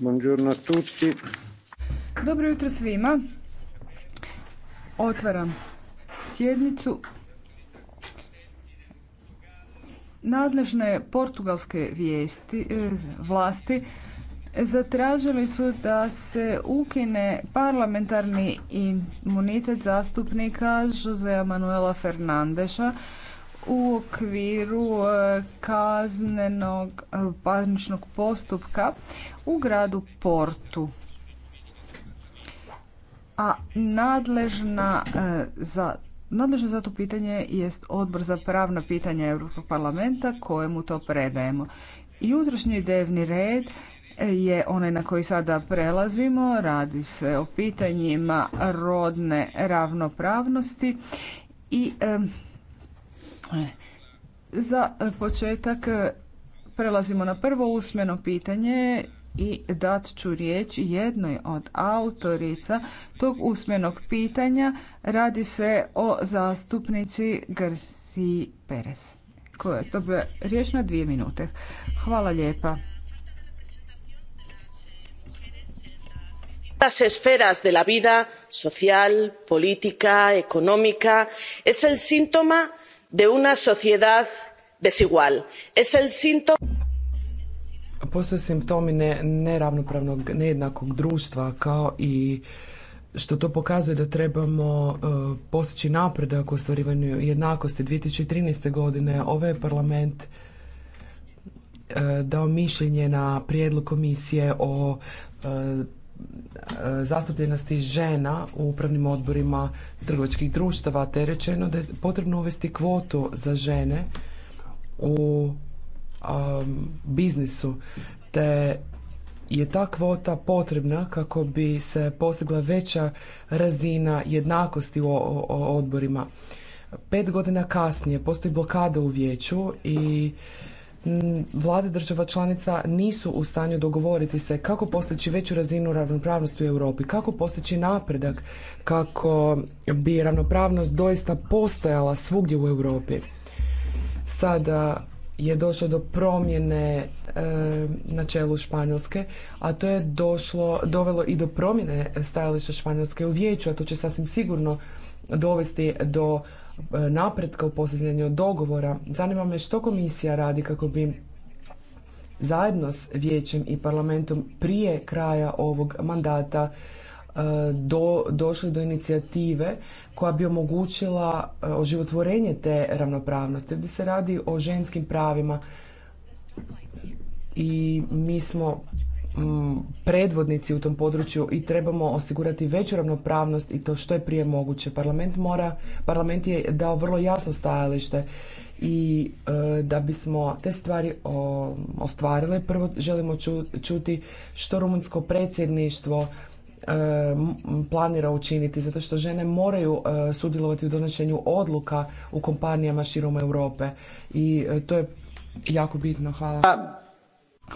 Buongiorno a tutti. Dobro jutro svima. Otvaram sjednicu. Nadležne portugalske vijesti, e, vlasti zatražili su da se ukine parlamentarni imunitet zastupnika Josea Manuela Fernandeša u okviru e, kaznenog e, parničnog postupka u gradu Portu. A nadležna e, za Nadležno za to pitanje jest odbor za pravna pitanja Europskog parlamenta kojemu to predajemo. Jutrošnji devni red je onaj na koji sada prelazimo. Radi se o pitanjima rodne ravnopravnosti i za e, početak e, prelazimo na prvo usmeno pitanje i dat ću riječ jednoj od autorica tog usmenog pitanja. Radi se o zastupnici Grsi Perez. Koja to bi riječ na dvije minute. Hvala lijepa. las esferas de vida social política económica es el de una sociedad desigual. Es el síntoma postoje simptomi neravnopravnog, nejednakog društva kao i što to pokazuje da trebamo e, postići napredak u ostvarivanju jednakosti. 2013. godine ovaj je parlament e, dao mišljenje na prijedlog komisije o e, E, zastupljenosti žena u upravnim odborima trgovačkih društava te je rečeno da je potrebno uvesti kvotu za žene u um, biznisu te je ta kvota potrebna kako bi se postigla veća razina jednakosti u odborima. Pet godina kasnije postoji blokada u vijeću i vlade država članica nisu u stanju dogovoriti se kako postići veću razinu ravnopravnosti u Europi, kako postići napredak, kako bi ravnopravnost doista postojala svugdje u Europi. Sada je došlo do promjene e, na čelu Španjolske, a to je došlo, dovelo i do promjene stajališta Španjolske u vijeću, a to će sasvim sigurno dovesti do E, napretka u postizanju dogovora. Zanima me što komisija radi kako bi zajedno s vijećem i parlamentom prije kraja ovog mandata e, do, došli do inicijative koja bi omogućila e, oživotvorenje te ravnopravnosti. Ovdje se radi o ženskim pravima i mi smo Mm, predvodnici u tom području i trebamo osigurati veću ravnopravnost i to što je prije moguće. Parlament mora, parlament je dao vrlo jasno stajalište i e, da bismo te stvari ostvarili, ostvarile, prvo želimo čuti što rumunsko predsjedništvo e, planira učiniti, zato što žene moraju e, sudjelovati u donošenju odluka u kompanijama širom Europe i to je jako bitno. Hvala. Pa,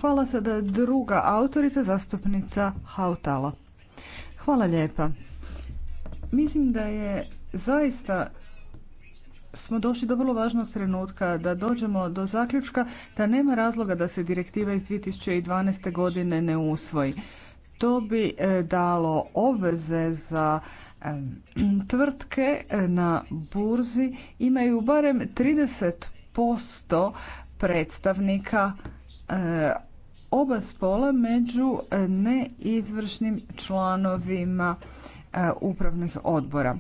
Hvala sada druga autorica, zastupnica Hautala. Hvala lijepa. Mislim da je zaista smo došli do vrlo važnog trenutka da dođemo do zaključka da nema razloga da se direktiva iz 2012. godine ne usvoji. To bi e, dalo obveze za tvrtke e, na burzi imaju barem 30% predstavnika e, oba spola među e, neizvršnim članovima e, upravnih odbora.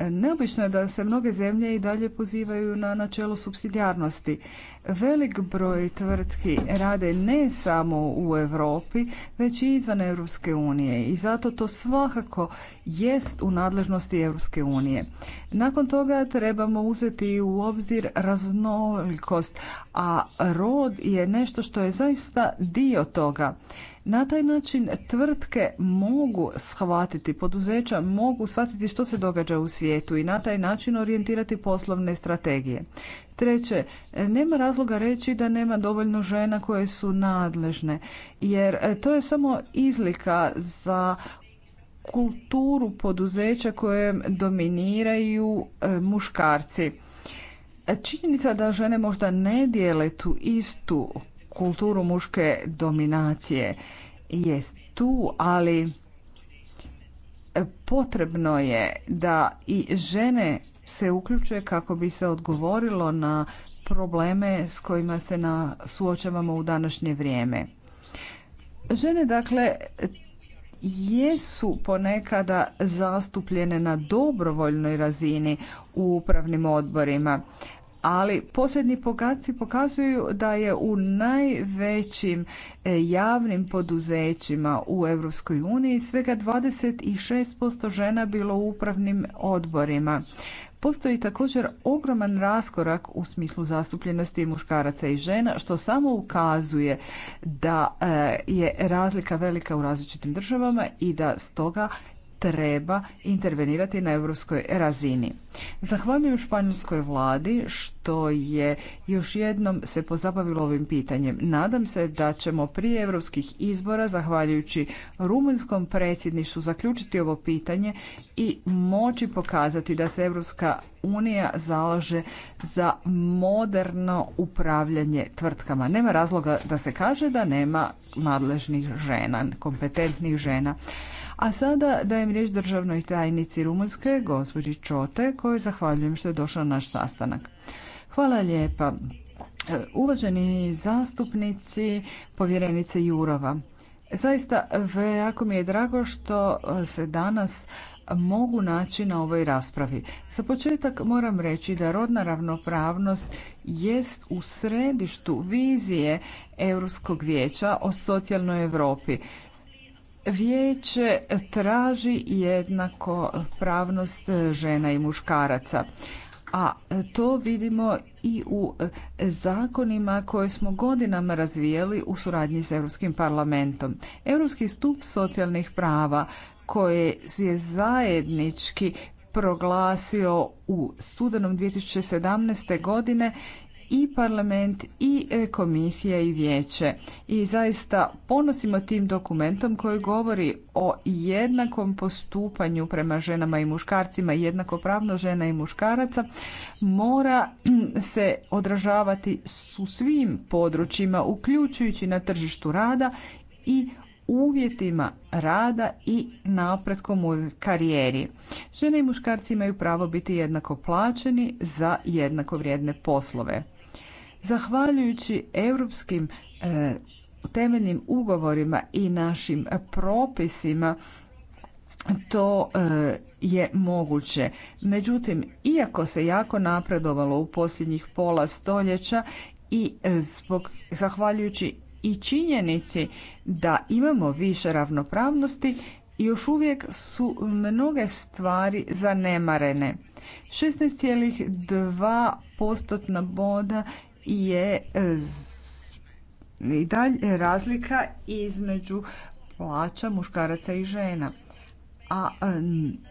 Neobično je da se mnoge zemlje i dalje pozivaju na načelo subsidijarnosti. Velik broj tvrtki rade ne samo u Europi, već i izvan Europske unije i zato to svakako jest u nadležnosti Europske unije. Nakon toga trebamo uzeti u obzir raznolikost, a rod je nešto što je zaista dio toga. Na taj način tvrtke mogu shvatiti, poduzeća mogu shvatiti što se događa u svijetu i na taj način orijentirati poslovne strategije. Treće, nema razloga reći da nema dovoljno žena koje su nadležne, jer e, to je samo izlika za kulturu poduzeća kojem dominiraju e, muškarci. E, činjenica da žene možda ne dijele tu istu kulturu muške dominacije jest tu, ali e, potrebno je da i žene se uključe kako bi se odgovorilo na probleme s kojima se na, suočavamo u današnje vrijeme. Žene dakle jesu ponekada zastupljene na dobrovoljnoj razini u upravnim odborima, ali posljednji pogaci pokazuju da je u najvećim e, javnim poduzećima u Europskoj uniji svega 26% žena bilo u upravnim odborima. Postoji također ogroman raskorak u smislu zastupljenosti muškaraca i žena, što samo ukazuje da e, je razlika velika u različitim državama i da stoga treba intervenirati na europskoj razini. Zahvaljujem španjolskoj vladi što je još jednom se pozabavilo ovim pitanjem. Nadam se da ćemo prije europskih izbora, zahvaljujući rumunskom predsjedništvu, zaključiti ovo pitanje i moći pokazati da se Europska unija zalaže za moderno upravljanje tvrtkama. Nema razloga da se kaže da nema nadležnih žena, kompetentnih žena. A sada dajem riječ državnoj tajnici Rumunjske, gospođi Čote, kojoj zahvaljujem što je došla na naš sastanak. Hvala lijepa. E, uvaženi zastupnici, povjerenice Jurova, zaista jako mi je drago što e, se danas mogu naći na ovoj raspravi. Za početak moram reći da rodna ravnopravnost jest u središtu vizije Europskog vijeća o socijalnoj Europi. Vijeće traži jednako pravnost žena i muškaraca. A to vidimo i u zakonima koje smo godinama razvijeli u suradnji s Europskim parlamentom. Europski stup socijalnih prava koje je zajednički proglasio u studenom 2017. godine i parlament i e, komisija i vijeće. I zaista ponosimo tim dokumentom koji govori o jednakom postupanju prema ženama i muškarcima, jednakopravno žena i muškaraca mora mm, se odražavati su svim područjima uključujući na tržištu rada i uvjetima rada i napretkom u karijeri. Žene i muškarci imaju pravo biti jednako plaćeni za jednako vrijedne poslove. Zahvaljujući europskim e, temeljnim ugovorima i našim propisima to e, je moguće. Međutim, iako se jako napredovalo u posljednjih pola stoljeća i e, zbog zahvaljujući i činjenici da imamo više ravnopravnosti, još uvijek su mnoge stvari zanemarene. 16,2 postotna boda je e, i dalje razlika između plaća muškaraca i žena. A e,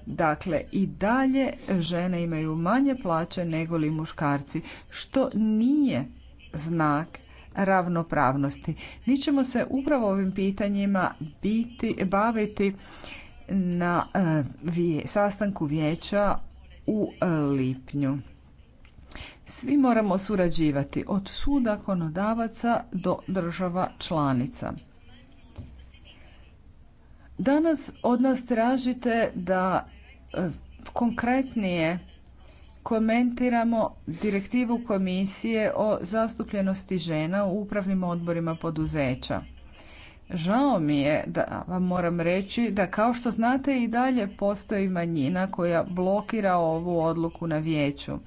dakle i dalje žene imaju manje plaće nego li muškarci, što nije znak ravnopravnosti. Mi ćemo se upravo ovim pitanjima biti, baviti na e, sastanku vijeća u lipnju. Svi moramo surađivati od konodavaca do država članica. Danas od nas tražite da e, konkretnije komentiramo direktivu komisije o zastupljenosti žena u upravnim odborima poduzeća. Žao mi je da vam moram reći da kao što znate i dalje postoji manjina koja blokira ovu odluku na vijeću.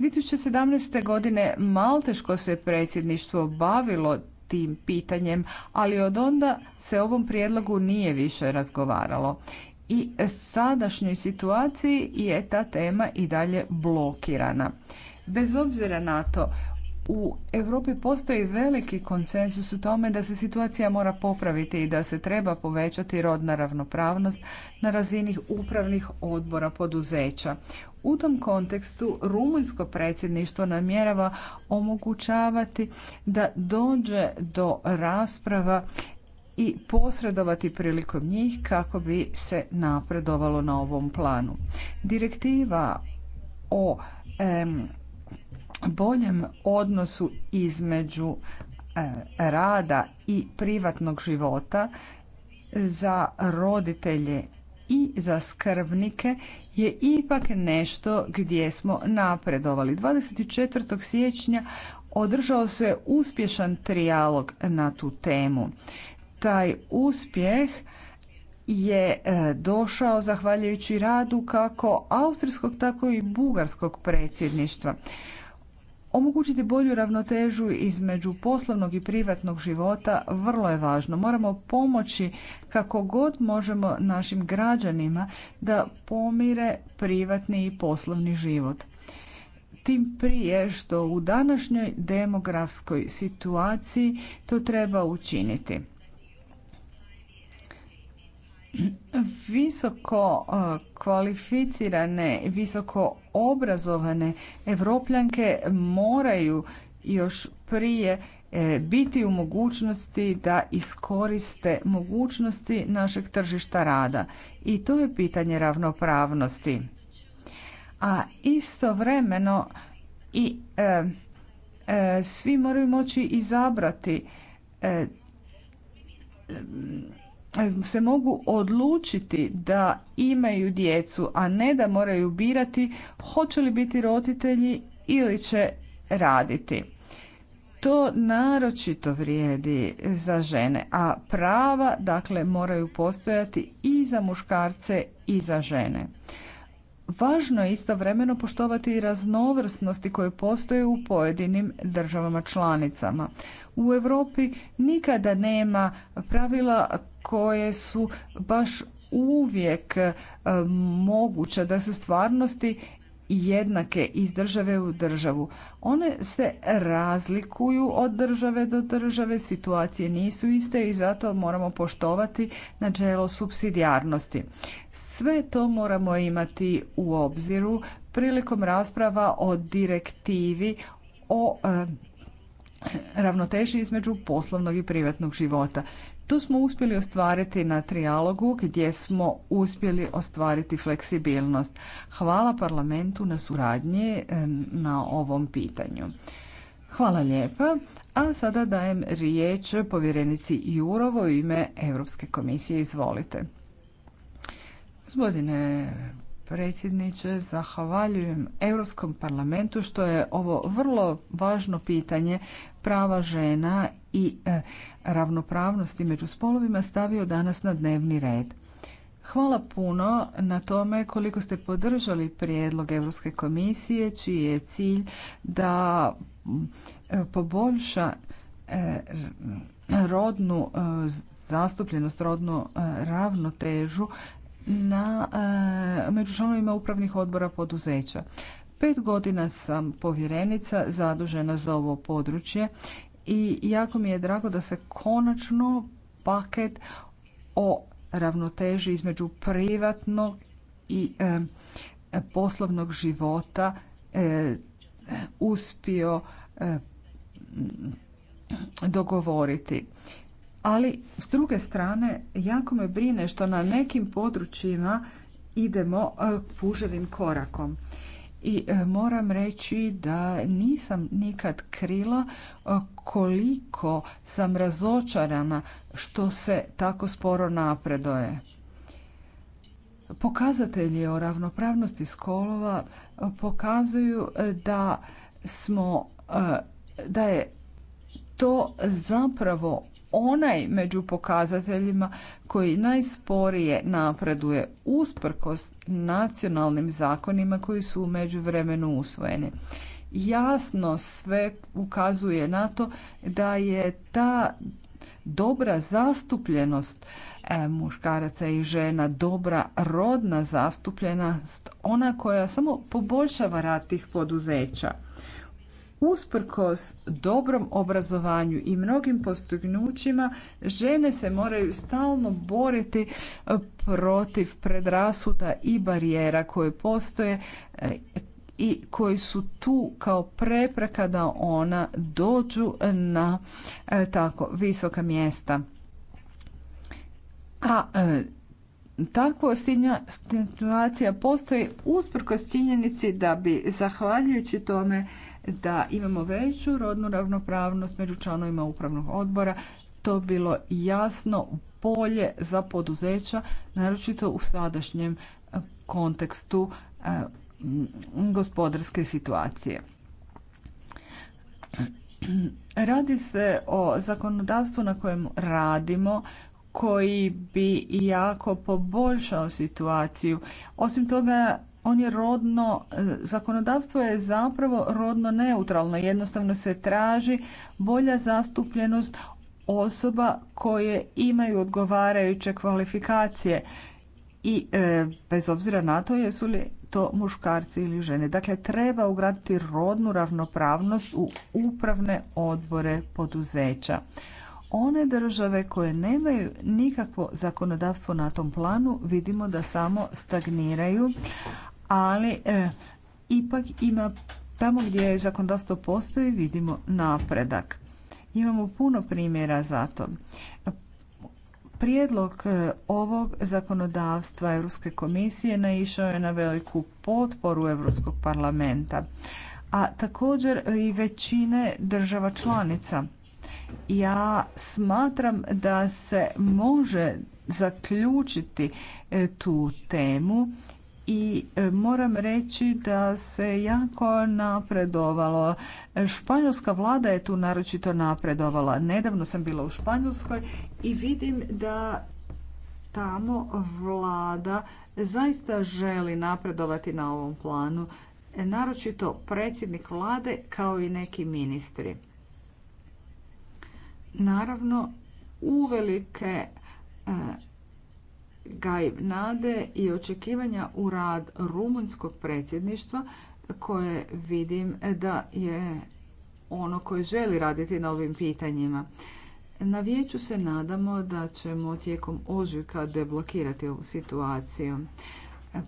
2017. godine Malteško se predsjedništvo bavilo tim pitanjem, ali od onda se ovom prijedlogu nije više razgovaralo. I sadašnjoj situaciji je ta tema i dalje blokirana. Bez obzira na to, u Europi postoji veliki konsenzus u tome da se situacija mora popraviti i da se treba povećati rodna ravnopravnost na razini upravnih odbora poduzeća. U tom kontekstu rumunjsko predsjedništvo namjerava omogućavati da dođe do rasprava i posredovati prilikom njih kako bi se napredovalo na ovom planu. Direktiva o em, boljem odnosu između e, rada i privatnog života za roditelje i za skrbnike je ipak nešto gdje smo napredovali. 24. siječnja održao se uspješan trijalog na tu temu. Taj uspjeh je e, došao zahvaljujući radu kako austrijskog tako i bugarskog predsjedništva. Omogućiti bolju ravnotežu između poslovnog i privatnog života vrlo je važno. Moramo pomoći kako god možemo našim građanima da pomire privatni i poslovni život. Tim prije što u današnjoj demografskoj situaciji to treba učiniti visoko eh, kvalificirane, visoko obrazovane evropljanke moraju još prije eh, biti u mogućnosti da iskoriste mogućnosti našeg tržišta rada. I to je pitanje ravnopravnosti. A istovremeno i eh, svi moraju moći izabrati se mogu odlučiti da imaju djecu, a ne da moraju birati hoće li biti roditelji ili će raditi. To naročito vrijedi za žene, a prava dakle moraju postojati i za muškarce i za žene. Važno je istovremeno poštovati i raznovrsnosti koje postoje u pojedinim državama članicama. U Europi nikada nema pravila koje su baš uvijek e, moguće da su stvarnosti jednake iz države u državu. One se razlikuju od države do države, situacije nisu iste i zato moramo poštovati načelo subsidijarnosti. Sve to moramo imati u obziru prilikom rasprava o direktivi o e, ravnoteži između poslovnog i privatnog života. To smo uspjeli ostvariti na trijalogu gdje smo uspjeli ostvariti fleksibilnost. Hvala parlamentu na suradnji eh, na ovom pitanju. Hvala lijepa. A sada dajem riječ povjerenici Jurovo u ime Europske komisije. Izvolite. Gospodine predsjedniče. Zahvaljujem Europskom parlamentu što je ovo vrlo važno pitanje prava žena i e, ravnopravnosti među spolovima stavio danas na dnevni red. Hvala puno na tome koliko ste podržali prijedlog Europske komisije čiji je cilj da e, poboljša e, rodnu zastupljenost, rodnu ravnotežu na, e, među članovima upravnih odbora poduzeća. Pet godina sam povjerenica zadužena za ovo područje i jako mi je drago da se konačno paket o ravnoteži između privatnog i e, poslovnog života e, uspio dogovoriti. Ali s druge strane jako me brine što na nekim područjima idemo e, puževim korakom. I e, moram reći da nisam nikad krila e, koliko sam razočarana što se tako sporo napredoje. Pokazatelji o ravnopravnosti skolova pokazuju da smo da je to zapravo onaj među pokazateljima koji najsporije napreduje usprkos nacionalnim zakonima koji su u međuvremenu usvojeni. Jasno sve ukazuje na to da je ta dobra zastupljenost e, muškaraca i žena, dobra rodna zastupljenost, ona koja samo poboljšava rad tih poduzeća usprkos dobrom obrazovanju i mnogim postignućima žene se moraju stalno boriti e, protiv predrasuda i barijera koje postoje e, i koji su tu kao prepreka da ona dođu na e, tako visoka mjesta. A takva situacija postoji usprkos činjenici da bi zahvaljujući tome da imamo veću rodnu ravnopravnost među članovima upravnog odbora. To bilo jasno polje za poduzeća, naročito u sadašnjem kontekstu eh, gospodarske situacije. Radi se o zakonodavstvu na kojem radimo, koji bi jako poboljšao situaciju. Osim toga, on je rodno, e, zakonodavstvo je zapravo rodno neutralno, jednostavno se traži bolja zastupljenost osoba koje imaju odgovarajuće kvalifikacije i e, bez obzira na to jesu li to muškarci ili žene. Dakle, treba ugraditi rodnu ravnopravnost u upravne odbore poduzeća. One države koje nemaju nikakvo zakonodavstvo na tom planu vidimo da samo stagniraju, ali e, ipak ima tamo gdje zakonodavstvo postoji vidimo napredak. Imamo puno primjera za to. Prijedlog e, ovog zakonodavstva Europske komisije naišao je na veliku potporu Europskog parlamenta, a također i većine država članica. Ja smatram da se može zaključiti e, tu temu i e, moram reći da se jako napredovalo. Španjolska vlada je tu naročito napredovala. Nedavno sam bila u Španjolskoj i vidim da tamo vlada zaista želi napredovati na ovom planu, e, naročito predsjednik vlade kao i neki ministri. Naravno, uvelike e, gaj nade i očekivanja u rad rumunjskog predsjedništva koje vidim da je ono koje želi raditi na ovim pitanjima. Na vijeću se nadamo da ćemo tijekom ožujka deblokirati ovu situaciju.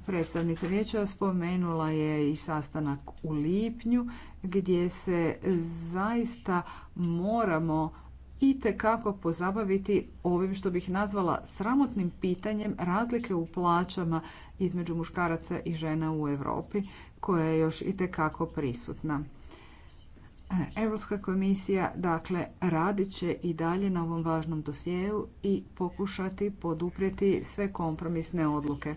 Predstavnica vijeća spomenula je i sastanak u lipnju gdje se zaista moramo i kako pozabaviti ovim što bih nazvala sramotnim pitanjem razlike u plaćama između muškaraca i žena u Europi koja je još i kako prisutna. Europska komisija dakle radit će i dalje na ovom važnom dosjeu i pokušati poduprijeti sve kompromisne odluke.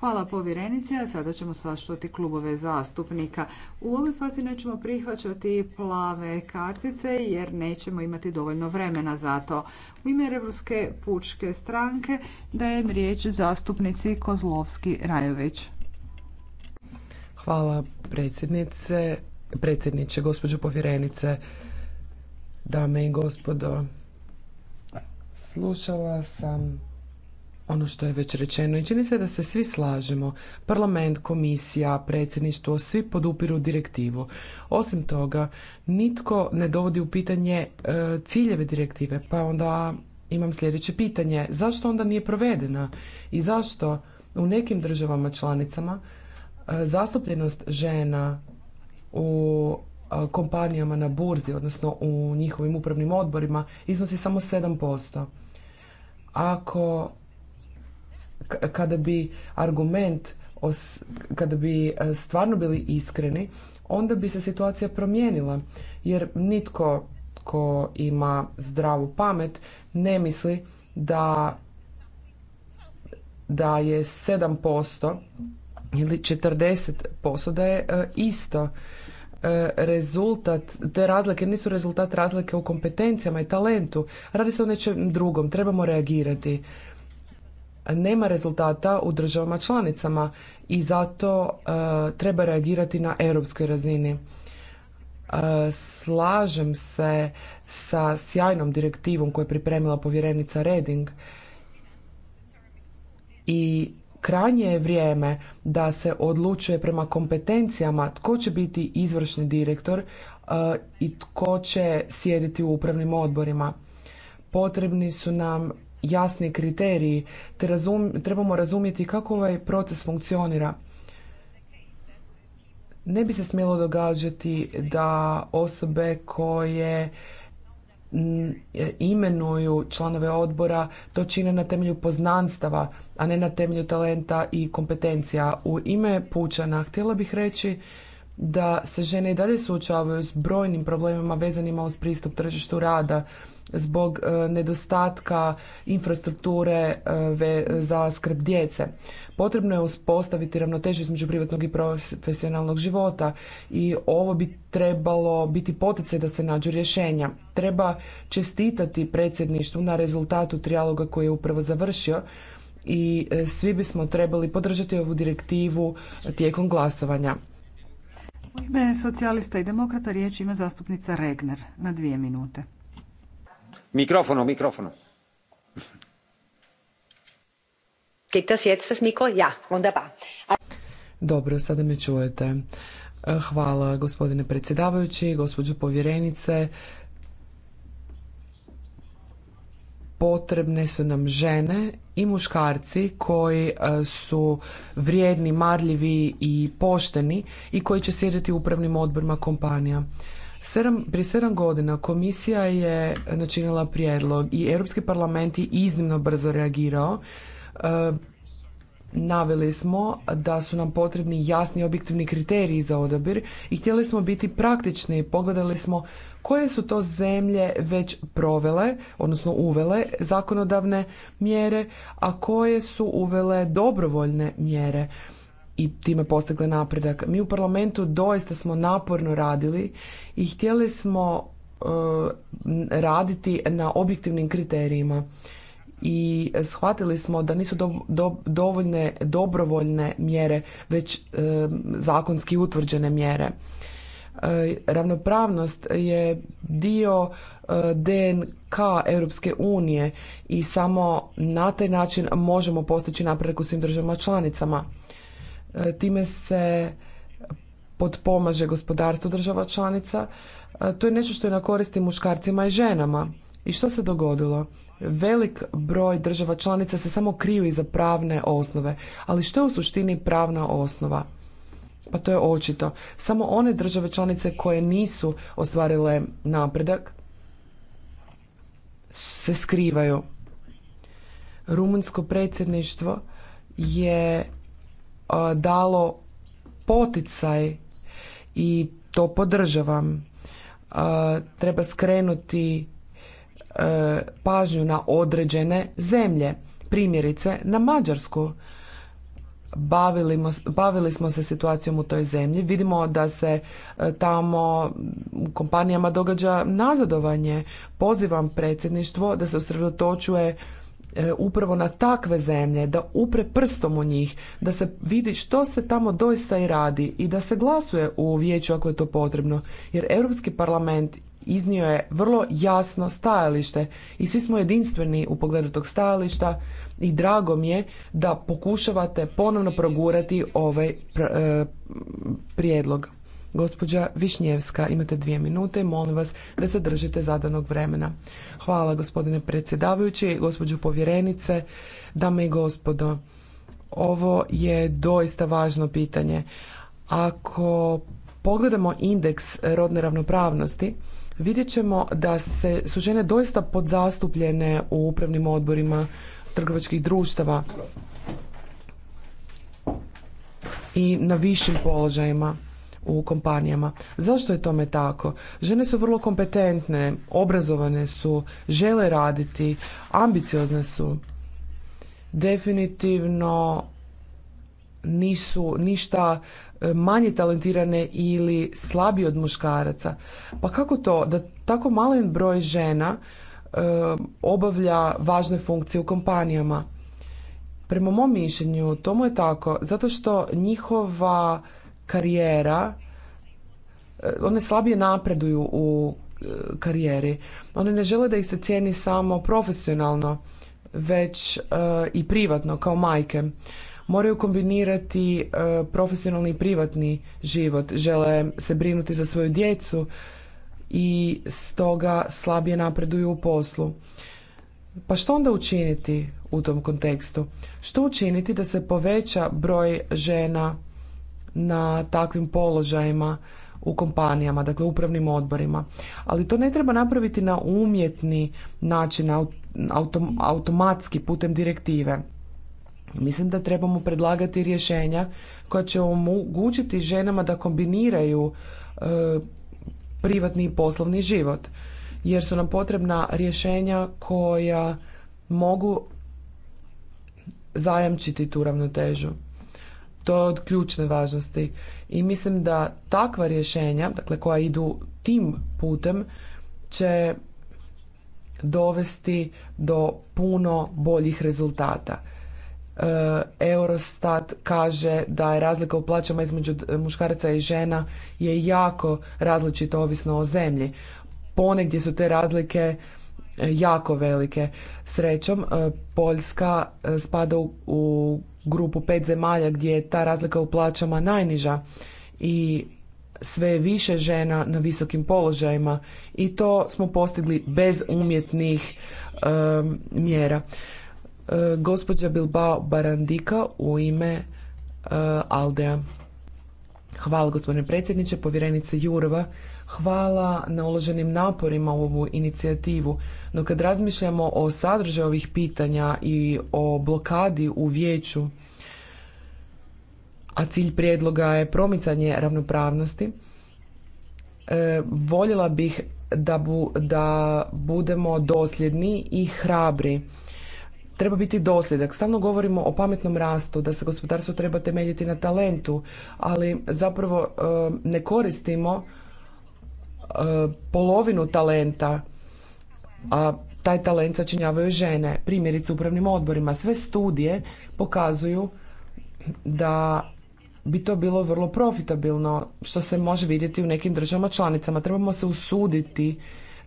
Hvala povjerenice, sada ćemo saštoti klubove zastupnika. U ovoj fazi nećemo prihvaćati plave kartice jer nećemo imati dovoljno vremena za to. U ime Europske pučke stranke dajem riječ zastupnici Kozlovski Rajović. Hvala predsjednice, predsjedniče, gospođo povjerenice, dame i gospodo. Slušala sam ono što je već rečeno i čini se da se svi slažemo. Parlament, komisija, predsjedništvo, svi podupiru direktivu. Osim toga, nitko ne dovodi u pitanje e, ciljeve direktive, pa onda imam sljedeće pitanje. Zašto onda nije provedena i zašto u nekim državama članicama e, zastupljenost žena u e, kompanijama na burzi, odnosno u njihovim upravnim odborima, iznosi samo 7%? Ako kada bi argument, kada bi e, stvarno bili iskreni, onda bi se situacija promijenila. Jer nitko ko ima zdravu pamet ne misli da da je 7% ili 40% da je e, isto e, rezultat, te razlike nisu rezultat razlike u kompetencijama i talentu. Radi se o nečem drugom, trebamo reagirati nema rezultata u državama članicama i zato e, treba reagirati na europskoj razini. E, slažem se sa sjajnom direktivom koju je pripremila povjerenica Reding i krajnje je vrijeme da se odlučuje prema kompetencijama tko će biti izvršni direktor e, i tko će sjediti u upravnim odborima. Potrebni su nam jasni kriteriji, te razum, trebamo razumjeti kako ovaj proces funkcionira. Ne bi se smjelo događati da osobe koje mm, imenuju članove odbora to čine na temelju poznanstava, a ne na temelju talenta i kompetencija. U ime Pučana htjela bih reći da se žene i dalje suočavaju s brojnim problemima vezanima uz pristup tržištu rada zbog e, nedostatka infrastrukture e, za skrb djece. Potrebno je uspostaviti ravnotežu između privatnog i profesionalnog života i ovo bi trebalo biti poticaj da se nađu rješenja. Treba čestitati predsjedništvu na rezultatu trijaloga koji je upravo završio i e, svi bismo trebali podržati ovu direktivu tijekom glasovanja. U ime socijalista i demokrata riječ ima zastupnica Regner na dvije minute. Mikrofono, mikrofono. Ja, pa. Dobro, sada me čujete. Hvala gospodine predsjedavajući, gospođo povjerenice. Potrebne su nam žene i muškarci koji e, su vrijedni, marljivi i pošteni i koji će sjediti u upravnim odborima kompanija. Sedam, prije sedam godina komisija je načinila prijedlog i Europski parlament je iznimno brzo reagirao e, Naveli smo da su nam potrebni jasni objektivni kriteriji za odabir i htjeli smo biti praktični. Pogledali smo koje su to zemlje već provele, odnosno uvele zakonodavne mjere, a koje su uvele dobrovoljne mjere i time postigle napredak. Mi u parlamentu doista smo naporno radili i htjeli smo e, raditi na objektivnim kriterijima i shvatili smo da nisu do, dovoljne dobrovoljne mjere već zakonski utvrđene mjere e, ravnopravnost je dio e, DNK Europske unije i samo na taj način možemo postići napredak u svim državama članicama e, time se potpomaže gospodarstvo država članica to je nešto što je na koristi muškarcima i ženama i što se dogodilo velik broj država članica se samo kriju iza pravne osnove. Ali što je u suštini pravna osnova? Pa to je očito. Samo one države članice koje nisu ostvarile napredak se skrivaju. Rumunsko predsjedništvo je dalo poticaj i to podržavam. Treba skrenuti E, pažnju na određene zemlje, primjerice na Mađarsku. Bavili, bavili smo se situacijom u toj zemlji, vidimo da se e, tamo u kompanijama događa nazadovanje. Pozivam predsjedništvo da se usredotočuje e, upravo na takve zemlje, da upre prstom u njih, da se vidi što se tamo doista i radi i da se glasuje u vijeću ako je to potrebno. Jer Europski parlament iznio je vrlo jasno stajalište i svi smo jedinstveni u pogledu tog stajališta i drago mi je da pokušavate ponovno progurati ovaj e, prijedlog. Gospođa Višnjevska, imate dvije minute i molim vas da se držite zadanog vremena. Hvala gospodine predsjedavajući, gospođo povjerenice, dame i gospodo. Ovo je doista važno pitanje. Ako pogledamo indeks rodne ravnopravnosti, vidjet ćemo da se, su žene doista podzastupljene u upravnim odborima trgovačkih društava i na višim položajima u kompanijama. Zašto je tome tako? Žene su vrlo kompetentne, obrazovane su, žele raditi, ambiciozne su. Definitivno nisu ništa E, manje talentirane ili slabije od muškaraca. Pa kako to da tako malen broj žena e, obavlja važne funkcije u kompanijama? Prema mom mišljenju tomu je tako zato što njihova karijera e, one slabije napreduju u e, karijeri. One ne žele da ih se cijeni samo profesionalno već i privatno kao majke moraju kombinirati e, profesionalni i privatni život, žele se brinuti za svoju djecu i stoga slabije napreduju u poslu. Pa što onda učiniti u tom kontekstu? Što učiniti da se poveća broj žena na takvim položajima u kompanijama, dakle upravnim odborima. Ali to ne treba napraviti na umjetni način, automatski putem direktive. Mislim da trebamo predlagati rješenja koja će omogućiti ženama da kombiniraju e, privatni i poslovni život jer su nam potrebna rješenja koja mogu zajamčiti tu ravnotežu. To je od ključne važnosti i mislim da takva rješenja, dakle koja idu tim putem će dovesti do puno boljih rezultata E, Eurostat kaže da je razlika u plaćama između muškaraca i žena je jako različita ovisno o zemlji. Ponegdje su te razlike e, jako velike. Srećom, e, Poljska spada u, grupu pet zemalja gdje je ta razlika u plaćama najniža i sve više žena na visokim položajima i to smo postigli bez umjetnih mjera. E, gospođa Bilbao Barandika u ime e, Aldea. Hvala gospodine predsjedniče, povjerenice Jurova. Hvala na uloženim naporima u ovu inicijativu. No kad razmišljamo o sadržaju ovih pitanja i o blokadi u vijeću, a cilj prijedloga je promicanje ravnopravnosti, e, voljela bih da, bu, da budemo dosljedni i hrabri treba biti dosljedak. Stalno govorimo o pametnom rastu, da se gospodarstvo treba temeljiti na talentu, ali zapravo eh, ne koristimo eh, polovinu talenta, a taj talent sačinjavaju žene. Primjerice u upravnim odborima. Sve studije pokazuju da bi to bilo vrlo profitabilno, što se može vidjeti u nekim državama članicama. Trebamo se usuditi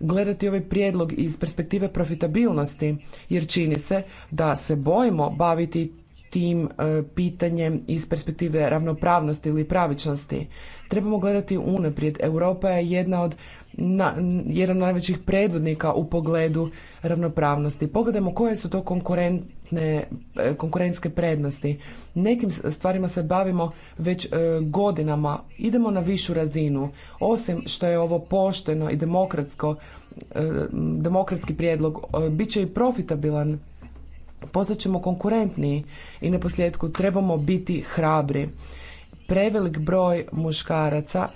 gledati ovaj prijedlog iz perspektive profitabilnosti jer čini se da se bojimo baviti tim e, pitanjem iz perspektive ravnopravnosti ili pravičnosti. Trebamo gledati unaprijed. Europa je jedna od jedan od najvećih predvodnika u pogledu ravnopravnosti. Pogledajmo koje su to konkurentne konkurentne, e, konkurentske prednosti. Nekim stvarima se bavimo već e, godinama. Idemo na višu razinu. Osim što je ovo pošteno i demokratsko, e, demokratski prijedlog, bit će i profitabilan postat ćemo konkurentniji i na trebamo biti hrabri. Prevelik broj muškaraca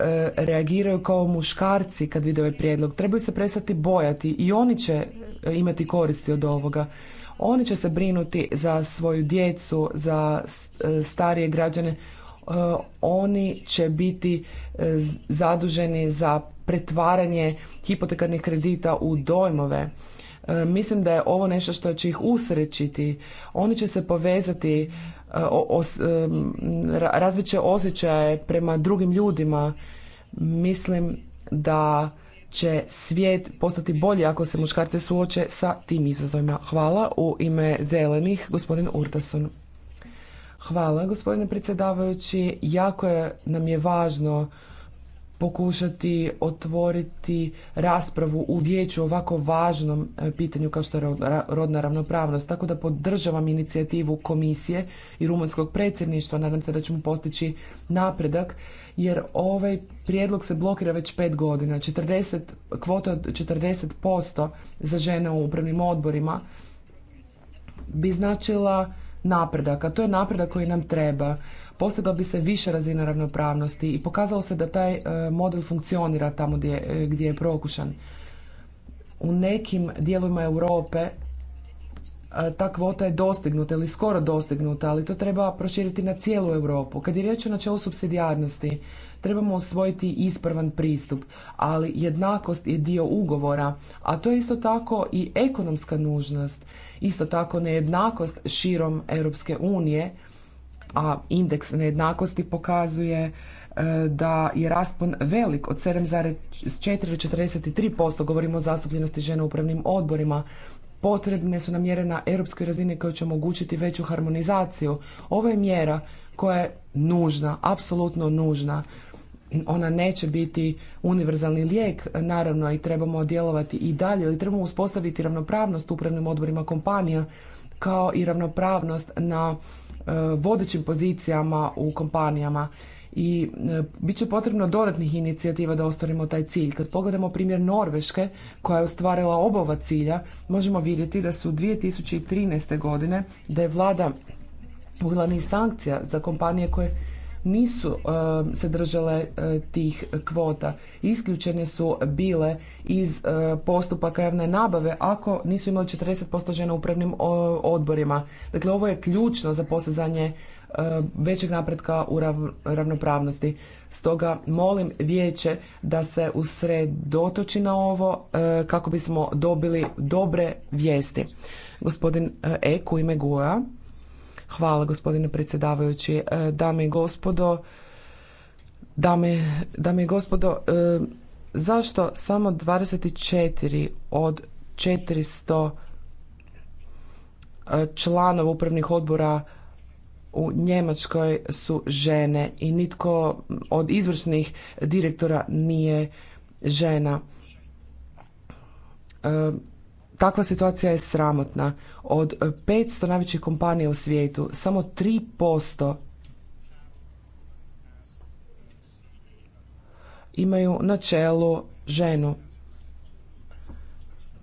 E, reagiraju kao muškarci kad vide ovaj prijedlog. Trebaju se prestati bojati i oni će e, imati koristi od ovoga. Oni će se brinuti za svoju djecu, za e, starije građane. Oni će biti zaduženi za pretvaranje hipotekarnih kredita u dojmove. Mislim da je ovo nešto što će ih usrećiti. Oni će se povezati E, e, razvit će osjećaje prema drugim ljudima. Mislim da će svijet postati bolji ako se muškarce suoče sa tim izazovima. Hvala u ime zelenih, gospodin Urtason. Hvala, gospodine predsjedavajući. Jako nam je važno pokušati otvoriti raspravu u vijeću o ovako važnom e, pitanju kao što je rodna ravnopravnost. Tako da podržavam inicijativu komisije i rumunskog predsjedništva. Nadam se da ćemo postići napredak jer ovaj prijedlog se blokira već pet godina. 40, kvota od 40% za žene u upravnim odborima bi značila napredak, a to je napredak koji nam treba postigla bi se više razina ravnopravnosti i pokazalo se da taj e, model funkcionira tamo gdje, e, gdje je prokušan. U nekim dijelovima Europe e, ta kvota je dostignuta ili skoro dostignuta, ali to treba proširiti na cijelu Europu. Kad je riječ o načelu subsidijarnosti, trebamo usvojiti ispravan pristup, ali jednakost je dio ugovora, a to je isto tako i ekonomska nužnost, isto tako nejednakost širom Europske unije a indeks nejednakosti pokazuje e, da je raspon velik od 7,4 do 43%, govorimo o zastupljenosti žena u upravnim odborima. Potrebne su namjere na europskoj razini koje će omogućiti veću harmonizaciju. Ovo je mjera koja je nužna, apsolutno nužna. Ona neće biti univerzalni lijek, naravno, i trebamo djelovati i dalje, ali trebamo uspostaviti ravnopravnost u upravnim odborima kompanija, kao i ravnopravnost na E, vodećim pozicijama u kompanijama i e, bit će potrebno dodatnih inicijativa da ostvarimo taj cilj. Kad pogledamo primjer Norveške koja je ostvarila obova cilja, možemo vidjeti da su 2013. godine da je vlada uvila niz sankcija za kompanije koje nisu eh, se držale eh, tih kvota. Isključene su bile iz eh, postupaka javne nabave ako nisu imali 40% žena u upravnim odborima. Dakle, ovo je ključno za postizanje većeg napretka u ravnopravnosti. Stoga molim vijeće da se usredotoči na ovo kako bismo dobili dobre vijesti. Gospodin Eku u ime Hvala gospodine predsjedavajući. E, dame i gospodo, dame, dame i gospodo, e, zašto samo 24 od 400 e, članova upravnih odbora u Njemačkoj su žene i nitko od izvršnih direktora nije žena. Takva situacija je sramotna. Od 500 e, najvećih kompanija u svijetu, samo 3% imaju na čelu ženu.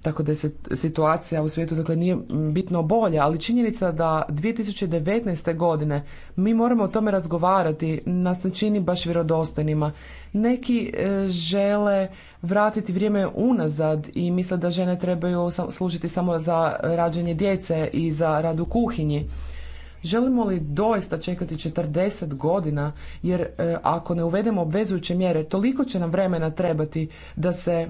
Tako da se situacija u svijetu dakle nije bitno bolja, ali činjenica da 2019. godine mi moramo o tome razgovarati nas ne čini baš vjerodostojnima neki e, žele vratiti vrijeme unazad i misle da žene trebaju služiti samo za rađanje djece i za rad u kuhinji. Želimo li doista čekati 40 godina jer e, ako ne uvedemo obvezujuće mjere toliko će nam vremena trebati da se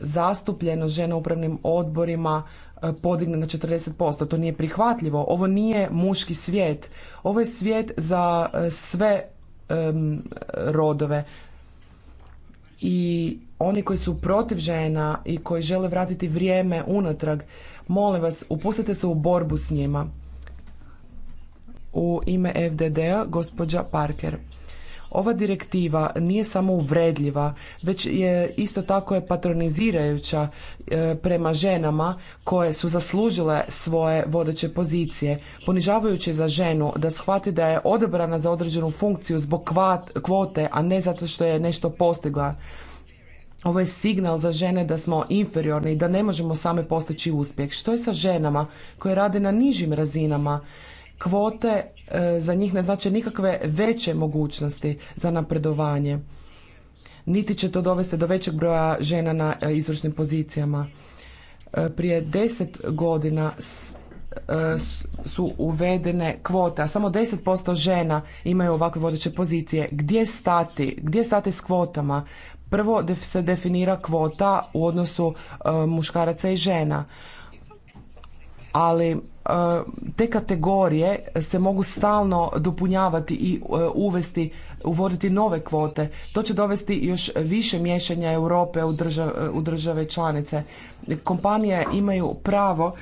zastupljenost žena u upravnim odborima e, podigne na 40%. To nije prihvatljivo. Ovo nije muški svijet. Ovo je svijet za sve um, rodove i oni koji su protiv žena i koji žele vratiti vrijeme unatrag, molim vas, upustite se u borbu s njima. U ime FDD-a, gospođa Parker. Ova direktiva nije samo uvredljiva, već je isto tako je patronizirajuća e, prema ženama koje su zaslužile svoje vodeće pozicije, ponižavajuće za ženu da shvati da je odebrana za određenu funkciju zbog kvote, a ne zato što je nešto postigla. Ovo je signal za žene da smo inferiorni i da ne možemo same postići uspjeh. Što je sa ženama koje rade na nižim razinama? Kvote e, za njih ne znače nikakve veće mogućnosti za napredovanje. Niti će to dovesti do većeg broja žena na e, izvršnim pozicijama. E, prije deset godina su uvedene kvote, a samo 10% žena imaju ovakve vodeće pozicije. Gdje stati? Gdje stati s kvotama? Prvo se definira kvota u odnosu muškaraca i žena ali e, te kategorije se mogu stalno dopunjavati i e, uvesti, uvoditi nove kvote. To će dovesti još više miješanja Europe u države, u članice. Kompanije imaju pravo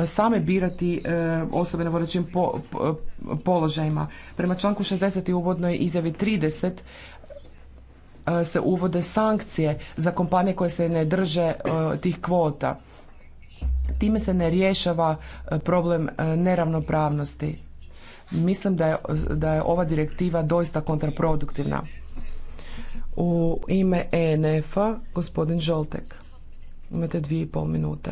e, same birati osobe na vodećim položajima. Prema članku 60. i uvodnoj izjavi 30 se uvode sankcije za kompanije koje se ne drže tih kvota time se ne rješava e, problem e, neravnopravnosti. Mislim da je, da je ova direktiva doista kontraproduktivna. U ime ENF-a gospodin Žoltek. Imate dvije i pol minute.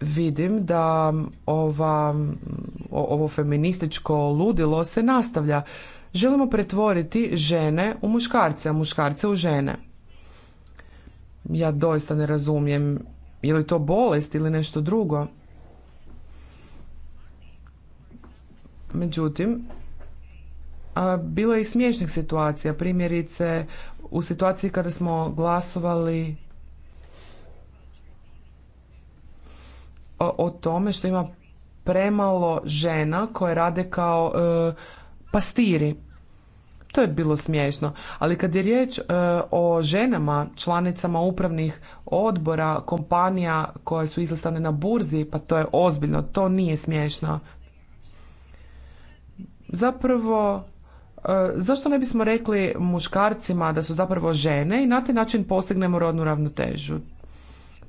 vidim da ova, ovo feminističko ludilo se nastavlja. Želimo pretvoriti žene u muškarce, a muškarce u žene. Ja doista ne razumijem je li to bolest ili nešto drugo. Međutim, bilo je i smiješnih situacija. Primjerice, u situaciji kada smo glasovali o, o tome što ima premalo žena koje rade kao e, pastiri. To je bilo smiješno. Ali kad je riječ e, o ženama, članicama upravnih odbora, kompanija koje su izlistane na burzi, pa to je ozbiljno, to nije smiješno. Zapravo, e, zašto ne bismo rekli muškarcima da su zapravo žene i na taj način postignemo rodnu ravnotežu?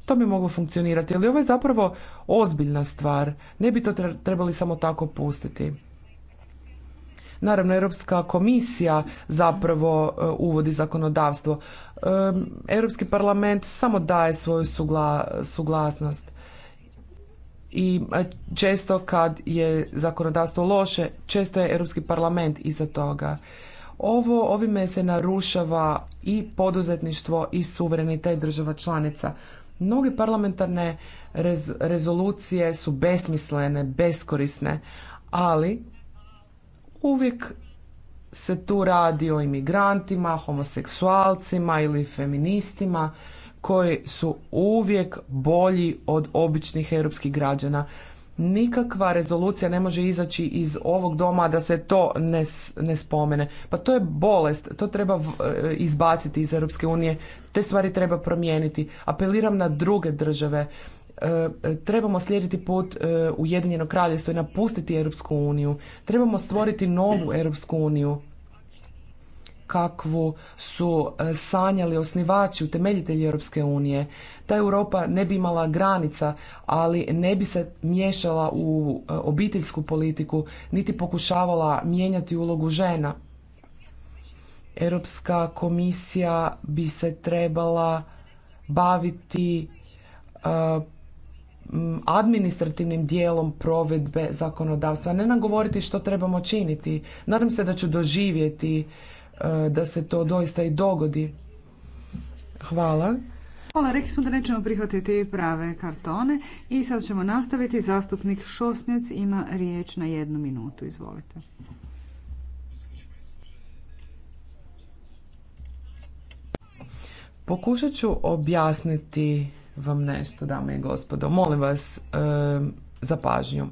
To bi moglo funkcionirati, ali ovo je zapravo ozbiljna stvar. Ne bi to trebali samo tako pustiti. Naravno, Europska komisija zapravo e, uvodi zakonodavstvo. E, Europski parlament samo daje svoju suglasnost. I e, često kad je zakonodavstvo loše, često je Europski parlament iza toga. Ovo, ovime se narušava i poduzetništvo i suverenitet država članica. Mnoge parlamentarne rezolucije su besmislene, beskorisne, ali uvijek se tu radi o imigrantima, homoseksualcima ili feministima koji su uvijek bolji od običnih europskih građana. Nikakva rezolucija ne može izaći iz ovog doma da se to ne, ne spomene. Pa to je bolest, to treba e, izbaciti iz Europske unije, te stvari treba promijeniti. Apeliram na druge države E, trebamo slijediti put e, Ujedinjenog kraljevstva i napustiti Europsku uniju. Trebamo stvoriti novu Europsku uniju kakvu su e, sanjali osnivači, utemeljitelji Europske unije. Ta Europa ne bi imala granica, ali ne bi se miješala u obiteljsku politiku, niti pokušavala mijenjati ulogu žena. Europska komisija bi se trebala baviti administrativnim dijelom provedbe zakonodavstva, ne nam govoriti što trebamo činiti. Nadam se da ću doživjeti e, da se to doista i dogodi. Hvala. Hvala, rekli smo da nećemo prihvatiti prave kartone i sad ćemo nastaviti. Zastupnik Šosnjac ima riječ na jednu minutu, izvolite. Pokušat ću objasniti vam nešto, dame i gospodo. Molim vas za pažnju.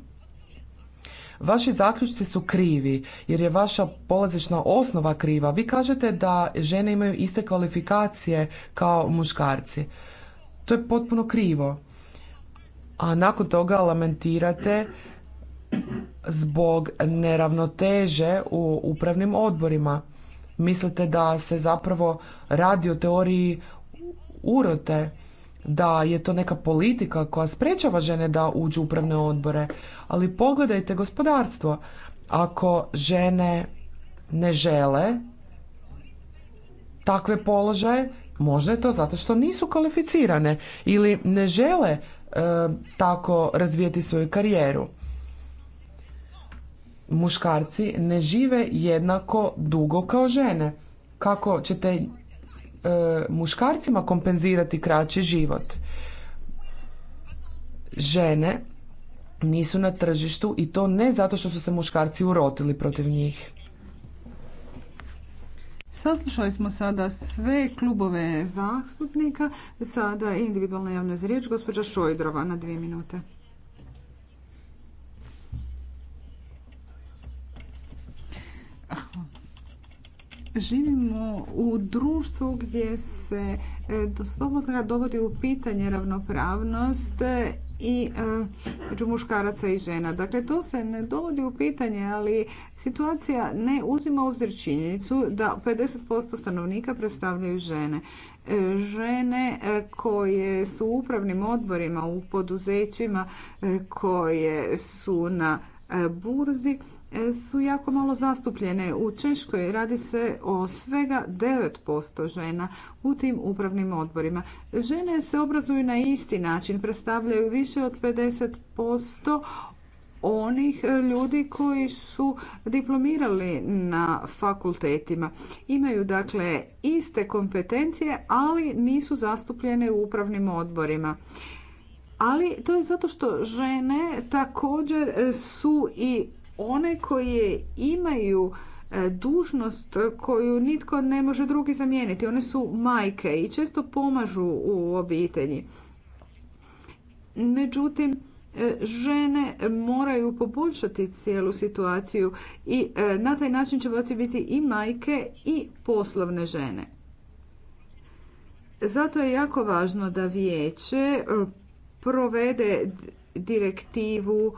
Vaši zaključci su krivi jer je vaša polazišna osnova kriva. Vi kažete da žene imaju iste kvalifikacije kao muškarci. To je potpuno krivo. A nakon toga lamentirate zbog neravnoteže u upravnim odborima. Mislite da se zapravo radi o teoriji urote da je to neka politika koja sprečava žene da uđu u upravne odbore, ali pogledajte gospodarstvo. Ako žene ne žele takve položaje, možda je to zato što nisu kvalificirane ili ne žele e, tako razvijeti svoju karijeru. Muškarci ne žive jednako dugo kao žene. Kako ćete E, muškarcima kompenzirati kraći život. Žene nisu na tržištu i to ne zato što su se muškarci urotili protiv njih. Saslušali smo sada sve klubove zastupnika. Sada individualna javna za riječ, gospođa Šojdrova na dvije minute. živimo u društvu gdje se e, do dovodi u pitanje ravnopravnost e, i e, među muškaraca i žena. Dakle, to se ne dovodi u pitanje, ali situacija ne uzima u obzir činjenicu da 50% stanovnika predstavljaju žene. Žene koje su u upravnim odborima, u poduzećima, koje su na burzi, su jako malo zastupljene. U Češkoj radi se o svega 9% žena u tim upravnim odborima. Žene se obrazuju na isti način, predstavljaju više od 50% onih e, ljudi koji su diplomirali na fakultetima. Imaju dakle iste kompetencije, ali nisu zastupljene u upravnim odborima. Ali to je zato što žene također su i one koje imaju e, dužnost koju nitko ne može drugi zamijeniti. One su majke i često pomažu u obitelji. Međutim, e, žene moraju poboljšati cijelu situaciju i e, na taj način će biti i majke i poslovne žene. Zato je jako važno da vijeće provede direktivu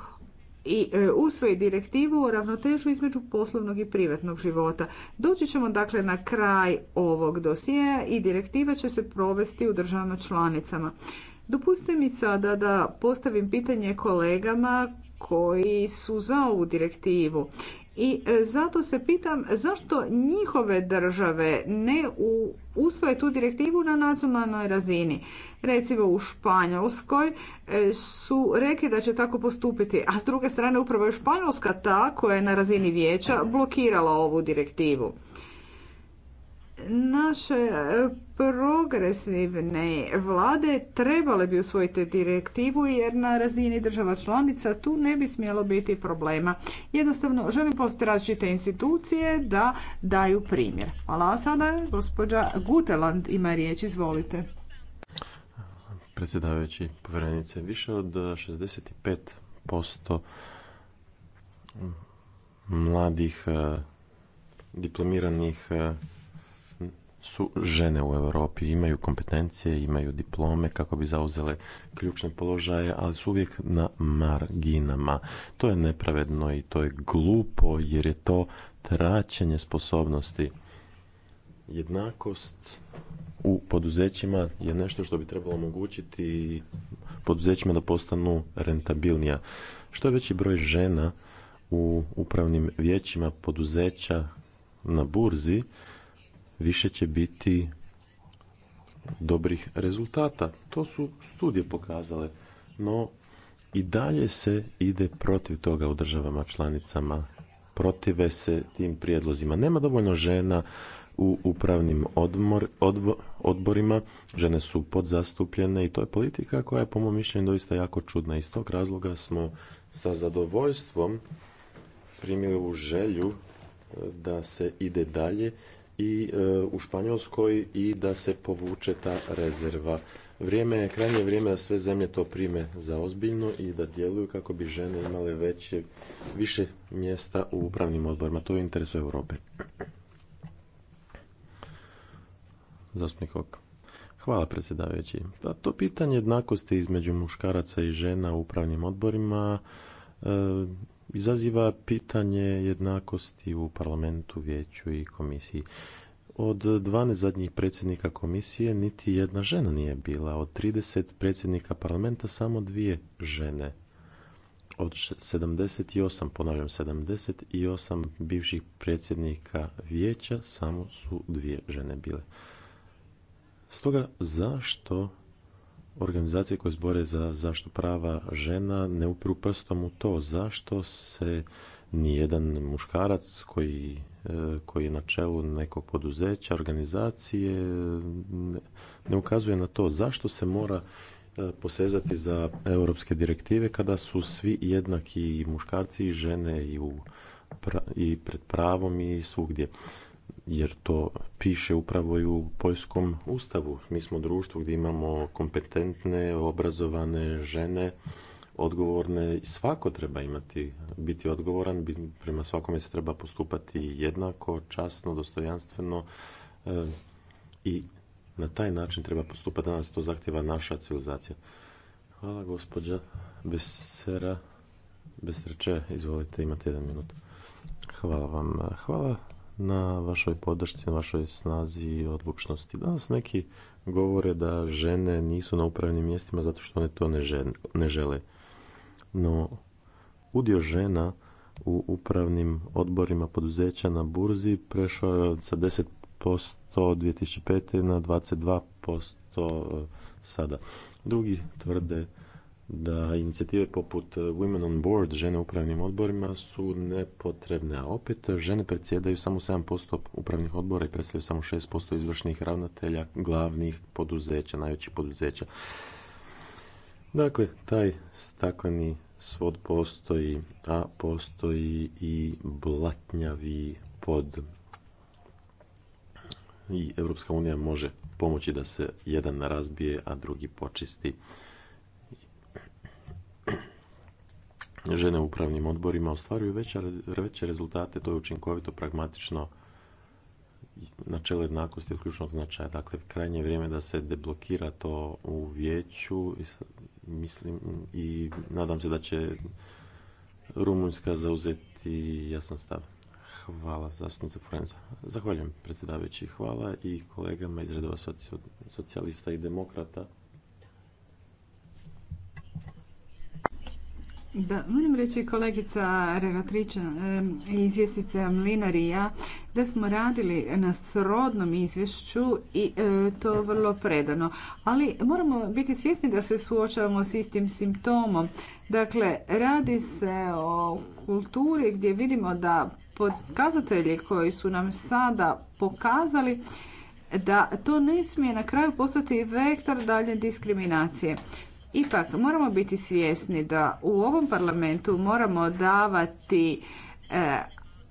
i e, usvoji direktivu o ravnotežu između poslovnog i privatnog života. Doći ćemo dakle na kraj ovog dosijeja i direktiva će se provesti u državama članicama. Dopustite mi sada da postavim pitanje kolegama koji su za ovu direktivu i e, zato se pitam zašto njihove države ne usvoje tu direktivu na nacionalnoj razini. Recimo u Španjolskoj e, su rekli da će tako postupiti, a s druge strane upravo je Španjolska ta koja je na razini vijeća blokirala ovu direktivu. Naše e, progresivne vlade trebale bi usvojiti direktivu jer na razini država članica tu ne bi smjelo biti problema. Jednostavno želim postraći institucije da daju primjer. Hvala a sada gospođa Guteland ima riječ, izvolite. Predsjedavajući povjerenice, više od 65% mladih e, diplomiranih e, su žene u Europi, imaju kompetencije, imaju diplome kako bi zauzele ključne položaje, ali su uvijek na marginama. To je nepravedno i to je glupo jer je to traćenje sposobnosti. Jednakost u poduzećima je nešto što bi trebalo omogućiti poduzećima da postanu rentabilnija. Što je veći broj žena u upravnim vijećima poduzeća na burzi, više će biti dobrih rezultata. To su studije pokazale, no i dalje se ide protiv toga u državama članicama. Protive se tim prijedlozima. Nema dovoljno žena u upravnim odmor, odborima, žene su podzastupljene i to je politika koja je po mom mišljenju doista jako čudna. Iz tog razloga smo sa zadovoljstvom primili ovu želju e, da se ide dalje i e, u Španjolskoj i da se povuče ta rezerva. Vrijeme je, krajnje vrijeme da sve zemlje to prime za ozbiljno i da djeluju kako bi žene imale veće, više mjesta u upravnim odborima. To je interes Europe. Zastupnik Hvala predsjedavajući. Pa to pitanje jednakosti između muškaraca i žena u upravnim odborima e, izaziva pitanje jednakosti u parlamentu, vijeću i komisiji. Od 12 zadnjih predsjednika komisije niti jedna žena nije bila. Od 30 predsjednika parlamenta samo dvije žene. Od 78, ponavljam, 78 bivših predsjednika vijeća samo su dvije žene bile. Stoga zašto organizacije koje zbore za zaštitu prava žena ne upiru prstom u to zašto se nijedan muškarac koji, e, koji je na čelu nekog poduzeća, organizacije, ne ukazuje na to zašto se mora e, posezati za europske direktive kada su svi jednaki i muškarci i žene i, i pred pravom i svugdje jer to piše upravo i u poljskom ustavu. Mi smo društvo gdje imamo kompetentne, obrazovane žene, odgovorne. Svako treba imati, biti odgovoran, prema svakome se treba postupati jednako, časno, dostojanstveno e, i na taj način treba postupati danas. To zahtjeva naša civilizacija. Hvala gospođa Besera. Besreče, izvolite, imate jedan minut. Hvala vam. E, hvala na vašoj podršci, na vašoj snazi i odlučnosti. Danas neki govore da žene nisu na upravnim mjestima zato što one to ne žele. No, udio žena u upravnim odborima poduzeća na burzi prešao je sa 10% 2005. na 22% e, sada. Drugi tvrde da inicijative poput eh, Women on Board, žene u upravnim odborima, su nepotrebne. A opet, eh, žene predsjedaju samo 7% upravnih odbora i predstavljaju samo 6% izvršnih ravnatelja glavnih poduzeća, najvećih poduzeća. Dakle, taj stakleni svod postoji, a postoji i blatnjavi pod. I Europska unija može pomoći da se jedan razbije, a drugi počisti. žene u upravnim odborima ostvaruju veće, rezultate, to je učinkovito, pragmatično, načelo jednakosti od ključnog značaja. Dakle, krajnje vrijeme da se deblokira to u vijeću i, mislim, i nadam se da će Rumunjska zauzeti jasan stav. Hvala zastupnice Forenza. Zahvaljujem predsjedavajući. Hvala i kolegama iz redova socijalista i demokrata. Da, moram reći kolegica Regatrića, izvjestica Mlinarija, da smo radili na srodnom izvješću i e, to vrlo predano. Ali moramo biti svjesni da se suočavamo s istim simptomom. Dakle, radi se o kulturi gdje vidimo da pokazatelji koji su nam sada pokazali da to ne smije na kraju postati vektor dalje diskriminacije. Ipak moramo biti svjesni da u ovom parlamentu moramo davati eh,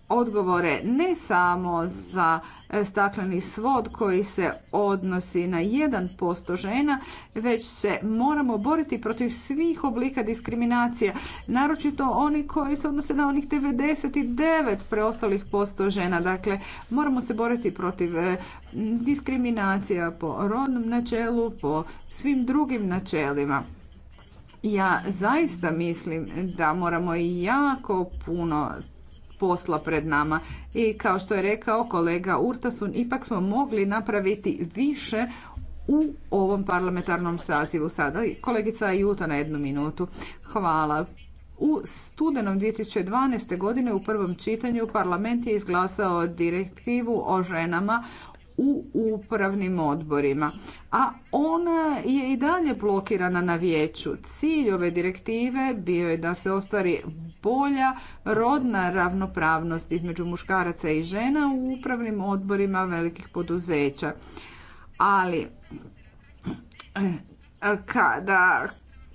odgovore ne samo za e, stakleni svod koji se odnosi na 1% žena, već se moramo boriti protiv svih oblika diskriminacija, naročito oni koji se odnose na onih 99 preostalih posto žena. Dakle, moramo se boriti protiv e, diskriminacija po rodnom načelu, po svim drugim načelima. Ja zaista mislim da moramo jako puno posla pred nama i kao što je rekao kolega Urtasun, ipak smo mogli napraviti više u ovom parlamentarnom sazivu sada. Kolegica Juta na jednu minutu. Hvala. U studenom 2012. godine u prvom čitanju parlament je izglasao direktivu o ženama u upravnim odborima, a ona je i dalje blokirana na vijeću. Cilj ove direktive bio je da se ostvari bolja rodna ravnopravnost između muškaraca i žena u upravnim odborima velikih poduzeća. Ali eh, kada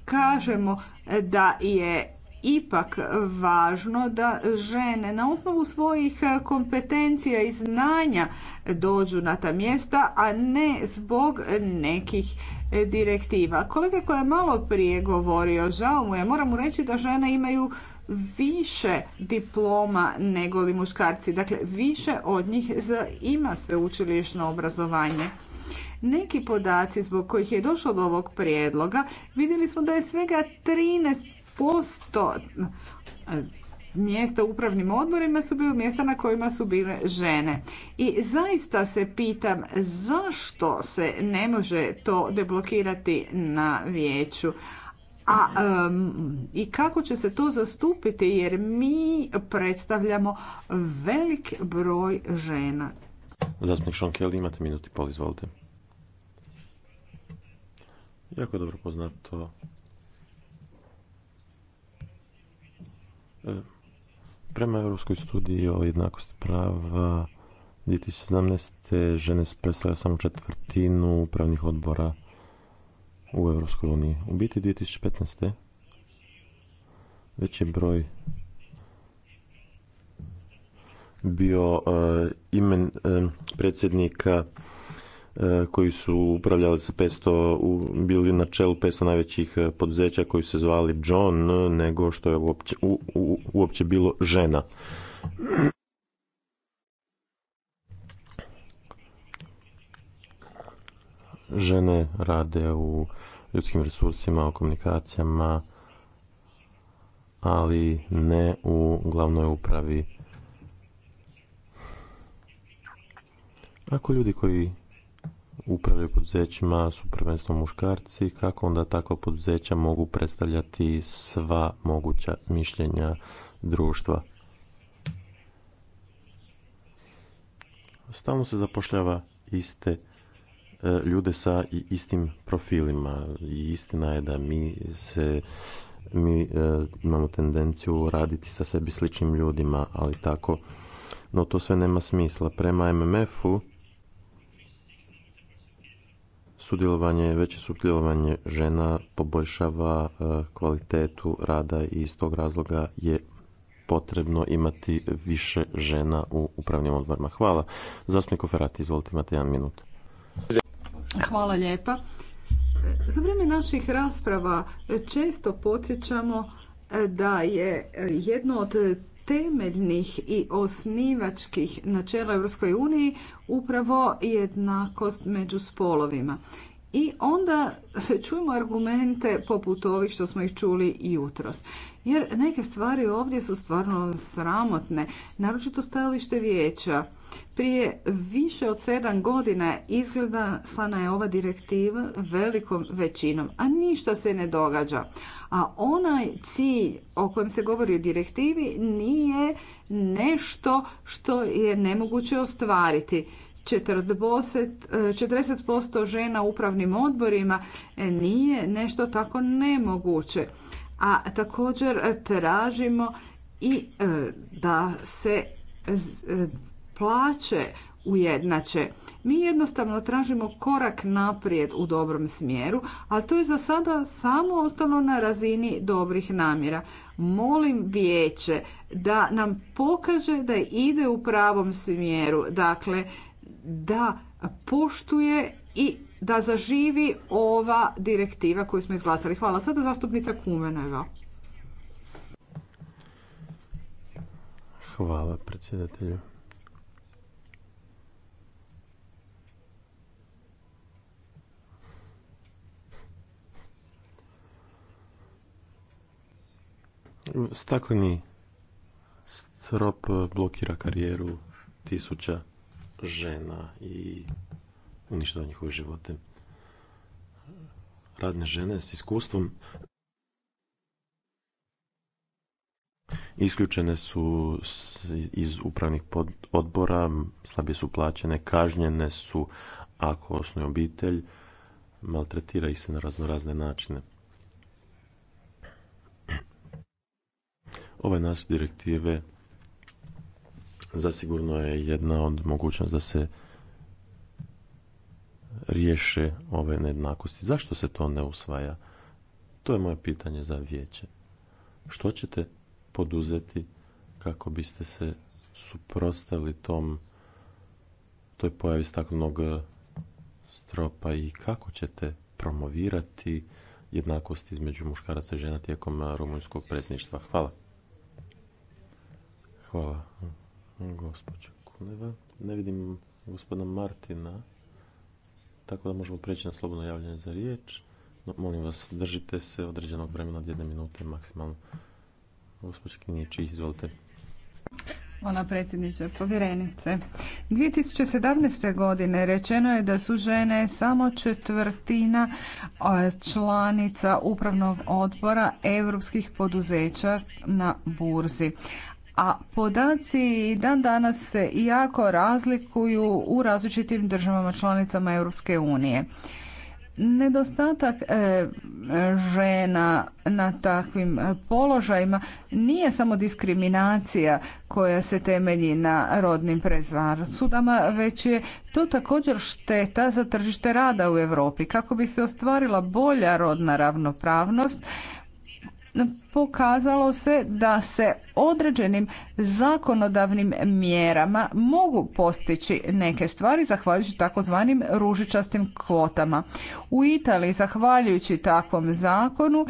kažemo da je ipak važno da žene na osnovu svojih kompetencija i znanja dođu na ta mjesta, a ne zbog nekih direktiva. Kolega koja je malo prije govorio, žao mu je, moram mu reći da žene imaju više diploma nego li muškarci. Dakle, više od njih ima sveučilišno obrazovanje. Neki podaci zbog kojih je došlo do ovog prijedloga vidjeli smo da je svega 13 Posto eh, mjesta u upravnim odborima su bile mjesta na kojima su bile žene. I zaista se pitam zašto se ne može to deblokirati na vijeću. A i kako će se to zastupiti jer mi predstavljamo velik broj žena. Zastupnik Šonkel, imate minuti pol, izvolite. Jako dobro poznato E, prema Europskoj studiji o jednakosti prava 2017. žene predstavlja samo četvrtinu upravnih odbora u Europskoj uniji. U biti 2015. veći broj bio e, imen e, predsjednika E, koji su upravljali sa 500, bili na čelu 500 najvećih e, poduzeća koji se zvali John, nego što je uopće, uopće bilo žena. Žene rade u ljudskim resursima, u komunikacijama, ali ne u glavnoj upravi. Ako ljudi koji uprave u poduzećima su prvenstvo muškarci, kako onda takva poduzeća mogu predstavljati sva moguća mišljenja društva. Stalno se zapošljava iste e, ljude sa istim profilima i istina je da mi se mi e, imamo tendenciju raditi sa sebi sličnim ljudima, ali tako, no to sve nema smisla. Prema MMF-u sudjelovanje, veće sudjelovanje žena poboljšava e, kvalitetu rada i iz tog razloga je potrebno imati više žena u upravnim odborima. Hvala. Zastupnik Oferati, izvolite, imate jedan minut. Hvala lijepa. Za vrijeme naših rasprava često podsjećamo da je jedno od temeljnih i osnivačkih načela Europskoj uniji upravo jednakost među spolovima. I onda čujemo argumente poput ovih što smo ih čuli jutros jer neke stvari ovdje su stvarno sramotne, naročito stajalište vijeća. Prije više od sedam godina izgleda slana je ova direktiva velikom većinom, a ništa se ne događa. A onaj cilj o kojem se govori u direktivi nije nešto što je nemoguće ostvariti. 40% žena u upravnim odborima e, nije nešto tako nemoguće a također e, tražimo i e, da se e, plaće ujednače. Mi jednostavno tražimo korak naprijed u dobrom smjeru, ali to je za sada samo ostalo na razini dobrih namjera. Molim vijeće da nam pokaže da ide u pravom smjeru, dakle da poštuje i da zaživi ova direktiva koju smo izglasali. Hvala. Sada zastupnica Kumeneva. Hvala predsjedatelju. Stakleni strop blokira karijeru tisuća žena i uništava njihove živote. Radne žene s iskustvom isključene su iz upravnih odbora, slabije su plaćene, kažnjene su ako osnuje obitelj, maltretira ih se na razno razne načine. Ovaj nas direktive zasigurno je jedna od mogućnosti da se riješe ove nejednakosti. Zašto se to ne usvaja? To je moje pitanje za vijeće. Što ćete poduzeti kako biste se suprotstavili tom toj pojavi staklenog e, stropa i kako ćete promovirati jednakost između muškaraca i žena tijekom e, rumunjskog predsjedništva. Hvala. Hvala, gospođo Kuneva. Ne vidim gospodina Martina tako da možemo preći na slobodno javljanje za riječ. molim vas, držite se određenog vremena od jedne minute maksimalno. Gospodin Kinići, izvolite. Ona predsjedniče povjerenice. 2017. godine rečeno je da su žene samo četvrtina članica upravnog odbora europskih poduzeća na burzi a podaci dan danas se jako razlikuju u različitim državama članicama Europske unije. Nedostatak e, žena na takvim položajima nije samo diskriminacija koja se temelji na rodnim prezarsudama, već je to također šteta za tržište rada u Europi. Kako bi se ostvarila bolja rodna ravnopravnost, pokazalo se da se određenim zakonodavnim mjerama mogu postići neke stvari zahvaljujući takozvanim ružičastim kvotama. U Italiji zahvaljujući takvom zakonu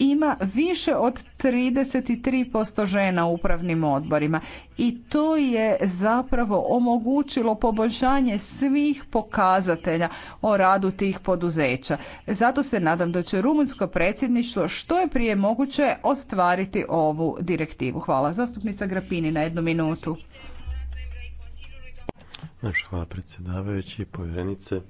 ima više od 33% žena u upravnim odborima i to je zapravo omogućilo poboljšanje svih pokazatelja o radu tih poduzeća. Zato se nadam da će rumunsko predsjedništvo što je prije moguće ostvariti ovu direktivu. Hvala. Zastupnica Grapini na jednu minutu. hvala predsjedavajući, povjerenice.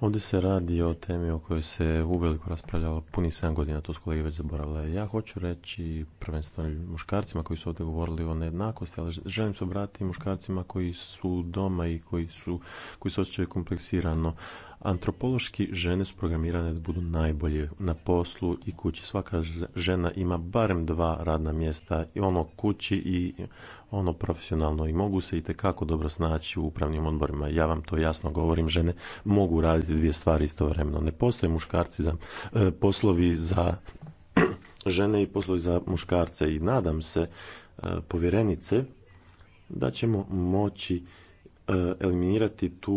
Ovdje se radi o temi o kojoj se uveliko raspravljalo puni 7 godina, to su kolege već zaboravile. Ja hoću reći prvenstveno muškarcima koji su ovdje govorili o nejednakosti, ali želim se obratiti muškarcima koji su doma i koji, su, koji se osjećaju kompleksirano. Antropološki žene su programirane da budu najbolje na poslu i kući. Svaka žena ima barem dva radna mjesta, i ono kući i ono profesionalno i mogu se i tekako dobro snaći u upravnim odborima. Ja vam to jasno govorim, žene mogu raditi dvije stvari istovremeno. Ne postoje muškarci za e, poslovi za žene i poslovi za muškarce i nadam se e, povjerenice da ćemo moći e, eliminirati tu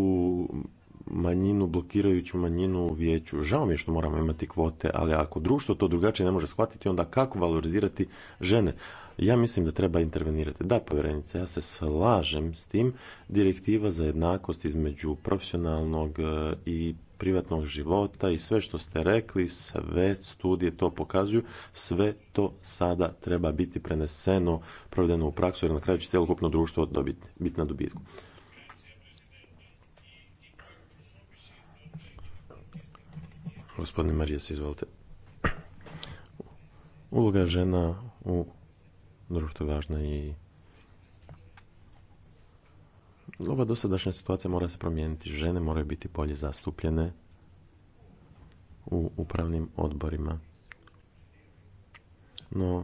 manjinu, blokirajuću manjinu u vijeću. Žao mi je što moramo imati kvote, ali ako društvo to drugačije ne može shvatiti, onda kako valorizirati žene? Ja mislim da treba intervenirati. Da, povjerenice, ja se slažem s tim. Direktiva za jednakost između profesionalnog e, i privatnog života i sve što ste rekli, sve studije to pokazuju, sve to sada treba biti preneseno, provedeno u praksu, jer na kraju će cjelokupno društvo dobiti, biti na dobitku. Gospodine Marijas, izvolite. Uloga žena u društvo važna i ova dosadašnja situacija mora se promijeniti. Žene moraju biti bolje zastupljene u upravnim odborima. No,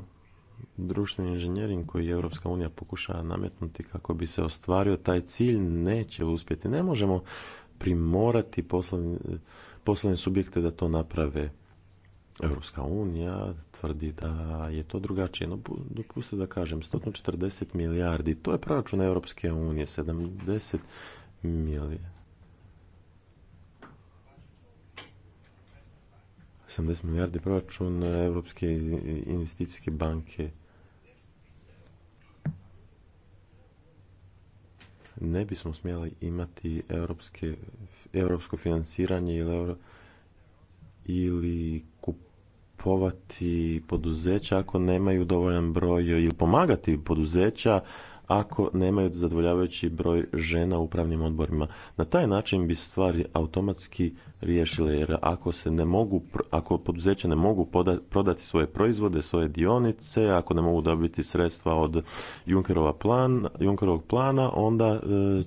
društveni inženjering koji Europska unija pokušava nametnuti kako bi se ostvario taj cilj neće uspjeti. Ne možemo primorati poslovne, poslovne subjekte da to naprave. Europska unija tvrdi da je to drugačije. No, dopustite da kažem, 140 milijardi, to je proračun Europske unije, 70 milijardi. 70 milijardi proračun Europske investicijske banke. Ne bismo smjeli imati europske, europsko financiranje ili, ili kupovati poduzeća ako nemaju dovoljan broj ili pomagati poduzeća ako nemaju zadovoljavajući broj žena u upravnim odborima. Na taj način bi stvari automatski riješile jer ako se ne mogu, ako poduzeća ne mogu prodati svoje proizvode, svoje dionice, ako ne mogu dobiti sredstva od Junkerova plan, Junkerovog plana, onda e,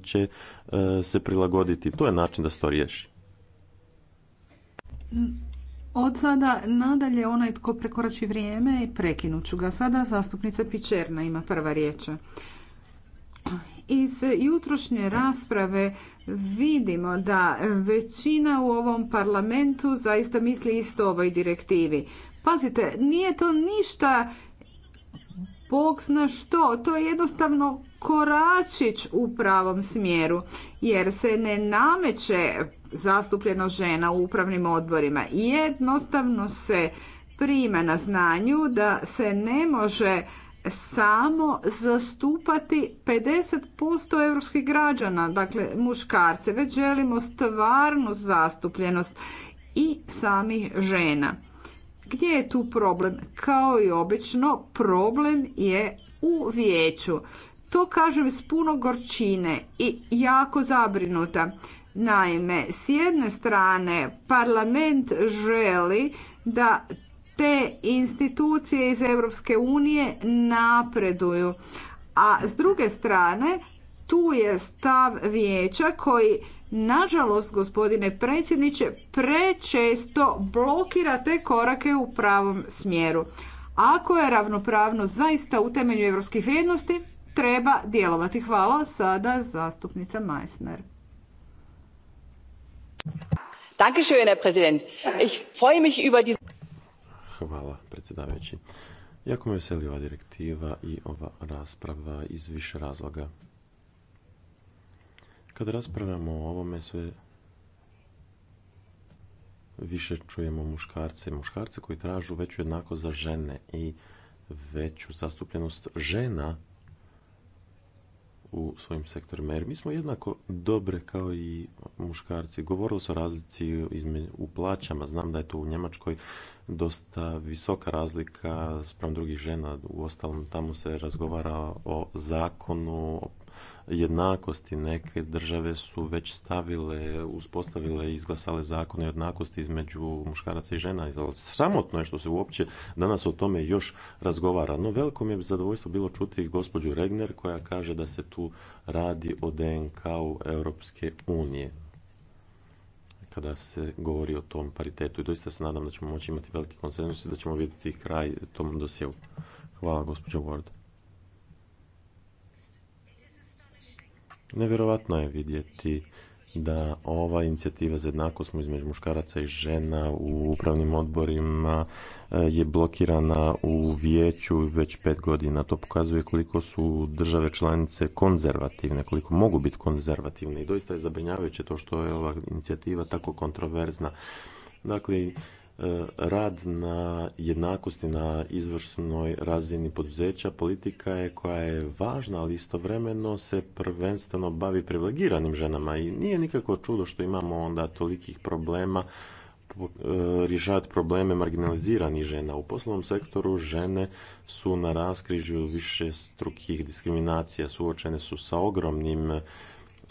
će e, se prilagoditi. To je način da se to riješi. Mm. Od sada nadalje onaj tko prekorači vrijeme i prekinut ću ga sada. Zastupnica Pičerna ima prva riječ. Iz jutrošnje rasprave vidimo da većina u ovom parlamentu zaista misli isto o ovoj direktivi. Pazite, nije to ništa Bog zna što, to je jednostavno koračić u pravom smjeru jer se ne nameće zastupljenost žena u upravnim odborima jednostavno se prima na znanju da se ne može samo zastupati 50% europskih građana, dakle muškarce, već želimo stvarnu zastupljenost i samih žena. Gdje je tu problem? Kao i obično, problem je u vijeću. To kažem s puno gorčine i jako zabrinuta. Naime, s jedne strane parlament želi da te institucije iz Europske unije napreduju, a s druge strane tu je stav vijeća koji Nažalost, gospodine predsjedniče, prečesto blokirate korake u pravom smjeru. Ako je ravnopravno zaista u temelju europskih vrijednosti, treba djelovati. Hvala sada zastupnica Meissner. Hvala predsjedavajući. Jako me veseli ova direktiva i ova rasprava iz više razloga. Kad raspravljamo o ovome sve više čujemo muškarce. Muškarce koji tražu veću jednakost za žene i veću zastupljenost žena u svojim sektorima. Jer mi smo jednako dobre kao i muškarci. Govorilo se o razlici u plaćama. Znam da je to u Njemačkoj dosta visoka razlika spram drugih žena. U ostalom tamo se razgovara o zakonu, o jednakosti. Neke države su već stavile, uspostavile i izglasale zakone o jednakosti između muškaraca i žena. Sramotno je što se uopće danas o tome još razgovara. No veliko mi je zadovoljstvo bilo čuti gospođu Regner koja kaže da se tu radi o DNK-u Europske unije kada se govori o tom paritetu. I doista se nadam da ćemo moći imati veliki konsenzus i da ćemo vidjeti kraj tom dosjevu. Hvala gospođo Ward. Nevjerojatno je vidjeti da ova inicijativa za jednakost između muškaraca i žena u upravnim odborima e, je blokirana u vijeću već pet godina. To pokazuje koliko su države članice konzervativne, koliko mogu biti konzervativne i doista je zabrinjavajuće to što je ova inicijativa tako kontroverzna. Dakle, rad na jednakosti na izvršnoj razini poduzeća politika je koja je važna, ali istovremeno se prvenstveno bavi privilegiranim ženama i nije nikako čudo što imamo onda tolikih problema e, rješavati probleme marginaliziranih žena. U poslovnom sektoru žene su na raskrižju više strukih diskriminacija, suočene su sa ogromnim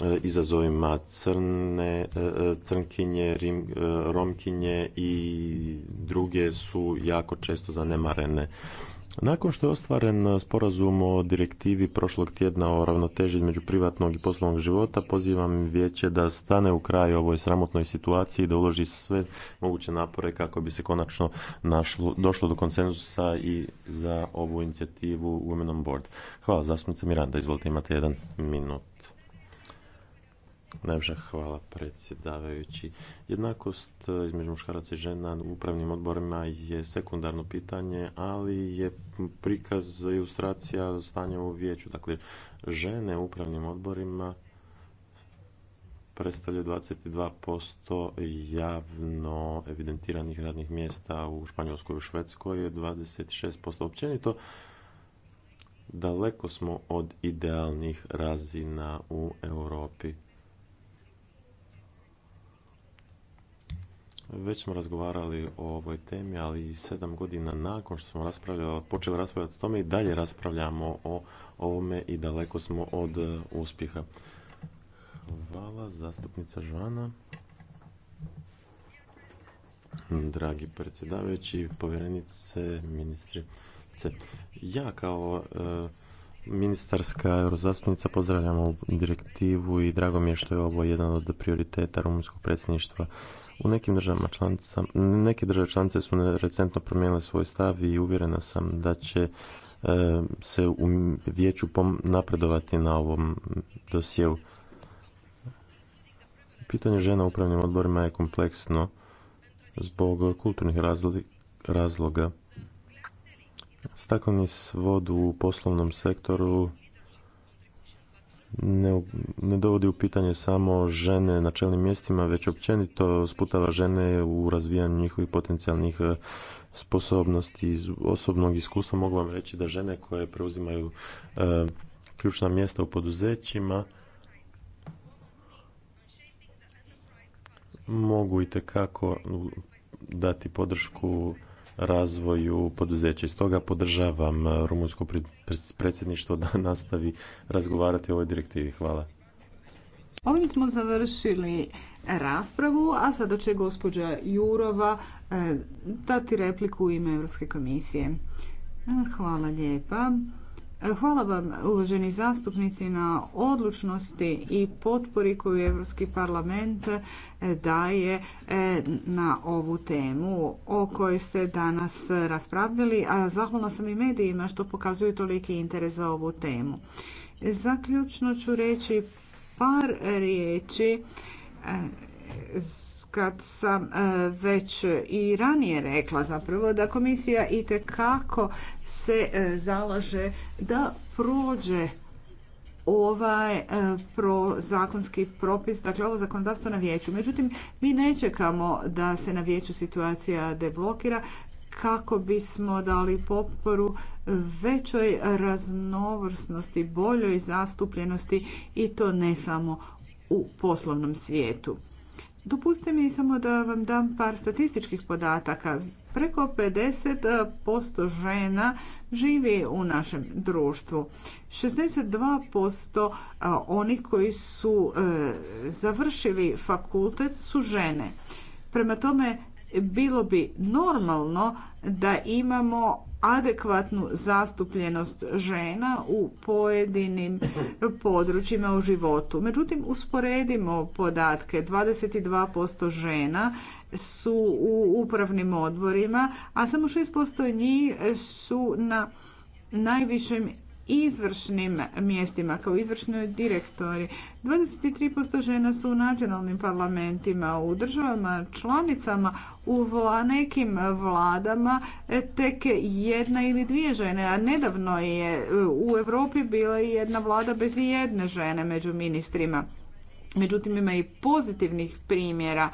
E, izazovima crne, e, e, crnkinje, romkinje i druge su jako često zanemarene. Nakon što je ostvaren sporazum o direktivi prošlog tjedna o ravnoteži između privatnog i poslovnog života, pozivam vijeće da stane u kraj ovoj sramotnoj situaciji i da uloži sve moguće napore kako bi se konačno našlo, došlo do konsenzusa i za ovu inicijativu Women on Board. Hvala, zastupnica Miranda, izvolite, imate jedan minut. Najviše hvala predsjedavajući. Jednakost e, između muškaraca i žena u upravnim odborima je sekundarno pitanje, ali je prikaz, ilustracija stanja u vijeću. Dakle, žene u upravnim odborima predstavljaju 22% javno evidentiranih radnih mjesta u Španjolskoj i u Švedskoj 26% općenito. Daleko smo od idealnih razina u Europi. Već smo razgovarali o ovoj temi, ali i sedam godina nakon što smo raspravljali, počeli raspravljati o tome i dalje raspravljamo o ovome i daleko smo od e, uspjeha. Hvala, zastupnica Žana. Dragi predsjedavajući, povjerenice, ministrice. Ja kao e, ministarska eurozastupnica pozdravljam ovu direktivu i drago mi je što je ovo jedan od prioriteta rumunskog predsjedništva u nekim državama članicama, neke države članice su recentno promijenile svoj stav i uvjerena sam da će e, se u vijeću napredovati na ovom dosjeu. Pitanje žena u upravnim odborima je kompleksno zbog kulturnih razloga. Stakleni svod u poslovnom sektoru ne, ne dovodi u pitanje samo žene na čelnim mjestima, već općenito sputava žene u razvijanju njihovih potencijalnih e, sposobnosti iz osobnog iskustva. Mogu vam reći da žene koje preuzimaju e, ključna mjesta u poduzećima mogu i tekako dati podršku razvoju poduzeća. I stoga podržavam eh, rumunsko predsjedništvo da nastavi razgovarati o ovoj direktivi. Hvala. Ovim smo završili eh, raspravu, a sada će gospođa Jurova eh, dati repliku u ime Europske komisije. Hvala lijepa. Hvala vam, uvaženi zastupnici, na odlučnosti i potpori koju Europski parlament e, daje e, na ovu temu o kojoj ste danas raspravljali, a zahvalna sam i medijima što pokazuju toliki interes za ovu temu. Zaključno ću reći par riječi e, kad sam e, već i ranije rekla zapravo da komisija i kako se e, zalaže da prođe ovaj e, zakonski propis, dakle ovo zakonodavstvo na vijeću. Međutim, mi ne čekamo da se na vijeću situacija deblokira kako bismo dali potporu većoj raznovrsnosti, boljoj zastupljenosti i to ne samo u poslovnom svijetu. Dopustite mi samo da vam dam par statističkih podataka. Preko 50% žena živi u našem društvu. 62% onih koji su e, završili fakultet su žene. Prema tome, bilo bi normalno da imamo adekvatnu zastupljenost žena u pojedinim područjima u životu. Međutim, usporedimo podatke. 22% žena su u upravnim odborima, a samo 6% njih su na najvišim izvršnim mjestima kao izvršnoj direktori. 23% žena su u nacionalnim parlamentima, u državama, članicama, u nekim vladama e, tek jedna ili dvije žene, a nedavno je e, u Europi bila jedna vlada bez jedne žene među ministrima. Međutim, ima i pozitivnih primjera.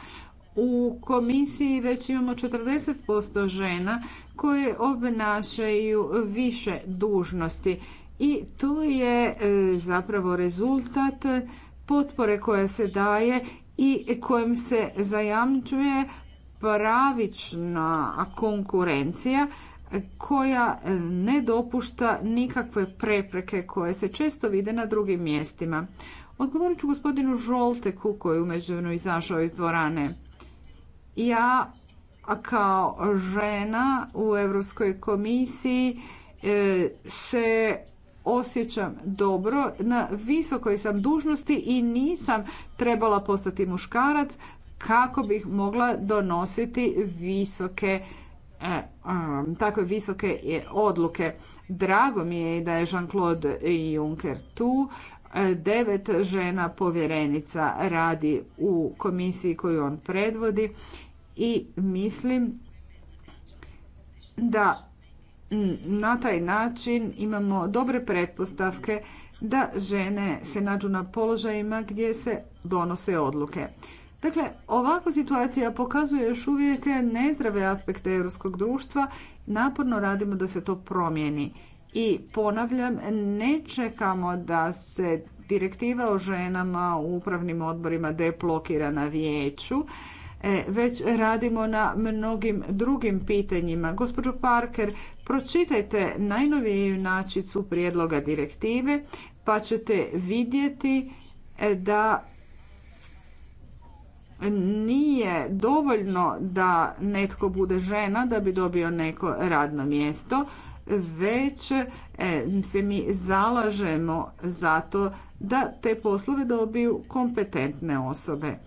U komisiji već imamo 40% žena koje obnašaju više dužnosti i to je e, zapravo rezultat potpore koja se daje i kojom se zajamčuje pravična konkurencija koja e, ne dopušta nikakve prepreke koje se često vide na drugim mjestima. Odgovorit ću gospodinu Žolteku koji je umeđuvremenu izašao iz dvorane. Ja kao žena u Europskoj komisiji e, se osjećam dobro, na visokoj sam dužnosti i nisam trebala postati muškarac kako bih mogla donositi visoke e, um, takve visoke e, odluke. Drago mi je da je Jean-Claude Juncker tu. E, devet žena povjerenica radi u komisiji koju on predvodi i mislim da Mm, na taj način imamo dobre pretpostavke da žene se nađu na položajima gdje se donose odluke. Dakle, ovakva situacija pokazuje još uvijek nezdrave aspekte europskog društva. Naporno radimo da se to promijeni. I ponavljam, ne čekamo da se direktiva o ženama u upravnim odborima deplokira na vijeću, e, već radimo na mnogim drugim pitanjima. Gospođo Parker, Pročitajte najnoviju načicu prijedloga direktive pa ćete vidjeti e, da nije dovoljno da netko bude žena da bi dobio neko radno mjesto, već e, se mi zalažemo za to da te poslove dobiju kompetentne osobe.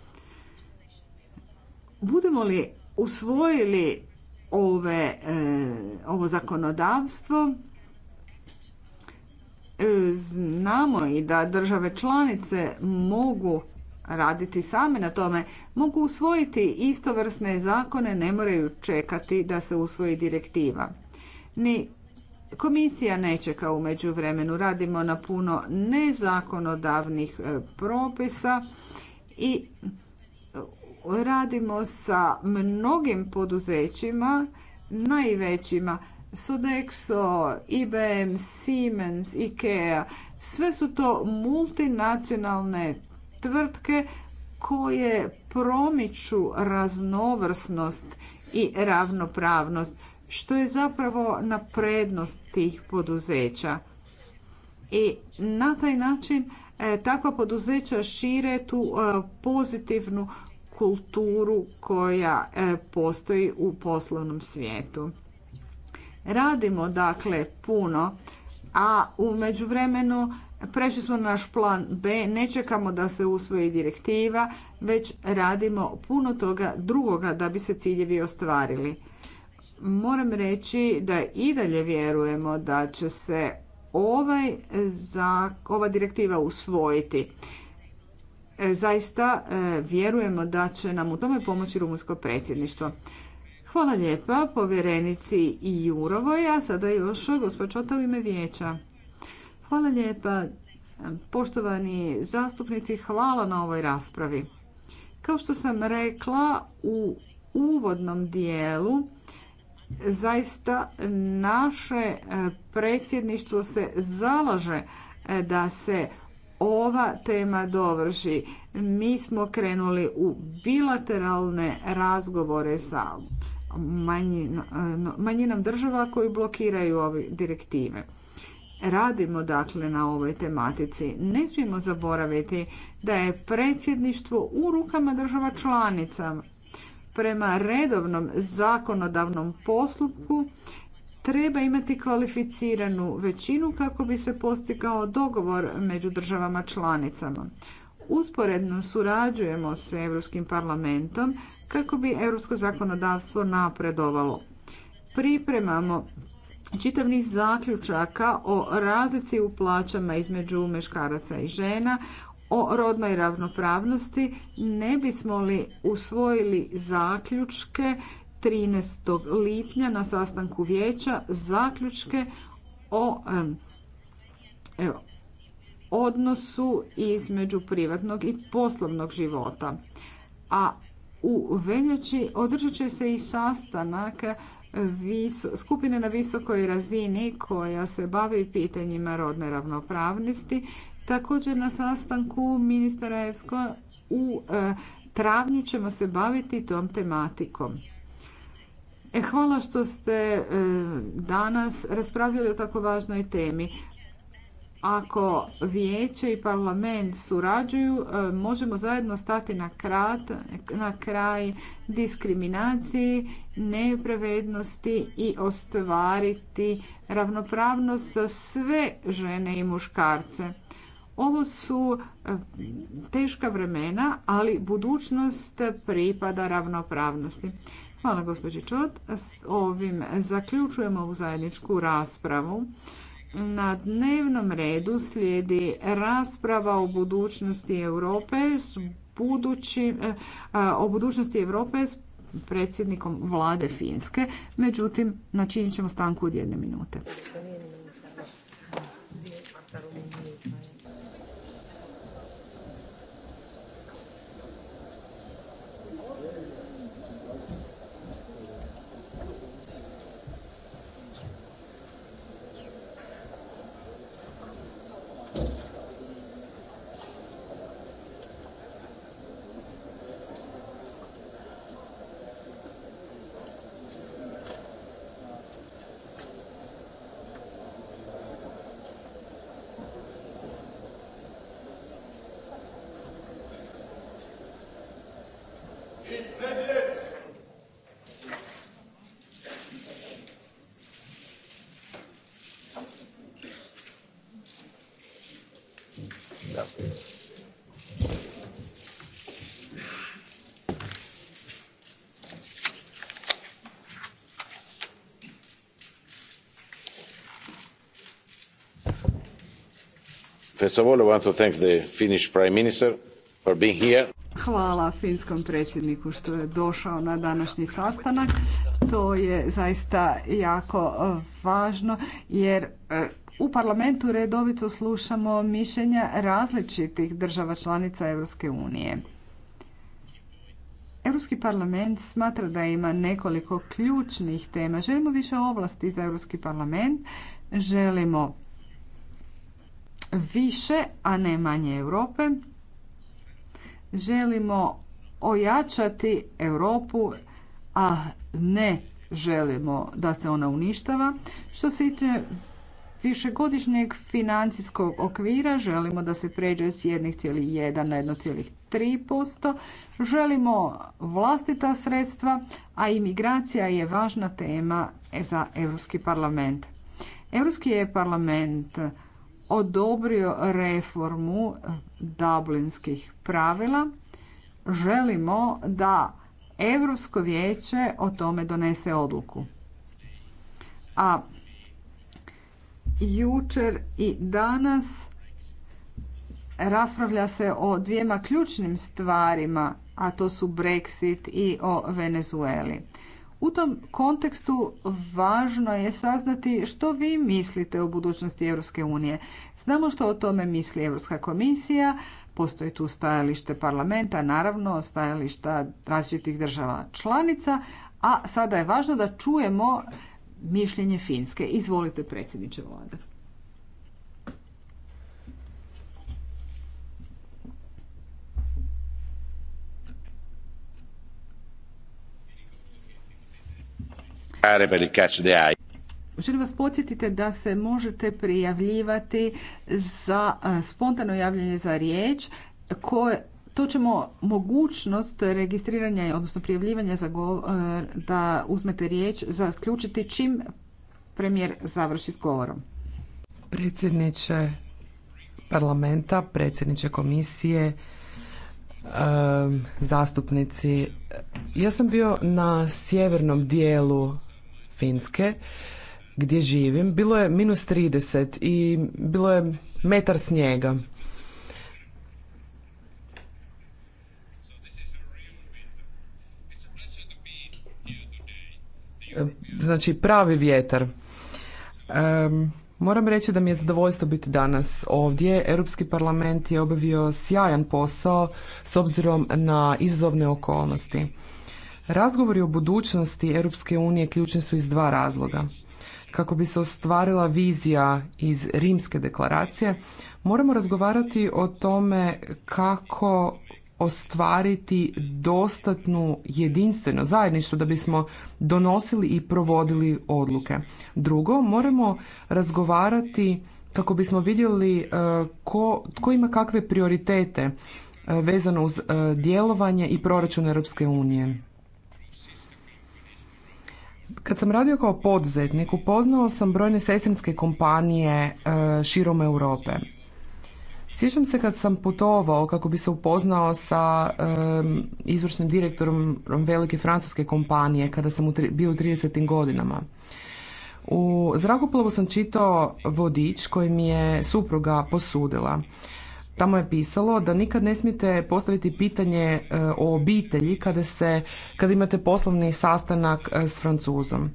Budemo li usvojili ove, e, ovo zakonodavstvo e, znamo i da države članice mogu raditi same na tome, mogu usvojiti istovrsne zakone, ne moraju čekati da se usvoji direktiva. Ni komisija ne čeka u međuvremenu, radimo na puno nezakonodavnih e, propisa i radimo sa mnogim poduzećima, najvećima, Sodexo, IBM, Siemens, IKEA, sve su to multinacionalne tvrtke koje promiču raznovrsnost i ravnopravnost, što je zapravo na tih poduzeća. I na taj način e, takva poduzeća šire tu e, pozitivnu kulturu koja e, postoji u poslovnom svijetu. Radimo dakle puno, a u međuvremenu prešli smo na naš plan B, ne čekamo da se usvoji direktiva, već radimo puno toga drugoga da bi se ciljevi ostvarili. Moram reći da i dalje vjerujemo da će se ovaj, za, ova direktiva usvojiti E, zaista e, vjerujemo da će nam u tome pomoći rumunsko predsjedništvo. Hvala lijepa povjerenici i Jurovoj, a sada još gospođota u ime vijeća. Hvala lijepa poštovani zastupnici, hvala na ovoj raspravi. Kao što sam rekla u uvodnom dijelu, zaista naše e, predsjedništvo se zalaže da se ova tema dovrši. Mi smo krenuli u bilateralne razgovore sa manjinom država koji blokiraju ove direktive. Radimo dakle na ovoj tematici. Ne smijemo zaboraviti da je predsjedništvo u rukama država članica. Prema redovnom zakonodavnom postupku treba imati kvalificiranu većinu kako bi se postigao dogovor među državama članicama. Usporedno surađujemo s Europskim parlamentom kako bi europsko zakonodavstvo napredovalo. Pripremamo čitav niz zaključaka o razlici u plaćama između muškaraca i žena, o rodnoj ravnopravnosti, ne bismo li usvojili zaključke 13. lipnja na sastanku vijeća zaključke o odnosu između privatnog i poslovnog života. A u veljači održat će se i sastanak skupine na visokoj razini koja se bavi pitanjima rodne ravnopravnosti. Također na sastanku ministara Evsko u eh, travnju ćemo se baviti tom tematikom. E, hvala što ste e, danas raspravljali o tako važnoj temi. Ako vijeće i parlament surađuju, e, možemo zajedno stati na, na kraj diskriminaciji, nepravednosti i ostvariti ravnopravnost za sve žene i muškarce. Ovo su teška vremena, ali budućnost pripada ravnopravnosti. Hvala gospođi Čot. Ovim zaključujemo ovu zajedničku raspravu. Na dnevnom redu slijedi rasprava o budućnosti Europe s budućim, eh, o budućnosti Europe s predsjednikom vlade Finske. Međutim, načinit ćemo stanku od jedne minute. Hvala finskom predsjedniku što je došao na današnji sastanak. To je zaista jako važno jer eh, u parlamentu redovito slušamo mišljenja različitih država članica Europske unije. Europski parlament smatra da ima nekoliko ključnih tema. Želimo više ovlasti za Europski parlament, želimo više, a ne manje Europe. Želimo ojačati Europu, a ne želimo da se ona uništava. Što se tiče višegodišnjeg financijskog okvira želimo da se pređe s 1,1 na 1,3%. Želimo vlastita sredstva, a imigracija je važna tema za Europski parlament. Europski je parlament odobrio reformu dublinskih pravila, želimo da Europsko vijeće o tome donese odluku. A jučer i danas raspravlja se o dvijema ključnim stvarima, a to su Brexit i o Venezueli. U tom kontekstu važno je saznati što vi mislite o budućnosti Europske unije. Znamo što o tome misli Europska komisija, postoji tu stajalište parlamenta, naravno stajališta različitih država članica, a sada je važno da čujemo mišljenje Finske. Izvolite predsjedniče vlade. Želim vas podsjetiti da se možete prijavljivati za spontano javljanje za riječ koje to ćemo mogućnost registriranja, odnosno prijavljivanja za go, da uzmete riječ, zaključiti čim premijer završi s govorom. Predsjedniče parlamenta, predsjedniče komisije, zastupnici, ja sam bio na sjevernom dijelu Finske gdje živim bilo je minus 30 i bilo je metar snijega. Znači pravi vjetar. Moram reći da mi je zadovoljstvo biti danas ovdje. Europski parlament je obavio sjajan posao s obzirom na izazovne okolnosti. Razgovori o budućnosti Europske unije ključni su iz dva razloga. Kako bi se ostvarila vizija iz Rimske deklaracije, moramo razgovarati o tome kako ostvariti dostatnu jedinstveno zajedništvo da bismo donosili i provodili odluke. Drugo, moramo razgovarati kako bismo vidjeli e, ko, tko ima kakve prioritete e, vezano uz e, djelovanje i proračun Europske unije. Kad sam radio kao poduzetnik, upoznao sam brojne sestrinske kompanije e, širom Europe. Sjećam se kad sam putovao kako bi se upoznao sa izvršnim direktorom velike francuske kompanije kada sam bio u 30. godinama. U zrakoplovu sam čitao vodič koji mi je supruga posudila. Tamo je pisalo da nikad ne smijete postaviti pitanje e, o obitelji kada, se, kada imate poslovni sastanak e, s Francuzom.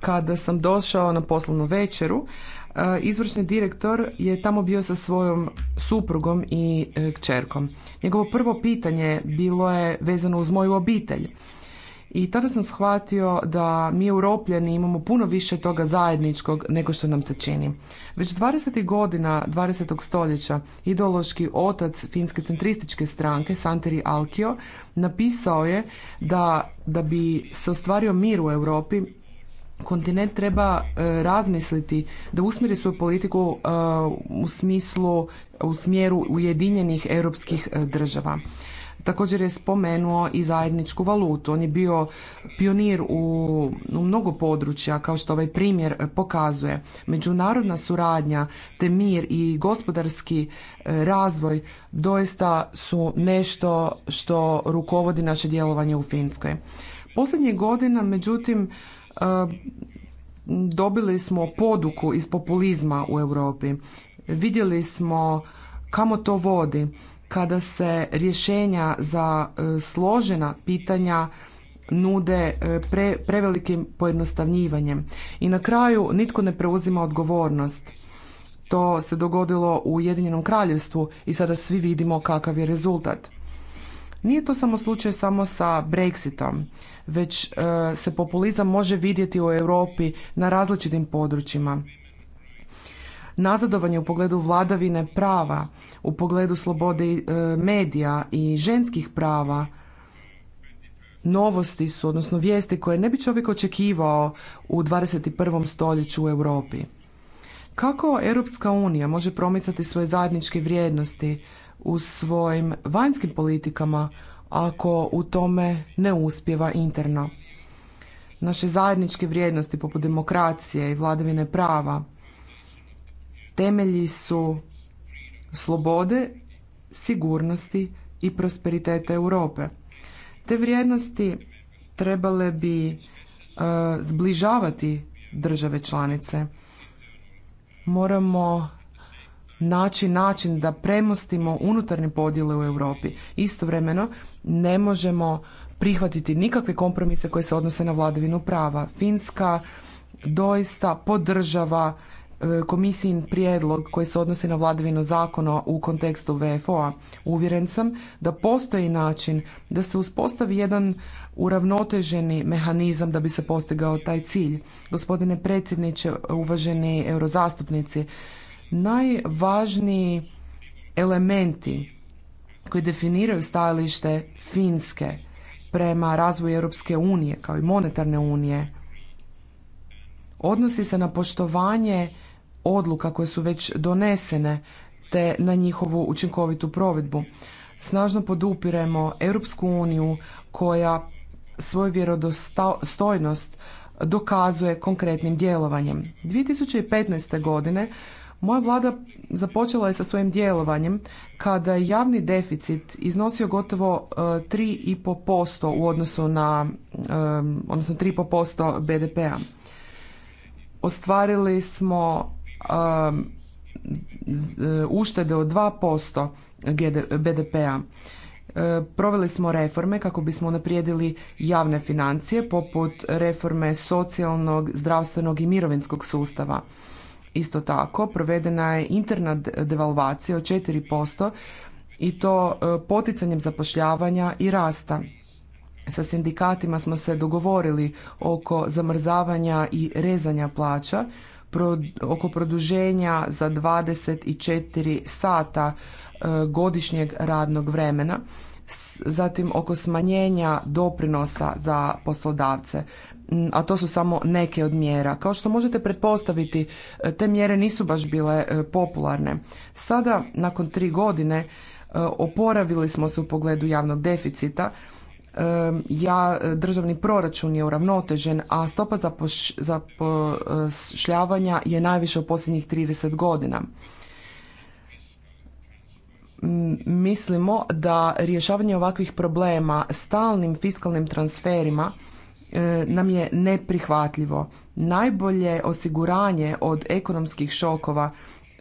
Kada sam došao na poslovnu večeru, e, izvršni direktor je tamo bio sa svojom suprugom i kćerkom. Njegovo prvo pitanje bilo je vezano uz moju obitelj. I tada sam shvatio da mi europljani imamo puno više toga zajedničkog nego što nam se čini. Već 20. godina 20. stoljeća ideološki otac finske centrističke stranke Santeri Alkio napisao je da, da bi se ostvario mir u Europi kontinent treba e, razmisliti da usmjeri svoju politiku e, u smislu u smjeru ujedinjenih europskih e, država. Također je spomenuo i zajedničku valutu. On je bio pionir u, u mnogo područja, kao što ovaj primjer pokazuje. Međunarodna suradnja, te mir i gospodarski e, razvoj doista su nešto što rukovodi naše djelovanje u Finskoj. Posljednje godina, međutim, e, dobili smo poduku iz populizma u Europi. Vidjeli smo kamo to vodi kada se rješenja za e, složena pitanja nude e, pre, prevelikim pojednostavnjivanjem. I na kraju nitko ne preuzima odgovornost. To se dogodilo u Ujedinjenom kraljevstvu i sada svi vidimo kakav je rezultat. Nije to samo slučaj samo sa Brexitom, već e, se populizam može vidjeti u Europi na različitim područjima nazadovanje u pogledu vladavine prava, u pogledu slobode e, medija i ženskih prava, novosti su, odnosno vijesti koje ne bi čovjek očekivao u 21. stoljeću u Europi. Kako Europska unija može promicati svoje zajedničke vrijednosti u svojim vanjskim politikama ako u tome ne uspjeva interno? Naše zajedničke vrijednosti poput demokracije i vladavine prava Temelji su slobode, sigurnosti i prosperiteta Europe. Te vrijednosti trebale bi e, zbližavati države članice. Moramo naći način da premostimo unutarnje podjele u Europi. Istovremeno ne možemo prihvatiti nikakve kompromise koje se odnose na vladavinu prava. Finska doista podržava komisijin prijedlog koji se odnosi na vladavinu zakona u kontekstu VFO-a. Uvjeren sam da postoji način da se uspostavi jedan uravnoteženi mehanizam da bi se postigao taj cilj. Gospodine predsjedniče, uvaženi eurozastupnici, najvažniji elementi koji definiraju stajalište Finske prema razvoju Europske unije kao i monetarne unije odnosi se na poštovanje odluka koje su već donesene te na njihovu učinkovitu provedbu. Snažno podupiremo Europsku uniju koja svoju vjerodostojnost dokazuje konkretnim djelovanjem. 2015. godine moja vlada započela je sa svojim djelovanjem kada je javni deficit iznosio gotovo 3,5% e, u odnosu na e, odnosno 3,5% BDP-a. Ostvarili smo Um, uh, uštede od 2% BDP-a. Uh, proveli smo reforme kako bismo naprijedili javne financije poput reforme socijalnog, zdravstvenog i mirovinskog sustava. Isto tako, provedena je interna devalvacija od 4% i to uh, poticanjem zapošljavanja i rasta. Sa sindikatima smo se dogovorili oko zamrzavanja i rezanja plaća oko produženja za 24 sata e, godišnjeg radnog vremena, zatim oko smanjenja doprinosa za poslodavce mm, a to su samo neke od mjera. Kao što možete pretpostaviti, e, te mjere nisu baš bile e, popularne. Sada, nakon tri godine, oporavili smo se u pogledu javnog deficita ja e, državni proračun je uravnotežen, a stopa zapošljavanja je najviše u posljednjih 30 godina. Mislimo da rješavanje ovakvih problema stalnim fiskalnim transferima e, nam je neprihvatljivo. Najbolje osiguranje od ekonomskih šokova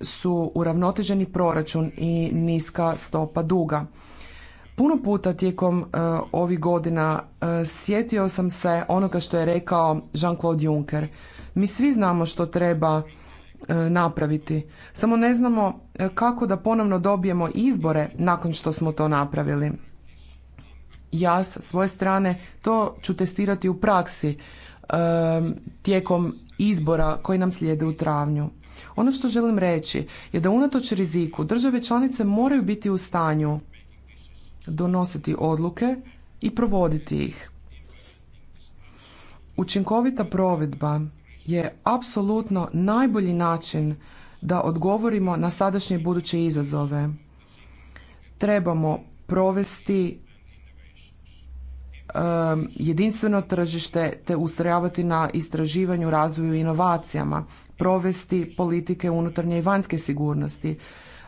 su uravnoteženi proračun i niska stopa duga. Puno puta tijekom e, ovih godina e, sjetio sam se onoga što je rekao Jean-Claude Juncker. Mi svi znamo što treba e, napraviti. Samo ne znamo kako da ponovno dobijemo izbore nakon što smo to napravili. Ja s svoje strane to ću testirati u praksi tijekom izbora koji nam slijede u travnju. Ono što želim reći je da unatoč riziku države članice moraju biti u stanju donositi odluke i provoditi ih. Učinkovita provedba je apsolutno najbolji način da odgovorimo na sadašnje i buduće izazove. Trebamo provesti um, jedinstveno tržište te ustrajavati na istraživanju, razvoju i inovacijama, provesti politike unutarnje i vanjske sigurnosti,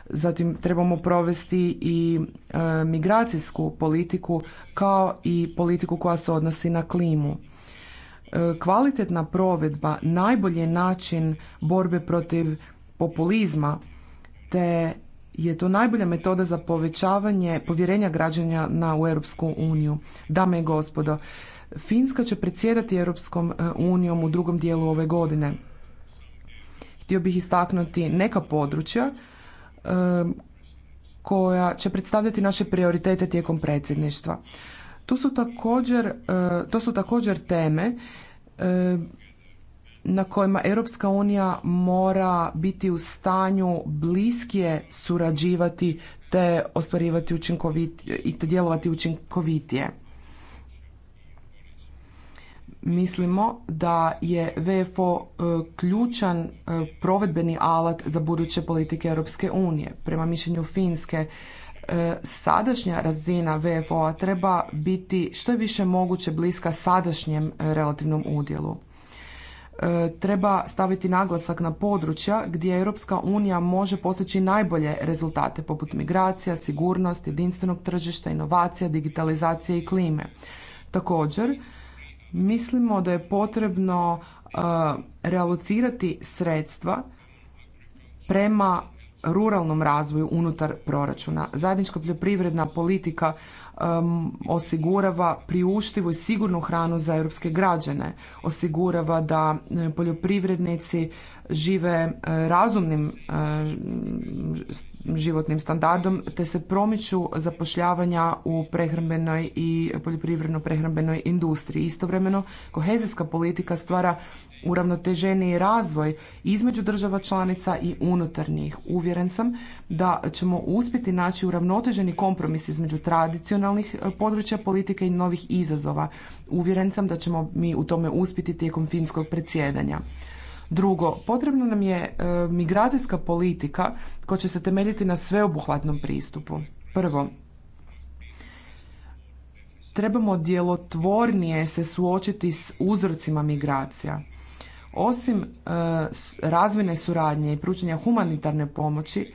Zatim trebamo provesti i e, migracijsku politiku kao i politiku koja se odnosi na klimu. E, kvalitetna provedba najbolji je način borbe protiv populizma te je to najbolja metoda za povećavanje povjerenja građana na u Europsku uniju. Dame i gospodo, Finska će predsjedati Europskom e, unijom u drugom dijelu ove godine. Htio bih istaknuti neka područja koja će predstavljati naše prioritete tijekom predsjedništva. su također, e, to su također teme na kojima Europska unija mora biti u stanju bliskije surađivati te ostvarivati učinkovitije i te djelovati učinkovitije mislimo da je VFO e, ključan e, provedbeni alat za buduće politike Europske unije. Prema mišljenju Finske, e, sadašnja razina VFO-a treba biti što je više moguće bliska sadašnjem relativnom udjelu. Treba staviti naglasak na područja gdje Europska unija može postići najbolje rezultate poput migracija, sigurnost, jedinstvenog tržišta, inovacija, digitalizacije i klime. Također, mislimo da je potrebno uh, realocirati sredstva prema ruralnom razvoju unutar proračuna. Zajednička poljoprivredna politika um, osigurava priuštivu i sigurnu hranu za europske građane, osigurava da uh, poljoprivrednici žive uh, razumnim životnim standardom, te se promiču zapošljavanja u prehrambenoj i poljoprivredno-prehrambenoj industriji. Istovremeno, kohezijska politika stvara uravnoteženiji razvoj između država članica i unutarnjih. Uvjeren sam da ćemo uspjeti naći uravnoteženi kompromis između tradicionalnih e, područja politike i novih izazova. Uvjeren sam da ćemo mi u tome uspjeti tijekom finskog predsjedanja. Drugo, potrebna nam je e, migracijska politika koja će se temeljiti na sveobuhvatnom pristupu. Prvo, trebamo djelotvornije se suočiti s uzrocima migracija. Osim razvine razvojne suradnje i pružanja humanitarne pomoći,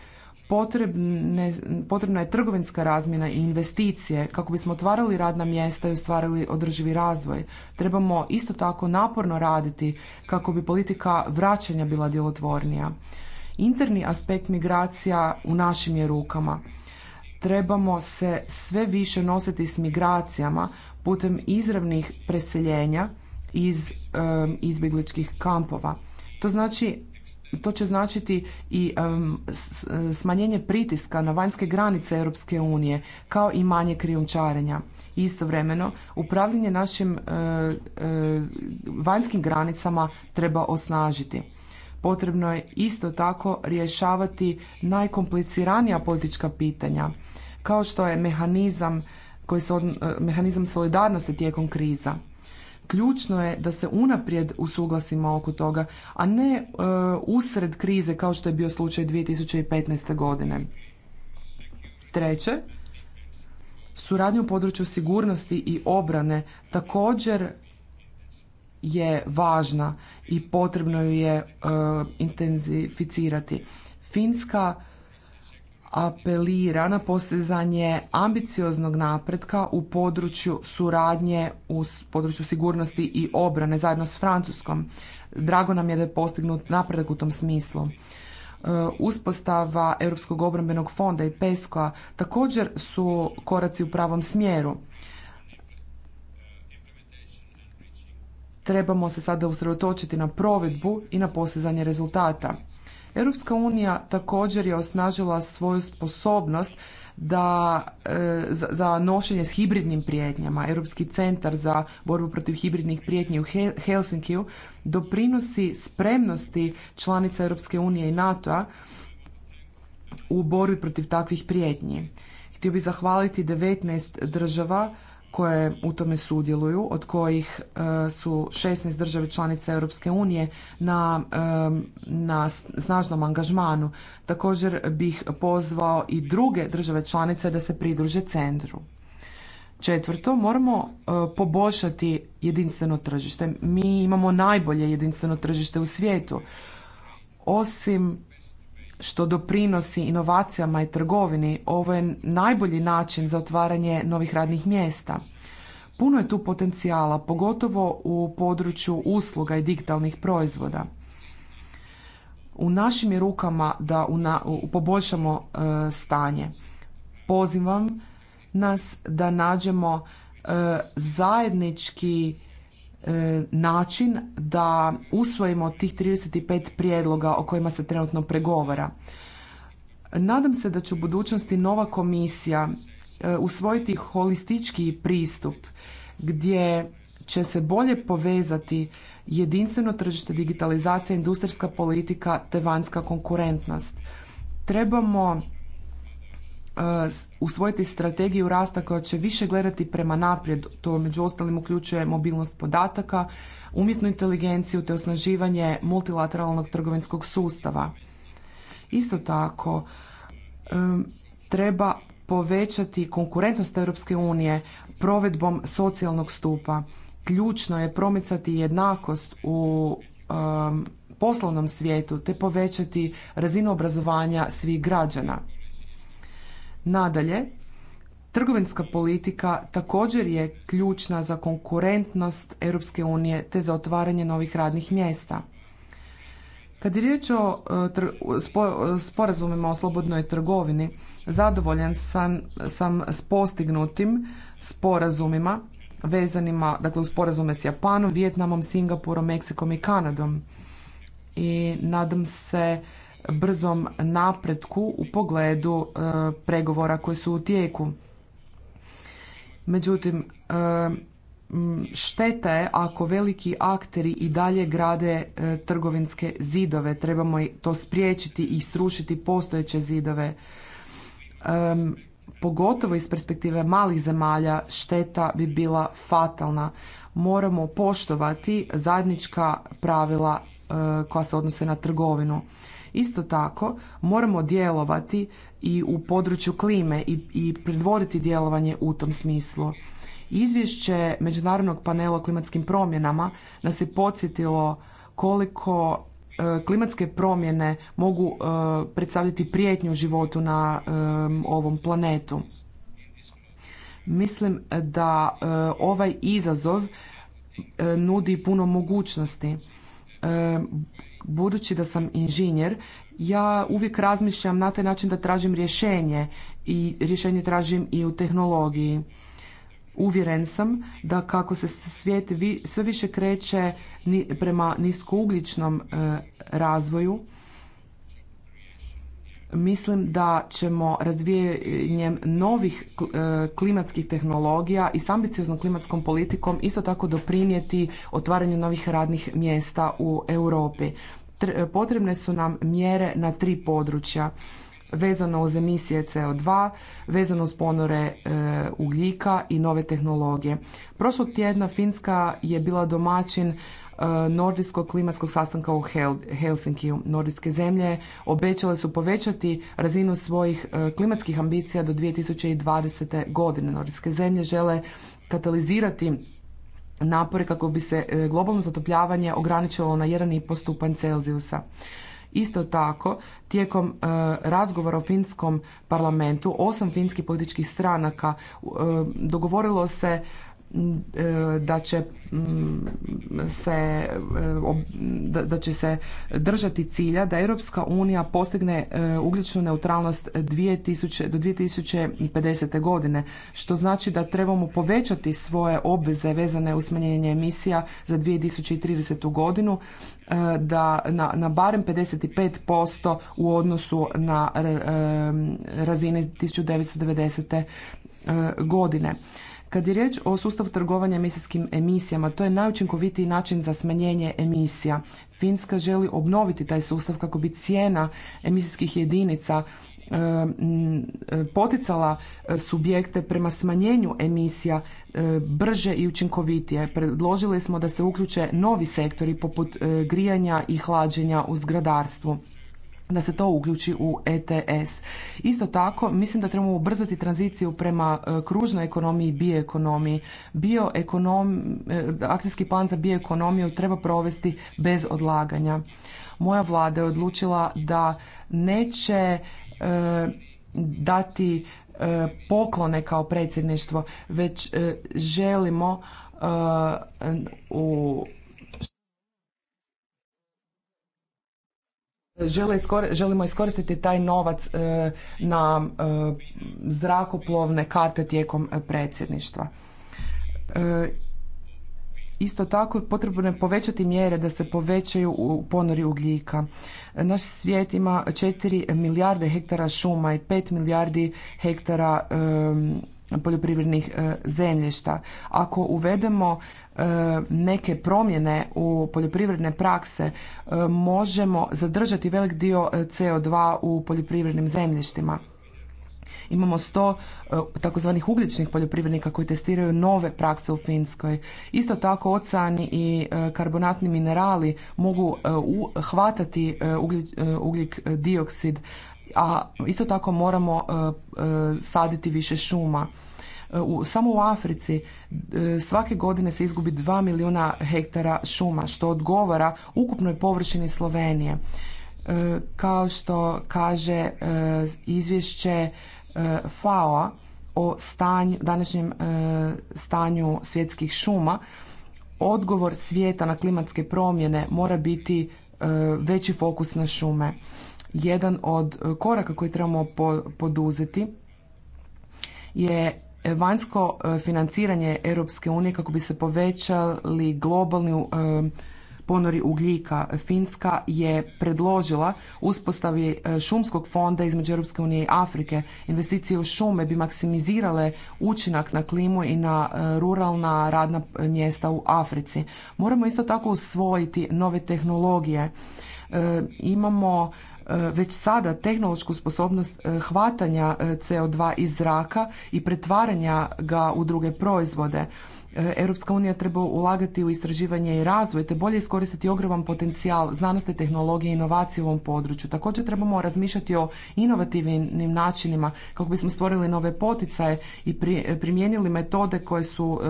potrebna je trgovinska razmjena i investicije kako bismo otvarali radna mjesta i ostvarili održivi razvoj. Trebamo isto tako naporno raditi kako bi politika vraćanja bila djelotvornija. Interni aspekt migracija u našim je rukama. Trebamo se sve više nositi s migracijama putem izravnih preseljenja iz izbjegličkih kampova. To znači to će značiti i smanjenje pritiska na vanjske granice Europske unije, kao i manje krijumčarenja. Istovremeno, upravljanje našim e, e, vanjskim granicama treba osnažiti. Potrebno je isto tako rješavati najkompliciranija politička pitanja, kao što je mehanizam koji se e, mehanizam solidarnosti tijekom kriza. Ključno je da se unaprijed usuglasimo oko toga, a ne e, usred krize kao što je bio slučaj 2015. godine. Treće, suradnju u području sigurnosti i obrane također je važna i potrebno ju je e, intenzificirati. Finska apelira na postizanje ambicioznog napretka u području suradnje u području sigurnosti i obrane zajedno s Francuskom. Drago nam je da je postignut napredak u tom smislu. E, uspostava Europskog obrambenog fonda i PESCO-a također su koraci u pravom smjeru. Trebamo se sada usredotočiti na provedbu i na postizanje rezultata Europska unija također je osnažila svoju sposobnost da e, za, nošenje s hibridnim prijetnjama Europski centar za borbu protiv hibridnih prijetnji u Helsinkiju doprinosi spremnosti članica Europske unije i NATO-a u borbi protiv takvih prijetnji. Htio bih zahvaliti 19 država koje u tome sudjeluju, od kojih e, su 16 države članica Europske unije na, e, na snažnom angažmanu. Također bih pozvao i druge države članice da se pridruže centru. Četvrto, moramo e, poboljšati jedinstveno tržište. Mi imamo najbolje jedinstveno tržište u svijetu. Osim što doprinosi inovacijama i trgovini, ovo je najbolji način za otvaranje novih radnih mjesta. Puno je tu potencijala, pogotovo u području usluga i digitalnih proizvoda. U našim je rukama da poboljšamo e, stanje. Pozivam nas da nađemo e, zajednički E, način da usvojimo tih 35 prijedloga o kojima se trenutno pregovara. Nadam se da će u budućnosti nova komisija e, usvojiti holistički pristup gdje će se bolje povezati jedinstveno tržište digitalizacija, industrijska politika te vanjska konkurentnost. Trebamo E, usvojiti strategiju rasta koja će više gledati prema naprijed, to među ostalim uključuje mobilnost podataka, umjetnu inteligenciju te osnaživanje multilateralnog trgovinskog sustava. Isto tako, treba povećati konkurentnost Europske unije provedbom socijalnog stupa. Ključno je promicati jednakost u poslovnom svijetu te povećati razinu obrazovanja svih građana. Nadalje, trgovinska politika također je ključna za konkurentnost Europske unije te za otvaranje novih radnih mjesta. Kad je riječ o e, sporazumima o slobodnoj trgovini, zadovoljan sam, sam s postignutim sporazumima vezanima, dakle uz sporazume s Japanom, Vijetnamom, Singapurom, Meksikom i Kanadom. I nadam se brzom napretku u pogledu e, pregovora koji su u tijeku. Međutim, e, šteta je ako veliki akteri i dalje grade e, trgovinske zidove. Trebamo to spriječiti i srušiti postojeće zidove. Pogotovo iz perspektive malih zemalja šteta bi bila fatalna. Moramo poštovati zajednička pravila koja se odnose na trgovinu. Isto tako moramo djelovati i u području klime i, i predvoditi djelovanje u tom smislu. Izvješće Međunarodnog panela o klimatskim promjenama nas je podsjetilo koliko e, klimatske promjene mogu e, predstavljati prijetnju životu na e, ovom planetu. Mislim da ovaj izazov nudi puno mogućnosti. Budući da sam inženjer, ja uvijek razmišljam na taj način da tražim rješenje i rješenje tražim i u tehnologiji. Uvjeren sam da kako se svijet sve više kreće prema niskougljičnom e, razvoju, mislim da ćemo razvijenjem novih e, klimatskih tehnologija i s ambicioznom klimatskom politikom isto tako doprinijeti otvaranju novih radnih mjesta u Europi potrebne su nam mjere na tri područja vezano uz emisije CO2, vezano uz ponore e, ugljika i nove tehnologije. Prošlog tjedna Finska je bila domaćin e, nordijskog klimatskog sastanka u Hel Helsinkiju. Nordijske zemlje obećale su povećati razinu svojih e, klimatskih ambicija do 2020. godine. Nordijske zemlje žele katalizirati napore kako bi se e, globalno zatopljavanje ograničilo na 1,5 stupanj Celzijusa. Isto tako, tijekom e, razgovora o finskom parlamentu, osam finskih političkih stranaka e, dogovorilo se da će mm, se eh, da će se držati cilja da Europska unija postigne eh, ugljičnu neutralnost 2000, do 2050. godine što znači da trebamo povećati svoje obveze vezane uz smanjenje emisija za 2030. godinu eh, da na, na barem 55% u odnosu na razine 1990. godine kad je riječ o sustavu trgovanja emisijskim emisijama, to je najučinkovitiji način za smanjenje emisija. Finska želi obnoviti taj sustav kako bi cijena emisijskih jedinica e, e, poticala e, subjekte prema smanjenju emisija brže i učinkovitije. Predložili smo da se uključe novi sektori poput grijanja i hlađenja u zgradarstvu da se to uključi u ETS. Isto tako, mislim da trebamo ubrzati tranziciju prema e, kružnoj ekonomiji i bioekonomiji. Bio e, akcijski plan za bioekonomiju treba provesti bez odlaganja. Moja vlada je odlučila da neće e, dati poklone kao predsjedništvo, već želimo u Želimo iskoristiti taj novac e, na e, zrakoplovne karte tijekom e, predsjedništva. Isto tako potrebno je povećati mjere da se povećaju u ponori ugljika. Naš svijet ima 4 milijarde hektara šuma i 5 milijardi hektara poljoprivrednih e, zemljišta. Ako uvedemo e, neke promjene u poljoprivredne prakse, e, možemo zadržati velik dio CO2 u poljoprivrednim zemljištima. Imamo sto takozvanih ugljičnih poljoprivrednika koji testiraju nove prakse u Finskoj. Isto tako oceani i karbonatni minerali mogu hvatati ugljik dioksid a isto tako moramo e, e, saditi više šuma. E, samo u Africi svake godine se izgubi 2 milijuna hektara šuma, što odgovara ukupnoj površini Slovenije. Kao što kaže izvješće FAO o stanju, današnjem stanju svjetskih šuma, odgovor svijeta na klimatske promjene mora biti veći fokus na šume. Jedan od e, koraka koji trebamo poduzeti je vanjsko e, financiranje Europske unije kako bi se povećali globalni e, ponori ugljika. Finska je predložila uspostavi šumskog fonda između Europske unije i Afrike. Investicije u šume bi maksimizirale učinak na klimu i na ruralna radna mjesta u Africi. Moramo isto tako usvojiti nove tehnologije. Imamo E, već sada tehnološku sposobnost e, hvatanja e, CO2 iz zraka i pretvaranja ga u druge proizvode. Europska unija treba ulagati u istraživanje i razvoj te bolje iskoristiti ogroman potencijal znanosti, tehnologije i inovacije u ovom području. Također trebamo razmišljati o inovativnim načinima kako bismo stvorili nove poticaje i primijenili metode koje su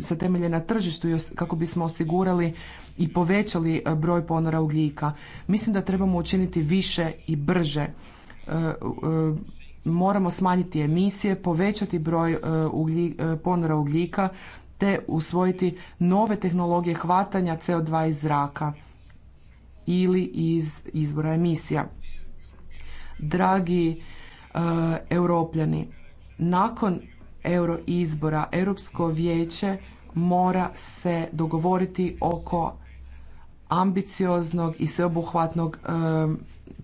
se temelje na tržištu i kako bismo osigurali i povećali e, broj ponora ugljika. Mislim da trebamo učiniti više i brže. E, e, moramo smanjiti emisije, povećati broj ponora ugljika te usvojiti nove tehnologije hvatanja CO2 iz zraka ili iz izvora emisija. Dragi europljani, nakon euroizbora Europsko vijeće mora se dogovoriti oko ambicioznog i sveobuhvatnog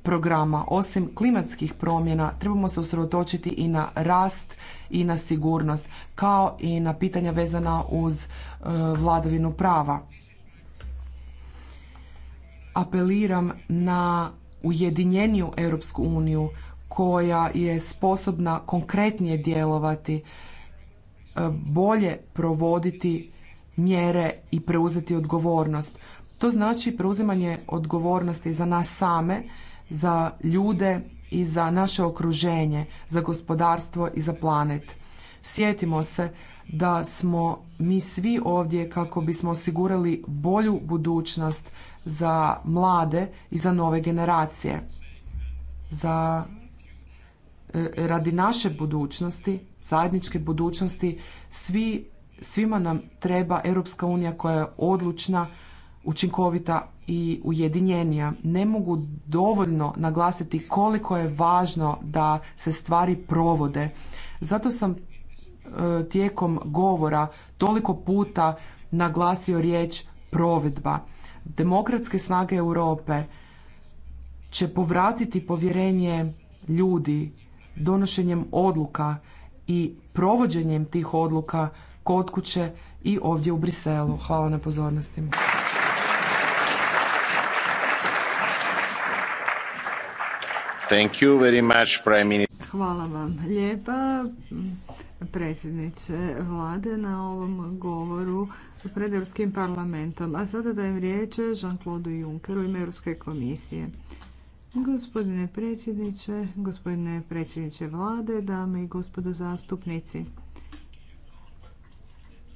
programa. Osim klimatskih promjena trebamo se usredotočiti i na rast i na sigurnost, kao i na pitanja vezana uz eh, vladavinu prava. Apeliram na ujedinjeniju Europsku uniju koja je sposobna konkretnije djelovati, eh, bolje provoditi mjere i preuzeti odgovornost. To znači preuzimanje odgovornosti za nas same, za ljude i za naše okruženje, za gospodarstvo i za planet. Sjetimo se da smo mi svi ovdje kako bismo osigurali bolju budućnost za mlade i za nove generacije. Za e, radi naše budućnosti, zajedničke budućnosti, svi, svima nam treba Europska unija koja je odlučna, učinkovita i ujedinjenija. Ne mogu dovoljno naglasiti koliko je važno da se stvari provode. Zato sam e, tijekom govora toliko puta naglasio riječ provedba. Demokratske snage Europe će povratiti povjerenje ljudi donošenjem odluka i provođenjem tih odluka kod kuće i ovdje u Briselu. Hvala na pozornosti. Thank you very much, Prime Hvala vam lijepa predsjedniče vlade na ovom govoru pred Europskim parlamentom. A sada dajem riječ Jean-Claude Junckeru ime Europske komisije. Gospodine predsjedniče, gospodine predsjedniče vlade, dame i gospodo zastupnici.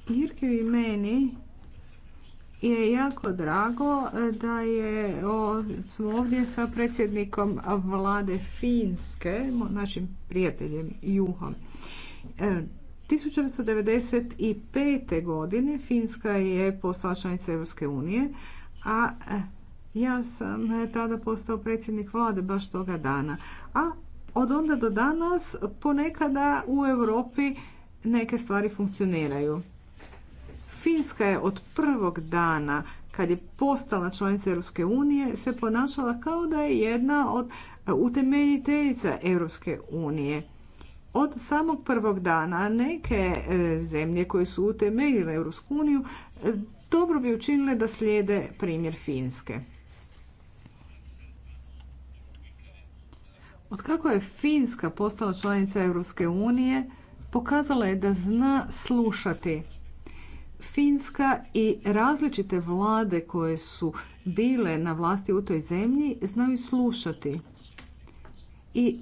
Jirke i meni je jako drago e, da je, smo ovdje sa predsjednikom vlade Finske, našim prijateljem Juhom. E, 1995. godine Finska je postala članica Europske unije, a e, ja sam e, tada postao predsjednik vlade baš toga dana. A od onda do danas ponekada u Europi neke stvari funkcioniraju. Finska je od prvog dana kad je postala članica Europske unije se ponašala kao da je jedna od e, utemeljiteljica Europske unije. Od samog prvog dana neke e, zemlje koje su utemeljile Europsku uniju e, dobro bi učinile da slijede primjer Finske. Od kako je Finska postala članica Europske unije, pokazala je da zna slušati Finska i različite vlade koje su bile na vlasti u toj zemlji znaju slušati. I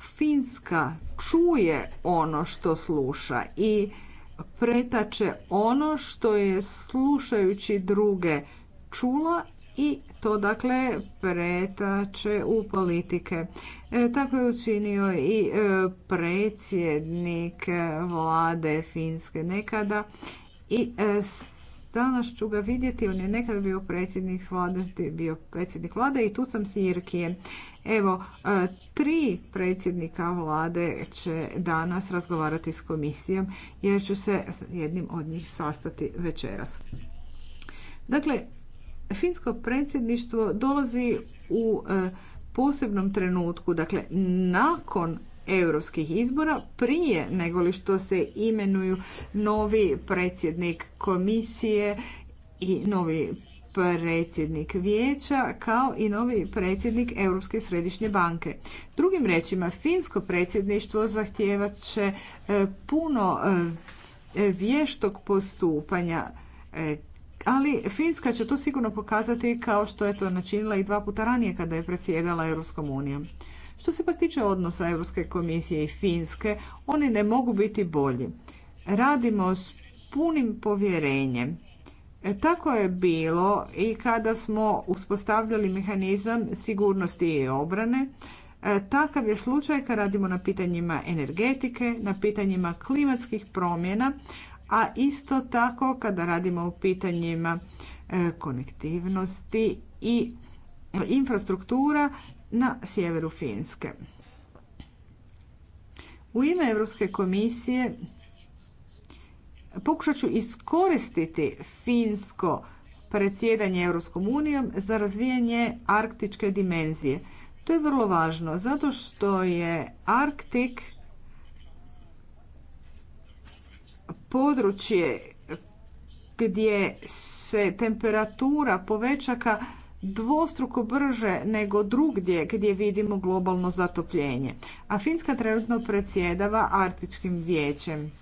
Finska čuje ono što sluša i pretače ono što je slušajući druge čula i to dakle pretače u politike. E, tako je učinio i e, predsjednik e, vlade Finske nekada i danas ću ga vidjeti, on je nekad bio predsjednik vlade, bio predsjednik vlade i tu sam s Irkijem. Evo, tri predsjednika vlade će danas razgovarati s komisijom jer ću se s jednim od njih sastati večeras. Dakle, finsko predsjedništvo dolazi u e, posebnom trenutku, dakle nakon europskih izbora prije nego li što se imenuju novi predsjednik komisije i novi predsjednik vijeća kao i novi predsjednik Europske središnje banke. Drugim rečima, finsko predsjedništvo zahtijevat će e, puno e, vještog postupanja ali Finska će to sigurno pokazati kao što je to načinila i dva puta ranije kada je predsjedala Europskom Što se pak tiče odnosa Europske komisije i Finske, oni ne mogu biti bolji. Radimo s punim povjerenjem. E, tako je bilo i kada smo uspostavljali mehanizam sigurnosti i obrane. E, takav je slučaj kad radimo na pitanjima energetike, na pitanjima klimatskih promjena, a isto tako kada radimo u pitanjima e, konektivnosti i infrastruktura na sjeveru Finske. U ime Europske komisije pokušat ću iskoristiti finsko predsjedanje EU unijom za razvijanje arktičke dimenzije. To je vrlo važno zato što je Arktik područje gdje se temperatura povećaka dvostruko brže nego drugdje gdje vidimo globalno zatopljenje. A Finska trenutno predsjedava Artičkim vijećem.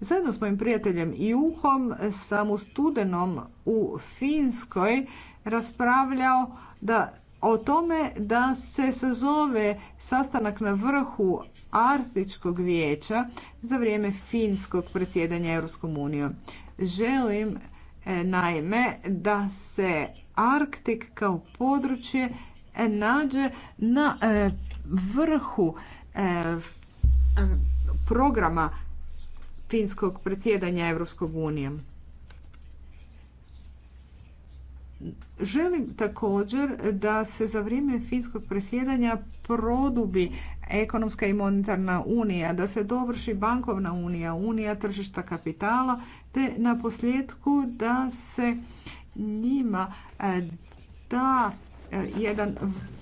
Zajedno s mojim prijateljem Juhom sam u studenom u Finskoj raspravljao da o tome da se sazove sastanak na vrhu Arktičkog vijeća za vrijeme finskog predsjedanja Europskom unijom. Želim e, naime da se Arktik kao područje e, nađe na e, vrhu programa finskog predsjedanja Europskog unijom. Želim također da se za vrijeme finskog predsjedanja produbi ekonomska i monetarna unija, da se dovrši bankovna unija, unija tržišta kapitala, te na posljedku da se njima e, da e, jedan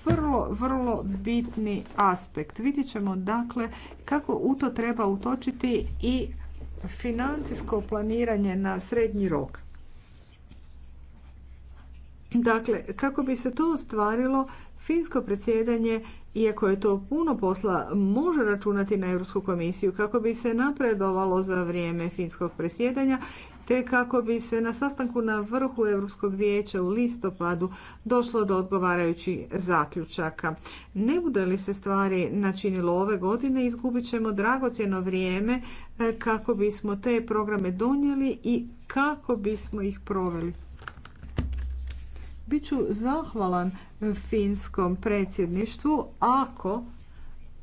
vrlo, vrlo bitni aspekt. Vidjet ćemo dakle kako u to treba utočiti i financijsko planiranje na srednji rok. Dakle, kako bi se to ostvarilo, Finsko predsjedanje, iako je to puno posla, može računati na Europsku komisiju kako bi se napredovalo za vrijeme finskog predsjedanja te kako bi se na sastanku na vrhu Europskog vijeća u listopadu došlo do odgovarajućih zaključaka. Ne bude li se stvari načinilo ove godine, izgubit ćemo dragocjeno vrijeme e, kako bismo te programe donijeli i kako bismo ih proveli. Biću zahvalan e, finskom predsjedništvu ako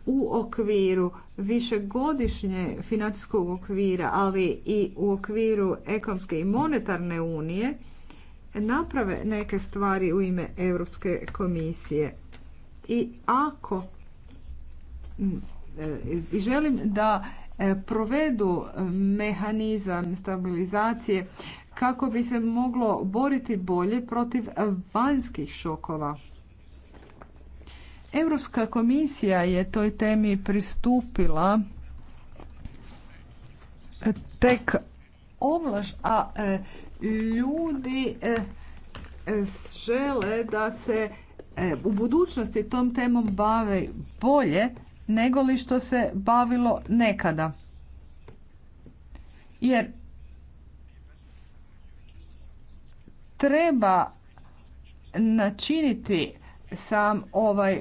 u okviru višegodišnje financijskog okvira, ali i u okviru ekonomske i monetarne unije naprave neke stvari u ime Europske komisije. I ako e, i želim da e, provedu mehanizam stabilizacije kako bi se moglo boriti bolje protiv vanjskih šokova. Europska komisija je toj temi pristupila tek ovlaš, a e, ljudi e, e, žele da se u budućnosti tom temom bave bolje nego li što se bavilo nekada. Jer treba načiniti sam ovaj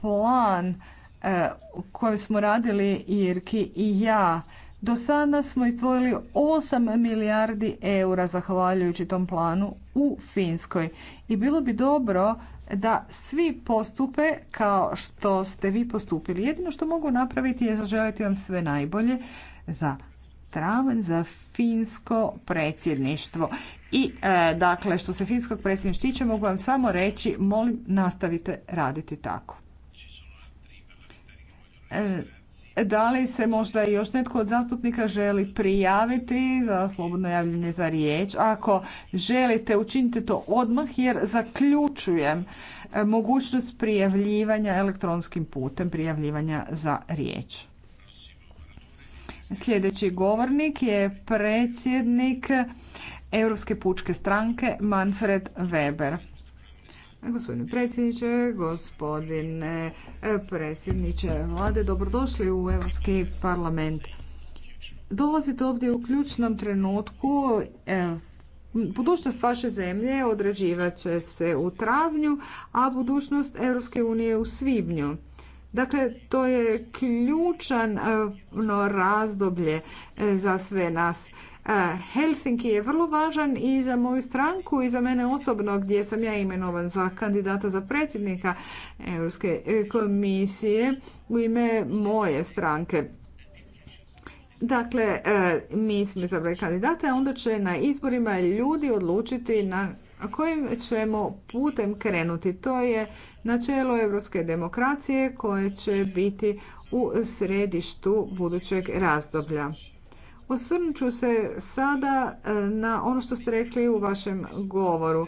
plan e, koji smo radili Irki i ja. Do sada smo izdvojili 8 milijardi eura zahvaljujući tom planu u Finskoj. I bilo bi dobro da svi postupe kao što ste vi postupili. Jedino što mogu napraviti je zaželiti vam sve najbolje za travanj za finsko predsjedništvo. I e, dakle, što se finskog predsjedništva tiče, mogu vam samo reći, molim, nastavite raditi tako. E, da li se možda još netko od zastupnika želi prijaviti za slobodno javljanje za riječ? Ako želite, učinite to odmah jer zaključujem e, mogućnost prijavljivanja elektronskim putem, prijavljivanja za riječ. Sljedeći govornik je predsjednik Europske pučke stranke Manfred Weber. Gospodine predsjedniče, gospodine e, predsjedniče vlade, dobrodošli u Europski parlament. Dolazite ovdje u ključnom trenutku. E, budućnost vaše zemlje određivat će se u travnju, a budućnost Europske unije u svibnju. Dakle, to je ključan razdoblje e, za sve nas. E, Helsinki je vrlo važan i za moju stranku i za mene osobno gdje sam ja imenovan za kandidata za predsjednika Europske e, komisije u ime moje stranke. Dakle, mi smo izabrali kandidate, a onda će na izborima ljudi odlučiti na a kojim ćemo putem krenuti. To je načelo europske demokracije koje će biti u središtu budućeg razdoblja. Osvrnut ću se sada eh, na ono što ste rekli u vašem govoru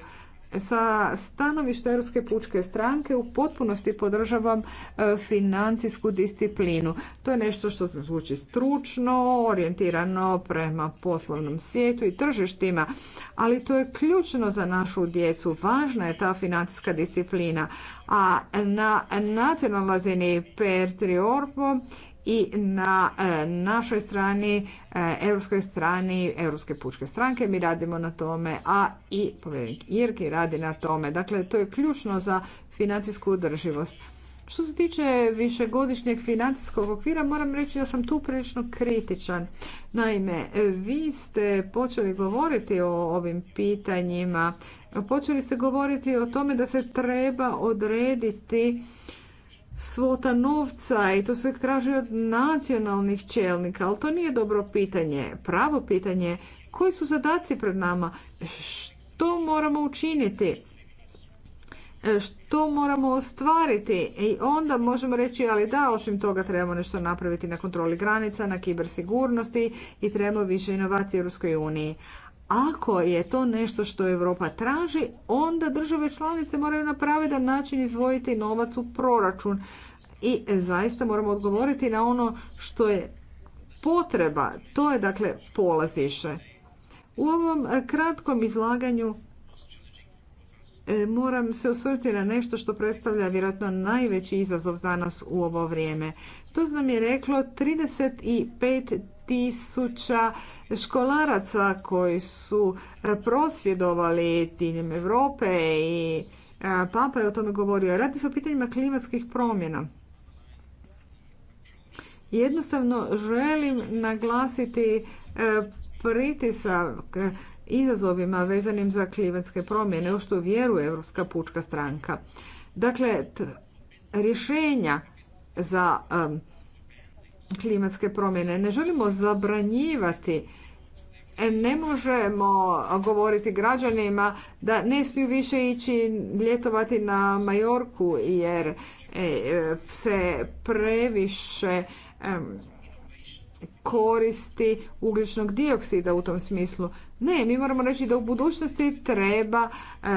sa stanovišta Europske pučke stranke u potpunosti podržavam e, financijsku disciplinu. To je nešto što se zvuči stručno, orijentirano prema poslovnom svijetu i tržištima, ali to je ključno za našu djecu. Važna je ta financijska disciplina. A na nacionalnoj razini per i na e, našoj strani, e, europskoj strani, Europske pučke stranke. Mi radimo na tome, a i povjerenik Irki radi na tome. Dakle, to je ključno za financijsku održivost. Što se tiče višegodišnjeg financijskog okvira, moram reći da sam tu prilično kritičan. Naime, vi ste počeli govoriti o ovim pitanjima, počeli ste govoriti o tome da se treba odrediti svota novca i to sve traži od nacionalnih čelnika, ali to nije dobro pitanje. Pravo pitanje je koji su zadaci pred nama, što moramo učiniti, što moramo ostvariti i onda možemo reći ali da, osim toga trebamo nešto napraviti na kontroli granica, na kibersigurnosti i trebamo više inovacije u Europskoj uniji. Ako je to nešto što Europa traži, onda države članice moraju na pravedan način izvojiti novac u proračun. I e, zaista moramo odgovoriti na ono što je potreba. To je dakle polaziše. U ovom e, kratkom izlaganju e, moram se osvrnuti na nešto što predstavlja vjerojatno najveći izazov za nas u ovo vrijeme. To nam je reklo 35 tisuća školaraca koji su e, prosvjedovali diljem Europe i e, Papa je o tome govorio. Radi se o pitanjima klimatskih promjena. Jednostavno želim naglasiti e, pritisak izazovima vezanim za klimatske promjene, u što vjeruje Europska pučka stranka. Dakle, rješenja za klimatske promjene. Ne želimo zabranjivati e, ne možemo govoriti građanima da ne smiju više ići ljetovati na Majorku jer e, se previše koristi ugljičnog dioksida u tom smislu. Ne, mi moramo reći da u budućnosti treba e,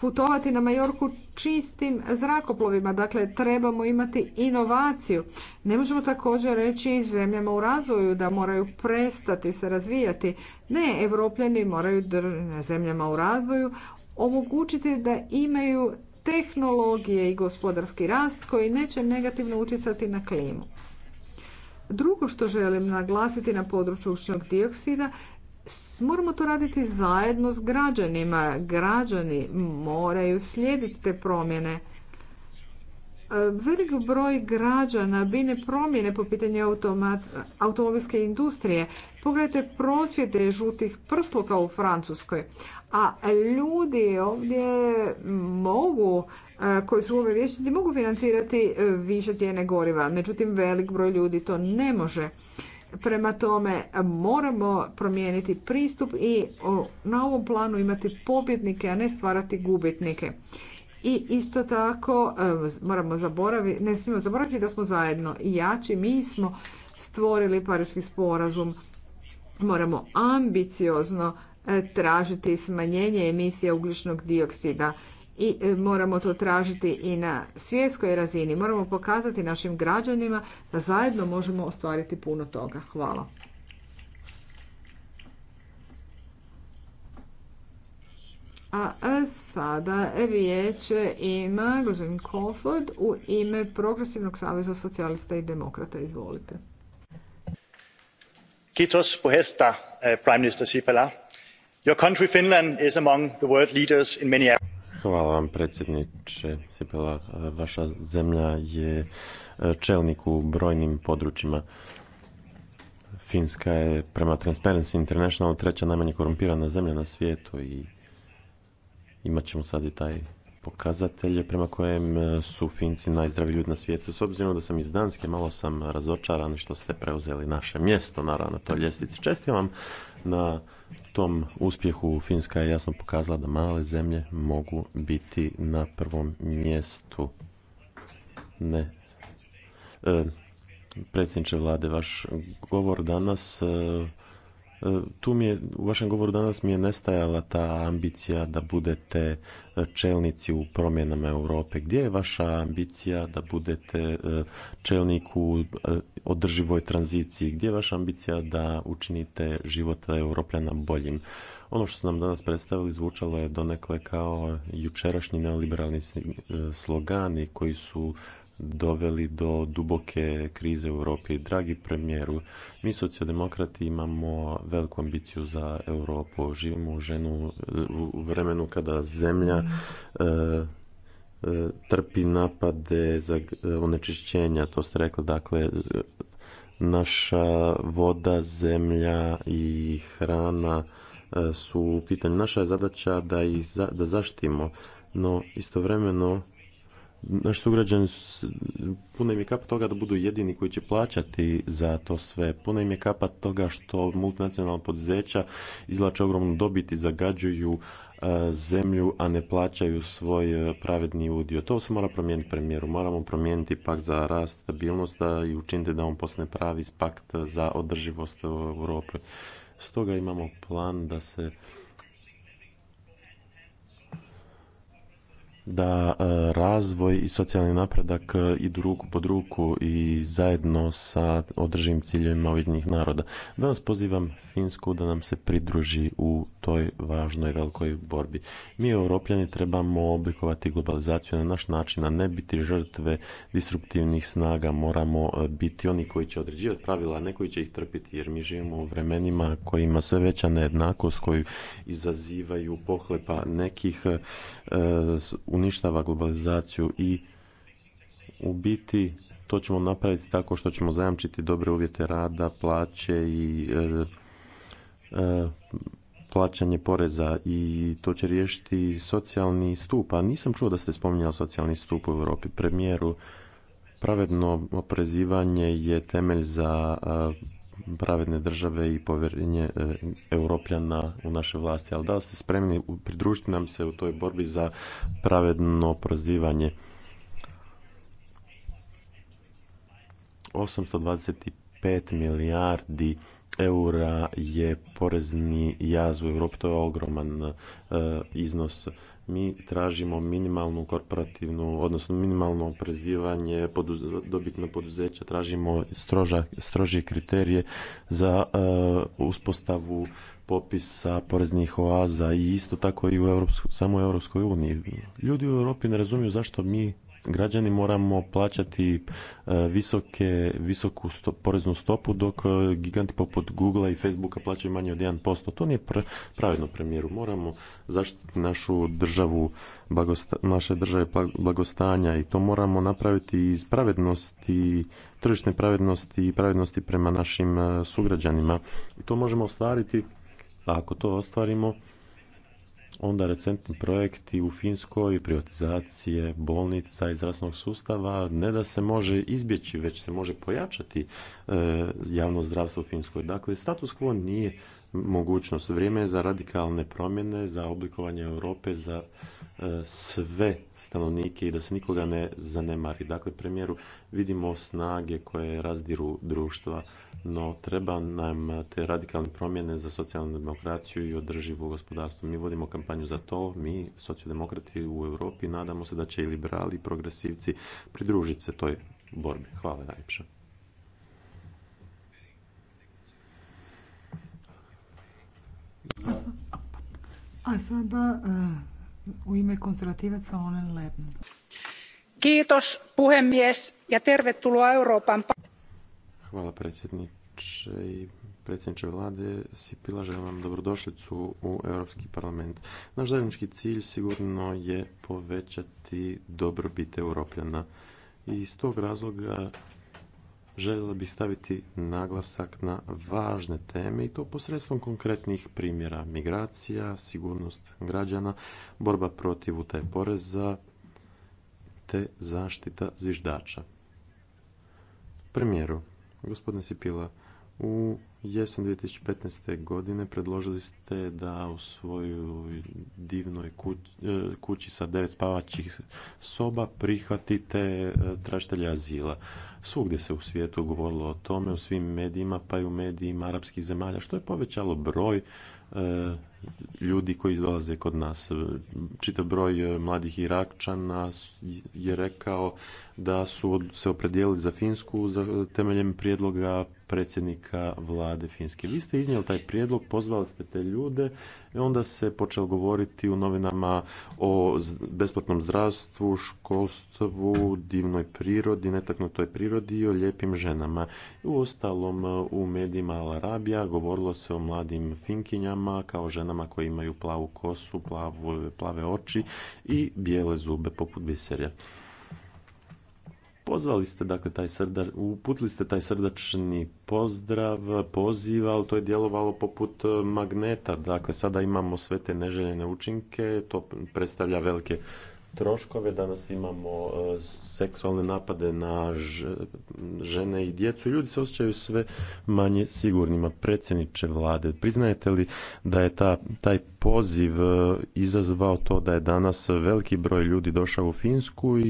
putovati na Majorku čistim zrakoplovima. Dakle, trebamo imati inovaciju. Ne možemo također reći zemljama u razvoju da moraju prestati se razvijati. Ne, evropljani moraju zemljama u razvoju omogućiti da imaju tehnologije i gospodarski rast koji neće negativno utjecati na klimu. Drugo što želim naglasiti na području učinog dioksida moramo to raditi zajedno s građanima. Građani moraju slijediti te promjene. E, velik broj građana bine promjene po pitanju automobilske industrije. Pogledajte prosvjete žutih prsluka u Francuskoj. A ljudi ovdje mogu, e, koji su ove vječnici, mogu financirati e, više cijene goriva. Međutim, velik broj ljudi to ne može. Prema tome moramo promijeniti pristup i na ovom planu imati pobjednike, a ne stvarati gubitnike. I isto tako e, moramo zaboraviti, ne smijemo zaboraviti da smo zajedno i jači. Mi smo stvorili Pariški sporazum. Moramo ambiciozno e, tražiti smanjenje emisije ugljičnog dioksida i e, moramo to tražiti i na svjetskoj razini. Moramo pokazati našim građanima da zajedno možemo ostvariti puno toga. Hvala. A sada riječ ima gospodin Kofod u ime Progresivnog saveza socijalista i demokrata. Izvolite. Kitos pohesta eh, Prime Minister Sipala. Your country Finland is among the world leaders in many Hvala vam predsjedniče Sipela. Vaša zemlja je e, čelnik u brojnim područjima. Finska je prema Transparency International treća najmanje korumpirana zemlja na svijetu i imat ćemo sad i taj pokazatelje prema kojem e, su Finci najzdravi ljudi na svijetu. S obzirom da sam iz Danske, malo sam razočaran što ste preuzeli naše mjesto, naravno, na toj ljestvici. Čestitam vam na tom uspjehu Finska je jasno pokazala da male zemlje mogu biti na prvom mjestu. Ne. E, predsjedniče vlade, vaš govor danas e, E, tu mi je, u vašem govoru danas mi je nestajala ta ambicija da budete čelnici u promjenama Europe. Gdje je vaša ambicija da budete e, čelnik u e, održivoj tranziciji? Gdje je vaša ambicija da učinite život Europljana boljim? Ono što ste nam danas predstavili zvučalo je donekle kao jučerašnji neoliberalni slogani koji su doveli do duboke krize u Europi. Dragi premijeru, mi socijaldemokrati imamo veliku ambiciju za Europu. Živimo u, ženu, u vremenu kada zemlja mm. e, e, trpi napade za e, onečišćenja, to ste rekli, dakle, naša voda, zemlja i hrana su u pitanju. Naša je zadaća da, ih, da zaštitimo, no istovremeno naš sugrađani puno im je kapa toga da budu jedini koji će plaćati za to sve. Puno im je kapa toga što multinacionalna poduzeća izlače ogromnu dobit i zagađuju e, zemlju, a ne plaćaju svoj e, pravedni udio. To se mora promijeniti premijeru. Moramo promijeniti pakt za rast, stabilnost i učiniti da on postane pravi pakt za održivost u Europi. Stoga imamo plan da se da e, razvoj i socijalni napredak e, idu ruku pod ruku i zajedno sa održivim ciljevima Ujedinjenih naroda. Danas pozivam Finsku da nam se pridruži u toj važnoj velikoj borbi. Mi europljani trebamo oblikovati globalizaciju na naš način, a ne biti žrtve disruptivnih snaga. Moramo e, biti oni koji će određivati pravila, a ne koji će ih trpiti, jer mi živimo u vremenima kojima sve veća nejednakost koju izazivaju pohlepa nekih uništava globalizaciju i u biti to ćemo napraviti tako što ćemo zajamčiti dobre uvjete rada, plaće i e, e, plaćanje poreza i to će riješiti socijalni stup. A nisam čuo da ste spominjali socijalni stup u Europi. Premijeru, pravedno oprezivanje je temelj za e, pravedne države i povjerenje e, europljana u naše vlasti. Ali da li ste spremni pridružiti nam se u toj borbi za pravedno prozivanje? 825 milijardi eura je porezni jaz u Europi, to je ogroman e, iznos mi tražimo minimalnu korporativnu, odnosno minimalno oprezivanje poduz, poduzeća, tražimo stroža, strožije kriterije za eh, uspostavu popisa poreznih oaza i isto tako i u samo u Europskoj uniji. Ljudi u Europi ne razumiju zašto mi građani moramo plaćati e, visoke, visoku poreznu stopu dok e, giganti poput Google i Facebooka plaćaju manje od 1%. To nije pravedno premijeru. Moramo zaštititi našu državu, naše države blagostanja i to moramo napraviti iz pravednosti, tržišne pravednosti i pravednosti prema našim e, sugrađanima. I to možemo ostvariti, ako to ostvarimo, onda recentni projekti u Finskoj, privatizacije, bolnica i zdravstvenog sustava, ne da se može izbjeći, već se može pojačati e, javno zdravstvo u Finskoj. Dakle, status quo nije mogućnost. Vrijeme za radikalne promjene, za oblikovanje Europe, za e, sve stanovnike i da se nikoga ne zanemari. Dakle, premijeru, vidimo snage koje razdiru društva no treba nam te radikalne promjene za socijalnu demokraciju i održivo gospodarstvo. Mi vodimo kampanju za to, mi socijaldemokrati u Europi nadamo se da će i liberali i progresivci pridružiti se toj borbi. Hvala A, sada e, u ime konzervativaca Onen Kiitos puhemies ja tervetuloa Euroopan Hvala predsjedniče i predsjedniče vlade Sipila, želim vam dobrodošlicu u Europski parlament. Naš zajednički cilj sigurno je povećati dobrobit Europljana. I iz tog razloga željela bih staviti naglasak na važne teme i to posredstvom konkretnih primjera migracija, sigurnost građana, borba protiv utaje poreza te zaštita zviždača. primjeru Gospodine Sipila, u jesen 2015. godine predložili ste da u svojoj divnoj e, kući, sa devet spavačih soba prihvatite e, tražitelja azila. Svugdje se u svijetu govorilo o tome, u svim medijima, pa i u medijima arapskih zemalja, što je povećalo broj e, ljudi koji dolaze kod nas. Čitav broj e, mladih Irakčana je rekao da su se opredijelili za Finsku za temeljem prijedloga predsjednika vlade Finske. Vi ste iznijeli taj prijedlog, pozvali ste te ljude i onda se počeo govoriti u novinama o besplatnom zdravstvu, školstvu, divnoj prirodi, netaknutoj prirodi i o lijepim ženama. U ostalom e, u medijima Al Arabija govorilo se o mladim Finkinjama kao ženama koje imaju plavu kosu, plavu, plave oči i bijele zube poput biserja. Pozvali ste, dakle, taj srdar, uputili ste taj srdačni pozdrav, poziv, ali to je djelovalo poput e, magneta. Dakle, sada imamo sve te neželjene učinke, to predstavlja velike troškove, danas imamo e, seksualne napade na žene i djecu. Ljudi se osjećaju sve manje sigurnima. Predsjedniče vlade, priznajete li da je ta, taj poziv e, izazvao to da je danas veliki broj ljudi došao u Finsku e,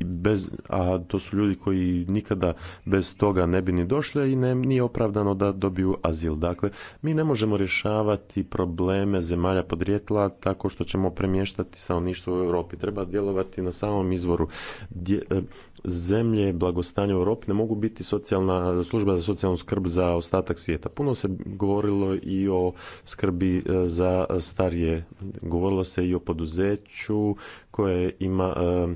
i, bez, a to su ljudi koji nikada bez toga ne bi ni došli i ne, nije opravdano da dobiju azil. Dakle, mi ne možemo rješavati probleme zemalja podrijetla tako što ćemo premještati stanovništvo u Europi. Treba djelovati na samom izvoru. E, zemlje blagostanja u Europi ne mogu biti socijalna služba za socijalnu skrb za ostatak svijeta. Puno se govorilo i o skrbi e, za starije. Govorilo se i o poduzeću koje ima e,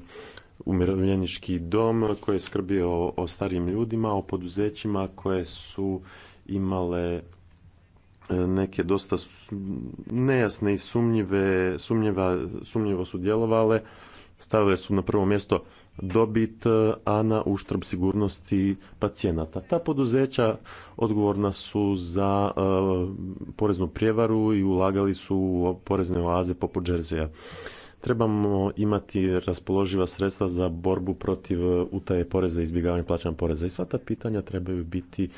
umirovljenički dom koje je o, o starijim ljudima, o poduzećima koje su imale e, neke dosta nejasne i sumnjive, sumnjiva, sumnjivo su djelovale. Stavile su na prvo mjesto dobit, e, a na uštrb sigurnosti pacijenata. Ta poduzeća odgovorna su za e, poreznu prijevaru i ulagali su u porezne oaze poput Džerzeja. Trebamo imati raspoloživa sredstva za borbu protiv utaje poreza i izbjegavanja plaćanja poreza. I sva ta pitanja trebaju biti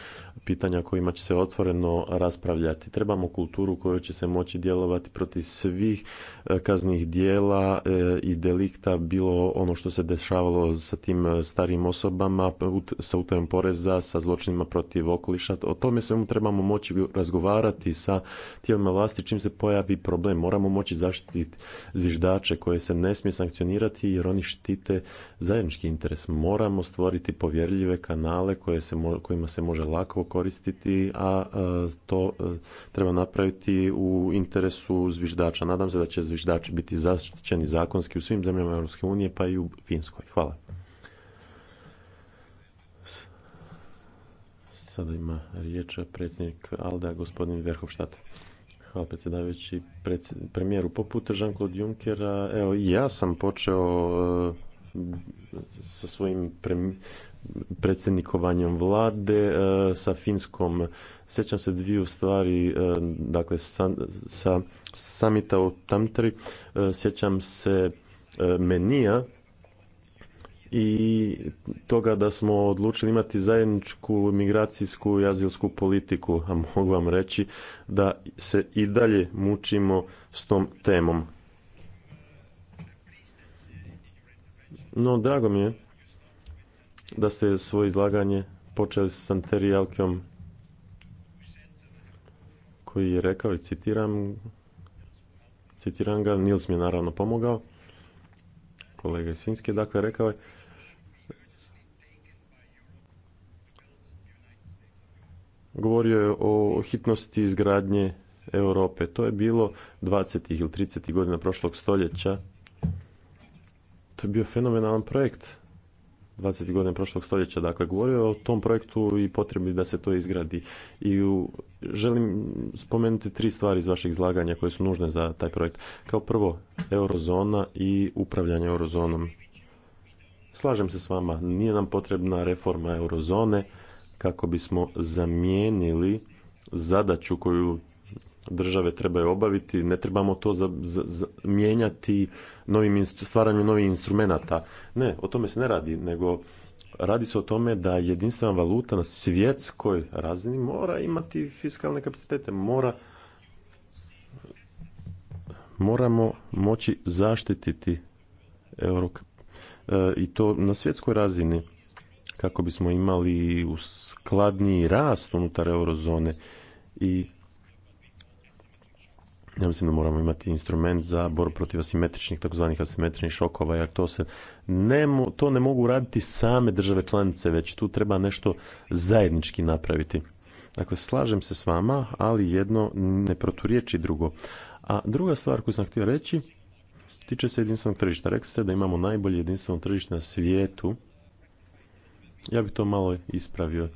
pitanja kojima će se otvoreno raspravljati. Trebamo kulturu koju će se moći djelovati protiv svih e, kaznih dijela e, i delikta, bilo ono što se dešavalo sa tim e, starim osobama, sa utajom poreza, sa zločinima protiv okoliša. O tome svemu trebamo moći razgovarati sa tijelima vlasti čim se pojavi problem. Moramo moći zaštititi zviždače koje se ne smije sankcionirati jer oni štite zajednički interes. Moramo stvoriti povjerljive kanale kojima se može lako koristiti, a e, to e, treba napraviti u interesu zviždača. Nadam se da će zviždači biti zaštićeni zakonski u svim zemljama Europske unije, pa i u Finskoj. Hvala. Sada ima riječ predsjednik Alda, gospodin Verhofstadt. Hvala predsjedavajući premijeru poput Jean-Claude Junckera. Evo, ja sam počeo e, sa svojim predsjednikovanjem vlade e, sa Finskom. Sjećam se dviju stvari, e, dakle sa, samita u Tamtri, e, sjećam se menija i toga da smo odlučili imati zajedničku migracijsku i azilsku politiku, a mogu vam reći da se i dalje mučimo s tom temom. No, drago mi je da ste svoje izlaganje počeli s Santeri koji je rekao i citiram citiram ga, Nils mi je naravno pomogao kolega iz Finjske, dakle rekao je govorio je o hitnosti izgradnje Europe. To je bilo 20. ili 30. godina prošlog stoljeća to je bio fenomenalan projekt 20. godina prošlog stoljeća. Dakle, govorio o tom projektu i potrebi da se to izgradi. I želim spomenuti tri stvari iz vašeg izlaganja koje su nužne za taj projekt. Kao prvo, eurozona i upravljanje eurozonom. Slažem se s vama, nije nam potrebna reforma eurozone kako bismo zamijenili zadaću koju države trebaju obaviti, ne trebamo to za, za, mijenjati novim, stvaranju novih instrumenata. Ne, o tome se ne radi, nego radi se o tome da jedinstvena valuta na svjetskoj razini mora imati fiskalne kapacitete, mora moramo moći zaštititi euro e, i to na svjetskoj razini kako bismo imali skladniji rast unutar eurozone i ja mislim da moramo imati instrument za bor protiv asimetričnih, takozvanih asimetričnih šokova, jer to se ne, to ne mogu raditi same države članice, već tu treba nešto zajednički napraviti. Dakle, slažem se s vama, ali jedno ne proturječi drugo. A druga stvar koju sam htio reći, tiče se jedinstvenog tržišta. Rekli ste da imamo najbolje jedinstveno tržište na svijetu. Ja bih to malo ispravio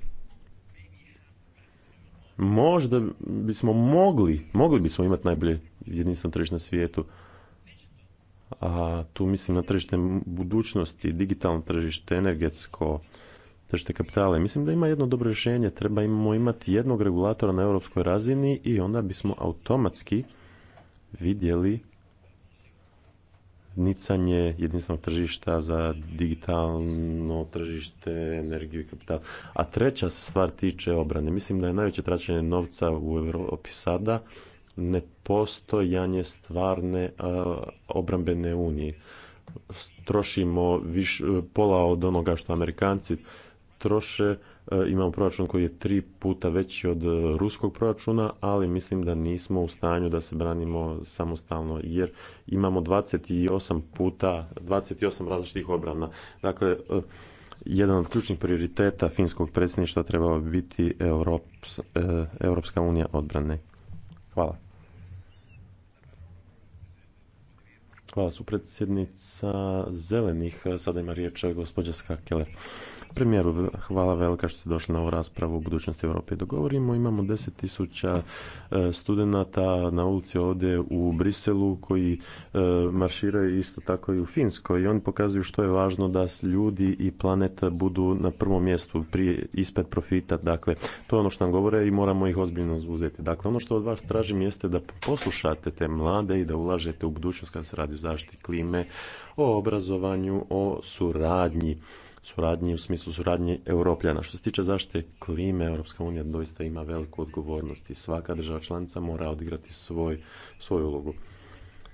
možda bismo mogli, mogli bismo imati najbolje jedinstveno tržište na svijetu, a tu mislim na tržište budućnosti, digitalno tržište, energetsko, tržište kapitala. Mislim da ima jedno dobro rješenje, trebamo imati jednog regulatora na europskoj razini i onda bismo automatski vidjeli nicanje jedinstvenog tržišta za digitalno tržište, energiju i kapital. A treća se stvar tiče obrane. Mislim da je najveće tračenje novca u Europi sada nepostojanje stvarne obrambene unije. Trošimo pola od onoga što Amerikanci troše, E, imamo proračun koji je tri puta veći od e, ruskog proračuna, ali mislim da nismo u stanju da se branimo samostalno, jer imamo 28 puta, 28 različitih obrana. Dakle, e, jedan od ključnih prioriteta finskog predsjedništva trebao bi biti Europs, Europska unija odbrane. Hvala. Hvala su predsjednica zelenih. Sada ima riječ gospođa Skakeler. Premijeru, hvala velika što ste došli na ovu raspravu o budućnosti Europe. Dogovorimo, imamo tisuća e, studenata na ulici ovdje u Briselu koji e, marširaju isto tako i u Finskoj i oni pokazuju što je važno da ljudi i planeta budu na prvom mjestu prije, ispred profita. Dakle, to je ono što nam govore i moramo ih ozbiljno uzeti. Dakle, ono što od vas tražim jeste da poslušate te mlade i da ulažete u budućnost kad se radi o zaštiti klime, o obrazovanju, o suradnji suradnji u smislu suradnje europljana. Što se tiče zaštite klime, Europska unija doista ima veliku odgovornost i svaka država članica mora odigrati svoj, svoju ulogu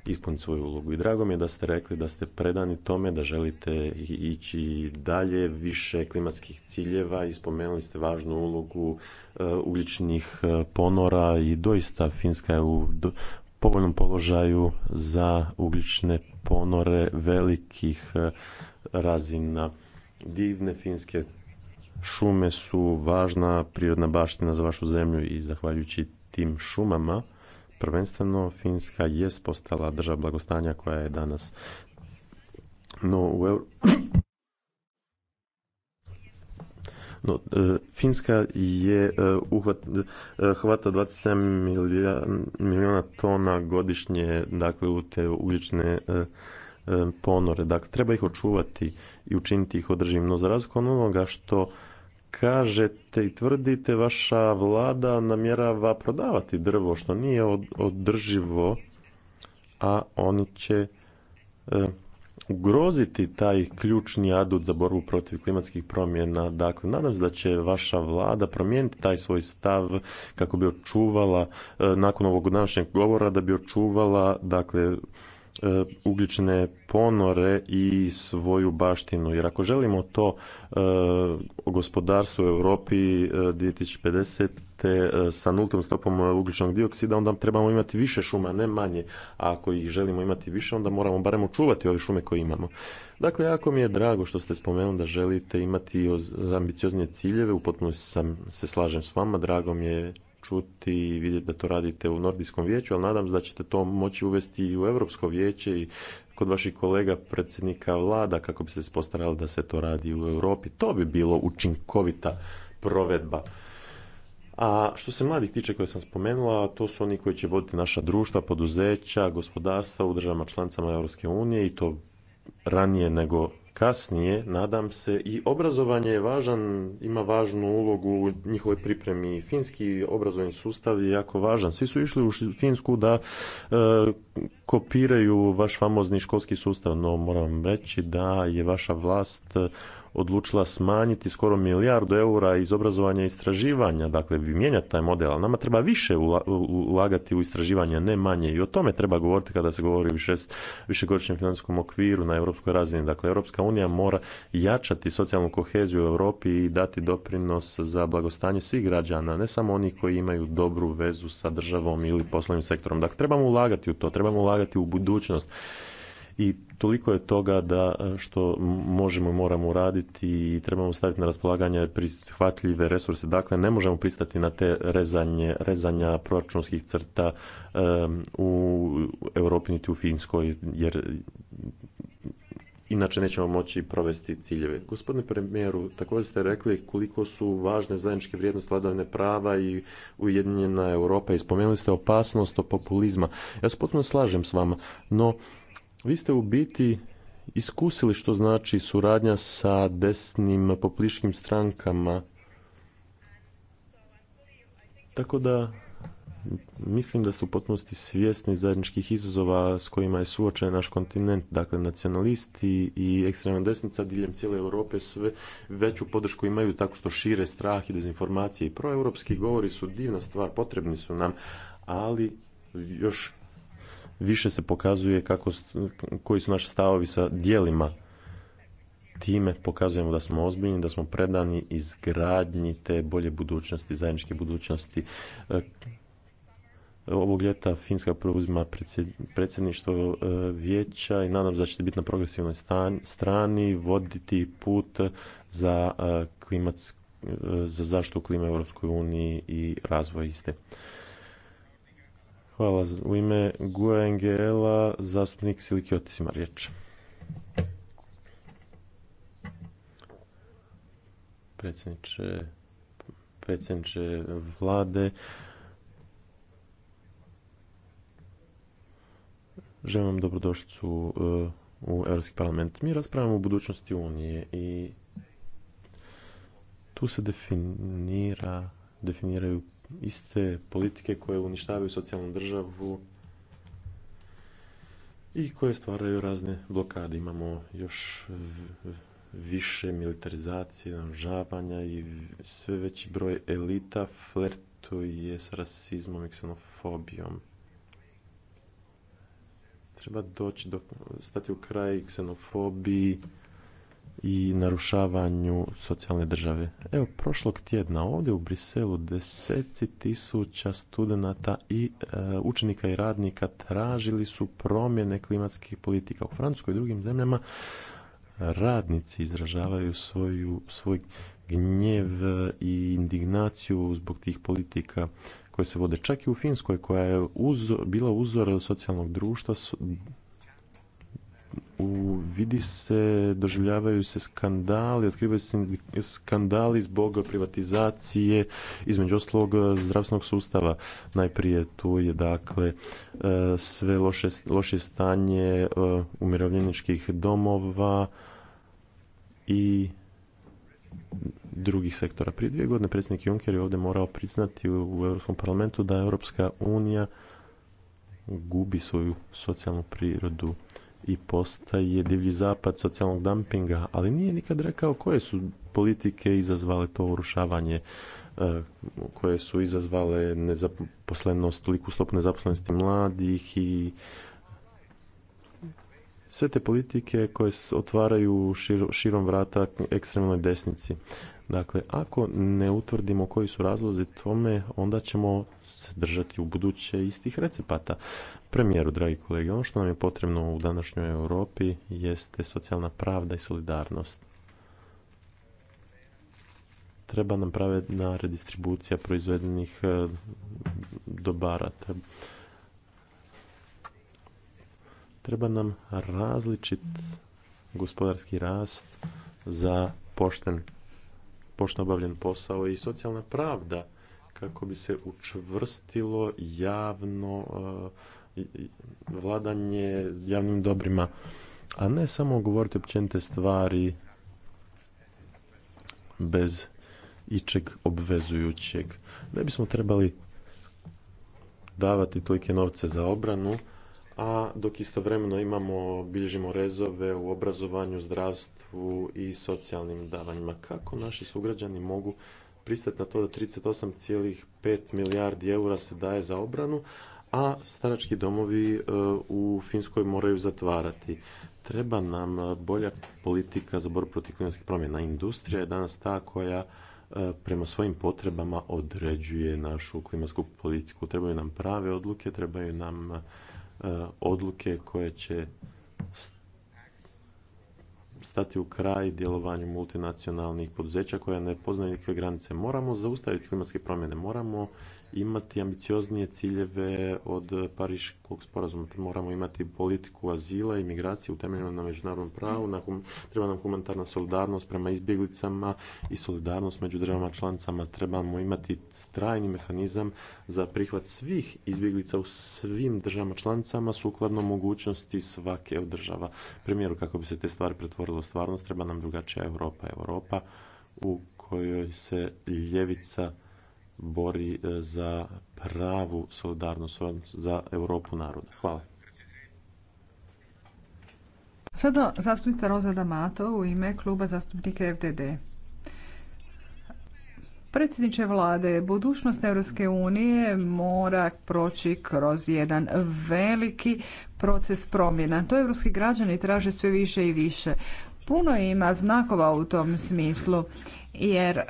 ispuniti svoju ulogu. I drago mi je da ste rekli da ste predani tome, da želite ići dalje, više klimatskih ciljeva i spomenuli ste važnu ulogu eh, ugljičnih eh, ponora i doista Finska je u povoljnom položaju za ugljične ponore velikih eh, razina divne finske šume su važna prirodna baština za vašu zemlju i zahvaljujući tim šumama prvenstveno Finska je postala država blagostanja koja je danas. No, u Euro... E, Finska je e, uhvat, e, hvata 27 milijuna, tona godišnje dakle, u te ugljične e, E, ponore. Dakle, treba ih očuvati i učiniti ih održivim. No, za razliku od onoga što kažete i tvrdite, vaša vlada namjerava prodavati drvo, što nije održivo, a oni će e, ugroziti taj ključni adut za borbu protiv klimatskih promjena. Dakle, nadam se da će vaša vlada promijeniti taj svoj stav kako bi očuvala, e, nakon ovog današnjeg govora, da bi očuvala, dakle, E, ugljične ponore i svoju baštinu. Jer ako želimo to e, gospodarstvo u Europi 2050. E, sa nultom stopom ugljičnog dioksida, onda trebamo imati više šuma, ne manje. A ako ih želimo imati više, onda moramo barem očuvati ove šume koje imamo. Dakle, jako mi je drago što ste spomenuli da želite imati ambicioznije ciljeve, u potpunosti sam se slažem s vama, drago mi je čuti i vidjeti da to radite u Nordijskom vijeću, ali nadam se da ćete to moći uvesti i u Europsko vijeće i kod vaših kolega predsjednika vlada kako bi se postarali da se to radi u Europi. To bi bilo učinkovita provedba. A što se mladih tiče koje sam spomenula, to su oni koji će voditi naša društva, poduzeća, gospodarstva u državama članicama Europske unije i to ranije nego kasnije, nadam se, i obrazovanje je važan, ima važnu ulogu u njihovoj pripremi. Finski obrazovni sustav je jako važan. Svi su išli u Finsku da e, kopiraju vaš famozni školski sustav, no moram reći da je vaša vlast odlučila smanjiti skoro milijardu eura iz obrazovanja i istraživanja. Dakle, vi taj model, ali nama treba više ulagati u istraživanje, ne manje. I o tome treba govoriti kada se govori o više, višegodišnjem financijskom okviru na europskoj razini. Dakle, Europska unija mora jačati socijalnu koheziju u Europi i dati doprinos za blagostanje svih građana, ne samo onih koji imaju dobru vezu sa državom ili poslovnim sektorom. Dakle, trebamo ulagati u to, trebamo ulagati u budućnost i toliko je toga da e, što možemo i moramo raditi i trebamo staviti na raspolaganje prihvatljive resurse. Dakle, ne možemo pristati na te rezanje, rezanja proračunskih crta u Europi niti u Finskoj, jer inače nećemo moći provesti ciljeve. Gospodine premijeru, također ste rekli koliko su važne zajedničke vrijednosti vladavine prava i ujedinjena Europa i spomenuli ste opasnost od populizma. Ja se potpuno slažem s vama, no vi ste u biti iskusili što znači suradnja sa desnim populističkim strankama. Tako da mislim da su u potpunosti svjesni zajedničkih izazova s kojima je suočen naš kontinent. Dakle, nacionalisti i ekstremna desnica diljem cijele Europe sve veću podršku imaju tako što šire strah i dezinformacije. I proeuropski govori su divna stvar, potrebni su nam, ali još više se pokazuje kako, koji su naši stavovi sa dijelima. Time pokazujemo da smo ozbiljni, da smo predani izgradnji te bolje budućnosti, zajedničke budućnosti. E, ovog ljeta Finska preuzima predsjedništvo e, vijeća i nadam se da ćete biti na progresivnoj strani, voditi put za e, klimatsku za zaštitu klime u EU i razvoj iste. Hvala. U ime Gua Engela, zastupnik Siliki Otis ima riječ. Predsjedniče, predsjedniče vlade, želim vam dobrodošlicu uh, u Europski parlament. Mi raspravljamo o budućnosti Unije i tu se definira, definiraju iste politike koje uništavaju socijalnu državu i koje stvaraju razne blokade. Imamo još eh, više militarizacije, žabanja i sve veći broj elita flertuje s rasizmom i ksenofobijom. Treba doći do, stati u kraj ksenofobiji, i narušavanju socijalne države. Evo, prošlog tjedna ovdje u Briselu deseci tisuća studenata i e, učenika i radnika tražili su promjene klimatskih politika. U Francuskoj i drugim zemljama radnici izražavaju svoju, svoj gnjev i indignaciju zbog tih politika koje se vode. Čak i u Finskoj koja je uz, bila uzor socijalnog društva su, u vidi se, doživljavaju se skandali, otkrivaju se skandali zbog privatizacije, između ostalog zdravstvenog sustava. Najprije tu je dakle e, sve loše, loše stanje e, umirovljeničkih domova i drugih sektora. Prije dvije godine predsjednik Juncker je ovdje morao priznati u Europskom parlamentu da Europska unija gubi svoju socijalnu prirodu i postaje divlji zapad socijalnog dumpinga, ali nije nikad rekao koje su politike izazvale to urušavanje e, koje su izazvale nezaposlenost, toliku stopu nezaposlenosti mladih i sve te politike koje otvaraju širom vrata ekstremnoj desnici. Dakle, ako ne utvrdimo koji su razlozi tome, onda ćemo se držati u buduće istih recepata. Premijeru, dragi kolege, ono što nam je potrebno u današnjoj Europi jeste socijalna pravda i solidarnost. Treba nam pravedna redistribucija proizvedenih e, dobara. Treba nam različit gospodarski rast za pošten pošto obavljen posao i socijalna pravda kako bi se učvrstilo javno e, vladanje javnim dobrima, a ne samo govoriti općenite stvari bez ičeg obvezujućeg. Ne bismo trebali davati tolike novce za obranu, a dok istovremeno imamo, bilježimo rezove u obrazovanju, zdravstvu i socijalnim davanjima. Kako naši sugrađani mogu pristati na to da 38,5 milijardi eura se daje za obranu, a starački domovi e, u Finskoj moraju zatvarati. Treba nam bolja politika za borbu protiv klimatskih promjena. Industrija je danas ta koja e, prema svojim potrebama određuje našu klimatsku politiku. Trebaju nam prave odluke, trebaju nam E, odluke koje će stati u kraj djelovanju multinacionalnih poduzeća koja ne poznaju nikakve granice. Moramo zaustaviti klimatske promjene, moramo imati ambicioznije ciljeve od Pariškog sporazuma. Moramo imati politiku azila i migracije utemeljenu na međunarodnom pravu. treba nam humanitarna solidarnost prema izbjeglicama i solidarnost među državama članicama. Trebamo imati trajni mehanizam za prihvat svih izbjeglica u svim državama članicama sukladno mogućnosti svake od država. Primjeru, kako bi se te stvari pretvorile u stvarnost, treba nam drugačija Europa. Europa u kojoj se ljevica bori e, za pravu solidarnost za Europu naroda. Hvala. Sada zastupnica rozada D'Amato u ime kluba zastupnika FDD. Predsjedniče vlade, budućnost Europske unije mora proći kroz jedan veliki proces promjena. To europski građani traže sve više i više. Puno ima znakova u tom smislu jer e,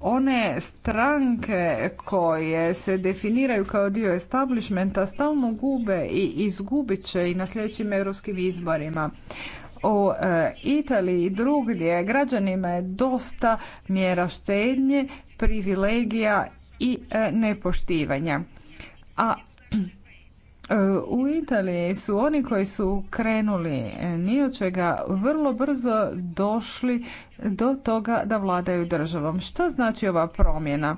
one stranke koje se definiraju kao dio establishmenta stalno gube i izgubit će i na sljedećim europskim izborima. U e, Italiji i drugdje građanima je dosta mjera štednje, privilegija i e, nepoštivanja. A E, u Italiji su oni koji su krenuli e, ni od čega vrlo brzo došli do toga da vladaju državom. Što znači ova promjena?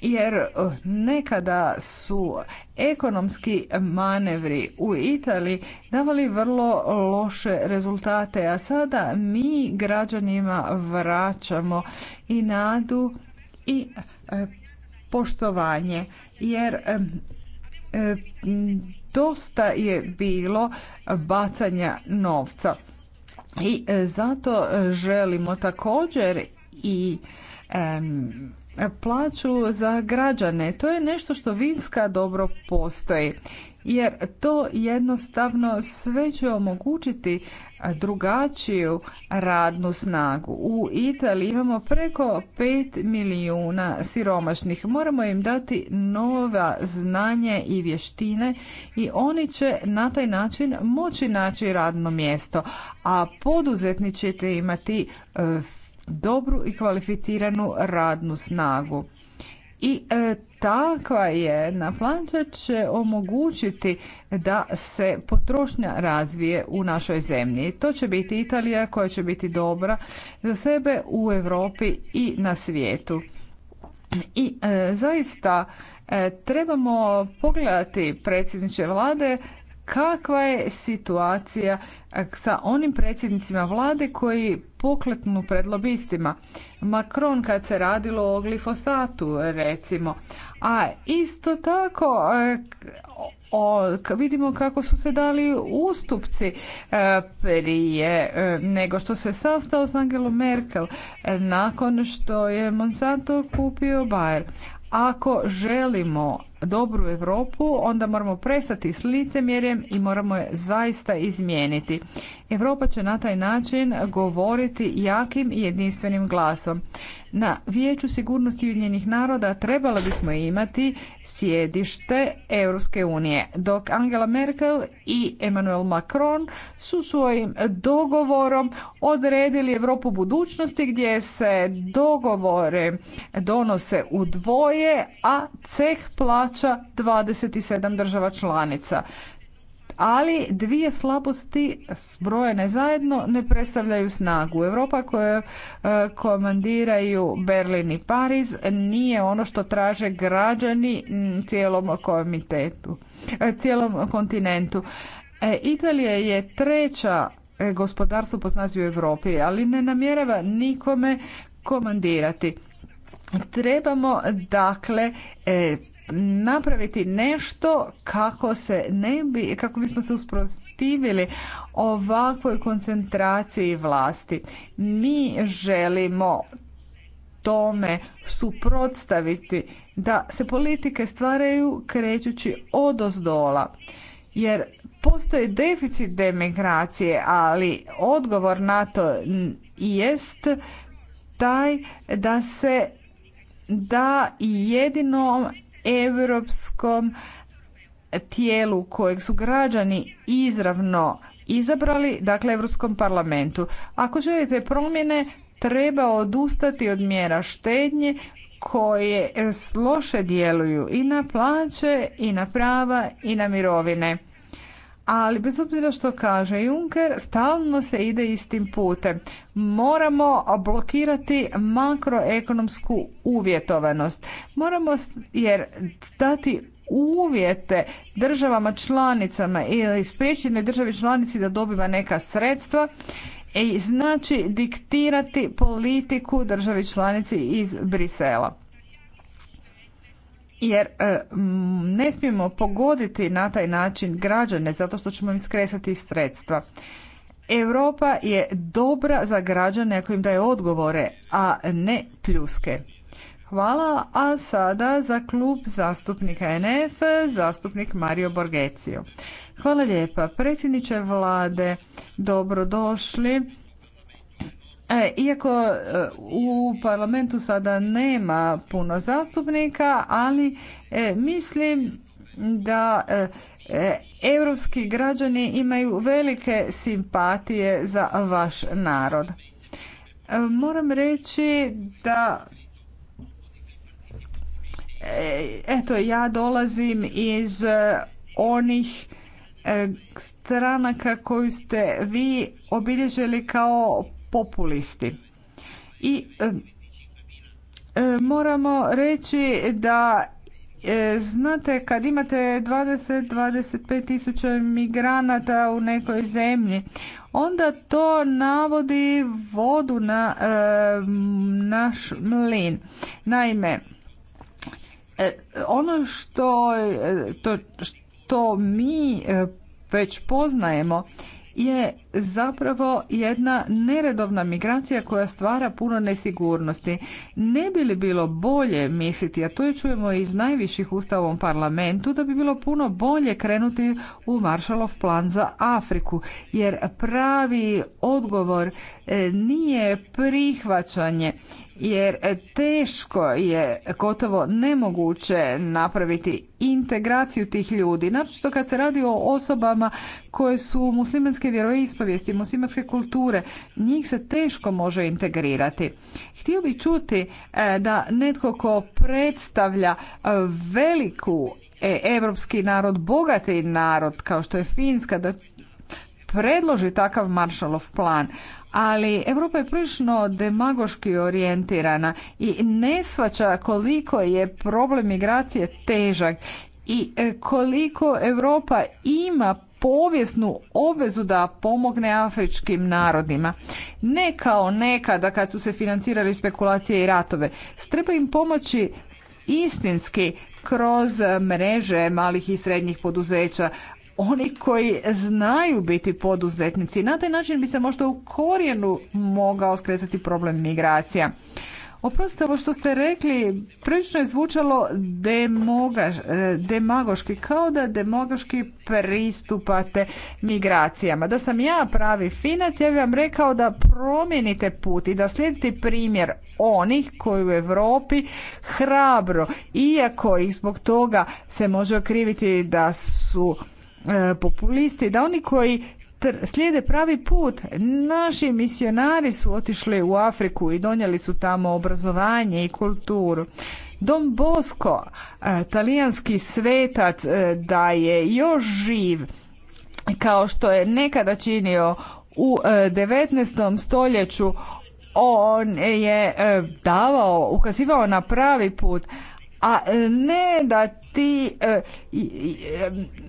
Jer e, nekada su ekonomski manevri u Italiji davali vrlo loše rezultate, a sada mi građanima vraćamo i nadu i poštovanje jer E, dosta je bilo bacanja novca. I e, zato želimo također i plaću za građane. To je nešto što Vinska dobro postoji jer to jednostavno sve će omogućiti drugačiju radnu snagu. U Italiji imamo preko 5 milijuna siromašnih. Moramo im dati nova znanje i vještine i oni će na taj način moći naći radno mjesto, a poduzetni ćete imati e, dobru i kvalificiranu radnu snagu. I e, takva jedna planča će omogućiti da se potrošnja razvije u našoj zemlji. To će biti Italija koja će biti dobra za sebe u Europi i na svijetu. I e, zaista e, trebamo pogledati predsjedniče vlade kakva je situacija e, sa onim predsjednicima vlade koji pokletnu pred lobistima. Macron kad se radilo o glifosatu recimo, a isto tako e, vidimo kako su se dali ustupci e, prije e, nego što se sastao s Angelom Merkel nakon što je Monsanto kupio Bayer. Ako želimo dobru Europu, onda moramo prestati s licemjerjem i moramo je zaista izmijeniti. Europa će na taj način govoriti jakim i jedinstvenim glasom. Na Vijeću sigurnosti Ujedinjenih naroda trebala bismo imati sjedište Europske unije, dok Angela Merkel i Emmanuel Macron su svojim dogovorom odredili Europu budućnosti gdje se dogovore donose u dvoje, a ceh plaća plaća 27 država članica. Ali dvije slabosti zbrojene zajedno ne predstavljaju snagu. Europa koju e, komandiraju Berlin i Pariz nije ono što traže građani cijelom komitetu, e, cijelom kontinentu. E, Italija je treća gospodarstvo po snazi u Europi, ali ne namjerava nikome komandirati. Trebamo dakle napraviti nešto kako se ne bi, kako bismo se usprotivili ovakvoj koncentraciji vlasti. Mi želimo tome suprotstaviti da se politike stvaraju krećući odozdola jer postoji deficit demigracije, ali odgovor na to jest taj da se da jedino europskom tijelu kojeg su građani izravno izabrali, dakle Europskom parlamentu. Ako želite promjene, treba odustati od mjera štednje koje loše djeluju i na plaće i na prava i na mirovine ali bez obzira što kaže Juncker, stalno se ide istim putem. Moramo blokirati makroekonomsku uvjetovanost. Moramo jer dati uvjete državama članicama ili spriječiti državi članici da dobiva neka sredstva i znači diktirati politiku državi članici iz Brisela jer e, ne smijemo pogoditi na taj način građane zato što ćemo im skresati sredstva. Europa je dobra za građane ako im daje odgovore, a ne pljuske. Hvala, a sada za klub zastupnika NF, zastupnik Mario Borgecio. Hvala lijepa. Predsjedniče vlade, dobrodošli E, iako e, u parlamentu sada nema puno zastupnika, ali e, mislim da europski građani imaju velike simpatije za vaš narod. Moram reći da eto ja dolazim iz onih stranaka koju ste vi obilježili kao populisti. I e, e, moramo reći da e, Znate, kad imate 20-25 tisuća migranata u nekoj zemlji, onda to navodi vodu na naš mlin. Naime, ono što, to, što mi već poznajemo je zapravo jedna neredovna migracija koja stvara puno nesigurnosti. Ne bi li bilo bolje misliti, a to je čujemo iz najviših ustavom parlamentu, da bi bilo puno bolje krenuti u Maršalov plan za Afriku, jer pravi odgovor e, nije prihvaćanje jer teško je gotovo nemoguće napraviti integraciju tih ljudi, naročito kad se radi o osobama koje su muslimanske vjeroispovijesti kulture. Njih se teško može integrirati. Htio bi čuti e, da netko ko predstavlja e, veliku e, evropski narod, bogati narod kao što je Finska, da predloži takav Marshallov plan. Ali Europa je prilično demagoški orijentirana i ne svača koliko je problem migracije težak i koliko Europa ima povijesnu obvezu da pomogne afričkim narodima. Ne kao nekada kad su se financirali spekulacije i ratove. Treba im pomoći istinski kroz mreže malih i srednjih poduzeća, oni koji znaju biti poduzetnici. Na taj način bi se možda u korijenu mogao skresati problem migracija. Oprostite, ovo što ste rekli prilično je zvučalo demoga, e, demagoški, kao da demagoški pristupate migracijama. Da sam ja pravi finac, ja bih vam rekao da promijenite put i da slijedite primjer onih koji u Europi hrabro, iako ih zbog toga se može okriviti da su e, populisti, da oni koji slijede pravi put. Naši misionari su otišli u Afriku i donijeli su tamo obrazovanje i kulturu. Don Bosco, e, talijanski svetac, e, da je još živ, kao što je nekada činio u 19. E, stoljeću, on je davao, ukazivao na pravi put, a ne da ti e,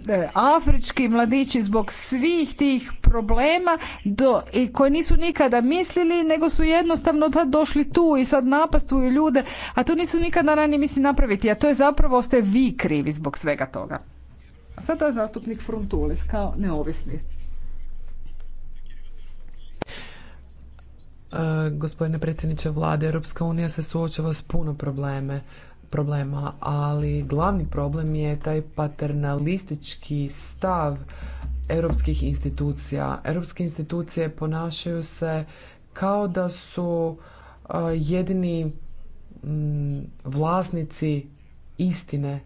e, afrički mladići zbog svih tih problema do, i koje nisu nikada mislili nego su jednostavno tad došli tu i sad napastuju ljude a to nisu nikada ranije misli napraviti a to je zapravo ste vi krivi zbog svega toga a je zastupnik Fruntulis kao neovisni e, gospodine predsjedniče vlade, Europska unija se suočava s puno probleme problema, ali glavni problem je taj paternalistički stav europskih institucija. Europske institucije ponašaju se kao da su uh, jedini mm, vlasnici istine.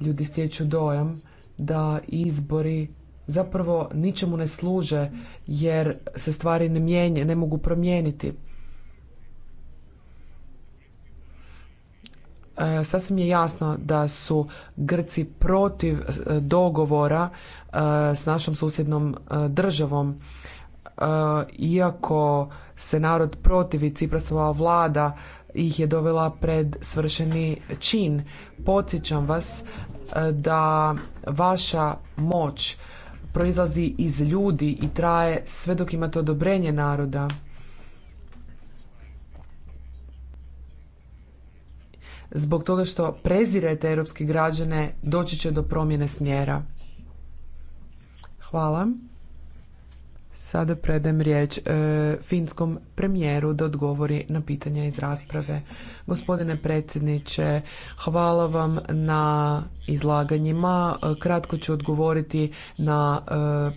Ljudi stječu dojam da izbori zapravo ničemu ne služe jer se stvari ne, mijenje, ne mogu promijeniti. E, sasvim je jasno da su Grci protiv e, dogovora e, s našom susjednom državom iako se narod protivi Ciprasova vlada ih je dovela pred svršeni čin. Podsjećam vas da vaša moć proizlazi iz ljudi i traje sve dok imate odobrenje naroda. zbog toga što prezirete europske građane doći će do promjene smjera. Hvala. Sada predem riječ e, finskom premijeru da odgovori na pitanja iz rasprave. Gospodine predsjedniče, hvala vam na izlaganjima. E, kratko ću odgovoriti na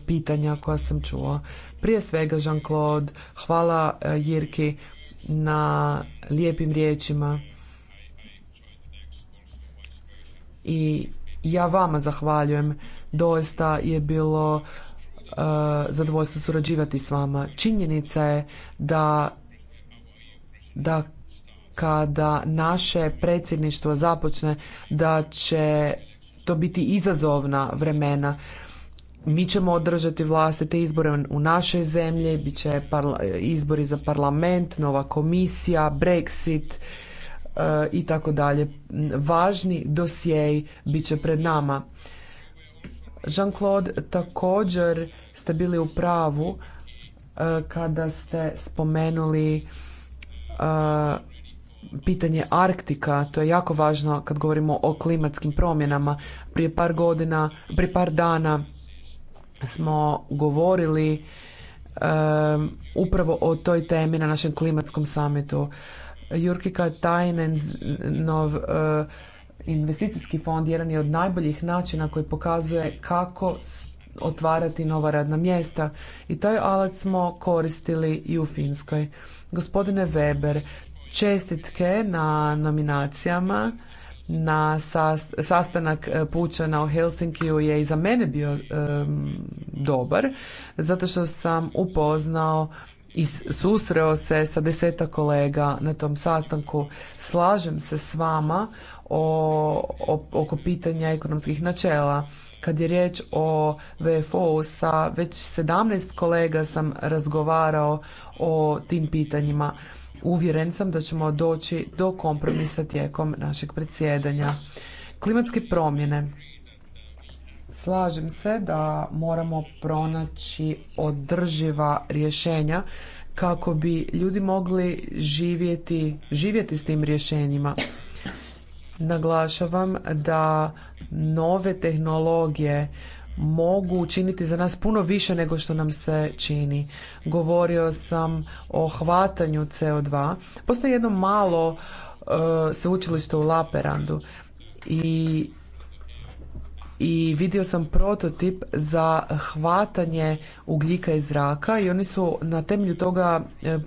e, pitanja koja sam čuo. Prije svega, Jean-Claude, hvala e, Jirki na lijepim riječima I ja vama zahvaljujem. Doista je bilo e, zadovoljstvo surađivati s vama. Činjenica je da, da kada naše predsjedništvo započne da će to biti izazovna vremena. Mi ćemo održati vlastite izbore u našoj zemlji, bit će izbori za parlament, nova komisija, Brexit E, i tako dalje. Važni dosjej bit će pred nama. Jean-Claude, također ste bili u pravu e, kada ste spomenuli e, pitanje Arktika, to je jako važno kad govorimo o klimatskim promjenama. Prije par godina, prije par dana smo govorili upravo o toj temi na našem klimatskom samitu. Jurkika Tajnenov e, investicijski fond jedan je od najboljih načina koji pokazuje kako otvarati nova radna mjesta i taj alat smo koristili i u Finskoj. Gospodine Weber, čestitke na nominacijama na sastanak e, pučana u Helsinkiju je i za mene bio dobar zato što sam upoznao i susreo se sa deseta kolega na tom sastanku. Slažem se s vama o, oko pitanja ekonomskih načela. Kad je riječ o vfo sa već 17 kolega sam razgovarao o tim pitanjima. Uvjeren sam da ćemo doći do kompromisa tijekom našeg predsjedanja. Klimatske promjene Slažem se da moramo pronaći održiva rješenja kako bi ljudi mogli živjeti, živjeti s tim rješenjima. Naglašavam da nove tehnologije mogu učiniti za nas puno više nego što nam se čini. Govorio sam o hvatanju CO2. Postoji jedno malo uh, sveučilište u Laperandu i i vidio sam prototip za hvatanje ugljika iz zraka i oni su na temelju toga e,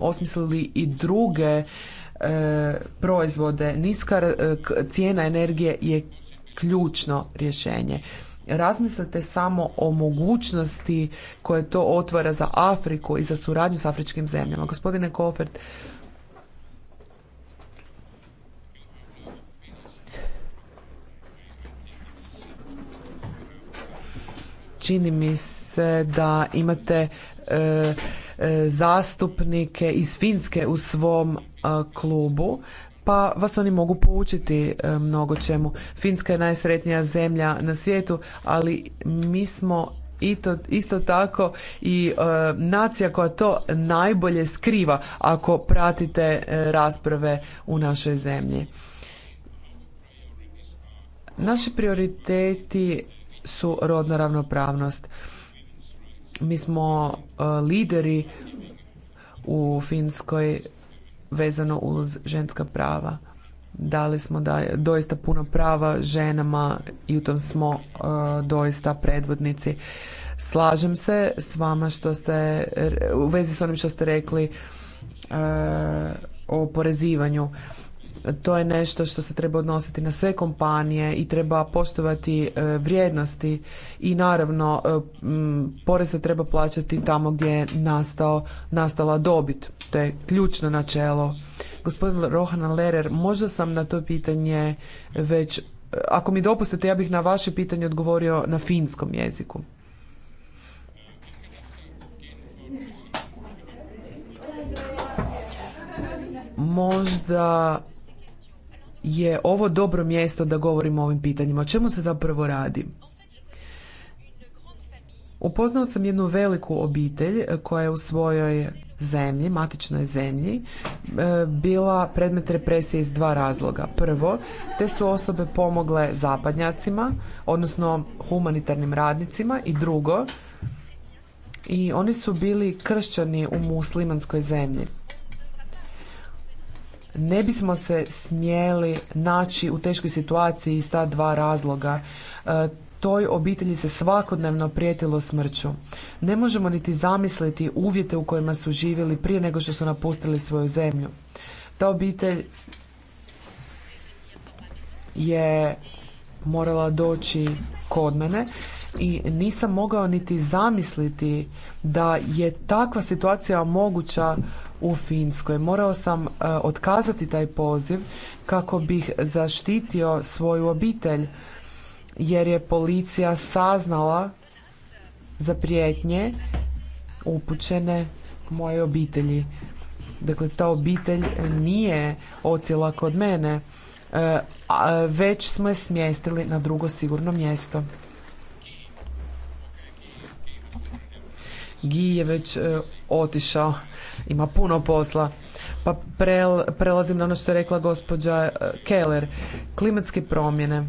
osmislili i druge e, proizvode. Niska e, cijena energije je ključno rješenje. Razmislite samo o mogućnosti koje to otvara za Afriku i za suradnju s afričkim zemljama. Gospodine Kofert, čini mi se da imate e, e, zastupnike iz Finske u svom e, klubu pa vas oni mogu poučiti mnogo čemu. Finska je najsretnija zemlja na svijetu, ali mi smo i to, isto tako i nacija koja to najbolje skriva ako pratite rasprave u našoj zemlji. Naši prioriteti su rodna ravnopravnost. Mi smo e, lideri u Finskoj vezano uz ženska prava. Dali smo da doista puno prava ženama i u tom smo e, doista predvodnici. Slažem se s vama što ste u vezi s onim što ste rekli e, o porezivanju. To je nešto što se treba odnositi na sve kompanije i treba poštovati e, vrijednosti i naravno e, porez se treba plaćati tamo gdje je nastao, nastala dobit. To je ključno načelo. Gospodin Rohan Lerer, možda sam na to pitanje već e, ako mi dopustite, ja bih na vaše pitanje odgovorio na finskom jeziku. Možda je ovo dobro mjesto da govorimo o ovim pitanjima. O čemu se zapravo radi? Upoznao sam jednu veliku obitelj e, koja je u svojoj zemlji, matičnoj zemlji, e, bila predmet represije iz dva razloga. Prvo, te su osobe pomogle zapadnjacima, odnosno humanitarnim radnicima i drugo, i oni su bili kršćani u muslimanskoj zemlji ne bismo se smjeli naći u teškoj situaciji iz ta dva razloga. E, toj obitelji se svakodnevno prijetilo smrću. Ne možemo niti zamisliti uvjete u kojima su živjeli prije nego što su napustili svoju zemlju. Ta obitelj je morala doći kod mene i nisam mogao niti zamisliti da je takva situacija moguća u Finskoj. Morao sam e, otkazati taj poziv kako bih zaštitio svoju obitelj jer je policija saznala za prijetnje upućene moje obitelji. Dakle, ta obitelj nije ocijela kod mene, e, već smo je smjestili na drugo sigurno mjesto. Gi je već e, otišao, ima puno posla. Pa prelazim na ono što je rekla gospođa eh, Keller. Klimatske promjene.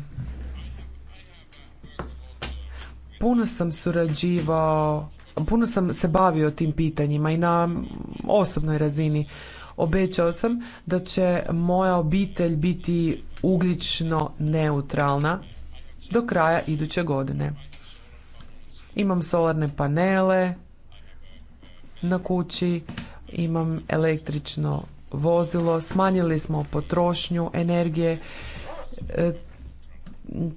Puno sam surađivao, puno sam se bavio tim pitanjima i na osobnoj razini. Obećao sam da će moja obitelj biti ugljično neutralna do kraja iduće godine. Imam solarne panele, na kući, imam električno vozilo, smanjili smo potrošnju energije, e,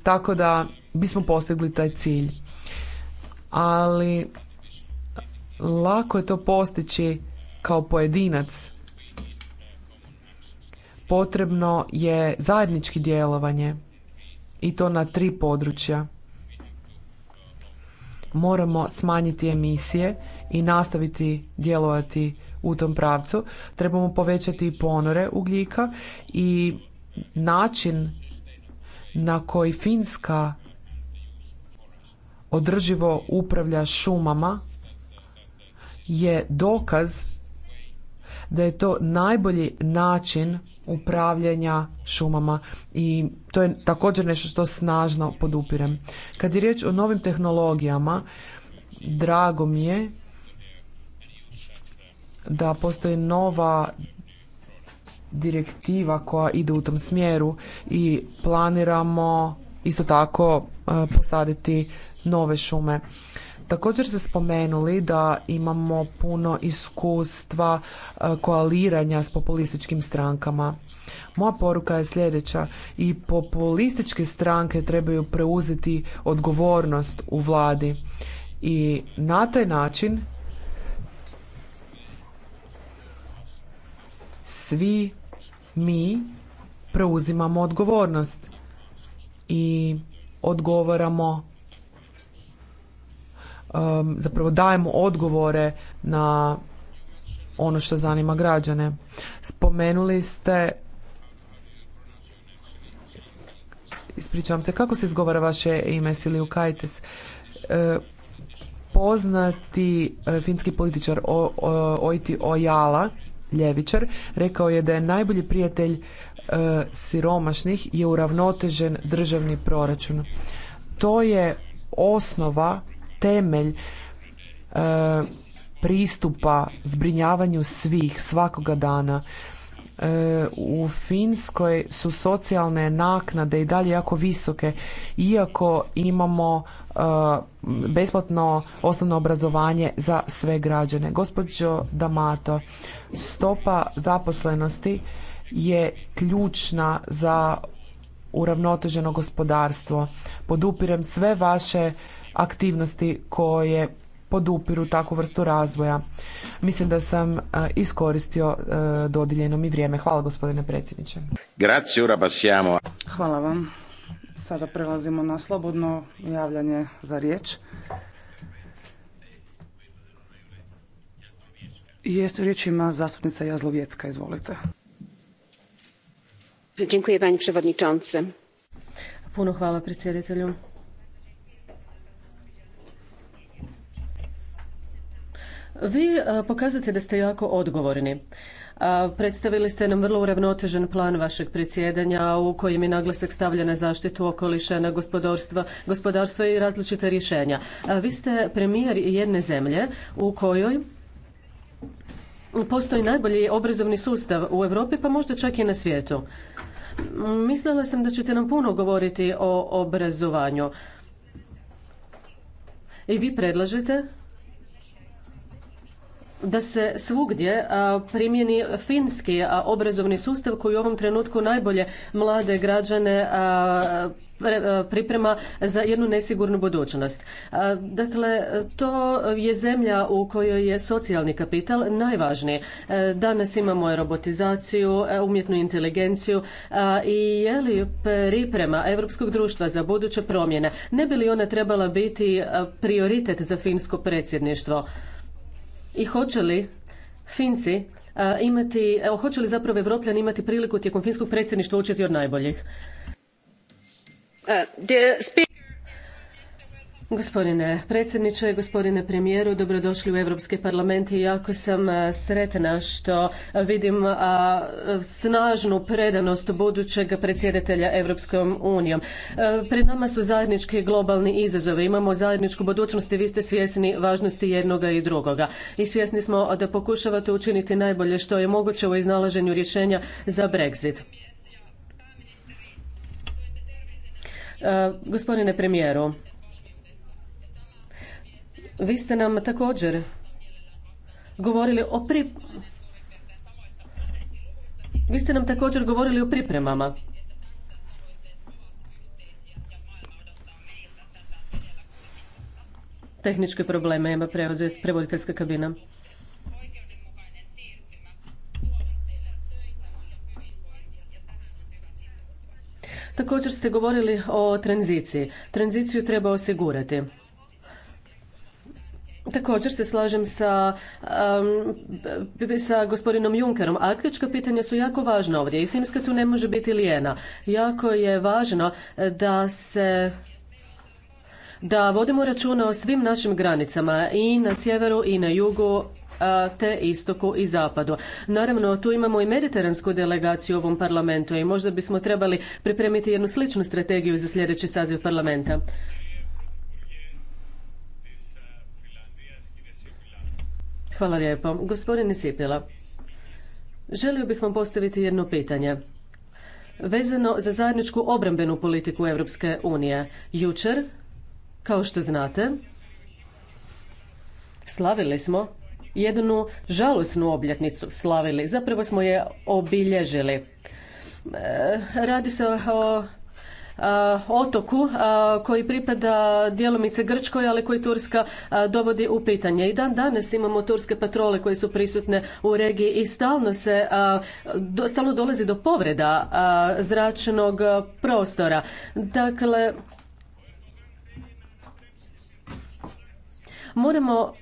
tako da bismo postigli taj cilj. Ali lako je to postići kao pojedinac. Potrebno je zajednički djelovanje i to na tri područja. Moramo smanjiti emisije i nastaviti djelovati u tom pravcu. Trebamo povećati i ponore ugljika i način na koji Finska održivo upravlja šumama je dokaz da je to najbolji način upravljanja šumama i to je također nešto što snažno podupirem. Kad je riječ o novim tehnologijama, drago mi je da postoji nova direktiva koja ide u tom smjeru i planiramo isto tako e, posaditi nove šume. Također se spomenuli da imamo puno iskustva e, koaliranja s populističkim strankama. Moja poruka je sljedeća i populističke stranke trebaju preuzeti odgovornost u vladi i na taj način svi mi preuzimamo odgovornost i odgovaramo um, zapravo dajemo odgovore na ono što zanima građane. Spomenuli ste ispričavam se, kako se izgovara vaše ime Siliju Kajtes? E, poznati e, finski političar o, o, Ojala ljevičar, rekao je da je najbolji prijatelj e, siromašnih je uravnotežen državni proračun. To je osnova, temelj e, pristupa zbrinjavanju svih svakoga dana. E, u Finskoj su socijalne naknade i dalje jako visoke, iako imamo e, besplatno osnovno obrazovanje za sve građane. Gospođo Damato, Stopa zaposlenosti je ključna za uravnoteženo gospodarstvo. Podupirem sve vaše aktivnosti koje podupiru takvu vrstu razvoja. Mislim da sam e, iskoristio e, dodijeljeno mi vrijeme. Hvala gospodine predsjedniče. Hvala vam. Sada prelazimo na slobodno javljanje za riječ. je riječ ima zastupnica Jazlovjecka, izvolite. Dziękuję Puno hvala predsjedatelju. Vi e, pokazujete da ste jako odgovorni. E, predstavili ste nam vrlo uravnotežen plan vašeg predsjedanja u kojem je naglasak stavljen na zaštitu okoliša, na gospodarstva, i različita rješenja. E, vi ste premijer jedne zemlje u kojoj postoji najbolji obrazovni sustav u Europi, pa možda čak i na svijetu. Mislila sam da ćete nam puno govoriti o obrazovanju. I vi predlažete da se svugdje primjeni finski obrazovni sustav koji u ovom trenutku najbolje mlade građane E, priprema za jednu nesigurnu budućnost. Dakle, to je zemlja u kojoj je socijalni kapital najvažniji. E, danas imamo robotizaciju, e, umjetnu inteligenciju i je li priprema Europskog društva za buduće promjene, ne bi li ona trebala biti prioritet za finsko predsjedništvo? I hoće li Finci imati, hoće li zapravo Evropljani imati priliku tijekom finskog predsjedništva učiti od najboljih? Gospodine predsjedniče, gospodine premijeru, dobrodošli u Europski parlament i jako sam e, sretna što vidim snažnu predanost budućeg predsjedatelja Europskom unijom. E, pred nama su zajednički globalni izazovi, imamo zajedničku budućnost i vi ste svjesni važnosti jednoga i drugoga. I svjesni smo da pokušavate učiniti najbolje što je moguće u iznalaženju rješenja za Brexit. E, gospodine premijeru, vi ste nam također govorili o pri... Vi ste nam također govorili o pripremama. Tehničke probleme ima prevoditeljska kabina. Također ste govorili o tranziciji. Tranziciju treba osigurati. Također se slažem sa, um, sa gospodinom Junkerom. Arktička pitanja su jako važna ovdje i Finska tu ne može biti lijena. Jako je važno da se da vodimo računa o svim našim granicama i na sjeveru i na jugu te istoku i zapadu. Naravno, tu imamo i mediteransku delegaciju u ovom parlamentu i možda bismo trebali pripremiti jednu sličnu strategiju za sljedeći saziv parlamenta. Hvala lijepo. Gospodine Sipila, želio bih vam postaviti jedno pitanje. Vezano za zajedničku obrambenu politiku Europske unije. Jučer, kao što znate, slavili smo jednu žalosnu obljetnicu slavili. Zapravo smo je obilježili. E, radi se o otoku koji pripada djelomice Grčkoj, ali koji Turska dovodi u pitanje. I dan danas imamo turske patrole koje su prisutne u regiji i stalno se stalno dolazi do povreda zračnog prostora. Dakle, moramo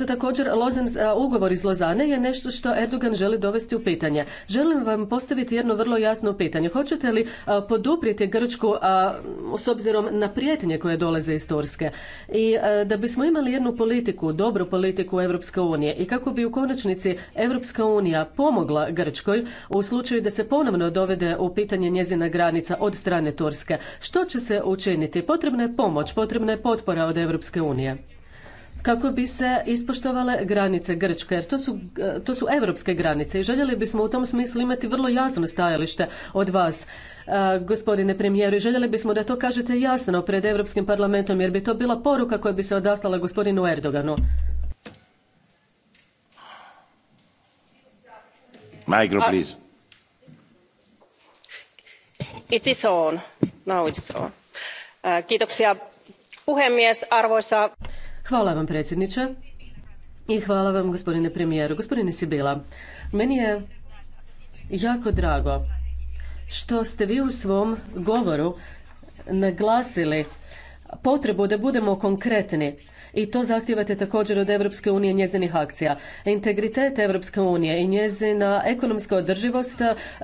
E, također, Lozan, e, ugovor iz Lozane je nešto što Erdogan želi dovesti u pitanje. Želim vam postaviti jedno vrlo jasno pitanje. Hoćete li e, poduprijeti Grčku a, s obzirom na prijetnje koje dolaze iz Turske? I da bismo imali jednu politiku, dobru politiku Europske unije i kako bi u konačnici Europska unija pomogla Grčkoj u slučaju da se ponovno dovede u pitanje njezina granica od strane Turske. Što će se učiniti? Potrebna je pomoć, potrebna je potpora od Europske unije kako bi se ispoštovale granice Grčke, jer to su, to su evropske granice i željeli bismo u tom smislu imati vrlo jasno stajalište od vas. E, gospodine premijeru, željeli bismo da to kažete jasno pred Europskim parlamentom, jer bi to bila poruka koja bi se odaslala gospodinu Erdoganu. Micro, please. It is on. Now it's on. Uh, kiitoksia puhemies, arvoisa Hvala vam predsjedniče i hvala vam gospodine premijeru. Gospodine Sibila, meni je jako drago što ste vi u svom govoru naglasili potrebu da budemo konkretni i to zahtijevate također od Europske unije njezinih akcija. Integritet Europske unije i njezina ekonomska održivost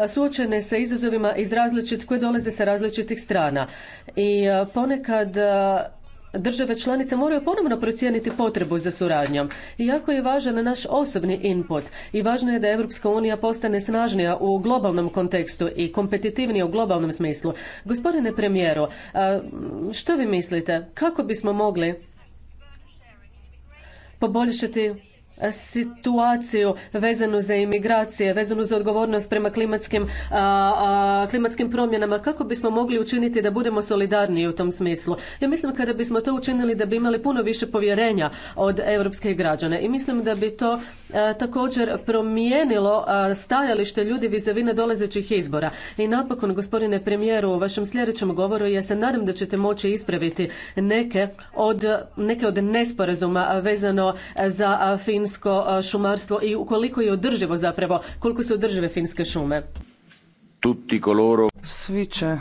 suočene sa izazovima iz različitih koje dolaze sa različitih strana. I ponekad države članice moraju ponovno procijeniti potrebu za suradnjom. Iako je važan naš osobni input i važno je da Europska unija postane snažnija u globalnom kontekstu i kompetitivnija u globalnom smislu. Gospodine premijeru, što vi mislite? Kako bismo mogli poboljšati situaciju vezanu za imigracije, vezanu za odgovornost prema klimatskim, a, klimatskim promjenama, kako bismo mogli učiniti da budemo solidarniji u tom smislu. Ja mislim kada bismo to učinili da bi imali puno više povjerenja od europske građane i mislim da bi to E, također promijenilo e, stajalište ljudi vizavine dolazećih izbora. I napokon, gospodine premijeru, u vašem sljedećem govoru ja se nadam da ćete moći ispraviti neke od, neke od nesporazuma vezano za finsko e, šumarstvo i ukoliko je održivo zapravo, koliko su održive finske šume. Svi će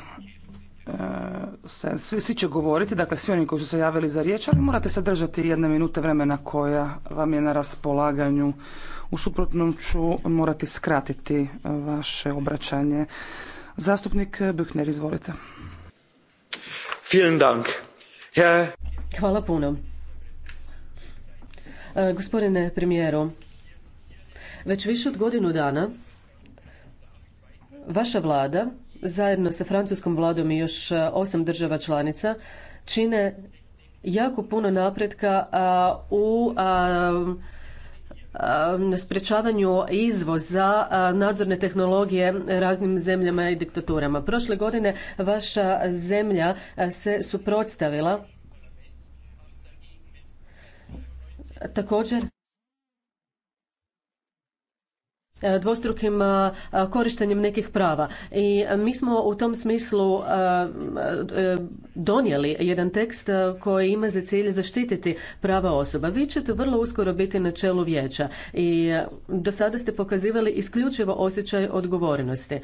se, svi, će govoriti, dakle svi oni koji su se javili za riječ, ali morate se držati jedne minute vremena koja vam je na raspolaganju. U suprotnom ću morati skratiti e, vaše obraćanje. Zastupnik Buchner, izvolite. Hvala puno. E, gospodine premijeru, već više od godinu dana vaša vlada zajedno sa francuskom vladom i još e, osam država članica čine jako puno napretka u na sprječavanju izvoza nadzorne tehnologije raznim zemljama i diktaturama. Prošle godine vaša zemlja se suprotstavila također E, dvostrukim e, korištenjem nekih prava. I mi smo u tom smislu e, donijeli jedan tekst koji ima za cilj zaštititi prava osoba. Vi ćete vrlo uskoro biti na čelu vijeća i do sada ste pokazivali isključivo osjećaj odgovornosti.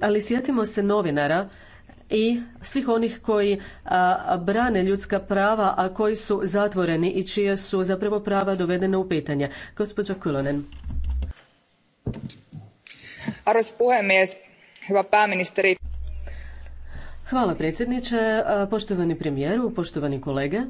Ali sjetimo se novinara i svih onih koji brane ljudska prava, a koji su zatvoreni i čije su zapravo prava dovedena u pitanje. Gospođa Kulonen. Arvoisa puhemies, hyvä pääministeri. Hvala predsjedniče, poštovani premijeru, poštovani kolege.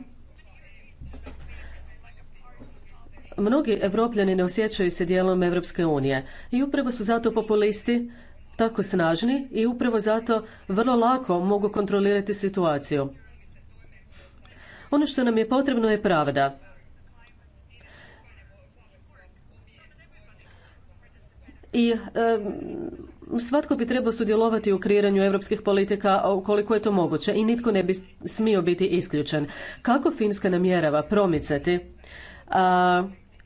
Mnogi evropljani ne osjećaju se dijelom Evropske unije i upravo su zato populisti tako snažni i upravo zato vrlo lako mogu kontrolirati situaciju. Ono što nam je potrebno je pravda. I svatko bi trebao sudjelovati u kreiranju europskih politika koliko je to moguće i nitko ne bi smio biti isključen. Kako Finska namjerava promicati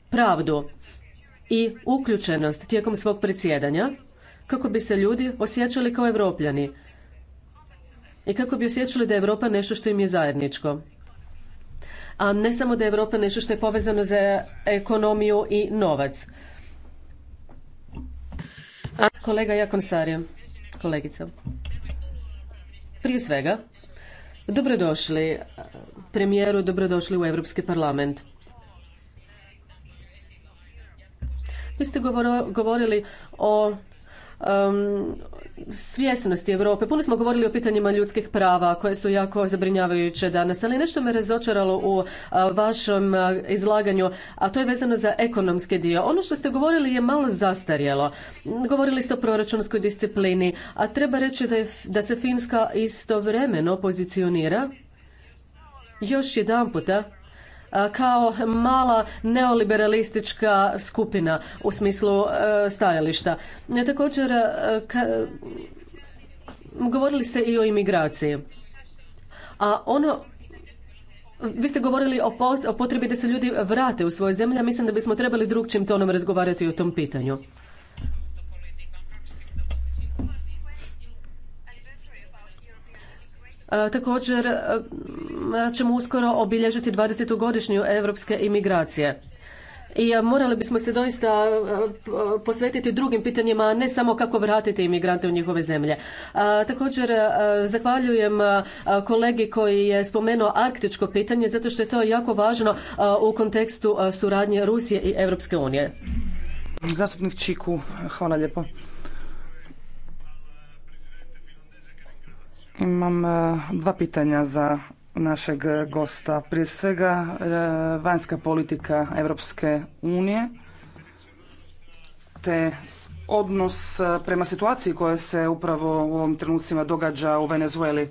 pravdu i uključenost tijekom svog predsjedanja? kako bi se ljudi osjećali kao evropljani i kako bi osjećali da je Europa nešto što im je zajedničko. A ne samo da je Europa nešto što je povezano za ekonomiju i novac. Kolega Jakon kolegica. Prije svega, dobrodošli premijeru, dobrodošli u Europski parlament. Vi ste govorili o um, svjesnosti Europe. Puno smo govorili o pitanjima ljudskih prava koje su jako zabrinjavajuće danas, ali nešto me razočaralo u vašem izlaganju, a to je vezano za ekonomski dio. Ono što ste govorili je malo zastarjelo. Govorili ste o proračunskoj disciplini, a treba reći da, da se Finska istovremeno pozicionira još jedan puta kao mala neoliberalistička skupina u smislu e, stajališta. E, također, e, govorili ste i o imigraciji. A ono vi ste govorili o, o potrebi da se ljudi vrate u svoje zemlje, mislim da bismo trebali drugčim tonom razgovarati o tom pitanju. E, također e, ćemo uskoro obilježiti 20. godišnju europske imigracije. I e, morali bismo se doista posvetiti drugim pitanjima, a ne samo kako vratiti imigrante u njihove zemlje. također, zahvaljujem kolegi koji je spomenuo arktičko pitanje, zato što je to jako važno u kontekstu suradnje Rusije i Europske unije. Zastupnik Čiku, hvala lijepo. Imam e, dva pitanja za našeg gosta. Prije svega, e, vanjska politika Europske unije te odnos e, prema situaciji koja se upravo u ovim trenucima događa u Venezueli.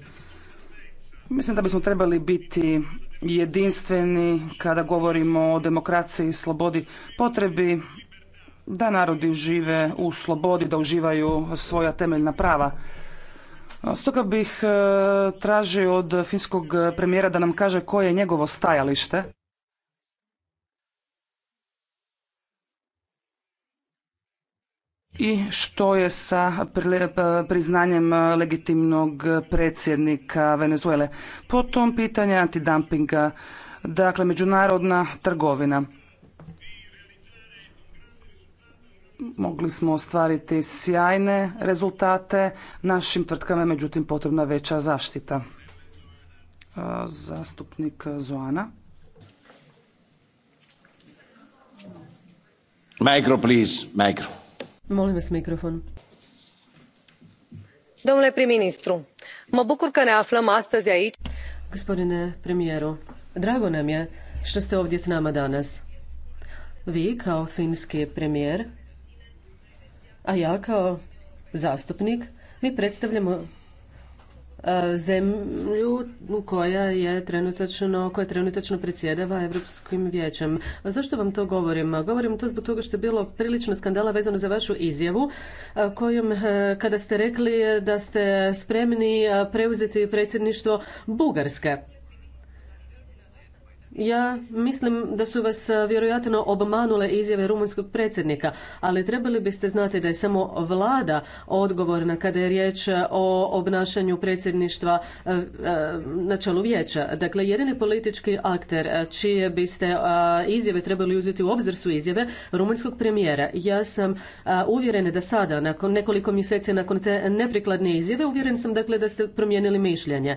Mislim da bismo trebali biti jedinstveni kada govorimo o demokraciji i slobodi, potrebi da narodi žive u slobodi, da uživaju svoja temeljna prava. Stoga bih e, tražio od finskog premijera da nam kaže koje je njegovo stajalište. I što je sa e, priznanjem legitimnog predsjednika Venezuele? Potom pitanje antidumpinga, dakle međunarodna trgovina. Mogli smo ostvariti sjajne rezultate našim tvrtkama, međutim potrebna veća zaštita. E, zastupnik Zoana. Mikro, please. mikro. Molim vas mikrofon. Domnule prim-ministru, mă bucur că ne aflăm astăzi aici. Gospodine premijeru, drago nam je što ste ovdje s nama danas. Vi, kao finski premijer, a ja kao zastupnik, mi predstavljamo e, zemlju koja je trenutačno, koja trenutačno predsjedava Europskim vijećem. A zašto vam to govorim? Govorim to zbog toga što je bilo prilično skandala vezano za vašu izjavu kojom e, kada ste rekli da ste spremni preuzeti predsjedništvo Bugarske. Ja mislim da su vas eh, vjerojatno obmanule izjave rumunjskog predsjednika, ali trebali biste znati da je samo vlada odgovorna kada je riječ eh, o obnašanju predsjedništva eh, na čelu vijeća. Dakle, jedini politički akter čije biste izjave trebali uzeti u obzir su izjave rumunjskog premijera. Ja sam uvjerena da sada, nakon nekoliko mjeseci nakon te neprikladne izjave, uvjeren sam dakle da ste promijenili mišljenje.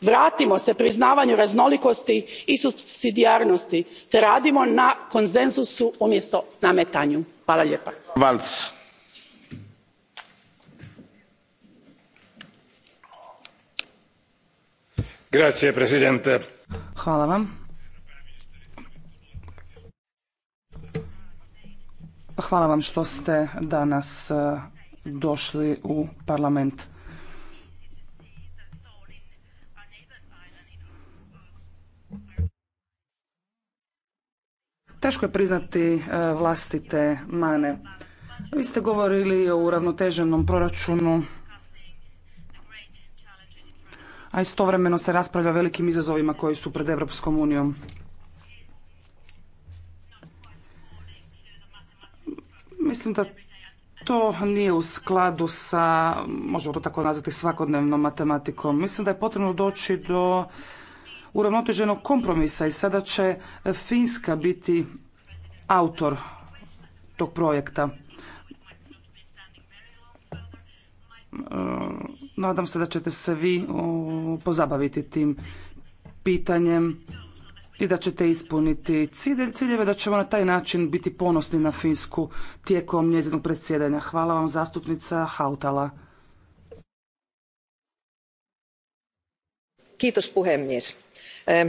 vratimo se priznavanju raznolikosti i supsidijarnosti te radimo na konsenzusu umjesto nametanju. hvala vam što ste danas eh, došli u parlament. Teško je priznati e, vlastite mane. Vi ste govorili o uravnoteženom proračunu, a istovremeno se raspravlja velikim izazovima koji su pred Evropskom unijom. Mislim da to nije u skladu sa, možemo to tako nazvati, svakodnevnom matematikom. Mislim da je potrebno doći do uravnoteženog kompromisa i sada će Finska biti autor tog projekta. E, nadam se da ćete se vi pozabaviti tim pitanjem i da ćete ispuniti ciljeve, da ćemo na taj način biti ponosni na Finsku tijekom njezinog predsjedanja. Hvala vam zastupnica Hautala. Kiitos puhemies. E.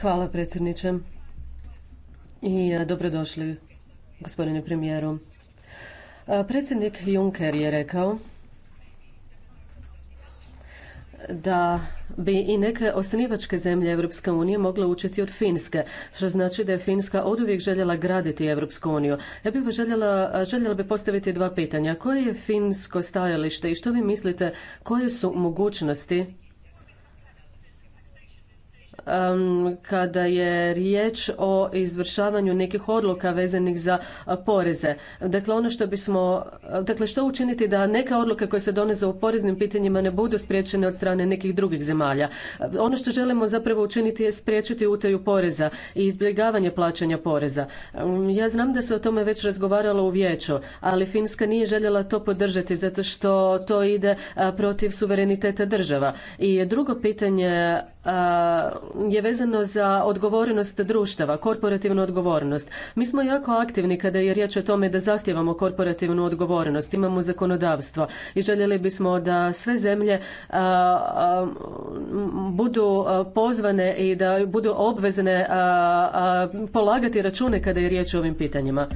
Hvala predsjedniče i e, dobrodošli gospodine premijeru. E, predsjednik Juncker je rekao da bi i neke osnivačke zemlje Europske unije mogle učiti od Finske, što znači da je Finska oduvijek željela graditi Europsku uniju. Ja bih željela, željela bi postaviti dva pitanja. Koje je finsko stajalište i što vi mislite koje su mogućnosti kada je riječ o izvršavanju nekih odluka vezanih za poreze. Dakle, ono što bismo, dakle što učiniti da neke odluke koje se donese u poreznim pitanjima ne budu spriječene od strane nekih drugih zemalja. Ono što želimo zapravo učiniti je spriječiti utaju poreza i izbjegavanje plaćanja poreza. Ja znam da se o tome već razgovaralo u vijeću, ali Finska nije željela to podržati zato što to ide protiv suvereniteta država. I drugo pitanje je vezano za odgovornost društava, korporativnu odgovornost. Mi smo jako aktivni kada je riječ o tome da zahtjevamo korporativnu odgovornost, imamo zakonodavstvo i željeli bismo da sve zemlje budu pozvane i da budu obvezne polagati račune kada je riječ o ovim pitanjima.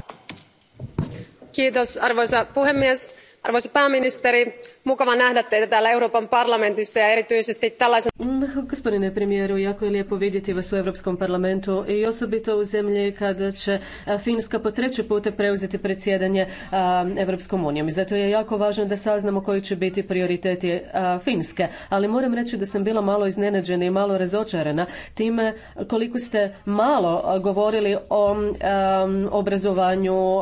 Kiitos, arvoisa puhemies arvoisa pääministeri mukava nähdä teitä täällä euroopan parlamentissa ja erityisesti tällaisen. Mm, gospodine premijeru jako je lijepo vidjeti vas u europskom parlamentu i osobito u zemlji kada će finska po treći puta preuzeti predsjedanje europskom unijom i zato je jako važno da saznamo koji će biti prioriteti finske ali moram reći da sam bila malo iznenađena i malo razočarana time koliko ste malo govorili o obrazovanju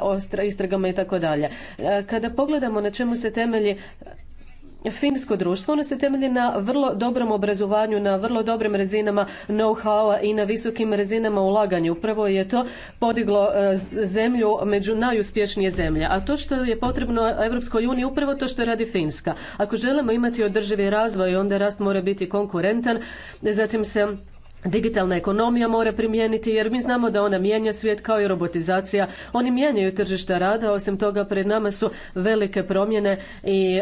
o istragama i tako dalje kada pogledamo na čemu se temelji finsko društvo, ono se temelji na vrlo dobrom obrazovanju, na vrlo dobrim razinama know a i na visokim razinama ulaganja. Upravo je to podiglo e, zemlju među najuspješnije zemlje. A to što je potrebno Europskoj uniji, upravo to što radi Finska. Ako želimo imati održivi razvoj, onda rast mora biti konkurentan, zatim se digitalna ekonomija mora primijeniti jer mi znamo da ona mijenja svijet kao i robotizacija. Oni mijenjaju tržište rada, osim toga pred nama su velike promjene i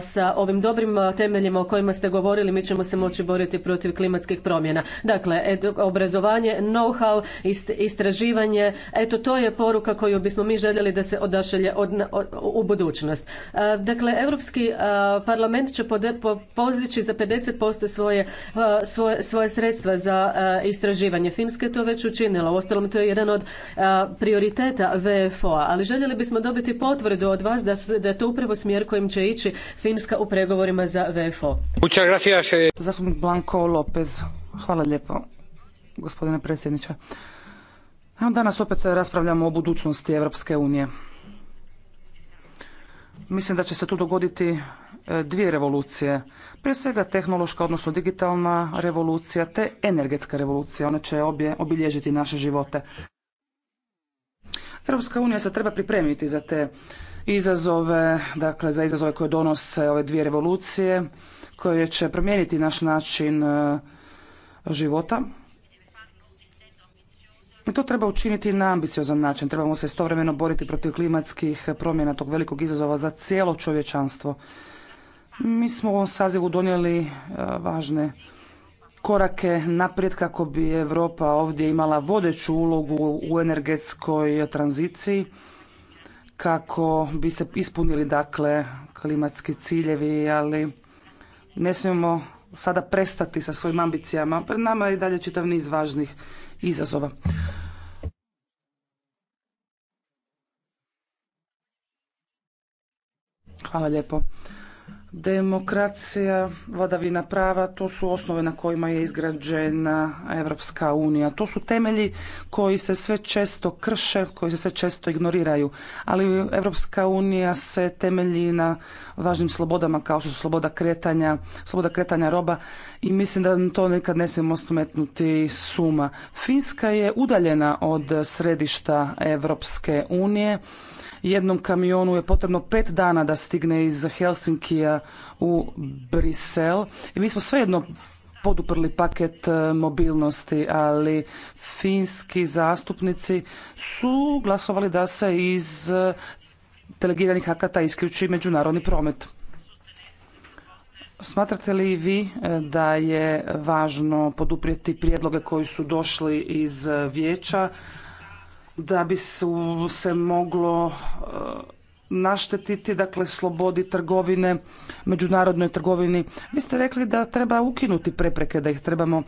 sa ovim dobrim temeljima o kojima ste govorili mi ćemo se moći boriti protiv klimatskih promjena. Dakle, obrazovanje, know-how, istraživanje, eto to je poruka koju bismo mi željeli da se odašelje od, od, u budućnost. dakle, Europski parlament će pode, za 50% svoje, svoje, svoje sredstva za za e, istraživanje. Finska je to već učinila, uostalom to je jedan od e, prioriteta VFO-a, ali željeli bismo dobiti potvrdu od vas da, da je to upravo smjer kojim će ići Finska u pregovorima za VFO. Eh. Zastupnik Blanko Lopez, hvala lijepo gospodine predsjedniče. Danas opet raspravljamo o budućnosti Europske unije. Mislim da će se tu dogoditi E, dvije revolucije. Prije svega tehnološka, odnosno digitalna revolucija te energetska revolucija. One će obje obilježiti naše živote. Europska unija se treba pripremiti za te izazove, dakle za izazove koje donose ove dvije revolucije, koje će promijeniti naš način e, života. I to treba učiniti na ambiciozan način. Trebamo se istovremeno boriti protiv klimatskih promjena tog velikog izazova za cijelo čovječanstvo. Mi smo u ovom sazivu donijeli e, važne korake naprijed kako bi Europa ovdje imala vodeću ulogu u energetskoj tranziciji kako bi se ispunili dakle klimatski ciljevi, ali ne smijemo sada prestati sa svojim ambicijama. Pred nama je i dalje čitav niz važnih izazova. Hvala lijepo. Demokracija, vladavina prava, to su osnove na kojima je izgrađena Evropska unija. To su temelji koji se sve često krše, koji se sve često ignoriraju. Ali Evropska unija se temelji na važnim slobodama kao što su sloboda kretanja, sloboda kretanja roba i mislim da to nikad ne smijemo smetnuti suma. Finska je udaljena od središta europske unije jednom kamionu je potrebno pet dana da stigne iz Helsinkija u Brisel. I mi smo svejedno poduprli paket e, mobilnosti, ali finski zastupnici su glasovali da se iz e, delegiranih akata isključi međunarodni promet. Smatrate li vi e, da je važno poduprijeti prijedloge koji su došli iz vijeća da bi se moglo e, naštetiti dakle slobodi trgovine, međunarodnoj trgovini. Vi ste rekli da treba ukinuti prepreke, da ih trebamo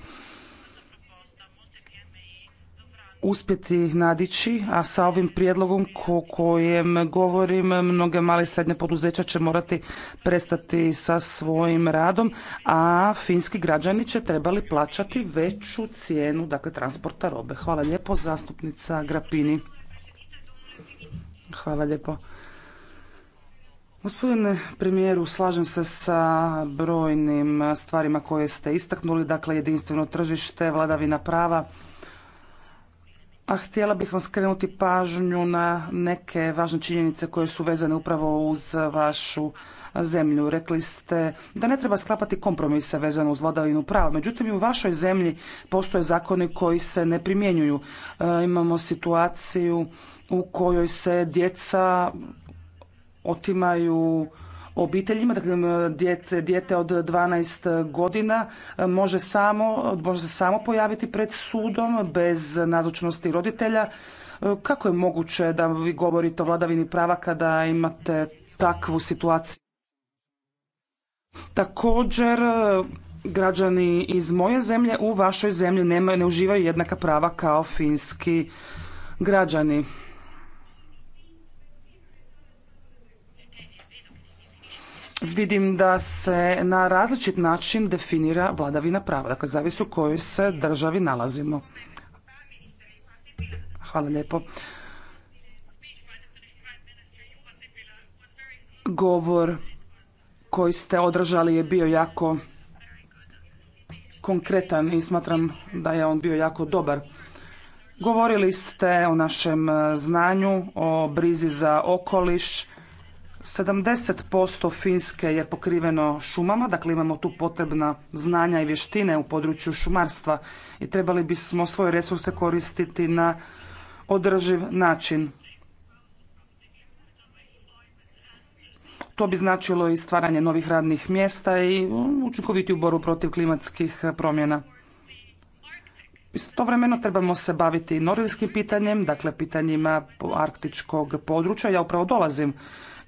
uspjeti nadići, a sa ovim prijedlogom o kojem govorim, mnoge male i srednje poduzeća će morati prestati sa svojim radom, a finski građani će trebali plaćati veću cijenu dakle, transporta robe. Hvala lijepo, zastupnica Grapini. Hvala lijepo. Gospodine premijeru, slažem se sa brojnim stvarima koje ste istaknuli, dakle jedinstveno tržište, vladavina prava, a htjela bih vam skrenuti pažnju na neke važne činjenice koje su vezane upravo uz vašu zemlju. Rekli ste da ne treba sklapati kompromise vezano uz vladavinu prava. Međutim, u vašoj zemlji postoje zakoni koji se ne primjenjuju. E, imamo situaciju u kojoj se djeca otimaju obiteljima, dakle dijete od 12 godina može samo, može se samo pojaviti pred sudom bez nazočnosti roditelja. Kako je moguće da vi govorite o vladavini prava kada imate takvu situaciju? Također, građani iz moje zemlje u vašoj zemlji ne, ne uživaju jednaka prava kao finski građani. vidim da se na različit način definira vladavina prava, dakle zavisi u kojoj se državi nalazimo. Hvala lijepo. Govor koji ste održali je bio jako konkretan i smatram da je on bio jako dobar. Govorili ste o našem znanju, o brizi za okoliš, 70% Finske je pokriveno šumama, dakle imamo tu potrebna znanja i vještine u području šumarstva i trebali bismo svoje resurse koristiti na održiv način. To bi značilo i stvaranje novih radnih mjesta i učinkovitiju boru protiv klimatskih promjena. Istovremeno trebamo se baviti i pitanjem, dakle pitanjima arktičkog područja. Ja upravo dolazim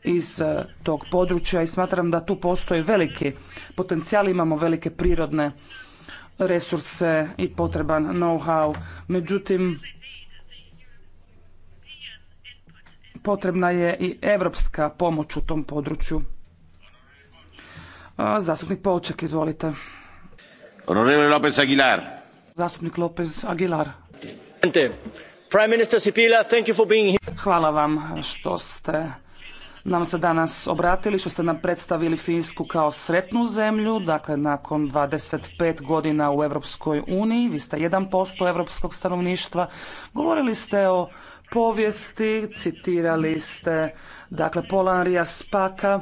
iz e, tog područja i smatram da tu postoje veliki potencijal, imamo velike prirodne resurse i potreban know-how. Međutim, potrebna je i evropska pomoć u tom području. Zastupnik Polček, izvolite. Honorable López Aguilar. Zastupnik López Aguilar. Prime Minister Sipila, thank you for being here. Hvala vam što ste nam se danas obratili, što ste nam predstavili Finsku kao sretnu zemlju, dakle nakon 25 godina u Europskoj uniji, vi ste 1% europskog stanovništva. Govorili ste o povijesti, citirali ste dakle Polanrija Spaka,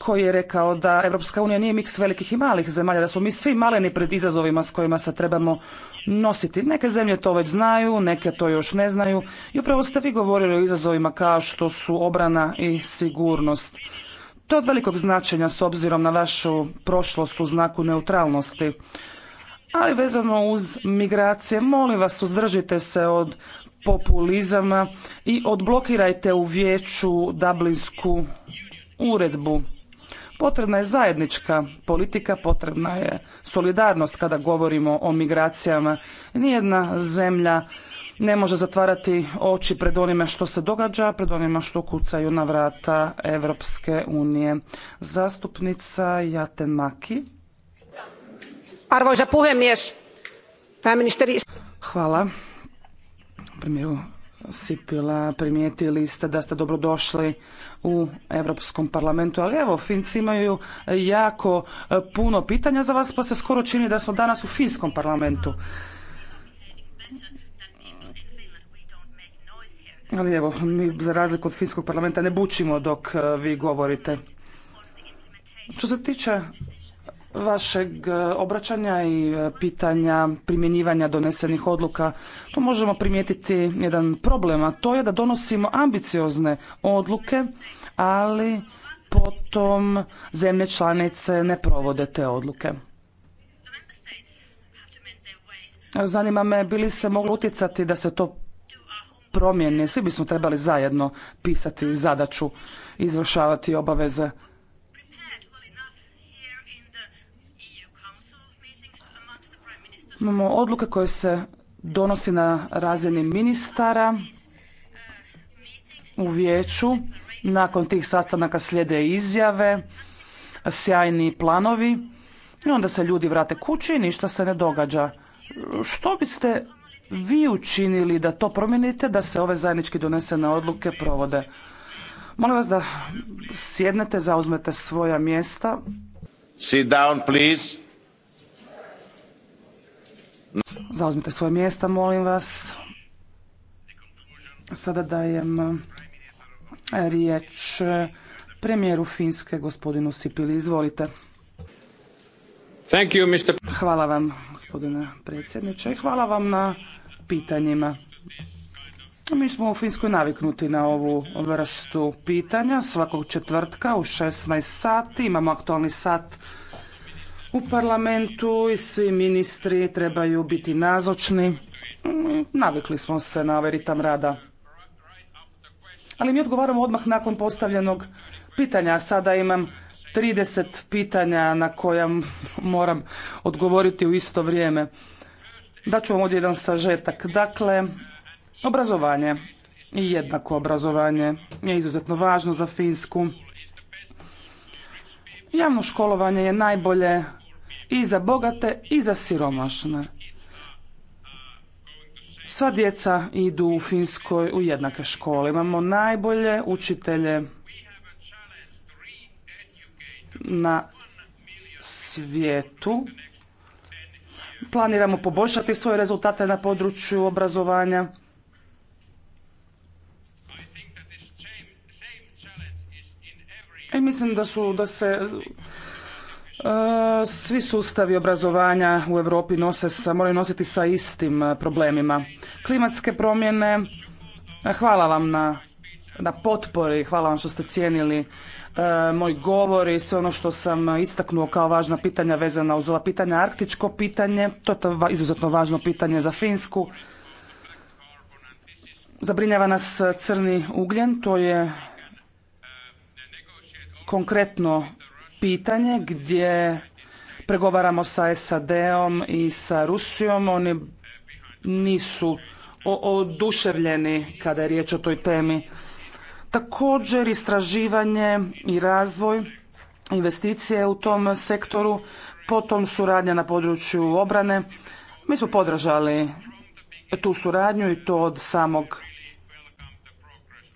koji je rekao da Europska unija nije miks velikih i malih zemalja, da smo mi svi maleni pred izazovima s kojima se trebamo nositi. Neke zemlje to već znaju, neke to još ne znaju i upravo ste vi govorili o izazovima kao što su obrana i sigurnost. To je od velikog značenja s obzirom na vašu prošlost u znaku neutralnosti. Ali vezano uz migracije, molim vas, uzdržite se od populizama i odblokirajte u vijeću Dublinsku uredbu. Potrebna je zajednička politika, potrebna je solidarnost kada govorimo o migracijama. Nijedna zemlja ne može zatvarati oči pred onime što se događa, pred onima što kucaju na vrata Evropske unije. Zastupnica Jaten Maki. Arvoisa puhemies, pääministeri... Hvala. Premijeru Sipila, primijetili ste da ste dobro dobrodošli u Europskom parlamentu, ali evo, Finci imaju jako e, puno pitanja za vas, pa se skoro čini da smo danas u Finskom parlamentu. Ali evo, mi za razliku od Finskog parlamenta ne bučimo dok e, vi govorite. Što se tiče vašeg e, obraćanja i e, pitanja primjenjivanja donesenih odluka, tu možemo primijetiti jedan problem, a to je da donosimo ambiciozne odluke, ali potom zemlje članice ne provode te odluke. Zanima me, bili se moglo utjecati da se to promijeni? Svi bismo trebali zajedno pisati zadaću, izvršavati obaveze. Imamo odluke koje se donosi na razini ministara u vijeću. Nakon tih sastanaka slijede izjave, sjajni planovi i onda se ljudi vrate kući i ništa se ne događa. Što biste vi učinili da to promijenite, da se ove zajednički donesene odluke provode? Molim vas da sjednete, zauzmete svoja mjesta. Sit down, please. Zauzmite svoje mjesta, molim vas. Sada dajem e, riječ e, premijeru Finske, gospodinu Sipili. Izvolite. Thank you, Mr. Hvala vam, gospodine predsjedniče, i hvala vam na pitanjima. Mi smo u Finskoj naviknuti na ovu vrstu pitanja. Svakog četvrtka u 16 sati imamo aktualni sat u parlamentu i svi ministri trebaju biti nazočni. Navikli smo se na ovaj ritam rada. Ali mi odgovaramo odmah nakon postavljenog pitanja. Sada imam 30 pitanja na koja moram odgovoriti u isto vrijeme. Daću vam ovdje jedan sažetak. Dakle, obrazovanje i jednako obrazovanje je izuzetno važno za Finsku. Javno školovanje je najbolje i za bogate i za siromašne. Sva djeca idu u Finskoj u jednake škole. Imamo najbolje učitelje na svijetu. Planiramo poboljšati svoje rezultate na području obrazovanja. I mislim da su da se E, svi sustavi obrazovanja u Europi nose moraju nositi sa istim e, problemima. Klimatske promjene, e, hvala vam na, na potpori, hvala vam što ste cijenili moj govor i sve ono što sam istaknuo kao važna pitanja vezana uz ova pitanja. Arktičko pitanje, to je izuzetno važno pitanje za Finsku. Zabrinjava nas crni ugljen, to je konkretno pitanje gdje pregovaramo sa SAD-om i sa Rusijom. Oni nisu oduševljeni kada je riječ o toj temi. Također istraživanje i razvoj investicije u tom sektoru, potom suradnja na području obrane. Mi smo podržali tu suradnju i to od samog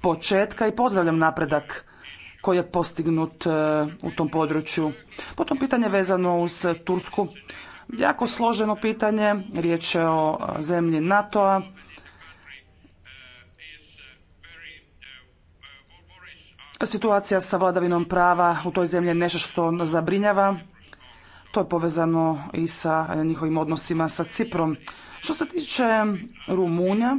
početka i pozdravljam napredak koji je postignut e, u tom području. Potom pitanje vezano uz Tursku. Jako složeno pitanje, riječ je o e, zemlji NATO-a. Situacija sa vladavinom prava u toj zemlji je nešto što zabrinjava. To je povezano i sa e, njihovim odnosima sa Ciprom. Što se tiče Rumunja,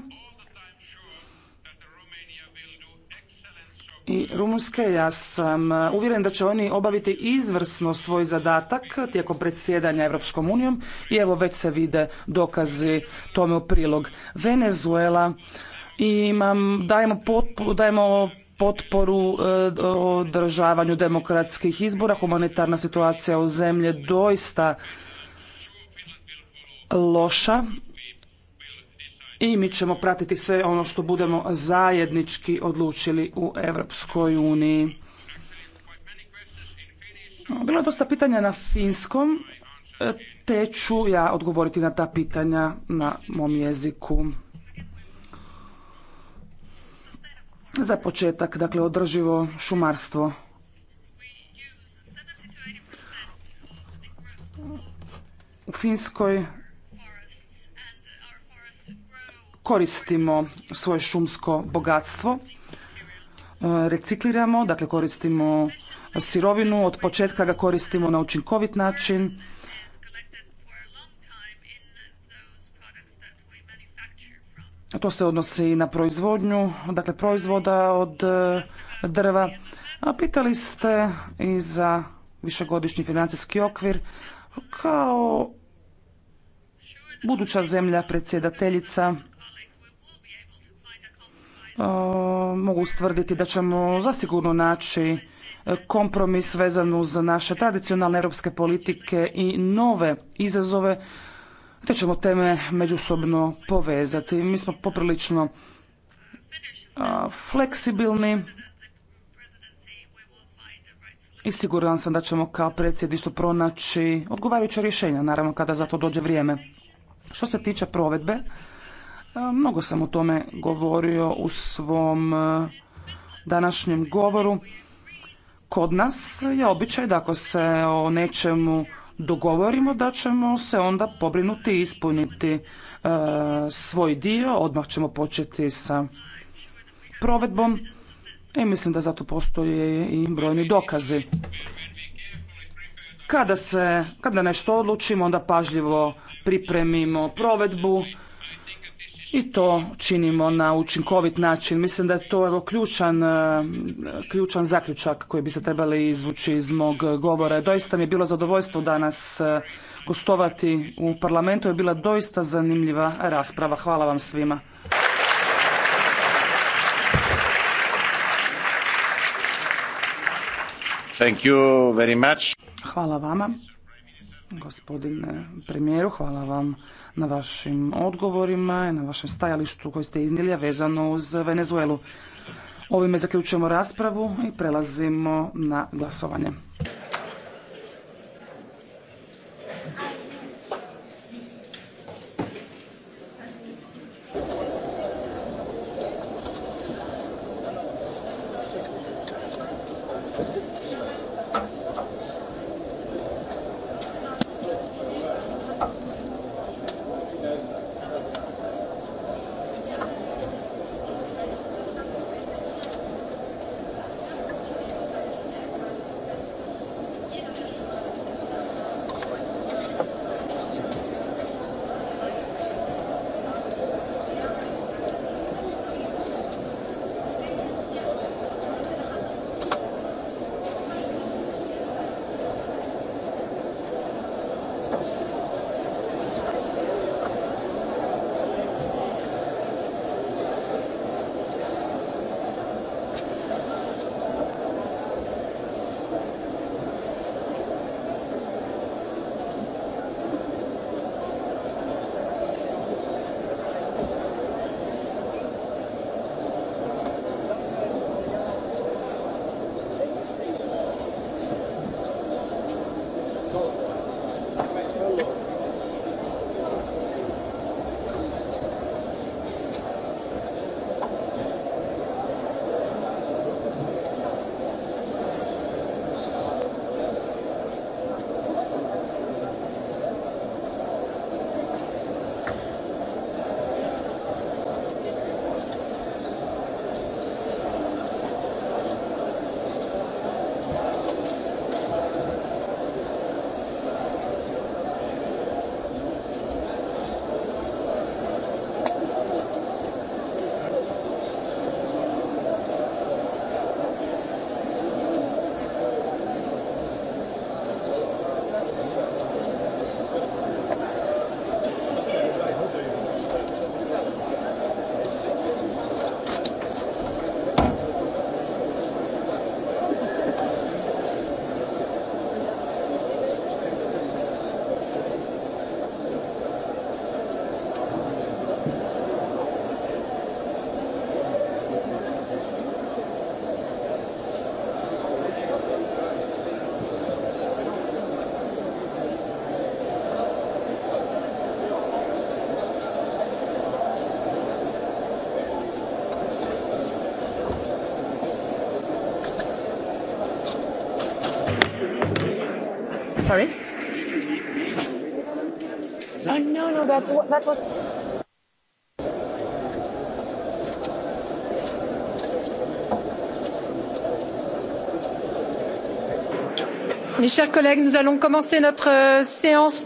i Rumunjske. Ja sam e, uvjeren da će oni obaviti izvrsno svoj zadatak tijekom predsjedanja Europskom unijom i evo već se vide dokazi tome u prilog. Venezuela i imam, dajemo, potporu, dajemo potporu e, održavanju demokratskih izbora. Humanitarna situacija u zemlji doista loša i mi ćemo pratiti sve ono što budemo zajednički odlučili u Europskoj uniji. Bilo je dosta pitanja na finskom, te ću ja odgovoriti na ta pitanja na mom jeziku. Za početak, dakle, održivo šumarstvo. U Finskoj koristimo svoje šumsko bogatstvo, e, recikliramo, dakle koristimo sirovinu, od početka ga koristimo na učinkovit način. To se odnosi i na proizvodnju, dakle proizvoda od e, drva. A pitali ste i za višegodišnji financijski okvir kao buduća zemlja predsjedateljica mogu stvrditi da ćemo zasigurno naći e, kompromis vezan uz naše tradicionalne europske politike i nove izazove, te ćemo teme međusobno povezati. Mi smo poprilično e, fleksibilni i siguran sam da ćemo kao predsjedništvo pronaći odgovarajuća rješenja, naravno kada za to dođe vrijeme. Što se tiče provedbe, E, mnogo sam o tome govorio u svom e, današnjem govoru. Kod nas je običaj da ako se o nečemu dogovorimo da ćemo se onda pobrinuti i ispuniti e, svoj dio. Odmah ćemo početi sa provedbom i mislim da zato postoje i brojni dokazi. Kada, se, kada nešto odlučimo onda pažljivo pripremimo provedbu, i to činimo na učinkovit način. Mislim da je to evo, ključan, e, ključan zaključak koji bi se trebali izvući iz mog govora. Doista mi je bilo zadovoljstvo danas e, gostovati u parlamentu. Je bila doista zanimljiva rasprava. Hvala vam svima. Thank you very much. Hvala vama, gospodine premijeru. Hvala vam na vašim odgovorima i na vašem stajalištu koji ste iznijeli, a vezano uz Venezuelu. Ovime zaključujemo raspravu i prelazimo na glasovanje. That's what, that was Mes chers collègues, nous allons commencer notre euh, séance.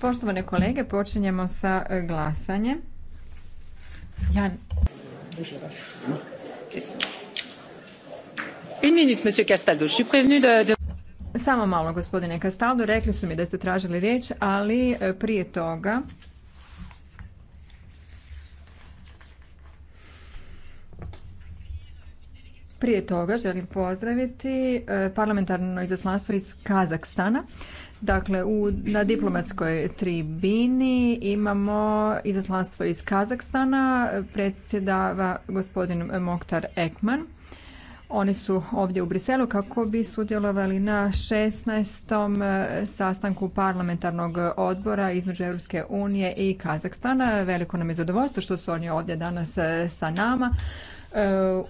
Poštovane kolege, počinjemo sa e, glasanjem. Jan. Une minute, monsieur Castaldo. Je suis prévenu de, de... Samo malo, gospodine Castaldo. Rekli su mi da ste tražili riječ, ali e, prije toga Prije toga želim pozdraviti e, parlamentarno izaslanstvo iz Kazakstana. Dakle, u, na diplomatskoj tribini imamo izaslanstvo iz Kazakstana predsjedava gospodin Moktar Ekman. Oni su ovdje u Briselu kako bi sudjelovali na 16. E, sastanku parlamentarnog odbora između Europske unije i Kazakstana. Veliko nam je zadovoljstvo što su oni ovdje danas e, sa nama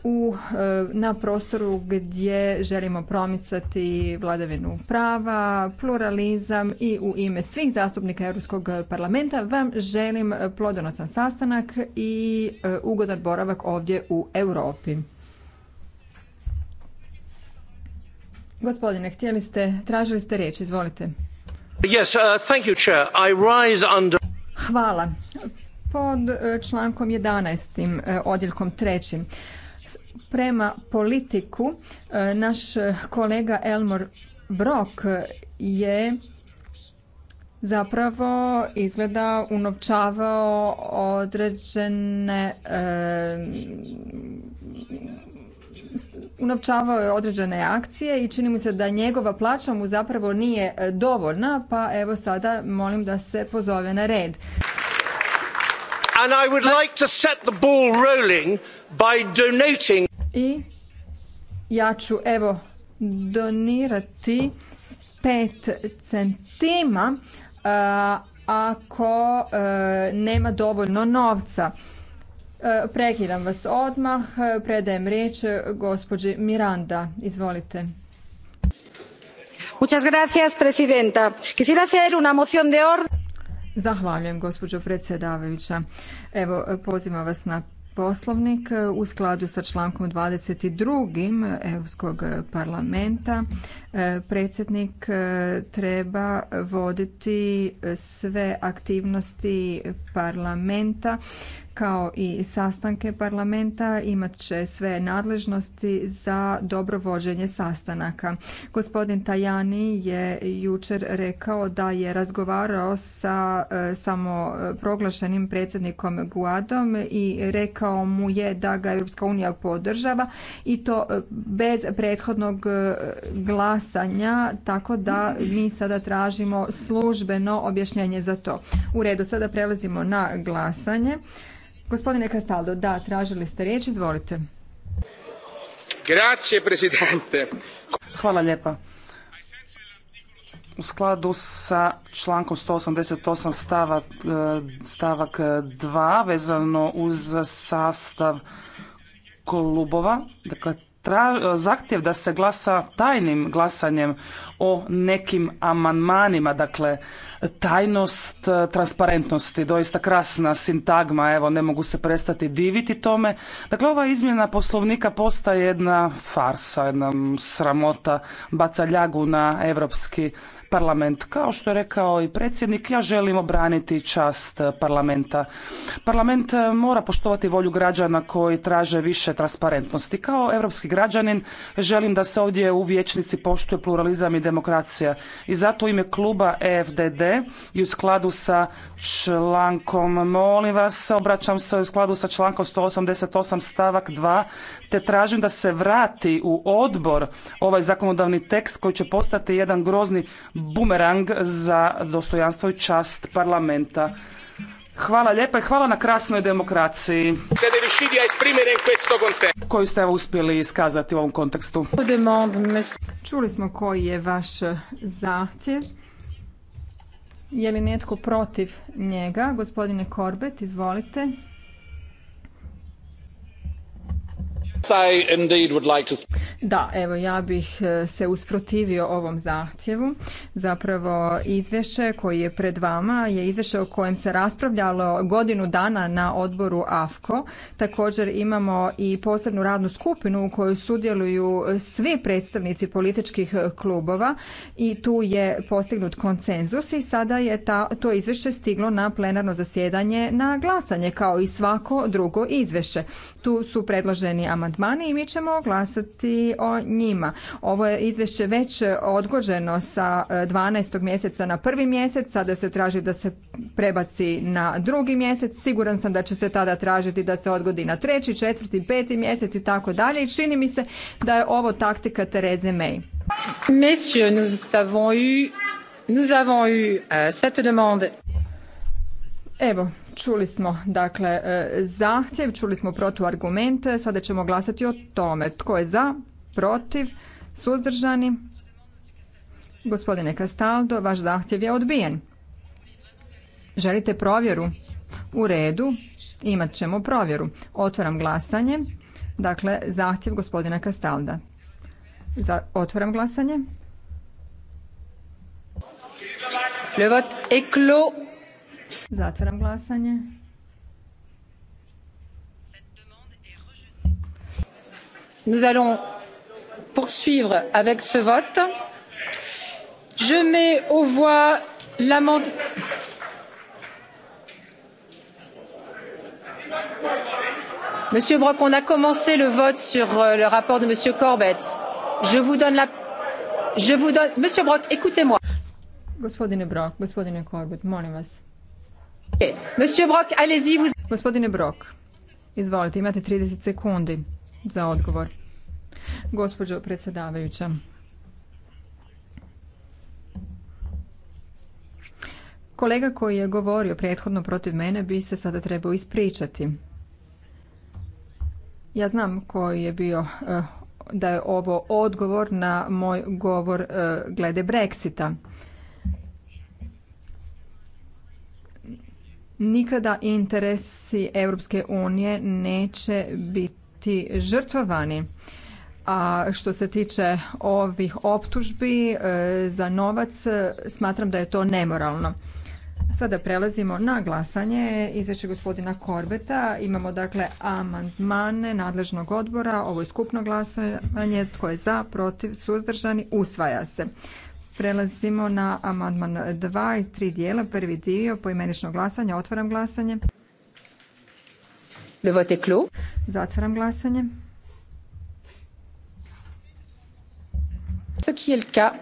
u, e, na prostoru gdje želimo promicati vladavinu prava, pluralizam i u ime svih zastupnika Europskog parlamenta vam želim plodonosan sastanak i e, ugodan boravak ovdje u Europi. Gospodine, htjeli ste, tražili ste riječ, izvolite. Uh, Hvala pod e, člankom 11. E, odjeljkom 3. Prema politiku e, naš kolega Elmor Brok je zapravo izgleda unovčavao određene unovčavao je određene akcije i čini mu se da njegova plaća mu zapravo nije dovoljna pa evo sada molim da se pozove na red. And I would like to set the ball rolling by donating. I ja ću evo donirati pet centima ako e, nema dovoljno novca. E, prekidam vas odmah, predajem riječ gospođi Miranda. Izvolite. Muchas gracias, presidenta. Quisiera hacer una moción de orden. Zahvaljujem, gospođo predsjedavajuća. Evo, pozivam vas na poslovnik u skladu sa člankom 22. Europskog parlamenta e, predsjednik e, treba voditi sve aktivnosti parlamenta kao i sastanke parlamenta imat će sve nadležnosti za dobro vođenje sastanaka. Gospodin Tajani je jučer rekao da je razgovarao sa e, samo e, proglašenim predsjednikom Guadom i rekao mu je da ga Europska unija podržava i to e, bez prethodnog glasanja, tako da mi sada tražimo službeno objašnjenje za to. U redu, sada prelazimo na glasanje. Gospodine Castaldo, da, tražili ste riječ, izvolite. Grazie, presidente. Hvala lijepa. U skladu sa člankom 188 e, stavak, stavak e, 2 vezano uz sastav klubova, dakle E, zahtjev da se glasa tajnim glasanjem o nekim amandmanima, dakle tajnost, e, transparentnosti, doista krasna sintagma, evo ne mogu se prestati diviti tome. Dakle, ova izmjena poslovnika postaje jedna farsa, jedna sramota, baca ljagu na evropski parlament. Kao što je rekao i predsjednik, ja želim obraniti čast parlamenta. Parlament e, mora poštovati volju građana koji traže više transparentnosti. Kao europski građanin želim da se ovdje u vijećnici poštuje pluralizam i demokracija. I zato u ime kluba EFDD i u skladu sa člankom, molim vas, obraćam se u skladu sa člankom 188 stavak 2, te tražim da se vrati u odbor ovaj zakonodavni tekst koji će postati jedan grozni bumerang za dostojanstvo i čast parlamenta. Hvala lijepa i hvala na krasnoj demokraciji koju ste uspjeli iskazati u ovom kontekstu. Čuli smo koji je vaš zahtjev. Je li netko protiv njega? Gospodine Korbet, izvolite. Da, evo ja bih e, se usprotivio ovom zahtjevu. Zapravo izvješće koji je pred vama je izvješće o kojem se raspravljalo godinu dana na odboru AFKO. Također imamo i posebnu radnu skupinu u kojoj sudjeluju svi predstavnici političkih klubova i tu je postignut konsenzus i sada je to izvješće stiglo na plenarno zasjedanje na glasanje kao i svako drugo izvješće. Tu su predloženi amandmani amandmane i mi ćemo glasati o njima. Ovo je izvješće već odgođeno sa 12. E, mjeseca na prvi mjesec, sada se traži da se prebaci na drugi mjesec. Siguran sam da će se tada tražiti da se odgodi na treći, četvrti, peti mjesec i tako dalje. I čini mi se da je ovo taktika Tereze May. Messieurs, nous avons eu, euh, cette demande Evo, čuli smo dakle e, zahtjev, čuli smo protuargumente, sada ćemo glasati o tome. Tko je za, protiv, suzdržani? Gospodine Castaldo, vaš zahtjev je odbijen. Želite provjeru? U redu, imat ćemo provjeru. Otvaram glasanje. Dakle, zahtjev gospodina Castalda. Za, otvaram glasanje. Le vote Zatvaram glasanje. Nous allons poursuivre avec ce vote. Je mets aux voix l'amendement. Monsieur Brock, on a commencé le vote sur euh, le rapport de Monsieur Corbett. Je vous donne la. Je vous donne. Monsieur Brock, écoutez-moi. Gospodine Brock, gospodine Corbett, molim vas. Monsieur Brock, Gospodine Brok, izvolite, imate 30 sekundi za odgovor. Gospođo predsjedavajuća, kolega koji je govorio prethodno protiv mene bi se sada trebao ispričati. Ja znam koji je bio eh, da je ovo odgovor na moj govor eh, glede Brexita. nikada interesi Europske unije neće biti žrtvovani. A što se tiče ovih optužbi e, za novac, e, smatram da je to nemoralno. Sada prelazimo na glasanje izvješće gospodina Korbeta. Imamo dakle amandmane nadležnog odbora. Ovo je skupno glasanje. Tko je za, protiv, suzdržani, usvaja se. Prelazimo na amandman dva iz tri dijela. Prvi dio poimenično glasanje. Otvaram glasanje. Le vote Zatvaram glasanje. Ce qui est le cas.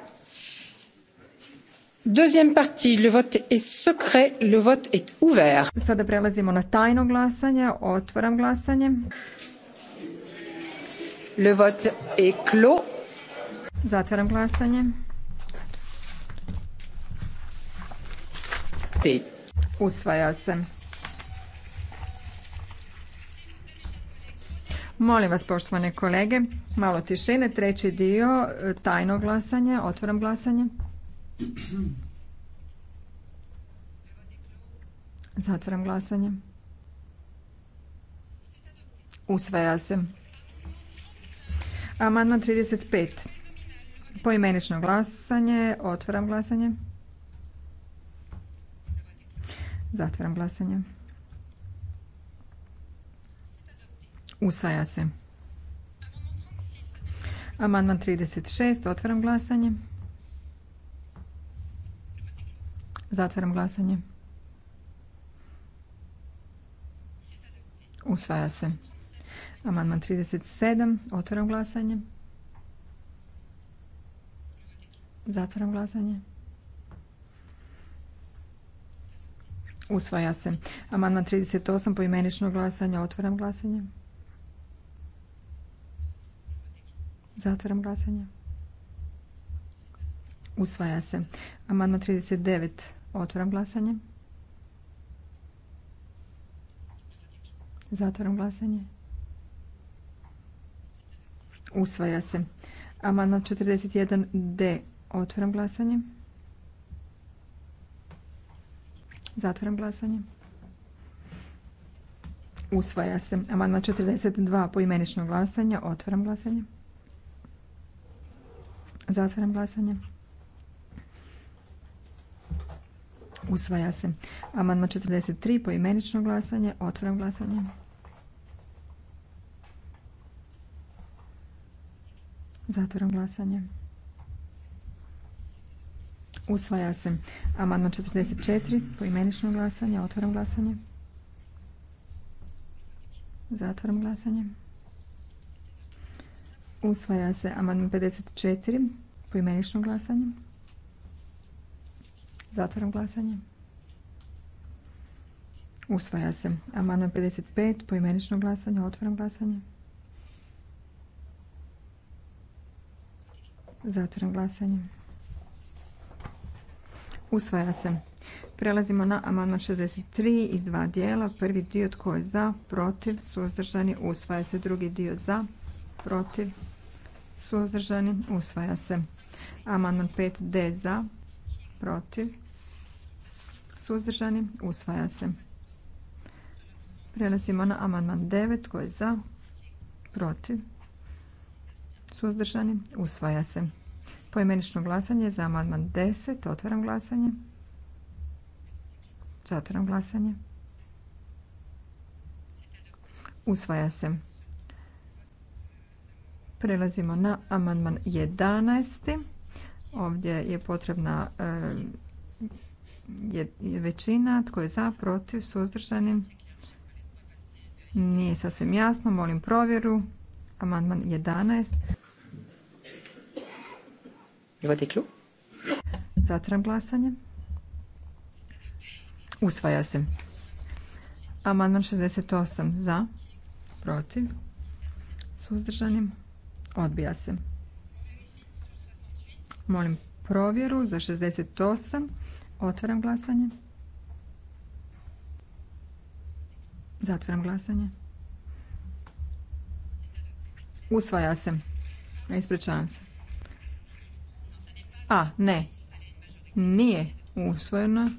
Deuxième partie, le vote est secret, le vote est ouvert. Sada prelazimo na tajno glasanje. Otvaram glasanje. Le vote est clos. Zatvaram glasanje. Usvaja se. Molim vas, poštovane kolege, malo tišine. Treći dio, e, tajno glasanje, otvoram glasanje. Zatvaram glasanje. Usvaja se. Amandman 35. Poimenično glasanje, otvaram glasanje. Zatvaram glasanje. Usvaja se. Amandman 36. Otvaram glasanje. Zatvaram glasanje. Usvaja se. Amandman 37. Otvaram glasanje. Zatvaram glasanje. Usvaja se. Amandman 38 poimenično glasanje. Otvaram glasanje. Zatvaram glasanje. Usvaja se. Amandman 39. Otvaram glasanje. Zatvaram glasanje. Usvaja se. Amandman 41D. Otvaram glasanje. Zatvaram glasanje. Usvaja se. Amandman 42 poimenično glasanje. Otvaram glasanje. Zatvaram glasanje. Usvaja se. Amandman 43 poimenično glasanje. Otvaram glasanje. Zatvaram glasanje. Usvaja se. Amandman 44. Poimenično glasanje. Otvaram glasanje. Zatvaram glasanje. Usvaja se. Amandman 54. Poimenično glasanje. Zatvaram glasanje. Usvaja se. Amandman 55. Poimenično glasanje. Otvaram glasanje. Zatvaram glasanje. Usvaja se. Prelazimo na amandman 63 iz dva dijela. Prvi dio tko je za, protiv, suzdržani, usvaja se. Drugi dio za, protiv, suzdržani, usvaja se. Amandman 5D za, protiv, suzdržani, usvaja se. Prelazimo na amandman 9 tko je za, protiv, suzdržani, usvaja se. Poimenično glasanje za amandman 10. Otvaram glasanje. Zatvaram glasanje. Usvaja se. Prelazimo na amandman 11. Ovdje je potrebna eh, većina. Tko je za, protiv, suzdržani? Nije sasvim jasno. Molim provjeru. Amandman 11. Zatvaram glasanje. Usvaja se. Amandman 68 za, protiv, suzdržanim, odbija se. Molim provjeru za 68. Otvaram glasanje. Zatvaram glasanje. Usvaja se. Ispričavam se. A, ne, nije usvojeno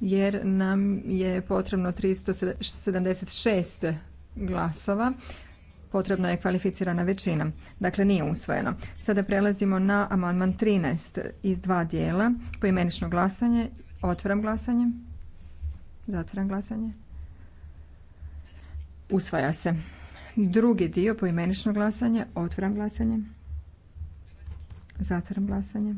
jer nam je potrebno 376 glasova. Potrebna je kvalificirana većina. Dakle, nije usvojeno. Sada prelazimo na amandman 13 iz dva dijela. Poimenično glasanje. Otvaram glasanje. Zatvaram glasanje. Usvaja se. Drugi dio poimenično glasanje. Otvaram glasanje. Zatvaram glasanje.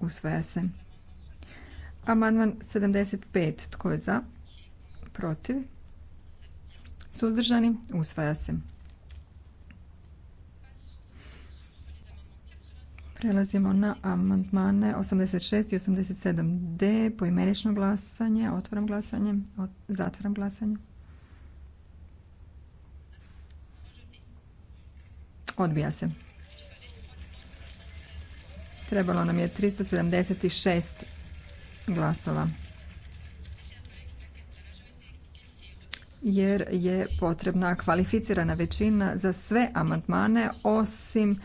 Usvaja se. Amandman 75. Tko je za? Protiv? Suzdržani? Usvaja se. Prelazimo na amandmane 86 i 87D. Poimenično glasanje. Otvaram glasanje. Zatvaram glasanje. Odbija se. Trebalo nam je 376 glasova. Jer je potrebna kvalificirana većina za sve amandmane osim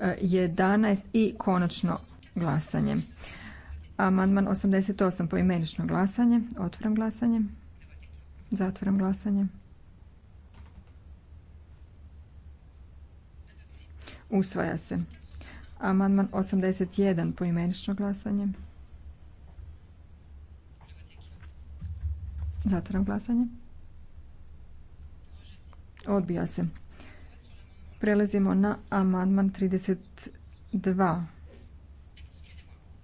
11 eh, i konačno glasanje. Amandman 88 poimenično glasanje. Otvaram glasanje. Zatvaram glasanje. Usvaja se. Amandman 81 poimenično glasanje. Zatvaram glasanje. Odbija se. Prelazimo na amandman 32.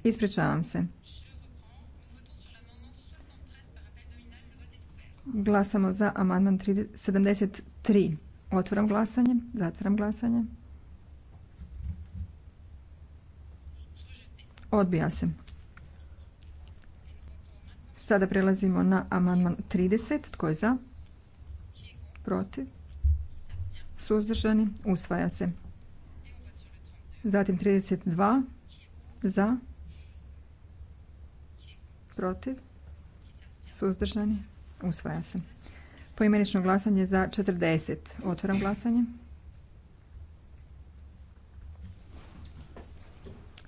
Ispričavam se. Glasamo za amandman 73. Otvaram glasanje. Zatvaram glasanje. Odbija se. Sada prelazimo na amandman 30. Tko je za? Protiv? Suzdržani? Usvaja se. Zatim 32. Za? Protiv? Suzdržani? Usvaja se. Poimenično glasanje za 40. Otvaram glasanje.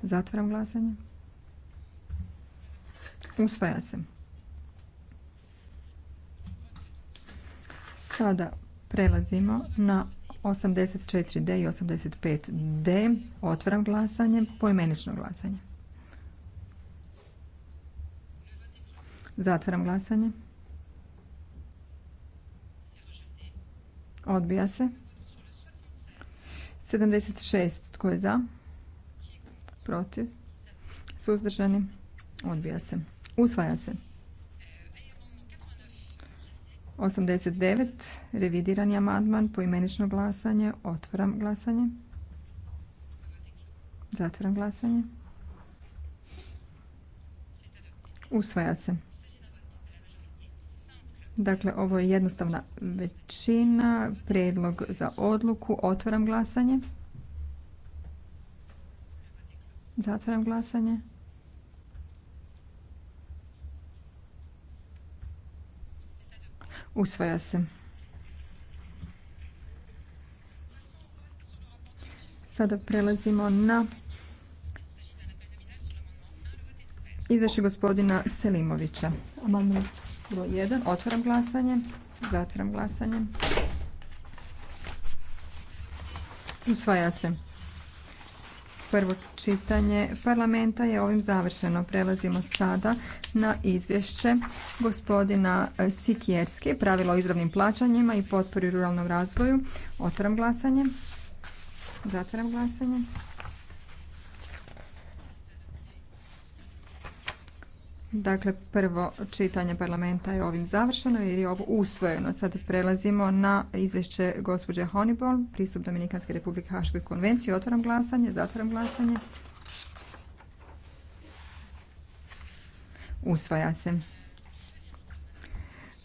Zatvaram glasanje. Usvaja se. Sada prelazimo na 84D i 85D. Otvaram glasanje, poimenično glasanje. Zatvaram glasanje. Odbija se. 76. Tko je za? protiv, suzdržani, odbija se. Usvaja se. 89. Revidirani amandman, poimenično glasanje, otvaram glasanje. Zatvaram glasanje. Usvaja se. Dakle, ovo je jednostavna većina. predlog za odluku. Otvaram glasanje. Zatvaram glasanje. Usvaja se. Sada prelazimo na izvešće gospodina Selimovića. Amandman broj 1. Otvaram glasanje. Zatvaram glasanje. Usvaja se prvo čitanje parlamenta je ovim završeno. Prelazimo sada na izvješće gospodina Sikjerski, pravilo o izravnim plaćanjima i potpori ruralnom razvoju. Otvaram glasanje. Zatvaram glasanje. Dakle, prvo čitanje parlamenta je ovim završeno jer je ovo usvojeno. Sad prelazimo na izvješće gospođe Honibol, pristup Dominikanske republike Haškoj konvenciji. Otvaram glasanje, zatvaram glasanje. Usvaja se.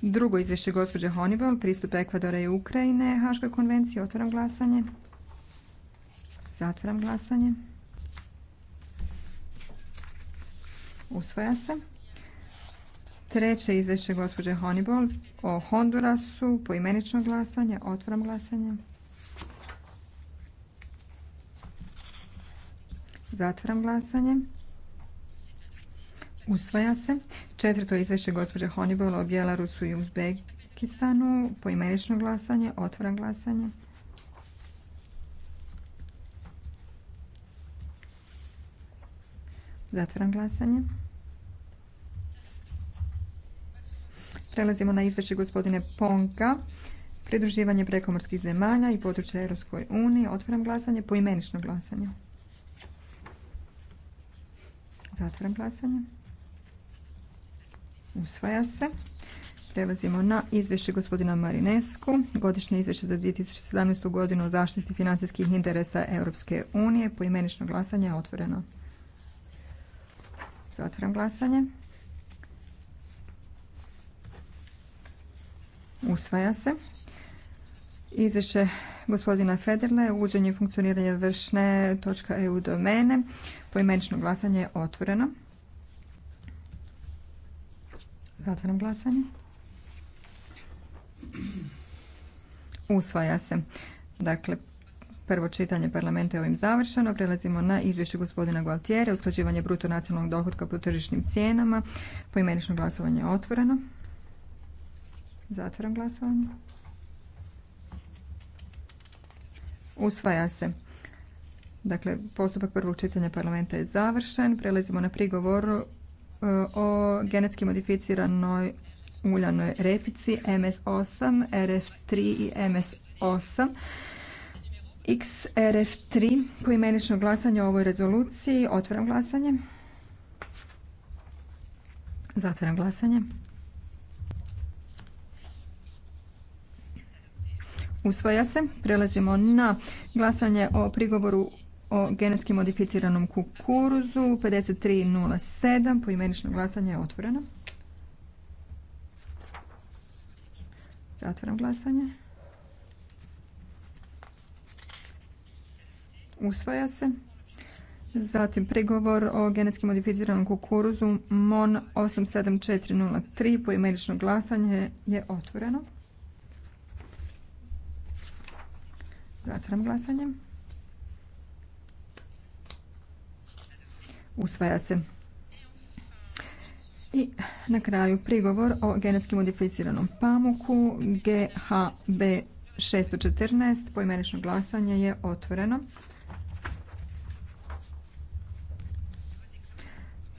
Drugo izvješće gospođe Honibol, pristup Ekvadora i Ukrajine Haškoj konvenciji. Otvaram glasanje, zatvaram glasanje. Usvaja se. Treće izvješće gospođe Honibol o Hondurasu, poimenično glasanje, otvoram glasanje. Zatvaram glasanje. Usvaja se. Četvrto izvješće gospođe Honibol o Bjelarusu i Uzbekistanu, poimenično glasanje, otvoram glasanje. Zatvaram glasanje. Prelazimo na izveće gospodine Ponka. Pridruživanje prekomorskih zemalja i područja Europskoj uniji. Otvaram glasanje, Po poimenično glasanje. Zatvaram glasanje. Usvaja se. Prelazimo na izvješće gospodina Marinesku, godišnje izvješće za 2017. godinu o zaštiti financijskih interesa Europske unije. Poimenično glasanje je otvoreno. Zatvaram glasanje. Usvaja se. Izvješće gospodina Federle, i funkcioniranja vršne točka EU domene, poimenično glasanje je otvoreno. Zatvaram glasanje. Usvaja se. Dakle, prvo čitanje parlamenta je ovim završeno. Prelazimo na izvješće gospodina Gualtijere. usklađivanje bruto nacionalnog dohotka po tržišnim cijenama. Poimenično glasovanje je otvoreno. Zatvaram glasovanje. Usvaja se. Dakle, postupak prvog čitanja parlamenta je završen. Prelazimo na prigovor e, o genetski modificiranoj uljanoj repici MS8, RF3 i MS8. XRF3 poimenično glasanje o ovoj rezoluciji. Otvaram glasanje. Zatvaram glasanje. Usvaja se. Prelazimo na glasanje o prigovoru o genetski modificiranom kukuruzu 5307. Poimenično glasanje je otvoreno. Zatvoram glasanje. Usvaja se. Zatim prigovor o genetski modificiranom kukuruzu MON 87403. Poimenično glasanje je otvoreno. Zatvaram glasanje. Usvaja se. I na kraju prigovor o genetski modificiranom pamuku GHB 614. Poimenično glasanje je otvoreno.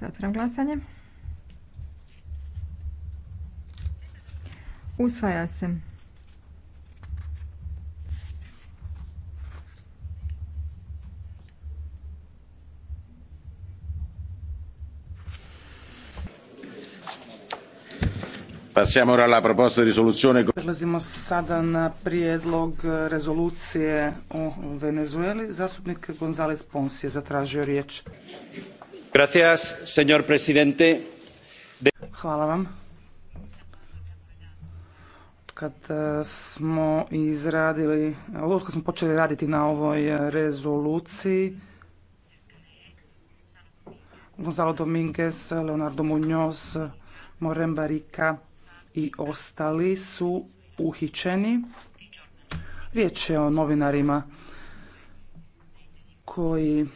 Zatvaram glasanje. Usvaja se. Passiamo Prelazimo sada na prijedlog rezolucije o Venezueli. Zastupnik Gonzales Pons je zatražio riječ. Gracias, Hvala vam. Kad eh, smo izradili, smo počeli raditi na ovoj eh, rezoluciji, Gonzalo Dominguez, Leonardo Munoz, Moren i ostali su uhićeni. Riječ je o novinarima koji e,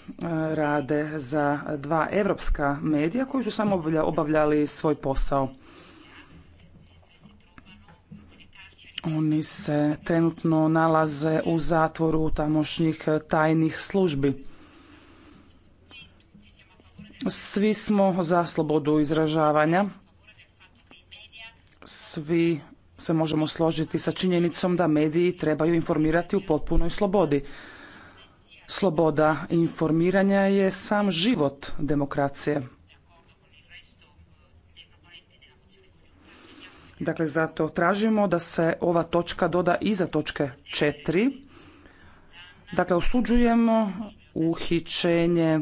rade za dva evropska medija koji su samo obavljali svoj posao. Oni se trenutno nalaze u zatvoru tamošnjih tajnih službi. Svi smo za slobodu izražavanja svi se možemo složiti sa činjenicom da mediji trebaju informirati u potpunoj slobodi. Sloboda informiranja je sam život demokracije. Dakle, zato tražimo da se ova točka doda iza točke četiri. Dakle, osuđujemo uhićenje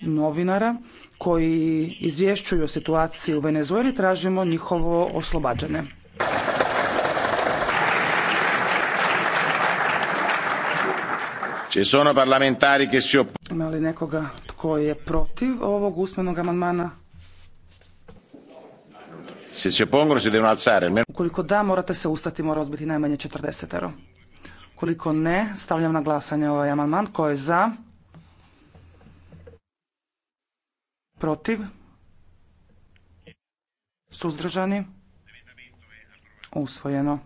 novinara koji izvješćuju o situaciji u Venezueli tražimo njihovo oslobađanje. Ci sono parlamentari che si Ima li nekoga tko je protiv ovog usmenog amandmana? Se Ukoliko da, morate se ustati, mora ozbiti najmanje 40. Ukoliko ne, stavljam na glasanje ovaj amandman. Ko je za? Protiv? Suzdržani? Usvojeno.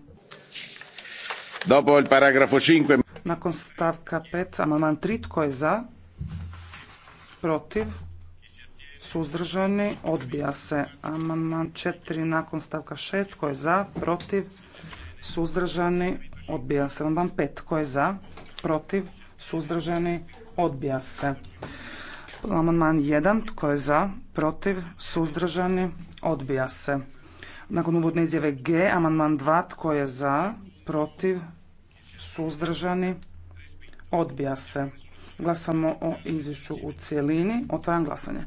Dopo il paragrafo 5. Nakon stavka 5, amandman 3, tko je za? Protiv? Suzdržani? Odbija se. Amandman 4, nakon stavka 6, tko je za? Protiv? Suzdržani? Odbija se. Amandman 5, tko je za? Protiv? Suzdržani? Odbija se. Amandman 1. Tko je za? Protiv? Suzdržani? Odbija se. Nakon uvodne izjave G. Amandman 2. Tko je za? Protiv? Suzdržani? Odbija se. Glasamo o izvješću u cijelini. Otvaram glasanje.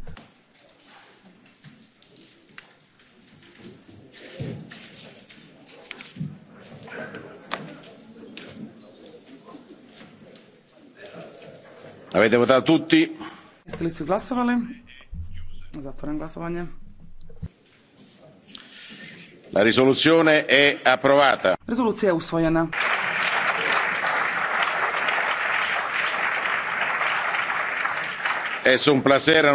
Avete Jeste li svi glasovali? Zatvoram glasovanje. La risoluzione è approvata. Rezolucija je usvojena. Es un placer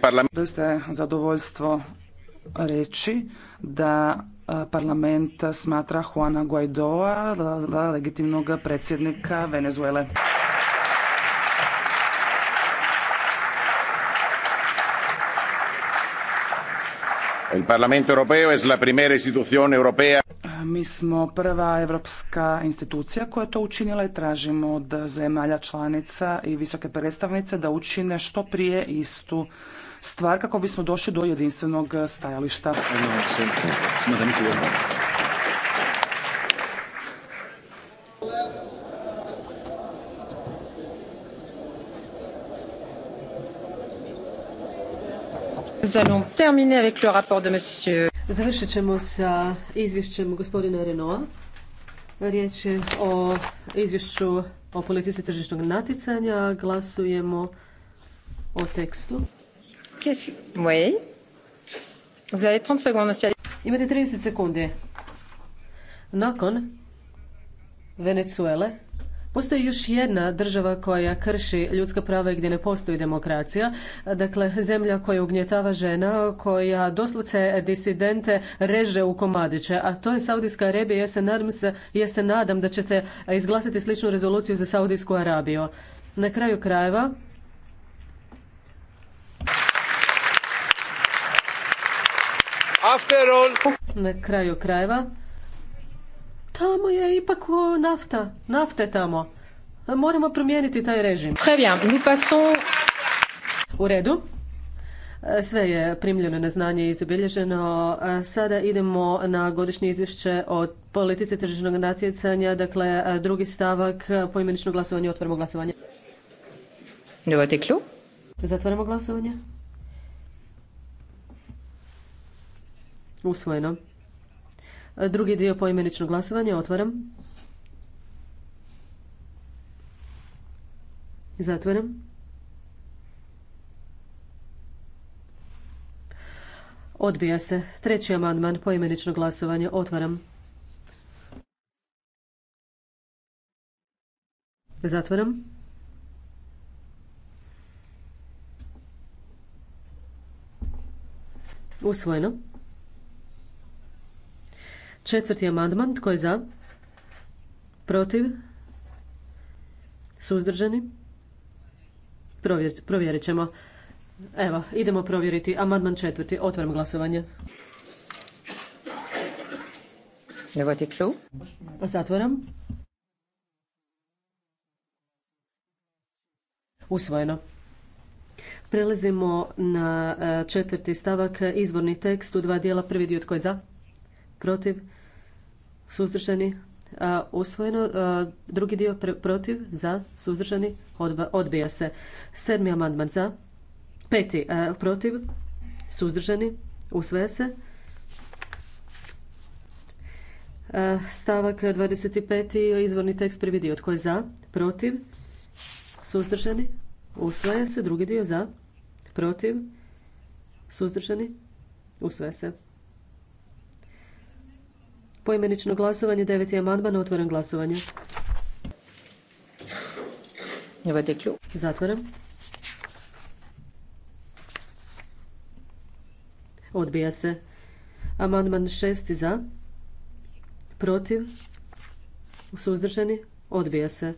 Parlamento... Doista je zadovoljstvo reći da e, parlament smatra Juana Guaidoa legitimnog predsjednika Venezuele. Parlamento Europeo es la Mi smo prva europska institucija koja je to učinila i tražimo od zemalja članica i visoke predstavnice da učine što prije istu stvar kako bismo došli do jedinstvenog stajališta. Završit ćemo sa izvješćem gospodina Renoa. Riječ je o izvješću o politici tržišnog natjecanja. Glasujemo o tekstu. Imate 30 sekundi. Nakon Venezuele Postoji još jedna država koja krši ljudska prava i gdje ne postoji demokracija. Dakle, zemlja koja ugnjetava žena, koja doslovce disidente reže u komadiće. A to je Saudijska Arabija. Ja se nadam, nadam da ćete izglasati sličnu rezoluciju za Saudijsku Arabiju. Na kraju krajeva, Na kraju krajeva, tamo je ipak nafta, nafte tamo. Moramo promijeniti taj režim. Très bien, nous passons... U redu. E, sve je primljeno na znanje i zabilježeno. E, sada idemo na godišnje izvješće o politici tržišnog natjecanja, dakle e, drugi stavak poimenično glasovanje, otvorimo glasovanje. Zatvorimo glasovanje. Usvojeno. Drugi dio poimenično glasovanja. otvaram. Zatvaram. Odbija se. Treći amandman poimenično glasovanje otvaram. Zatvaram. Usvojeno. Četvrti amandman, tko je za? Protiv? Suzdržani? provjerit ćemo. Evo, idemo provjeriti. Amandman četvrti, otvaram glasovanje. Zatvoram. Usvojeno. Prelazimo na e, četvrti stavak, izvorni tekst u dva dijela. Prvi dio tko je za? Protiv? suzdržani, usvojeno. Drugi dio protiv, za, suzdržani, odbija se. Sedmi amandman za, peti protiv, suzdržani, usvaja se. Stavak 25. izvorni tekst prvi dio. Tko je za? Protiv? Suzdržani? Usvaja se. Drugi dio za? Protiv? Suzdržani? Usvaja se. Poimenično glasovanje, deveti amandman, Otvaram glasovanje. Ovaj Zatvaram. Odbija se. Amandman šesti za. Protiv. Suzdržani. Odbija se.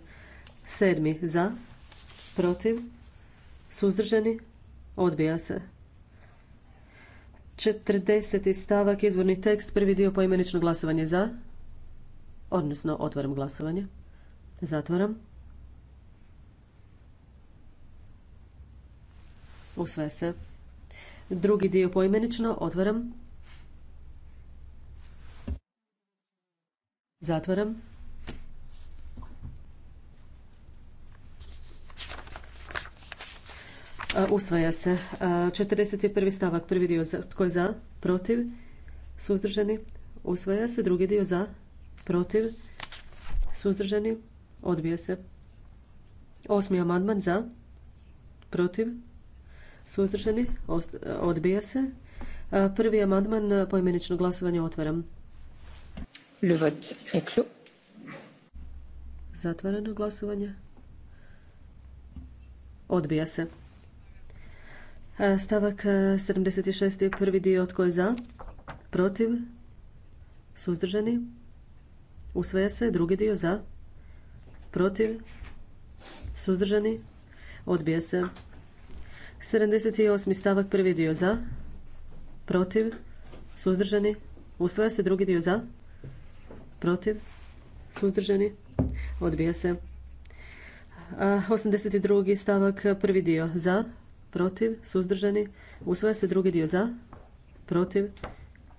Sedmi za. Protiv. Suzdržani. Odbija se. 40. stavak, izvorni tekst, prvi dio poimenično glasovanje za. Odnosno, otvaram glasovanje. Zatvaram. Usve se. Drugi dio poimenično, otvaram. Zatvaram. Uh, usvaja se. 41. Uh, stavak, prvi dio za, tko je za, protiv, suzdržani. Usvaja se. Drugi dio za, protiv, suzdržani. Odbija se. Osmi amandman za, protiv, suzdržani. Uh, odbija se. Prvi amandman poimenično glasovanje otvaram. Le Zatvoreno glasovanje. Odbija se. E, stavak 76. E, je prvi dio tko je za, protiv, suzdržani, usvaja se. Drugi dio za, protiv, suzdržani, odbija se. 78. stavak prvi dio za, protiv, suzdržani, usvaja se. Drugi dio za, protiv, suzdržani, odbija se. 82. E, stavak prvi dio za, protiv, suzdržani, usvaja se drugi dio za, protiv,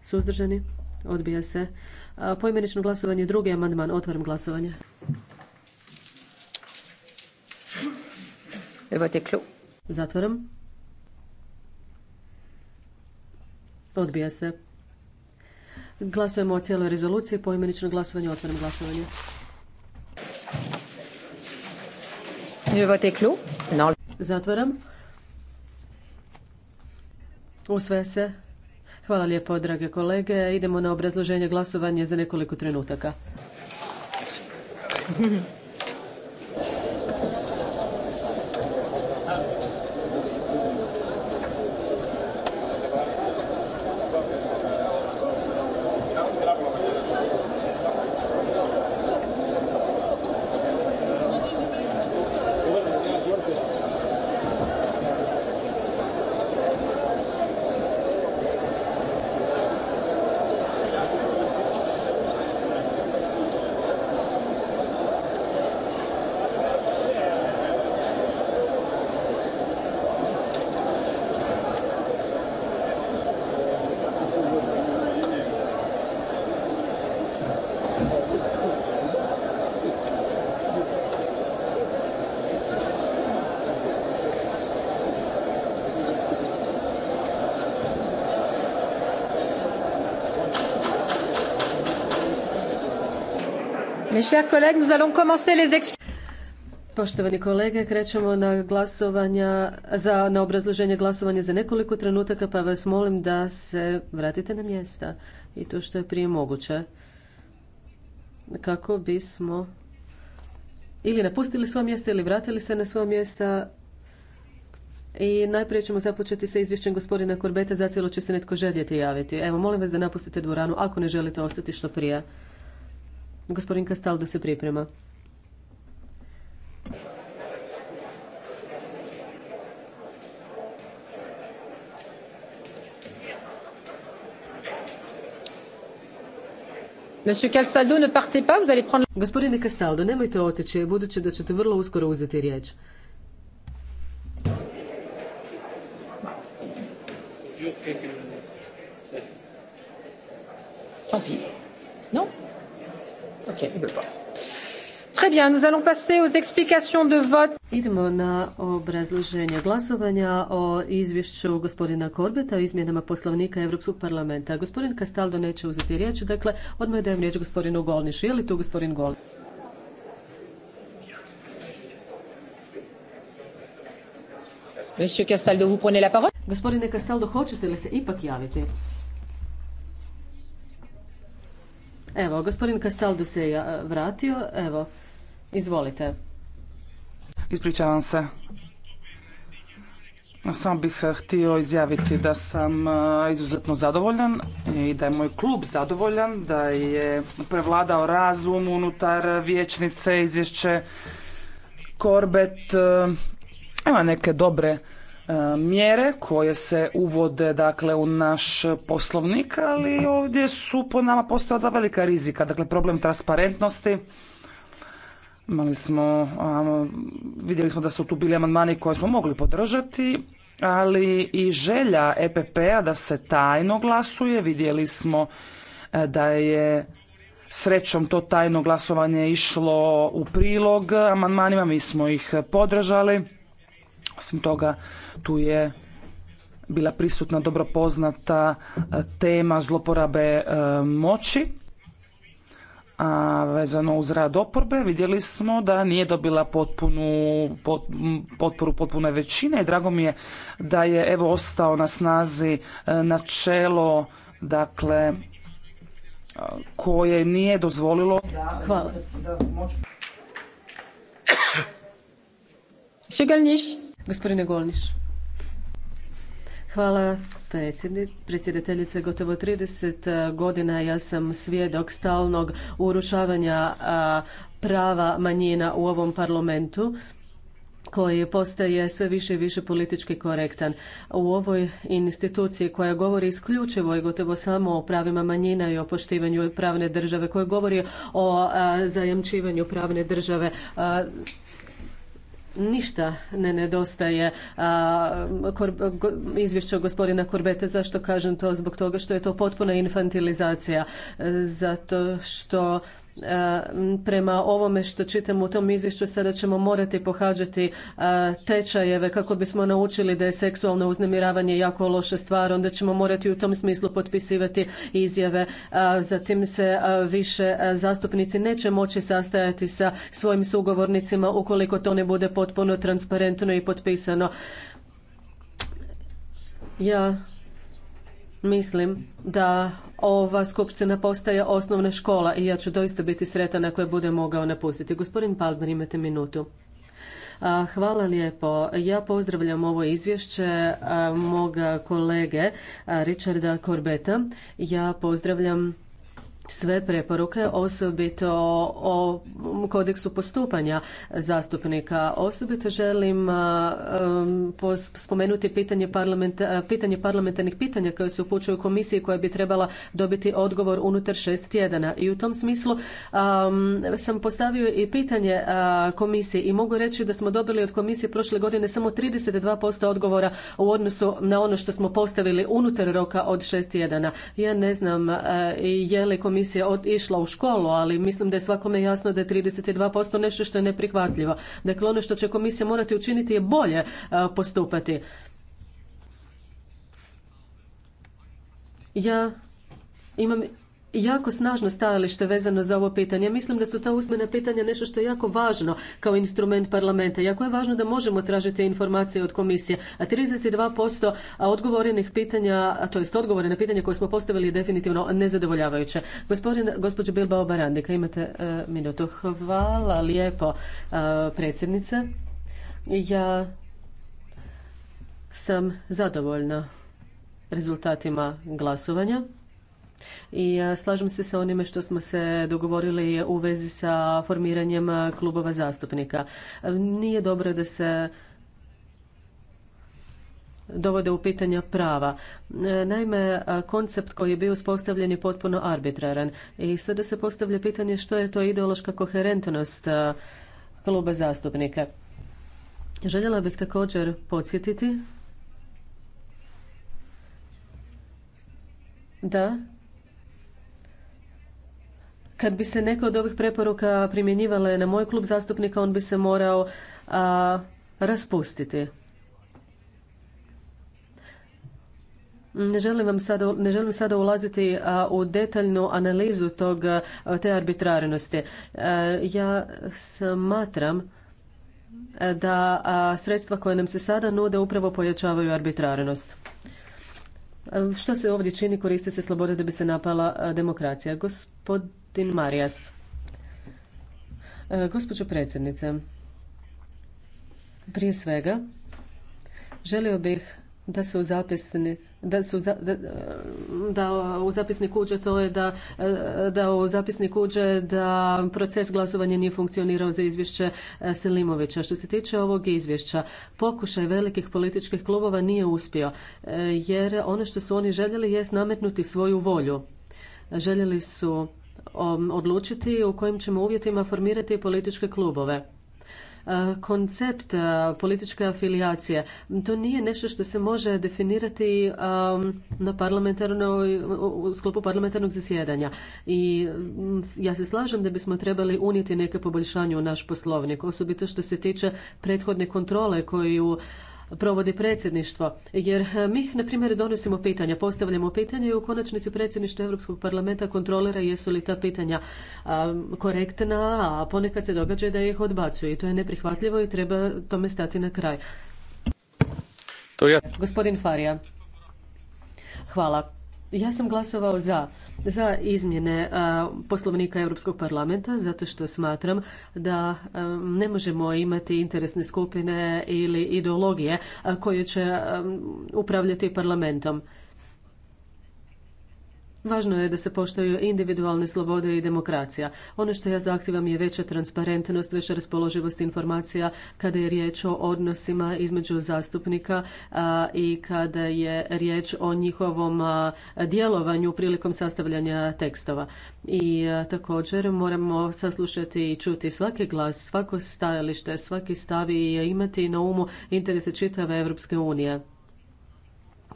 suzdržani, odbija se. Pojmenično glasovanje, drugi amandman, otvaram glasovanje. Zatvaram. Odbija se. Glasujemo o cijeloj rezoluciji, poimenično glasovanje, otvaram glasovanje. Zatvaram sve se. Hvala lijepo, drage kolege. Idemo na obrazloženje glasovanja za nekoliko trenutaka. Poštovani kolege, krećemo na glasovanja za na obrazloženje glasovanja za nekoliko trenutaka, pa vas molim da se vratite na mjesta i to što je prije moguće. Kako bismo ili napustili svoje mjesta ili vratili se na svoje mjesta. I najprije ćemo započeti sa izvješćem gospodina Korbeta, zacijelo će se netko željeti javiti. Evo, molim vas da napustite dvoranu ako ne želite ostati što prije. Gospodin Kastaldo se priprema. ne Gospodine Castaldo, nemojte otići, budući da ćete vrlo uskoro uzeti riječ. Tant Très bien, nous allons passer Idemo na obrazloženje glasovanja o izvješću gospodina Korbeta o izmjenama poslovnika Europskog parlamenta. Gospodin Castaldo neće uzeti riječ, dakle odmah dajem riječ gospodinu Golniš. Je li tu gospodin Golniš? Gospodine Castaldo, hoćete li se ipak javiti? Evo, gospodin Kastaldo se je vratio. Evo, izvolite. Ispričavam se. Sam bih eh, htio izjaviti da sam eh, izuzetno zadovoljan i da je moj klub zadovoljan, da je prevladao razum unutar eh, vijećnice, izvješće Korbet. Ima neke dobre E, mjere koje se uvode dakle u naš poslovnik, ali ovdje su po nama postojala dva velika rizika. Dakle, problem transparentnosti. smo, vidjeli smo da su tu bili amandmani koje smo mogli podržati, ali i želja EPP-a da se tajno glasuje. Vidjeli smo e, da je srećom to tajno glasovanje išlo u prilog amandmanima, mi smo ih podržali. Osim toga, tu je bila prisutna dobro poznata e, tema zloporabe e, moći, a vezano uz rad oporbe vidjeli smo da nije dobila potpunu potporu potpune većine i drago mi je da je evo ostao na snazi e, načelo dakle koje nije dozvolilo Hvala. da Gospodine Golniš. Hvala predsjedateljice. Gotovo 30 e, godina ja sam svjedok stalnog urušavanja prava manjina u ovom parlamentu koji postaje sve više i više politički korektan. U ovoj instituciji koja govori isključivo i gotovo samo o pravima manjina i o poštivanju pravne države, koja govori o zajamčivanju pravne države, ništa ne nedostaje izvješću gospodina Korbete. Zašto kažem to? Zbog toga što je to potpuna infantilizacija. E, zato što prema ovome što čitamo u tom izvješću sada ćemo morati pohađati e, tečajeve kako bismo naučili da je seksualno uznemiravanje jako loša stvar onda ćemo morati u tom smislu potpisivati izjave e, zatim se e, više zastupnici neće moći sastajati sa svojim sugovornicima ukoliko to ne bude potpuno transparentno i potpisano ja mislim da ova skupština postaje osnovna škola i ja ću doista biti sretan ako je bude mogao napustiti. Gospodin Palmer, imate minutu. Hvala lijepo. Ja pozdravljam ovo izvješće moga kolege Richarda Korbeta. Ja pozdravljam sve preporuke, osobito o kodeksu postupanja zastupnika. Osobito želim spomenuti pitanje, pitanje parlamentarnih pitanja koje se upućuju komisiji koja bi trebala dobiti odgovor unutar šest tjedana. I u tom smislu sam postavio i pitanje komisiji i mogu reći da smo dobili od komisije prošle godine samo 32% odgovora u odnosu na ono što smo postavili unutar roka od šest tjedana. Ja ne znam uh, je li komisija komisija išla u školu, ali mislim da je svakome jasno da je 32% nešto što je neprihvatljivo. Dakle, ono što će komisija morati učiniti je bolje e, postupati. Ja imam jako snažno stajalište vezano za ovo pitanje. Mislim da su ta usmena pitanja nešto što je jako važno kao instrument parlamenta. Jako je važno da možemo tražiti informacije od komisije. A 32% odgovorenih pitanja, to jest odgovore na pitanje koje smo postavili je definitivno nezadovoljavajuće. Gospodin, gospođo Bilbao Barandika, imate e, minutu. Hvala lijepo e, predsjednice. Ja sam zadovoljna rezultatima glasovanja. I e, slažem se sa onime što smo se dogovorili u vezi sa formiranjem e, klubova zastupnika. E, nije dobro da se dovode u pitanja prava. Naime, koncept koji je bio uspostavljen je potpuno arbitraran i sada se postavlja pitanje što je to ideološka koherentnost kluba zastupnika. Željela bih također podsjetiti da kad bi se neka od ovih preporuka primjenjivale na moj klub zastupnika, on bi se morao raspustiti. Ne želim, sada, ulaziti u detaljnu analizu tog, te arbitrarnosti. E, ja smatram e, da sredstva koja nam se sada nude upravo pojačavaju arbitrarnost. E, što se ovdje čini? Koristi se sloboda da bi se napala demokracija. Gospod Marijas. E, gospođo predsjednice, prije svega želio bih da se u zapisni da se da, u zapisnik uđe to je da, da u zapisnik uđe da proces glasovanja nije funkcionirao za izvješće e, Selimovića. Što se tiče ovog izvješća, pokušaj velikih političkih klubova nije uspio e, jer ono što su oni željeli jest nametnuti svoju volju. Željeli su Um, odlučiti u kojim ćemo uvjetima formirati političke klubove uh, koncept uh, političke afilijacije. To nije nešto što se može definirati um, na parlamentarnoj, u sklopu parlamentarnog zasjedanja. I mm, ja se slažem da bismo trebali unijeti neke poboljšanje u naš poslovnik, osobito što se tiče prethodne kontrole koju provodi predsjedništvo. Jer e, mi, na primjer, donosimo pitanja, postavljamo pitanje i u konačnici predsjedništvo Europskog parlamenta kontrolira jesu li ta pitanja korektna, a ponekad se događa da ih odbacuju i to je neprihvatljivo i treba tome stati na kraj. Gospodin Farija. Hvala. Ja sam glasovao za, za izmjene poslovnika Europskog parlamenta zato što smatram da ne možemo imati interesne skupine ili ideologije koje će upravljati parlamentom. Važno je da se poštuju individualne slobode i demokracija. Ono što ja zahtivam je veća transparentnost, veća raspoloživost informacija kada je riječ o odnosima između zastupnika i kada je riječ o njihovom djelovanju prilikom sastavljanja tekstova. I također moramo saslušati i čuti svaki glas, svako stajalište, svaki stav i imati na umu interese čitave Europske unije.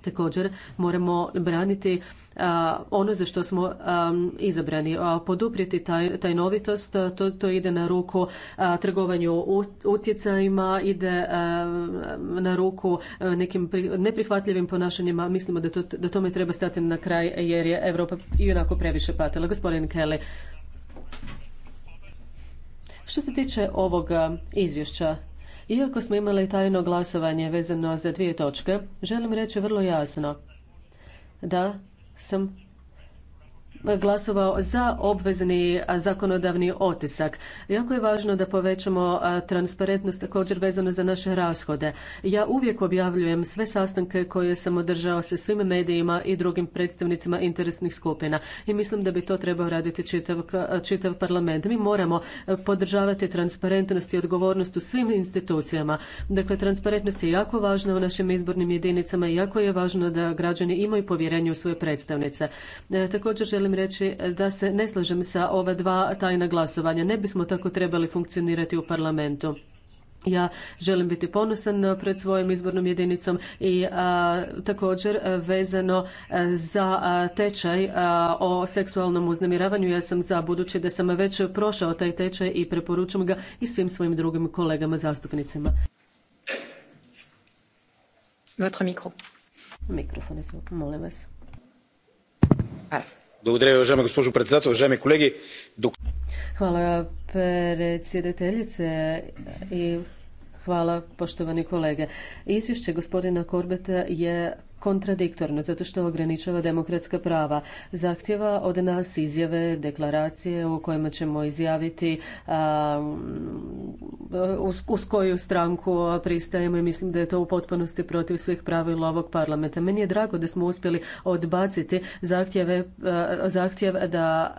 Također moramo braniti ono za što smo izabrani. Poduprijeti taj, taj novitost, to, ide na ruku trgovanju utjecajima, ide na ruku nekim neprihvatljivim ponašanjima. Mislimo da, tome treba stati na kraj jer je Europa i onako previše patila. Gospodin Kelly, što se tiče ovog izvješća, iako smo imali tajno glasovanje vezano za dvije točke, želim reći vrlo jasno da sam glasovao za obvezni zakonodavni otisak. Jako je važno da povećamo transparentnost također vezano za naše rashode. Ja uvijek objavljujem sve sastanke koje sam održao sa svim medijima i drugim predstavnicima interesnih skupina i mislim da bi to trebao raditi čitav, čitav parlament. Mi moramo podržavati transparentnost i odgovornost u svim institucijama. Dakle, transparentnost je jako važna u našim izbornim jedinicama i jako je važno da građani imaju povjerenje u svoje predstavnice. E, također želim reći da se ne slažem sa ova dva tajna glasovanja. Ne bismo tako trebali funkcionirati u parlamentu. Ja želim biti ponosan pred svojom izbornom jedinicom i također vezano za tečaj o seksualnom uznemiravanju. Ja sam za budući da sam već prošao taj tečaj i preporučam ga i svim svojim drugim kolegama zastupnicima. Votre mikro. Mikrofon, molim vas. Hvala gospođo predsjednice kolege hvala predsjedateljice i hvala poštovani kolege. izvješće gospodina korbeta. je kontradiktorno zato što ograničava demokratska prava. Zahtjeva od nas izjave, deklaracije u kojima ćemo izjaviti uz, koju stranku pristajemo i mislim da je to u potpunosti protiv svih pravila ovog parlamenta. Meni je drago da smo uspjeli odbaciti zahtjeve, zahtjev da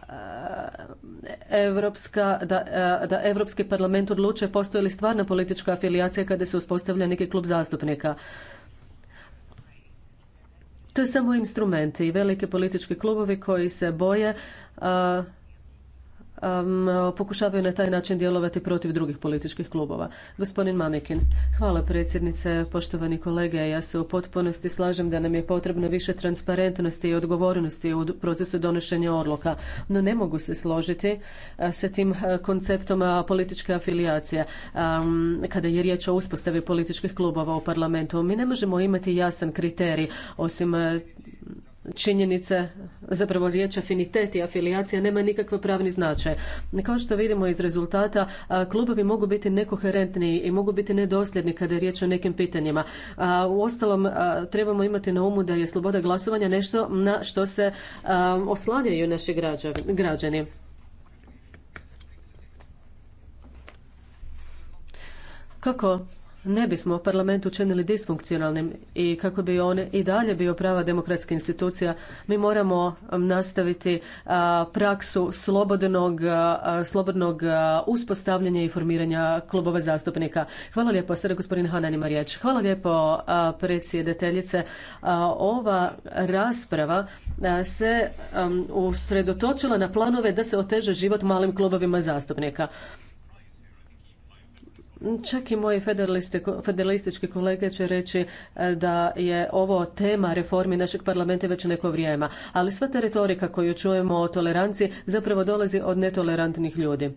Evropska, da, da Evropski parlament odluče postoji li stvarna politička afilijacija kada se uspostavlja neki klub zastupnika. To je samo instrument i veliki politički klubovi koji se boje pokušavaju na taj način djelovati protiv drugih političkih klubova. Gospodin Mamikins, hvala predsjednice, poštovani kolege, ja se u potpunosti slažem da nam je potrebno više transparentnosti i odgovornosti u procesu donošenja odluka, no ne mogu se složiti eh, sa tim eh, konceptom eh, političke afilijacije kada je riječ o uspostavi političkih klubova u parlamentu. Mi ne možemo imati jasan kriterij osim činjenice, zapravo riječ afinitet i afilijacija nema nikakav pravni značaj. Kao što vidimo iz rezultata, klubovi mogu biti nekoherentni i mogu biti nedosljedni kada je riječ o nekim pitanjima. Uostalom, trebamo imati na umu da je sloboda glasovanja nešto na što se oslanjaju naši građani. Kako ne bismo parlament učinili disfunkcionalnim i kako bi on i dalje bio prava demokratska institucija, mi moramo um, nastaviti uh, praksu slobodnog, uh, uh, slobodnog uspostavljanja i formiranja klubova zastupnika. Hvala lijepo, sada gospodin Hanan ima riječ. Hvala lijepo predsjedateljice. Ova rasprava se um, usredotočila na planove da se oteže život malim klubovima zastupnika. Čak i moji federalistički kolege će reći e, da je ovo tema reformi našeg parlamenta već neko vrijeme, ali sva ta retorika koju čujemo o toleranciji zapravo dolazi od netolerantnih ljudi.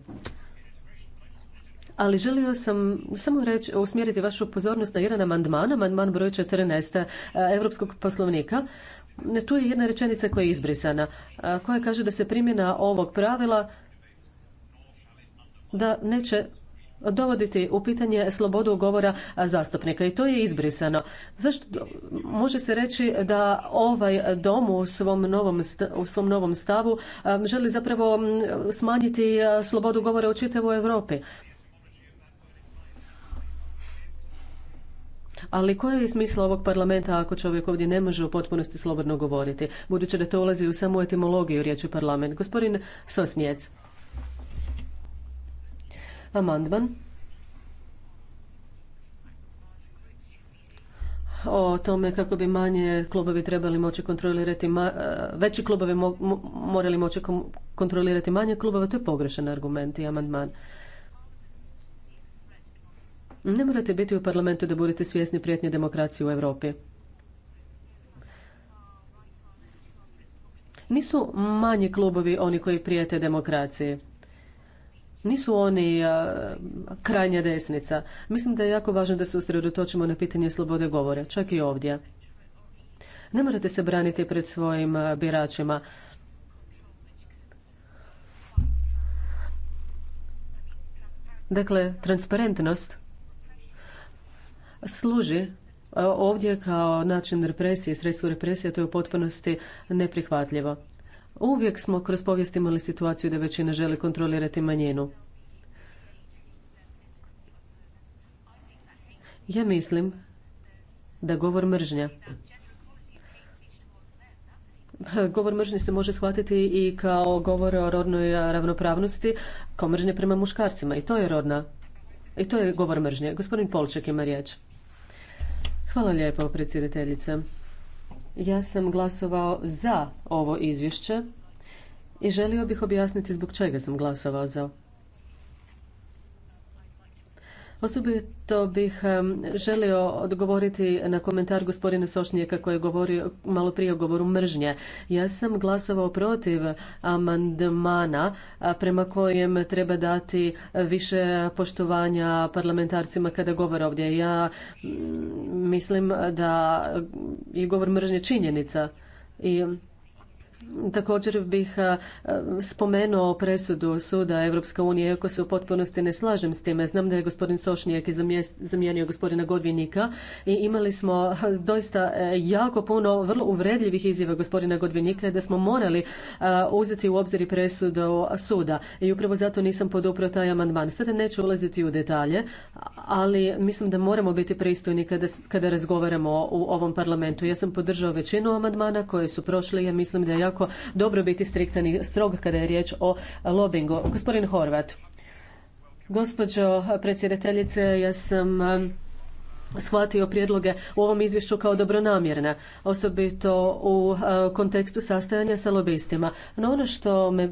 Ali želio sam samo reći, usmjeriti vašu pozornost na jedan amandman, amandman broj 14. E, Europskog poslovnika. E, tu je jedna rečenica koja je izbrisana, koja kaže da se primjena ovog pravila da neće dovoditi u pitanje slobodu govora zastupnika i to je izbrisano. Zašto? Može se reći da ovaj dom u svom novom, u svom novom stavu um, želi zapravo um, smanjiti uh, slobodu govora u čitavoj Europi. Ali koji je smisla ovog parlamenta ako čovjek ovdje ne može u potpunosti slobodno govoriti, budući da to ulazi u samu etimologiju riječi parlament? Gospodin Sosnjec amandman o tome kako bi manje klubovi trebali moći kontrolirati, e, veći klubovi morali moći kontrolirati manje klubova, to je pogrešan argument i amandman. Ne morate biti u parlamentu da budete svjesni prijetnje demokracije u Europi. Nisu manji klubovi oni koji prijete demokraciji nisu oni e, krajnja desnica. Mislim da je jako važno da se usredotočimo na pitanje slobode govora, čak i ovdje. Ne morate se braniti pred svojim e, biračima. Dakle, transparentnost služi e, ovdje kao način represije, sredstvo represije, to je u potpunosti neprihvatljivo. Uvijek smo kroz povijest imali situaciju da većina želi kontrolirati manjinu. Ja mislim da govor mržnja Govor mržnje se može shvatiti i kao govor o rodnoj ravnopravnosti, kao mržnje prema muškarcima. I to je rodna. I to je govor mržnje. Gospodin Polček ima riječ. Hvala lijepo, predsjedateljice. Ja sam glasovao za ovo izvješće i želio bih objasniti zbog čega sam glasovao za Osobito bih želio odgovoriti na komentar gospodina Sošnijeka koji je govorio malo prije o govoru mržnje. Ja sam glasovao protiv amandmana prema kojem treba dati više poštovanja parlamentarcima kada govore ovdje. Ja mislim da je govor mržnje činjenica i Također bih e, spomenuo presudu suda Europske unije, iako se u potpunosti ne slažem s time. Znam da je gospodin Sošnijek zamijenio gospodina Godvinika i imali smo e, doista e, jako puno vrlo uvredljivih izjava gospodina Godvinika da smo morali uzeti u obzir presudu suda. I upravo zato nisam podupro taj amandman. Sada neću ulaziti u detalje, ali mislim da moramo biti pristojni kada, razgovaramo u ovom parlamentu. Ja sam podržao većinu amandmana koje su prošli i ja mislim da je dobro biti striktan i strog kada je riječ o lobingu. Gospodin Horvat. Gospođo predsjedateljice, ja sam um, shvatio prijedloge u ovom izvješću kao dobronamjerne, osobito u uh, kontekstu sastajanja sa lobistima. No ono što me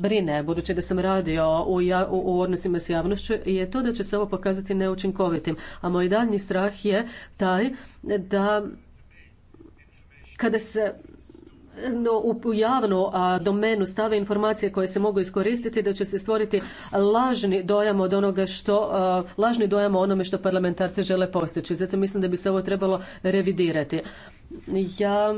brine, budući da sam radio u, u odnosima s javnošću, je to da će se ovo pokazati neučinkovitim. A moj daljnji strah je taj da kada se u javnu domenu stave informacije koje se mogu iskoristiti da će se stvoriti lažni dojam od onoga što, lažni dojam o onome što parlamentarci žele postići. Zato mislim da bi se ovo trebalo revidirati. Ja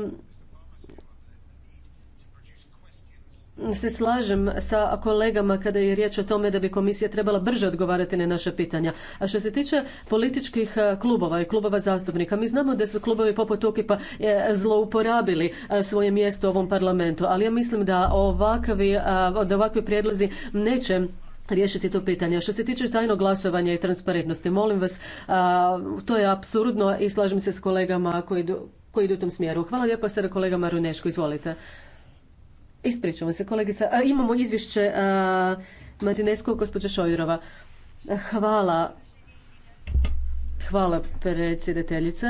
se slažem sa kolegama kada je riječ o tome da bi komisija trebala brže odgovarati na naša pitanja. A što se tiče političkih e, klubova i klubova zastupnika, mi znamo da su klubovi poput Ukipa e, zlouporabili e, svoje mjesto u ovom parlamentu, ali ja mislim da ovakvi, ovakvi prijedlozi neće riješiti to pitanje. Što se tiče tajnog glasovanja i transparentnosti, molim vas, to je apsurdno i slažem se s kolegama koji idu, u tom smjeru. Hvala lijepa, sada kolega Maruneško, izvolite. Ispričavam se, kolegica. imamo izvješće a, Martineskog gospođa Šojirova. Hvala. Hvala predsjedateljice.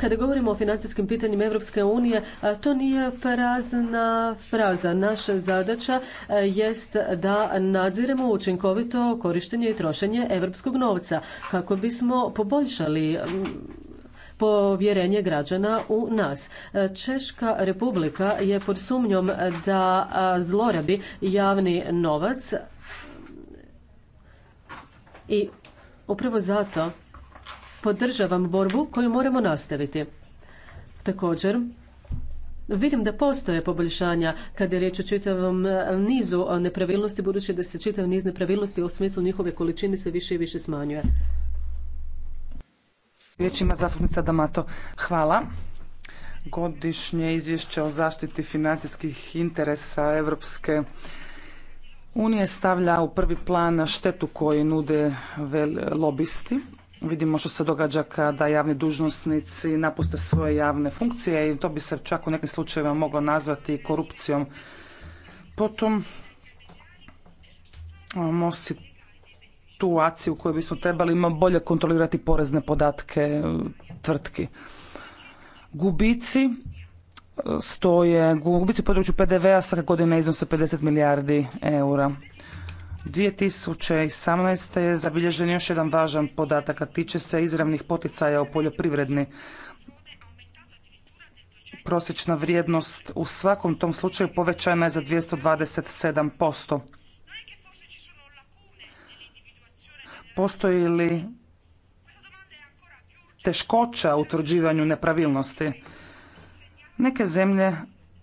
Kada govorimo o financijskim pitanjima Evropske unije, to nije prazna fraza. Naša zadaća jest da nadziremo učinkovito korištenje i trošenje europskog novca kako bismo poboljšali povjerenje građana u nas. E, Češka republika je pod sumnjom da zlorabi javni novac i upravo zato podržavam borbu koju moramo nastaviti. Također, Vidim da postoje poboljšanja kada je riječ o čitavom e, nizu nepravilnosti, budući da se čitav niz nepravilnosti u smislu njihove količine se više i više smanjuje. Riječ ima zastupnica Damato. Hvala. Godišnje izvješće o zaštiti financijskih interesa Europske unije stavlja u prvi plan štetu koju nude lobisti. Vidimo što se događa kada javni dužnosnici napuste svoje javne funkcije i to bi se čak u nekim slučajevima moglo nazvati korupcijom. Potom MOSI um, situaciju u kojoj bismo trebali ima bolje kontrolirati porezne podatke e, tvrtki. Gubici e, stoje, gubici u području PDV-a svake godine iznose 50 milijardi eura. 2018. je zabilježen još jedan važan podatak, a tiče se izravnih poticaja u poljoprivredni. Prosječna vrijednost u svakom tom slučaju povećana je za 227%. Postoji li teškoća u utvrđivanju nepravilnosti? Neke zemlje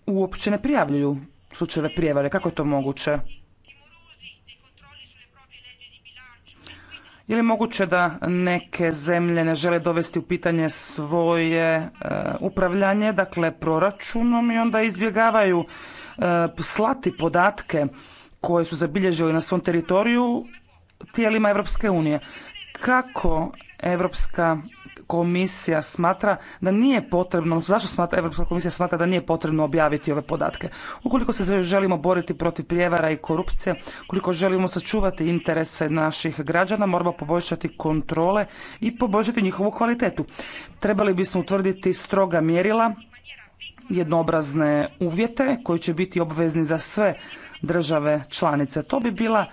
uopće ne prijavljuju slučajeve prijevare. Kako je to moguće? Je li moguće da neke zemlje ne žele dovesti u pitanje svoje e, upravljanje, dakle proračunom i onda izbjegavaju e, slati podatke koje su zabilježili na svom teritoriju tijelima Europske unije. Kako Europska komisija smatra da nije potrebno, zašto smatra, Europska komisija smatra da nije potrebno objaviti ove podatke. Ukoliko se želimo boriti protiv prijevara i korupcije, ukoliko želimo sačuvati interese naših građana, moramo poboljšati kontrole i poboljšati njihovu kvalitetu. Trebali bismo utvrditi stroga mjerila, jednoobrazne uvjete koji će biti obvezni za sve države članice. To bi bila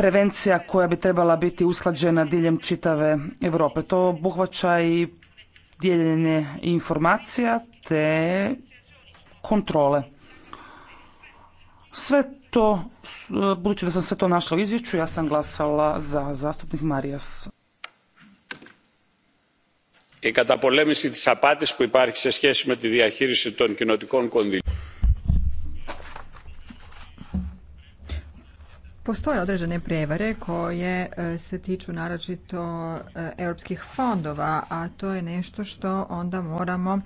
prevencija koja bi trebala biti usklađena diljem čitave Europe. To obuhvaća i dijeljenje informacija te kontrole. Sve to, budući da sam sve to našla u izvješću, ja sam glasala za zastupnik Marijas. Η καταπολέμηση της απάτης που υπάρχει σε σχέση Postoje određene prevare koje e, se tiču naročito e, europskih fondova, a to je nešto što onda moramo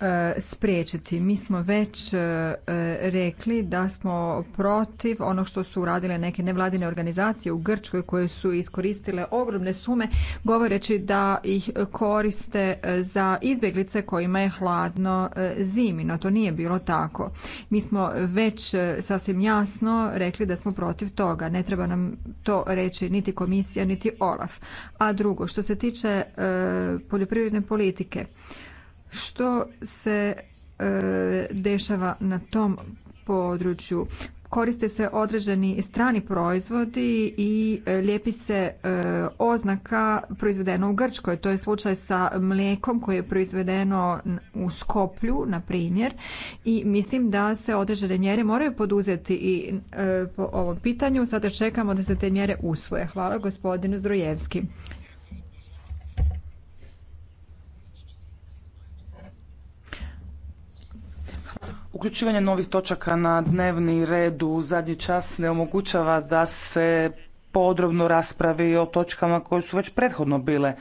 E, spriječiti. Mi smo već e, rekli da smo protiv ono što su uradile neke nevladine organizacije u Grčkoj koje su iskoristile ogromne sume govoreći da ih koriste e, za izbjeglice kojima je hladno zimi. No to nije bilo tako. Mi smo već sasvim jasno rekli da smo protiv toga. Ne treba nam to reći niti komisija niti Olaf. A drugo, što se tiče poljoprivredne politike, što se e, dešava na tom području. Koriste se određeni strani proizvodi i lijepi se e, oznaka proizvedeno u Grčkoj. To je slučaj sa mlijekom koje je proizvedeno u Skoplju, na primjer. I mislim da se određene mjere moraju poduzeti i e, po ovom pitanju. Sada čekamo da se te mjere usvoje. Hvala gospodinu Zdrojevski. Uključivanje novih točaka na dnevni red u zadnji čas ne omogućava da se podrobno raspravi o točkama koje su već prethodno bile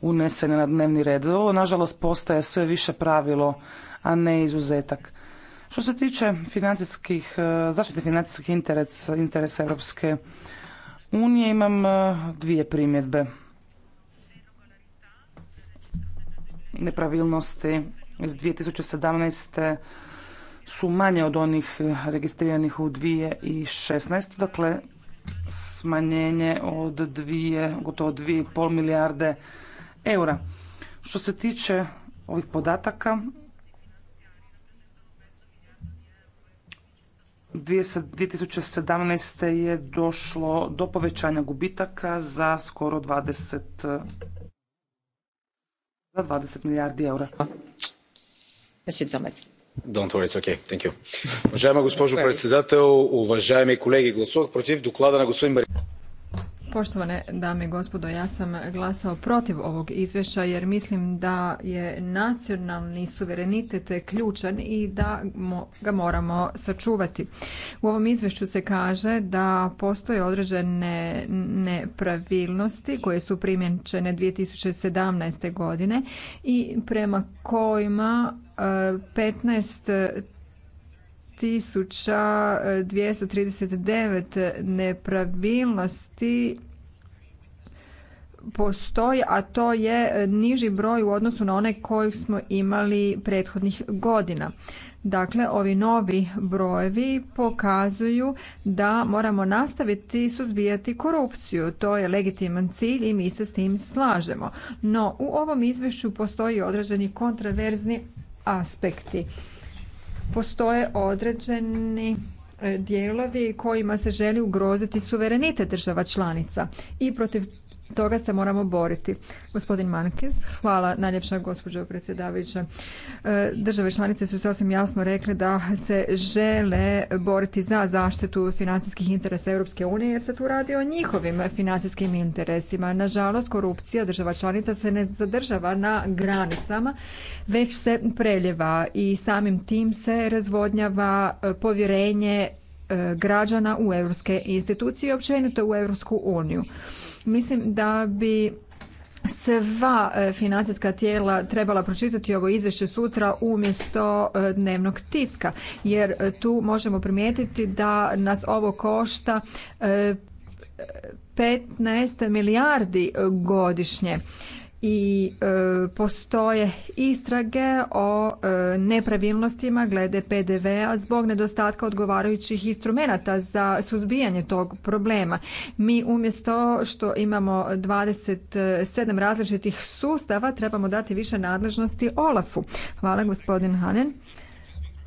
unesene na dnevni red. Ovo nažalost postaje sve više pravilo, a ne izuzetak. Što se tiče financijskih, e, zaštite financijskih interesa, interesa Europske unije, imam e, dvije primjedbe. Nepravilnosti iz 2017 su manje od onih eh, registriranih u 2016. Dakle, smanjenje od dvije, gotovo 2,5 milijarde eura. Što se tiče ovih podataka, 2017. je došlo do povećanja gubitaka za skoro 20, za 20 milijardi eura. Monsieur kolegi protiv doklada na poštovane dame i gospodo ja sam glasao protiv ovog izvješća jer mislim da je nacionalni suverenitet ključan i da ga moramo sačuvati u ovom izvješću se kaže da postoje određene nepravilnosti koje su primijećene 2017. godine i prema kojima 15.239 nepravilnosti postoji, a to je niži broj u odnosu na one koji smo imali prethodnih godina. Dakle, ovi novi brojevi pokazuju da moramo nastaviti suzbijati korupciju. To je legitiman cilj i mi se s tim slažemo. No, u ovom izvješću postoji određeni kontraverzni aspekti. Postoje određeni e, dijelovi kojima se želi ugroziti suverenitet država članica i protiv toga se moramo boriti. Gospodin Mankes, hvala najljepša gospođo predsjedavajuća. E, države članice su sasvim jasno rekle da se žele boriti za zaštitu financijskih interesa Europske unije jer se tu radi o njihovim financijskim interesima. Nažalost, korupcija država članica se ne zadržava na granicama, već se preljeva i samim tim se razvodnjava e, povjerenje e, građana u europske institucije i općenito u Europsku uniju. Mislim da bi sva e, financijska tijela trebala pročitati ovo izvješće sutra umjesto e, dnevnog tiska jer e, tu možemo primijetiti da nas ovo košta 15 milijardi godišnje i e, postoje istrage o e, nepravilnostima glede PDV-a zbog nedostatka odgovarajućih instrumenata za suzbijanje tog problema. Mi umjesto što imamo 27 različitih sustava trebamo dati više nadležnosti Olafu. Hvala gospodin Hanen.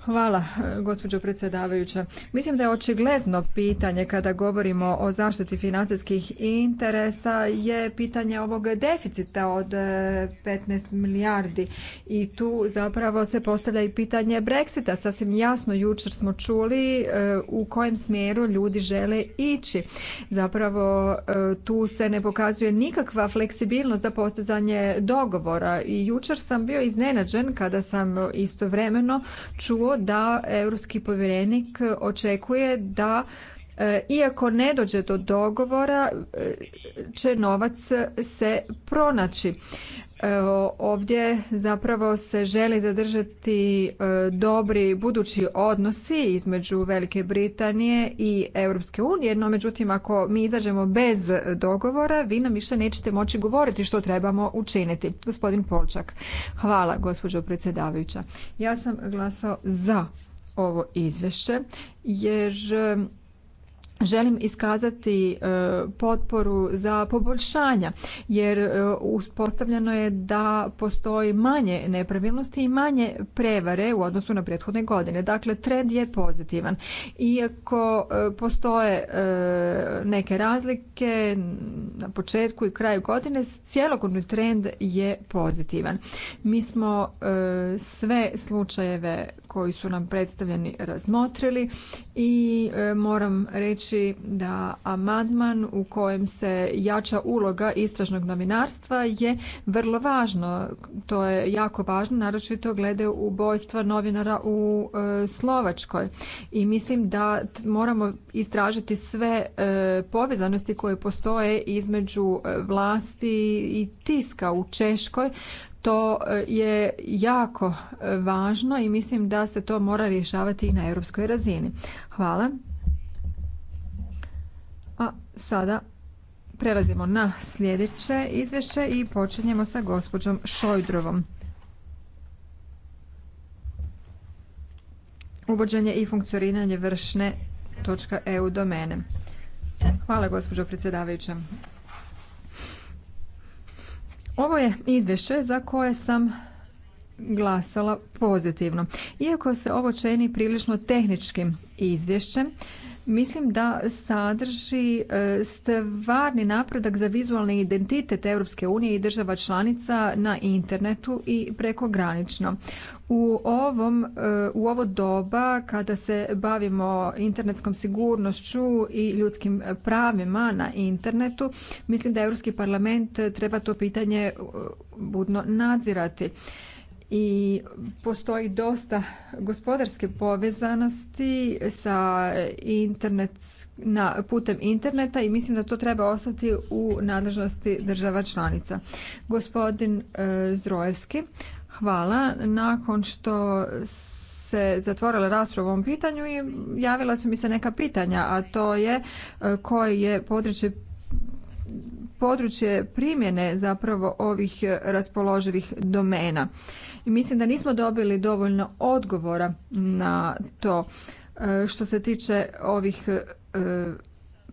Hvala, e, gospođo predsjedavajuća. Mislim da je očigledno pitanje kada govorimo o zaštiti financijskih interesa je pitanje ovog deficita od 15 e, milijardi i tu zapravo se postavlja i pitanje Brexita. Sasvim jasno jučer smo čuli e, u kojem smjeru ljudi žele ići. Zapravo tu se ne pokazuje nikakva fleksibilnost za postizanje dogovora i jučer sam bio iznenađen kada sam istovremeno čuo da europski povjerenik očekuje da E, iako ne dođe do dogovora e, će novac se pronaći. E, ovdje zapravo se želi zadržati dobri budući odnosi između Velike Britanije i Europske unije, no međutim ako mi izađemo bez dogovora, vi nam više nećete moći govoriti što trebamo učiniti. Gospodin Polčak, hvala gospođo predsjedavajuća. Ja sam glasao za ovo izvješće jer želim iskazati e, potporu za poboljšanja jer e, uspostavljeno je da postoji manje nepravilnosti i manje prevare u odnosu na prethodne godine. Dakle, trend je pozitivan. Iako e, postoje neke razlike na početku i kraju godine, cjelokupni trend je pozitivan. Mi smo sve slučajeve koji su nam predstavljeni razmotrili i e, moram reći da amandman u kojem se jača uloga istražnog novinarstva je vrlo važno. To je jako važno, naročito glede ubojstva novinara u e, Slovačkoj. I mislim da moramo istražiti sve e, povezanosti koje postoje između vlasti i tiska u Češkoj to e, je jako e, važno i mislim da se to mora rješavati i na europskoj razini. Hvala. A sada prelazimo na sljedeće izvješće i počinjemo sa gospođom Šojdrovom. Uvođenje i funkcioniranje vršne .eu domene. Hvala gospođo predsjedavajuća. Ovo je izvješće za koje sam glasala pozitivno. Iako se ovo čini prilično tehničkim izvješćem, Mislim da sadrži e, stvarni napredak za vizualni identitet Europske unije i država članica na internetu i prekogranično. U, ovom, e, u ovo doba kada se bavimo internetskom sigurnošću i ljudskim pravima na internetu, mislim da Europski parlament treba to pitanje e, budno nadzirati i postoji dosta gospodarske povezanosti sa internet, na, putem interneta i mislim da to treba ostati u nadležnosti država članica. Gospodin e, Zdrojevski, hvala. Nakon što se zatvorila rasprava o ovom pitanju i javila su mi se neka pitanja, a to je e, koje je područje područje primjene zapravo ovih raspoloživih domena i mislim da nismo dobili dovoljno odgovora na to e, što se tiče ovih e,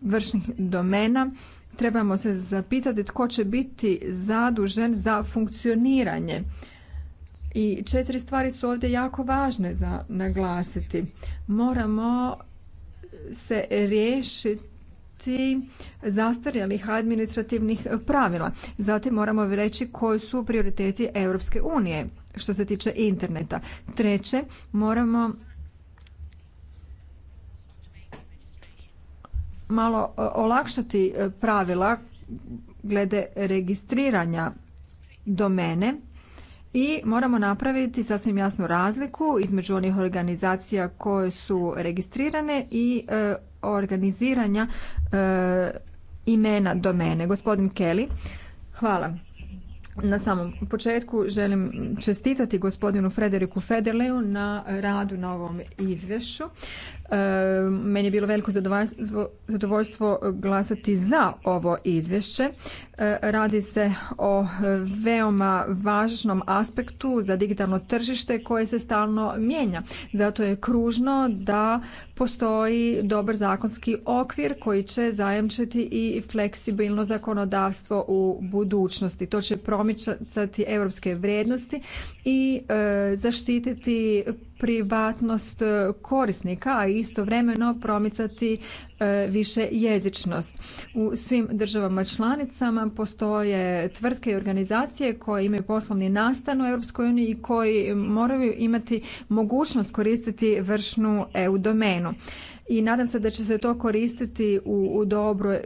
vršnih domena trebamo se zapitati tko će biti zadužen za funkcioniranje i četiri stvari su ovdje jako važne za naglasiti moramo se riješiti zastarjelih administrativnih pravila zatim moramo reći koji su prioriteti Europske unije što se tiče interneta. Treće, moramo malo e, olakšati e, pravila glede registriranja domene i moramo napraviti sasvim jasnu razliku između onih organizacija koje su registrirane i e, organiziranja imena domene. Gospodin Kelly, hvala na samom početku želim čestitati gospodinu Frederiku Federleju na radu na ovom izvješću. Ehm, meni je bilo veliko zadovoljstvo glasati za ovo izvješće. E, radi se o veoma važnom aspektu za digitalno tržište koje se stalno mijenja. Zato je kružno da postoji dobar zakonski okvir koji će zajamčiti i fleksibilno zakonodavstvo u budućnosti. To će promicati europske vrijednosti i e, zaštititi privatnost e, korisnika, a istovremeno promicati e, više jezičnost. U svim državama članicama postoje tvrtke i organizacije koje imaju poslovni nastan u EU i koji moraju imati mogućnost koristiti vršnu EU domenu i nadam se da će se to koristiti u dobroj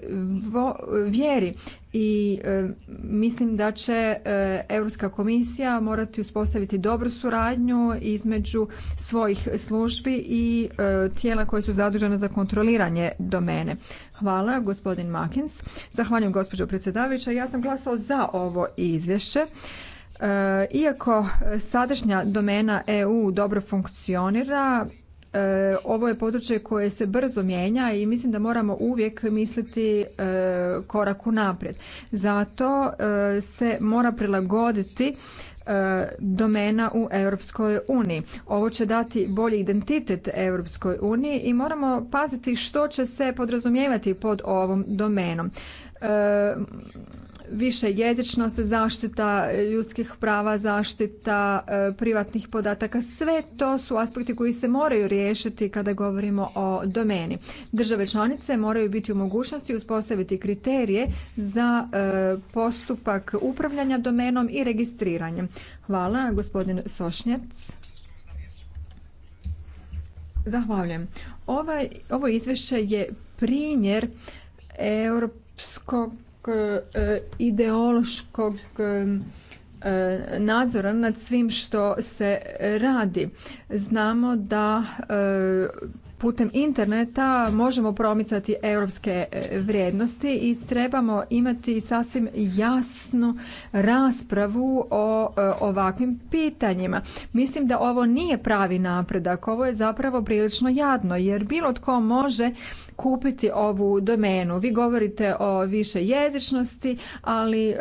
vjeri i e, mislim da će e, Europska komisija morati uspostaviti dobru suradnju između svojih službi i e, tijela koje su zadužena za kontroliranje domene. Hvala, gospodin Makins. Zahvaljujem, gospođo predsjedavajuća. Ja sam glasao za ovo izvješće. Iako sadašnja domena EU dobro funkcionira, E, ovo je područje koje se brzo mijenja i mislim da moramo uvijek misliti e, korak unaprijed. Zato e, se mora prilagoditi domena u Europskoj uniji. Ovo će dati bolji identitet Europskoj uniji i moramo paziti što će se podrazumijevati pod ovom domenom više jezičnost, zaštita ljudskih prava, zaštita e, privatnih podataka. Sve to su aspekti koji se moraju riješiti kada govorimo o domeni. Države članice moraju biti u mogućnosti uspostaviti kriterije za e, postupak upravljanja domenom i registriranjem. Hvala, gospodin Sošnjac. Zahvaljujem. Ovaj, ovo izvješće je primjer europskog E, ideološkog e, e, nadzora nad svim što se radi. Znamo da putem interneta možemo promicati europske e, vrijednosti i trebamo imati sasvim jasnu raspravu o e, ovakvim pitanjima. Mislim da ovo nije pravi napredak, ovo je zapravo prilično jadno jer bilo tko može kupiti ovu domenu. Vi govorite o više jezičnosti, ali e,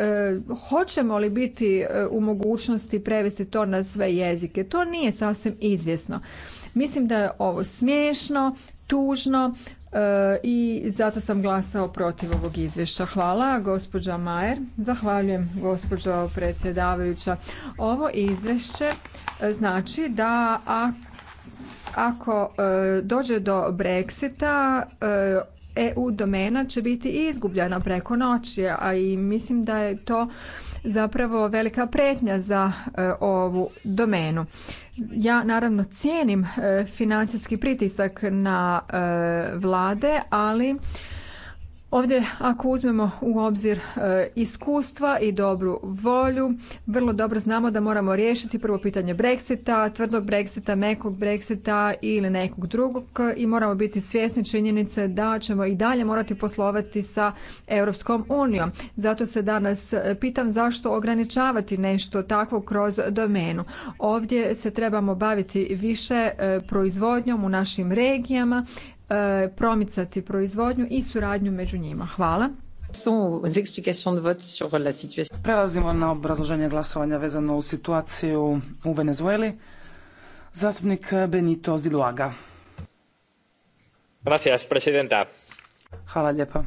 hoćemo li biti u mogućnosti prevesti to na sve jezike? To nije sasvim izvjesno. Mislim da je ovo smiješno, tužno e, i zato sam glasao protiv ovog izvješća. Hvala, gospođa Majer. Zahvaljujem, gospođo predsjedavajuća. Ovo izvješće e, znači da ako e, dođe do Brexita, EU domena će biti izgubljena preko noći, a i mislim da je to zapravo velika pretnja za ovu domenu. Ja naravno cijenim e, financijski pritisak na e, vlade, ali Ovdje ako uzmemo u obzir e, iskustva i dobru volju, vrlo dobro znamo da moramo riješiti prvo pitanje Brexita, tvrdog Brexita, mekog Brexita ili nekog drugog i moramo biti svjesni činjenice da ćemo i dalje morati poslovati sa Europskom unijom. Zato se danas e, pitam zašto ograničavati nešto takvo kroz domenu. Ovdje se trebamo baviti više e, proizvodnjom u našim regijama E, promicati proizvodnju i suradnju među njima. Hvala. Prelazimo na obrazloženje glasovanja vezano u situaciju u Venezueli. Zastupnik Benito Ziluaga. Hvala lijepa.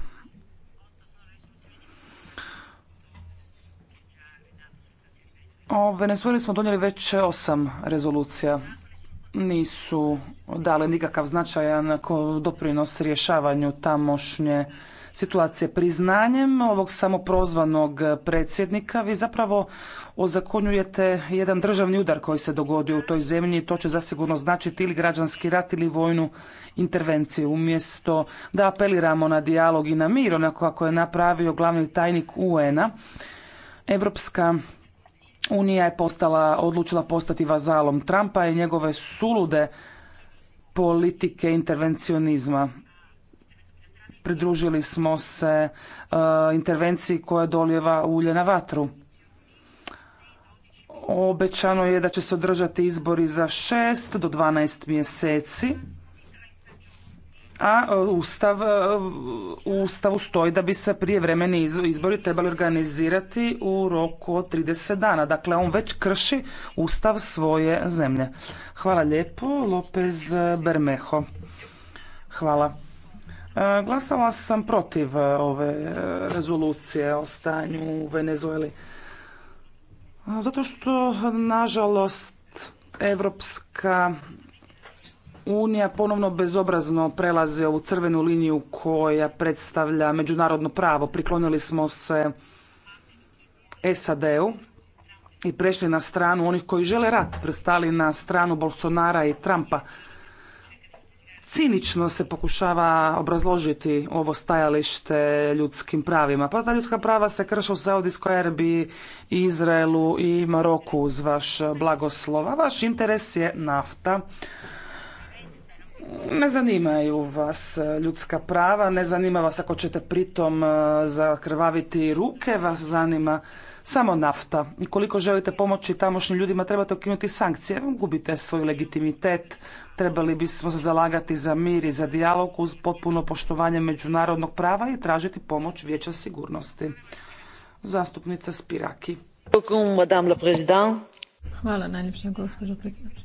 O Venezueli smo donijeli već osam rezolucija nisu dale nikakav značajan doprinos rješavanju tamošnje situacije. Priznanjem ovog samoprozvanog predsjednika vi zapravo ozakonjujete jedan državni udar koji se dogodio u toj zemlji i to će zasigurno značiti ili građanski rat ili vojnu intervenciju. Umjesto da apeliramo na dijalog i na mir, onako kako je napravio glavni tajnik UN-a, Evropska Unija je postala, odlučila postati vazalom Trumpa i njegove sulude politike intervencionizma. Pridružili smo se eh, intervenciji koja doljeva ulje na vatru. Obećano je da će se održati izbori za 6 do 12 mjeseci a e, Ustav, e, u Ustavu stoji da bi se prijevremeni izbori trebali organizirati u roku od 30 dana. Dakle, on već krši Ustav svoje zemlje. Hvala lijepo, Lopez Bermejo. Hvala. E, glasala sam protiv ove rezolucije o stanju u Venezueli. Zato što, nažalost, Evropska unija ponovno bezobrazno prelaze u crvenu liniju koja predstavlja međunarodno pravo. Priklonili smo se SAD-u i prešli na stranu onih koji žele rat, prestali na stranu Bolsonara i Trumpa. Cinično se pokušava obrazložiti ovo stajalište ljudskim pravima. Pa ta ljudska prava se krše u Saudijskoj Arabiji, Izraelu i Maroku uz vaš blagoslov. vaš interes je nafta ne zanimaju vas e, ljudska prava, ne zanima vas ako ćete pritom e, zakrvaviti ruke, vas zanima samo nafta. I koliko želite pomoći tamošnjim ljudima, trebate ukinuti sankcije. Gubite svoj legitimitet, trebali bismo se zalagati za mir i za dijalog uz potpuno poštovanje međunarodnog prava i tražiti pomoć vijeća sigurnosti. Zastupnica Spiraki. Hvala najljepša gospođo predsjednice.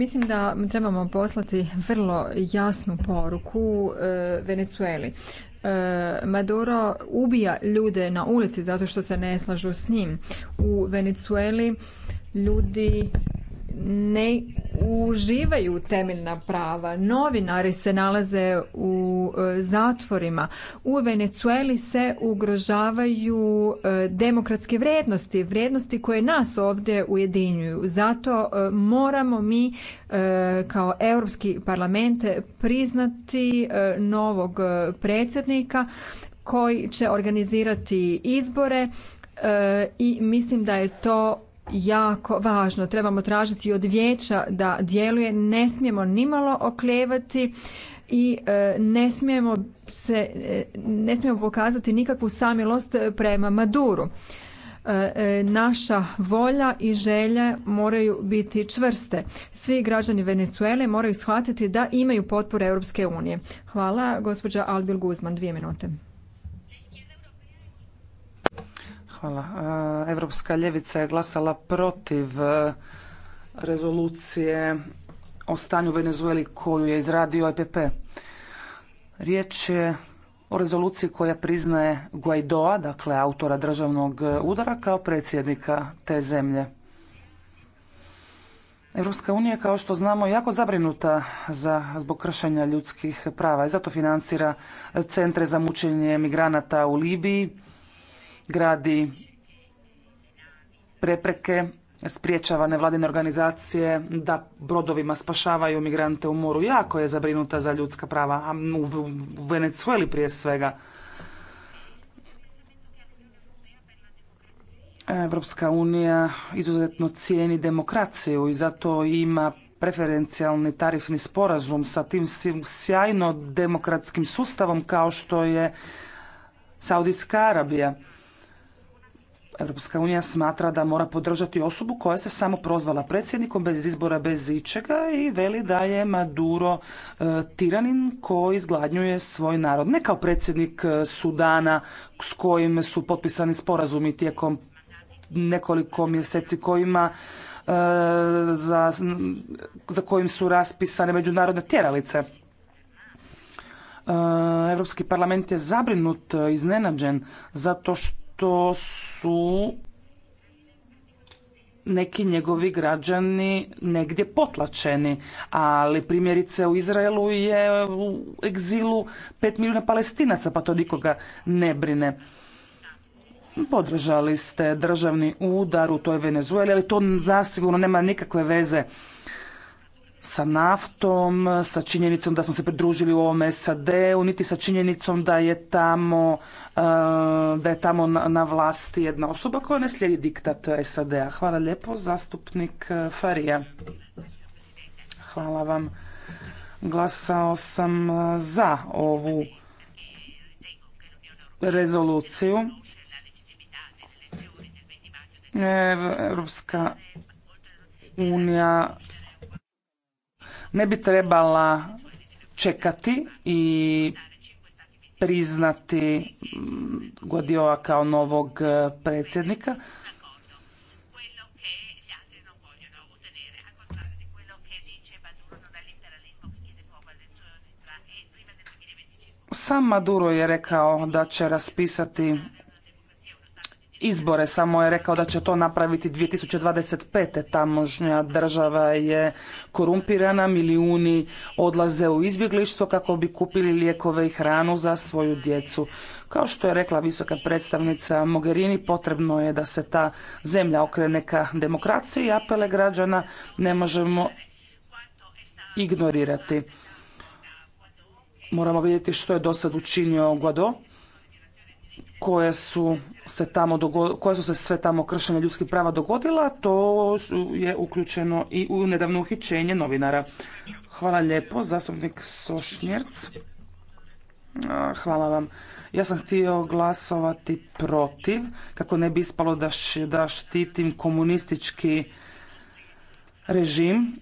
Mislim da trebamo poslati vrlo jasnu poruku e, Venezueli. E, Maduro ubija ljude na ulici zato što se ne slažu s njim. U Venezueli ljudi ne uživaju temeljna prava. Novinari se nalaze u e, zatvorima. U Venecueli se ugrožavaju e, demokratske vrijednosti, vrijednosti koje nas ovdje ujedinjuju. Zato e, moramo mi kao Europski parlament priznati novog predsjednika koji će organizirati izbore i mislim da je to jako važno. Trebamo tražiti od vijeća da djeluje, ne smijemo nimalo oklevati i e, ne smijemo se e, ne smijemo pokazati nikakvu samilost prema Maduru. E, naša volja i želje moraju biti čvrste. Svi građani Venezuele moraju shvatiti da imaju potporu Europske unije. Hvala, gospođa Albil Guzman, dvije minute. Hvala. E, Evropska ljevica je glasala protiv e, rezolucije o stanju u Venezueli koju je izradio EPP. Riječ je o rezoluciji koja priznaje Guaidoa, dakle autora državnog e, udara, kao predsjednika te zemlje. Europska unija kao što znamo jako zabrinuta za, zbog kršenja ljudskih prava i zato financira centre za mučenje migranata u Libiji gradi prepreke, spriječava nevladine organizacije da brodovima spašavaju migrante u moru. Jako je zabrinuta za ljudska prava, a u Venezueli prije svega. Evropska unija izuzetno cijeni demokraciju i zato ima preferencijalni tarifni sporazum sa tim sjajno demokratskim sustavom kao što je Saudijska Arabija. Europska unija smatra da mora podržati osobu koja se samo prozvala predsjednikom bez izbora, bez ičega i veli da je Maduro e, tiranin koji izgladnjuje svoj narod. Ne kao predsjednik e, Sudana s kojim su potpisani sporazumi tijekom nekoliko mjeseci kojima e, za, kojim su raspisane međunarodne tjeralice. Europski parlament je zabrinut, iznenađen zato što to su neki njegovi građani negdje potlačeni, ali primjerice u Izraelu je u egzilu pet milijuna palestinaca, pa to nikoga ne brine. Podržali ste državni udar u toj Venezueli, ali to zasigurno nema nikakve veze sa naftom, sa činjenicom da smo se pridružili u ovom SAD-u, niti sa činjenicom da je tamo, e, da je tamo na vlasti jedna osoba koja ne slijedi diktat SAD-a. Hvala lijepo, zastupnik e, Farija. Hvala vam. Glasao sam e, za ovu rezoluciju. Europska unija ne bi trebala čekati i priznati mm, Godioa kao novog e, predsjednika. Sam Maduro je rekao da će raspisati izbore, samo je rekao da će to napraviti 2025. Tamošnja država je korumpirana, milijuni odlaze u izbjeglištvo kako bi kupili lijekove i hranu za svoju djecu. Kao što je rekla visoka predstavnica Mogherini, potrebno je da se ta zemlja okrene ka demokraciji i apele građana ne možemo ignorirati. Moramo vidjeti što je dosad sad učinio Guado, koje su se tamo koja su se sve tamo kršenja ljudskih prava dogodila, to je uključeno i u nedavno uhićenje novinara. Hvala lijepo, zastupnik Sošnjerc. Hvala vam. Ja sam htio glasovati protiv, kako ne bi ispalo da, štitim komunistički režim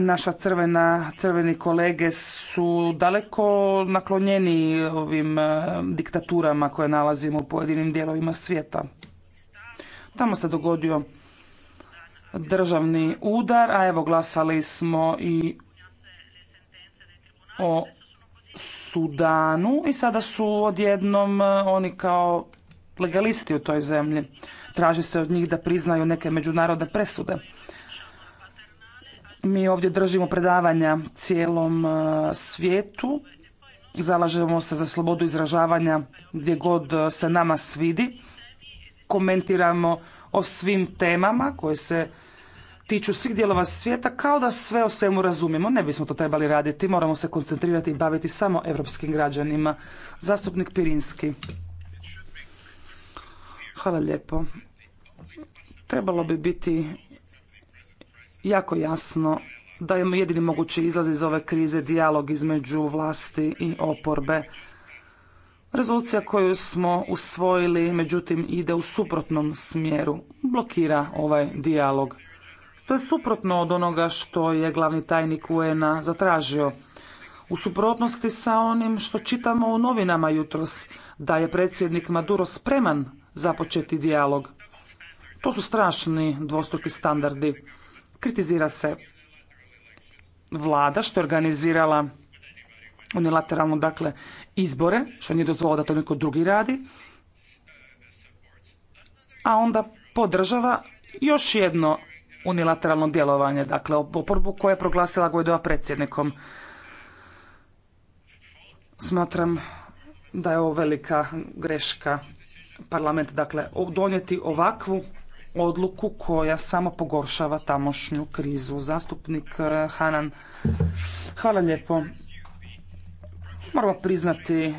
Naša crvena, crveni kolege su daleko naklonjeni ovim e, diktaturama koje nalazimo u pojedinim dijelovima svijeta. Tamo se dogodio državni udar, a evo glasali smo i o Sudanu i sada su odjednom e, oni kao legalisti u toj zemlji. Traži se od njih da priznaju neke međunarodne presude. Mi ovdje držimo predavanja cijelom e, svijetu, zalažemo se za slobodu izražavanja gdje god e, se nama svidi, komentiramo o svim temama koje se tiču svih dijelova svijeta kao da sve o svemu razumijemo. Ne bismo to trebali raditi, moramo se koncentrirati i baviti samo evropskim građanima. Zastupnik Pirinski. Hvala lijepo. Trebalo bi biti jako jasno da je jedini mogući izlaz iz ove krize dijalog između vlasti i oporbe. Rezolucija koju smo usvojili, međutim, ide u suprotnom smjeru, blokira ovaj dijalog. To je suprotno od onoga što je glavni tajnik UN-a zatražio. U suprotnosti sa onim što čitamo u novinama jutros, da je predsjednik Maduro spreman započeti dijalog. To su strašni dvostruki standardi. Kritizira se vlada što je organizirala unilateralno dakle izbore, što nije dozvolilo da to neko drugi radi, a onda podržava još jedno unilateralno djelovanje, dakle oporbu koja je proglasila Gojdova predsjednikom. Smatram da je ovo velika greška parlamenta, dakle donijeti ovakvu odluku koja samo pogoršava tamošnju krizu. Zastupnik eh, Hanan, hvala lijepo. Moramo priznati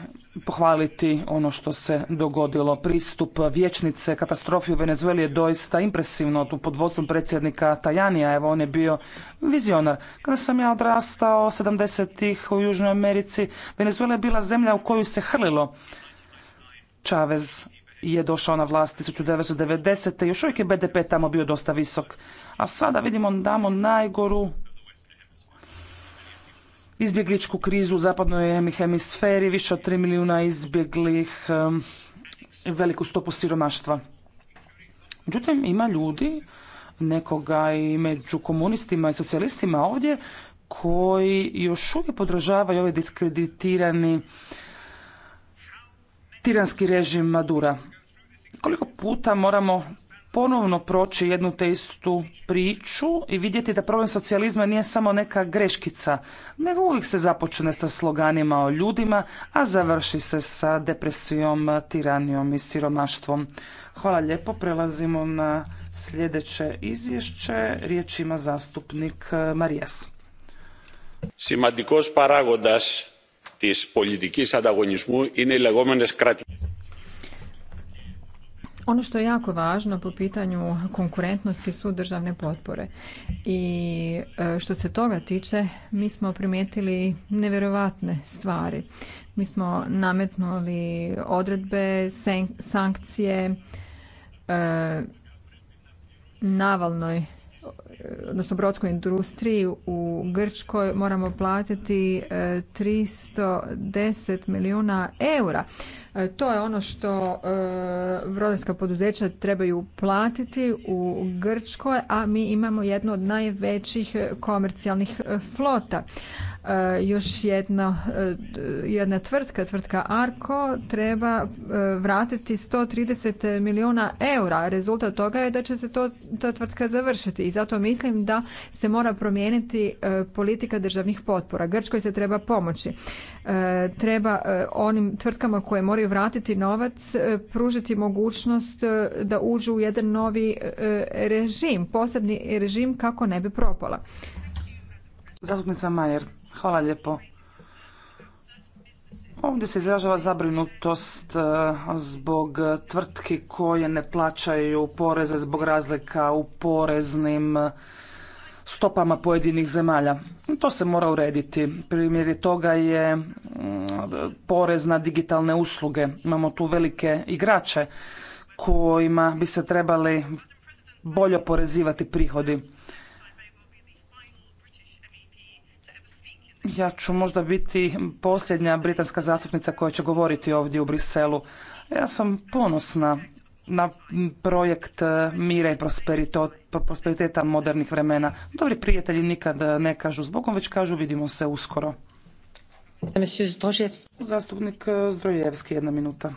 pohvaliti ono što se dogodilo. Pristup vječnice katastrofi u Venezueli je doista impresivno tu pod vodstvom predsjednika Tajanija. Evo, on je bio vizionar. Kada sam ja odrastao 70-ih u Južnoj Americi, Venezuela je bila zemlja u koju se hrlilo. Čavez je došao na vlast 1990. Još uvijek je BDP tamo bio dosta visok. A sada vidimo damo najgoru izbjegličku krizu u zapadnoj hemisferi, više od 3 milijuna izbjeglih, veliku stopu siromaštva. Međutim, ima ljudi, nekoga i među komunistima i socijalistima ovdje, koji još uvijek podržavaju ovaj diskreditirani tiranski režim Madura koliko puta moramo ponovno proći jednu te istu priču i vidjeti da problem socijalizma nije samo neka greškica, nego uvijek se započne sa sloganima o ljudima, a završi se sa depresijom, tiranijom i siromaštvom. Hvala lijepo, prelazimo na sljedeće izvješće. Riječ ima zastupnik eh, Marijas. Simatikos paragodas tis politikis antagonismu ine οι kratikis. Ono što je jako važno po pitanju konkurentnosti su državne potpore. I e, što se toga tiče, mi smo primijetili nevjerovatne stvari. Mi smo nametnuli odredbe, sankcije, e, navalnoj odnosno brodskoj industriji u Grčkoj moramo platiti 310 e, milijuna eura. E, to je ono što e, brodarska poduzeća trebaju platiti u Grčkoj, a mi imamo jednu od najvećih komercijalnih flota. E, još jedna e, jedna tvrtka, tvrtka Arko, treba e, vratiti 130 milijuna eura. Rezultat toga je da će se to, ta tvrtka završiti i zato mislim da se mora promijeniti politika državnih potpora. Grčkoj se treba pomoći. Treba onim tvrtkama koje moraju vratiti novac pružiti mogućnost da uđu u jedan novi režim, posebni režim kako ne bi propala. Zastupnica Majer. Hvala lijepo. Ovdje se izražava zabrinutost e, zbog tvrtki koje ne plaćaju poreze zbog razlika u poreznim e, stopama pojedinih zemalja. To se mora urediti. Primjer toga je porez na digitalne usluge. Imamo tu velike igrače kojima bi se trebali bolje porezivati prihodi. Ja ću možda biti posljednja britanska zastupnica koja će govoriti ovdje u Briselu. Ja sam ponosna na projekt mira i prosperiteta modernih vremena. Dobri prijatelji nikad ne kažu zbogom, već kažu vidimo se uskoro. Zastupnik Zdrojevski, jedna minuta.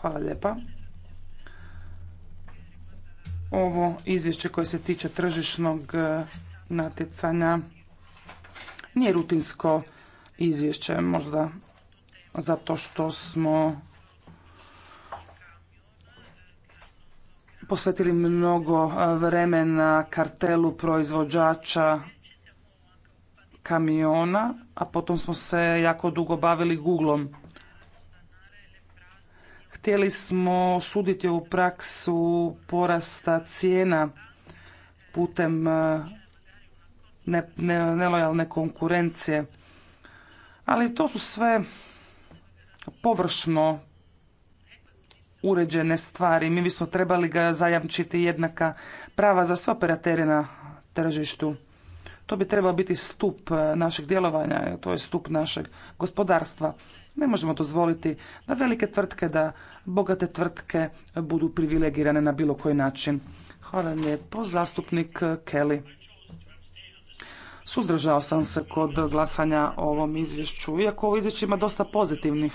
Hvala lijepa. Ovo izvješće koje se tiče tržišnog natjecanja nije rutinsko izvješće, možda zato što smo posvetili mnogo vremena kartelu proizvođača kamiona, a potom smo se jako dugo bavili Googlom. Htjeli smo suditi u praksu porasta cijena putem ne, nelojalne konkurencije. Ali to su sve površno uređene stvari. Mi bismo trebali ga zajamčiti jednaka prava za sve operatere na tržištu. To bi trebao biti stup e, našeg djelovanja, e, to je stup našeg gospodarstva. Ne možemo dozvoliti da velike tvrtke, da bogate tvrtke budu privilegirane na bilo koji način. Hvala lijepo, zastupnik Kelly. Suzdržao sam se kod glasanja o ovom izvješću, iako ovo izvješće ima dosta pozitivnih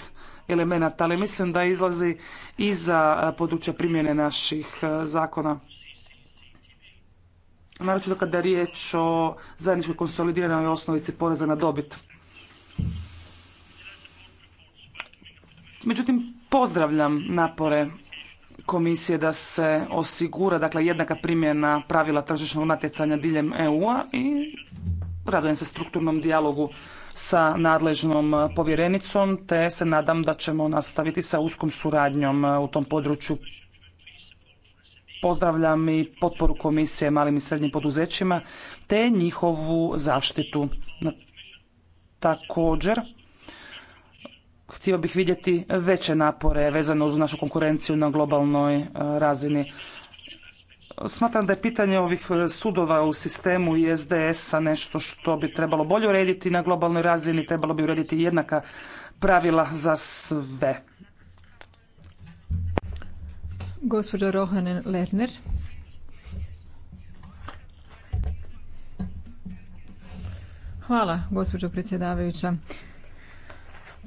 elemenata, ali mislim da izlazi iza e, područja primjene naših e, zakona. Naravno kada je riječ o zajedničkoj konsolidiranoj osnovici poreza na dobit. Međutim, pozdravljam napore komisije da se osigura dakle jednaka primjena pravila tržišnog natjecanja diljem EU-a i radujem se strukturnom dijalogu sa nadležnom povjerenicom te se nadam da ćemo nastaviti sa uskom suradnjom e, u tom području. Pozdravljam i potporu komisije malim i srednjim poduzećima te njihovu zaštitu. Također htio bih vidjeti veće napore vezano uz našu konkurenciju na globalnoj e, razini. Smatram da je pitanje ovih e, sudova u sistemu i SDS-a nešto što bi trebalo bolje urediti na globalnoj razini, trebalo bi urediti jednaka pravila za sve. Gospođa Rohanen Lerner. Hvala, gospođo predsjedavajuća.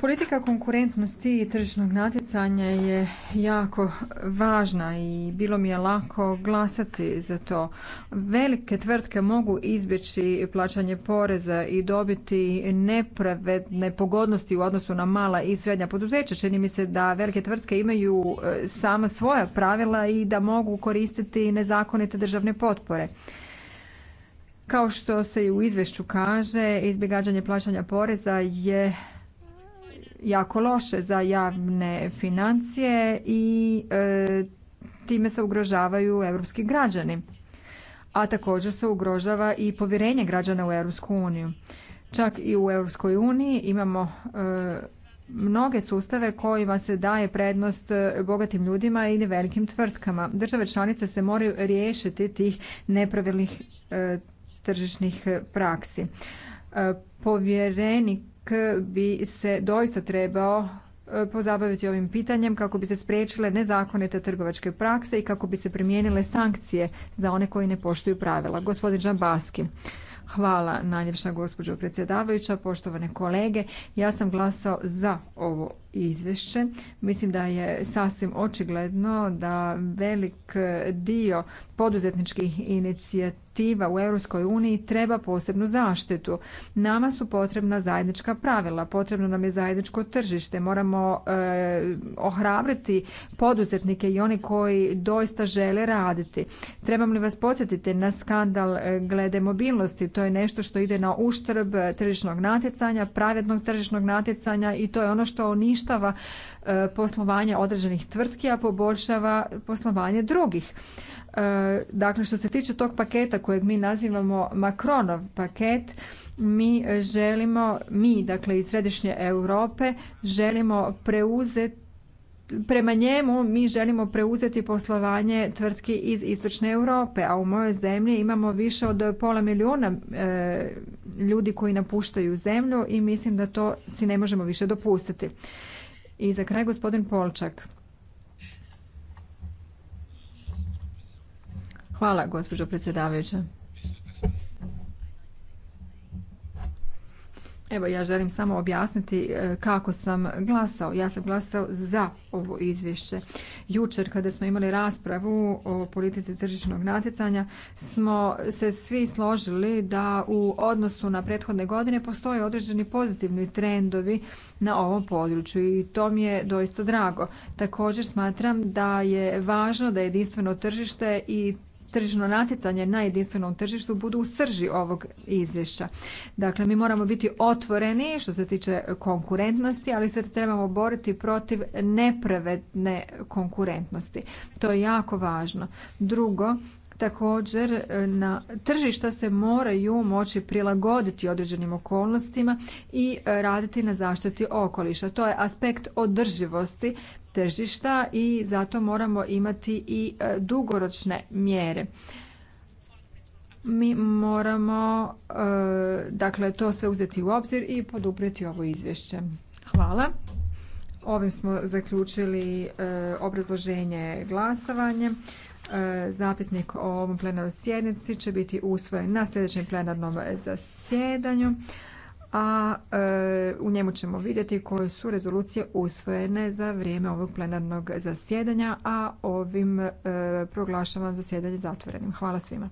Politika konkurentnosti i tržišnog natjecanja je jako važna i bilo mi je lako glasati za to. Velike tvrtke mogu izbjeći plaćanje poreza i dobiti nepravedne pogodnosti u odnosu na mala i srednja poduzeća. Čini mi se da velike tvrtke imaju e, sama svoja pravila i da mogu koristiti nezakonite državne potpore. Kao što se i u izvješću kaže, izbjegađanje plaćanja poreza je jako loše za javne financije i e, time se ugrožavaju europski građani. A također se ugrožava i povjerenje građana u Europsku uniju. Čak i u Europskoj uniji imamo e, mnoge sustave kojima se daje prednost e, bogatim ljudima ili velikim tvrtkama. Države članice se moraju riješiti tih nepravilnih e, tržišnih praksi. Povjerenik bi se doista trebao e, pozabaviti ovim pitanjem kako bi se spriječile nezakonite trgovačke prakse i kako bi se primijenile sankcije za one koji ne poštuju pravila. Gospodin Žambaski. Hvala najljepša gospođo predsjedavajuća, poštovane kolege. Ja sam glasao za ovo izvješće. Mislim da je sasvim očigledno da velik dio poduzetničkih inicijativa u Europskoj uniji treba posebnu zaštitu. Nama su potrebna zajednička pravila, potrebno nam je zajedničko tržište, moramo e, ohrabriti poduzetnike i oni koji doista žele raditi. Trebam li vas podsjetiti na skandal e, glede mobilnosti, to je nešto što ide na uštrb tržišnog natjecanja, pravednog tržišnog natjecanja i to je ono što ništa uništava e, poslovanje određenih tvrtki, a poboljšava poslovanje drugih. E, dakle, što se tiče tog paketa kojeg mi nazivamo Macronov paket, mi želimo, mi dakle iz središnje Europe, želimo preuzeti prema njemu mi želimo preuzeti poslovanje tvrtki iz istočne Europe, a u mojoj zemlji imamo više od pola milijuna e, ljudi koji napuštaju zemlju i mislim da to si ne možemo više dopustiti. I za kraj gospodin Polčak. Hvala gospođo predsjedavajuća. Evo, ja želim samo objasniti e, kako sam glasao. Ja sam glasao za ovo izvješće. Jučer kada smo imali raspravu o politici tržišnog natjecanja smo se svi složili da u odnosu na prethodne godine postoje određeni pozitivni trendovi na ovom području i to mi je doista drago. Također smatram da je važno da je jedinstveno tržište i tržišno natjecanje na jedinstvenom tržištu budu u srži ovog izvješća. Dakle, mi moramo biti otvoreni što se tiče konkurentnosti, ali se trebamo boriti protiv nepravedne konkurentnosti. To je jako važno. Drugo, također na tržišta se moraju moći prilagoditi određenim okolnostima i raditi na zaštiti okoliša. To je aspekt održivosti težišta i zato moramo imati i e, dugoročne mjere. Mi moramo e, dakle to sve uzeti u obzir i poduprijeti ovo izvješće. Hvala. Ovim smo zaključili e, obrazloženje glasovanje. Zapisnik o ovom plenarnoj sjednici će biti usvojen na sljedećem plenarnom zasjedanju a e, u njemu ćemo vidjeti koje su rezolucije usvojene za vrijeme ovog plenarnog zasjedanja, a ovim e, proglašavam zasjedanje zatvorenim. Hvala svima.